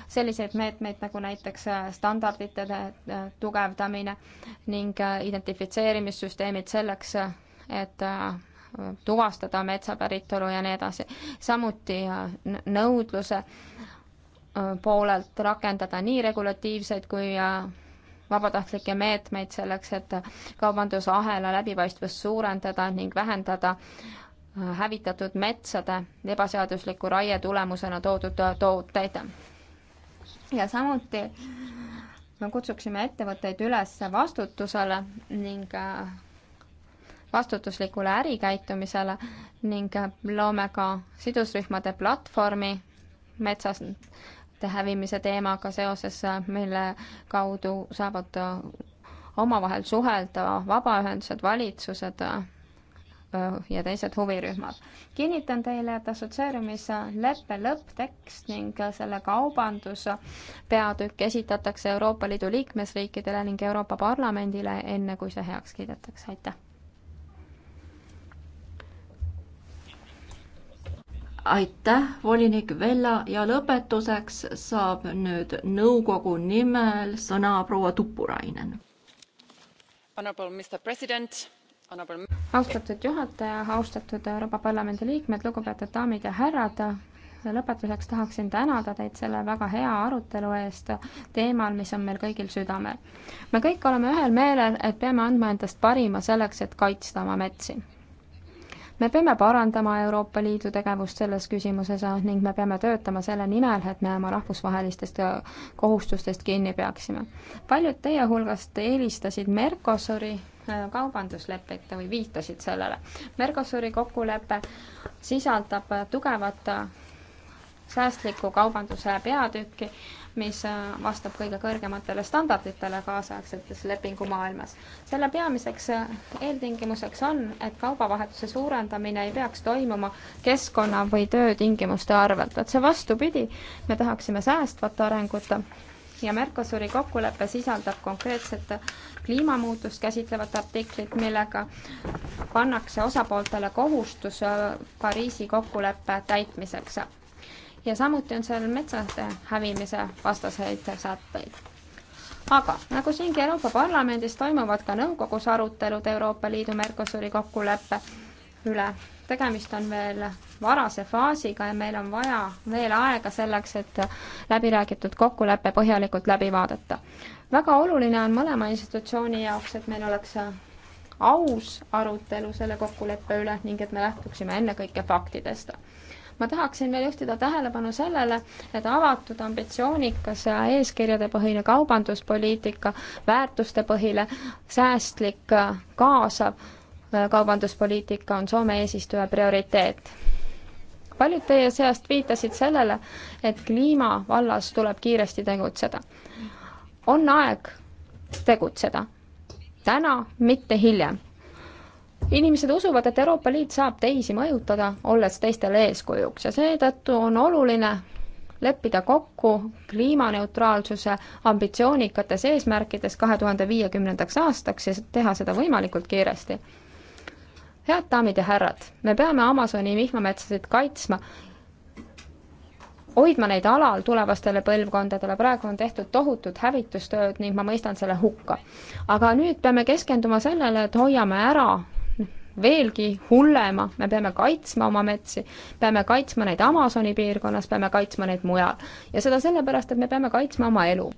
selliseid meetmeid nagu näiteks äh, standardite äh, tugevdamine ning äh, identifitseerimissüsteemid selleks, et tuvastada metsa päritolu ja nii edasi. samuti nõudluse Äh, poolelt rakendada nii regulatiivseid kui äh, vabatahtlikke meetmeid selleks, et kaubandusahela läbipaistvust suurendada ning vähendada äh, hävitatud metsade ebaseadusliku raie tulemusena toodud tooteid. ja samuti me kutsuksime ettevõtteid üles vastutusele ning vastutuslikule ärikäitumisele ning loome ka sidusrühmade platvormi metsas andmete hävimise teemaga seoses, mille kaudu saavad äh, omavahel suhelda vabaühendused, valitsused äh, ja teised huvirühmad. kinnitan teile, et assotsieerumisleppe lõpptekst ning selle kaubanduspeatükk esitatakse Euroopa Liidu liikmesriikidele ning Euroopa Parlamendile, enne kui see heaks kiidetakse, aitäh! aitäh, volinik Vella ja lõpetuseks saab nüüd nõukogu nimel sõna proua Tupurainen. austatud juhataja, austatud Euroopa Parlamendi liikmed, lugupeetud daamid ja härrad, lõpetuseks tahaksin tänada teid selle väga hea arutelu eest teemal, mis on meil kõigil südamel. me kõik oleme ühel meelel, et peame andma endast parima selleks, et kaitsta oma metsi me peame parandama Euroopa Liidu tegevust selles küsimuses ah, ning me peame töötama selle nimel, et me oma rahvusvahelistest äh, kohustustest kinni peaksime. paljud teie hulgast eelistasid Mercosuri äh, kaubanduslepet või viitasid sellele. Mercosuri kokkulepe sisaldab äh, tugevat säästliku kaubanduse peatükki, mis äh, vastab kõige kõrgematele standarditele kaasaegsetes lepingumaailmas. selle peamiseks äh, eeltingimuseks on, et kaubavahetuse suurendamine ei peaks toimuma keskkonna või töötingimuste arvelt, otse vastupidi, me tahaksime säästvat arengut ja Mercosuri kokkulepe sisaldab konkreetset kliimamuutust käsitlevat artiklit, millega pannakse osapooltele kohustus äh, Pariisi kokkuleppe täitmiseks ja samuti on seal metsade hävimise vastaseid sätteid. aga nagu siingi Euroopa Parlamendis toimuvad ka nõukogus arutelud Euroopa Liidu Mercosuri kokkuleppe üle. tegemist on veel varase faasiga ja meil on vaja veel aega selleks, et läbiräägitud kokkulepe põhjalikult läbi vaadata. väga oluline on mõlema institutsiooni jaoks, et meil oleks aus arutelu selle kokkuleppe üle ning et me lähtuksime ennekõike faktidest ma tahaksin veel juhtida tähelepanu sellele, et avatud, ambitsioonikas ja eeskirjadepõhine kaubanduspoliitika, väärtustepõhine, säästlik, kaasav äh, kaubanduspoliitika on Soome eesistuja prioriteet paljud teie seast viitasid sellele, et kliima vallas tuleb kiiresti tegutseda. on aeg tegutseda, täna, mitte hiljem inimesed usuvad, et Euroopa Liit saab teisi mõjutada, olles teistele eeskujuks ja seetõttu on oluline leppida kokku kliimaneutraalsuse ambitsioonikates eesmärkides kahe tuhande viiekümnendaks aastaks ja teha seda võimalikult kiiresti. head daamid ja härrad, me peame Amazoni vihmametsasid kaitsma, hoidma neid alal tulevastele põlvkondadele, praegu on tehtud tohutud hävitustööd ning ma mõistan selle hukka. aga nüüd peame keskenduma sellele, et hoiame ära veelgi hullema, me peame kaitsma oma metsi, peame kaitsma neid Amazoni piirkonnas, peame kaitsma neid mujal. ja seda sellepärast, et me peame kaitsma oma elu.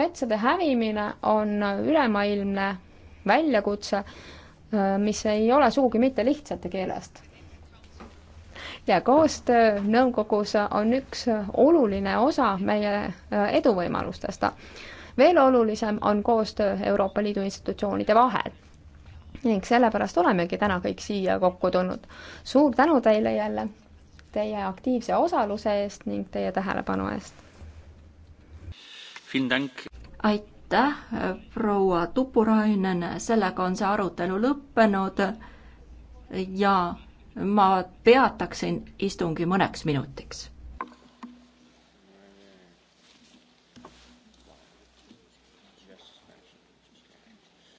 metsade hävimine on ülemaailmne väljakutse, mis ei ole sugugi mitte lihtsate keelest ja koostöö nõukogus on üks oluline osa meie äh, eduvõimalustest. veel olulisem on koostöö Euroopa Liidu institutsioonide vahel ning sellepärast olemegi täna kõik siia kokku tulnud. suur tänu teile jälle teie aktiivse osaluse eest ning teie tähelepanu eest. aitäh, proua Tupurainen, sellega on see arutelu lõppenud ja ma peataksin istungi mõneks minutiks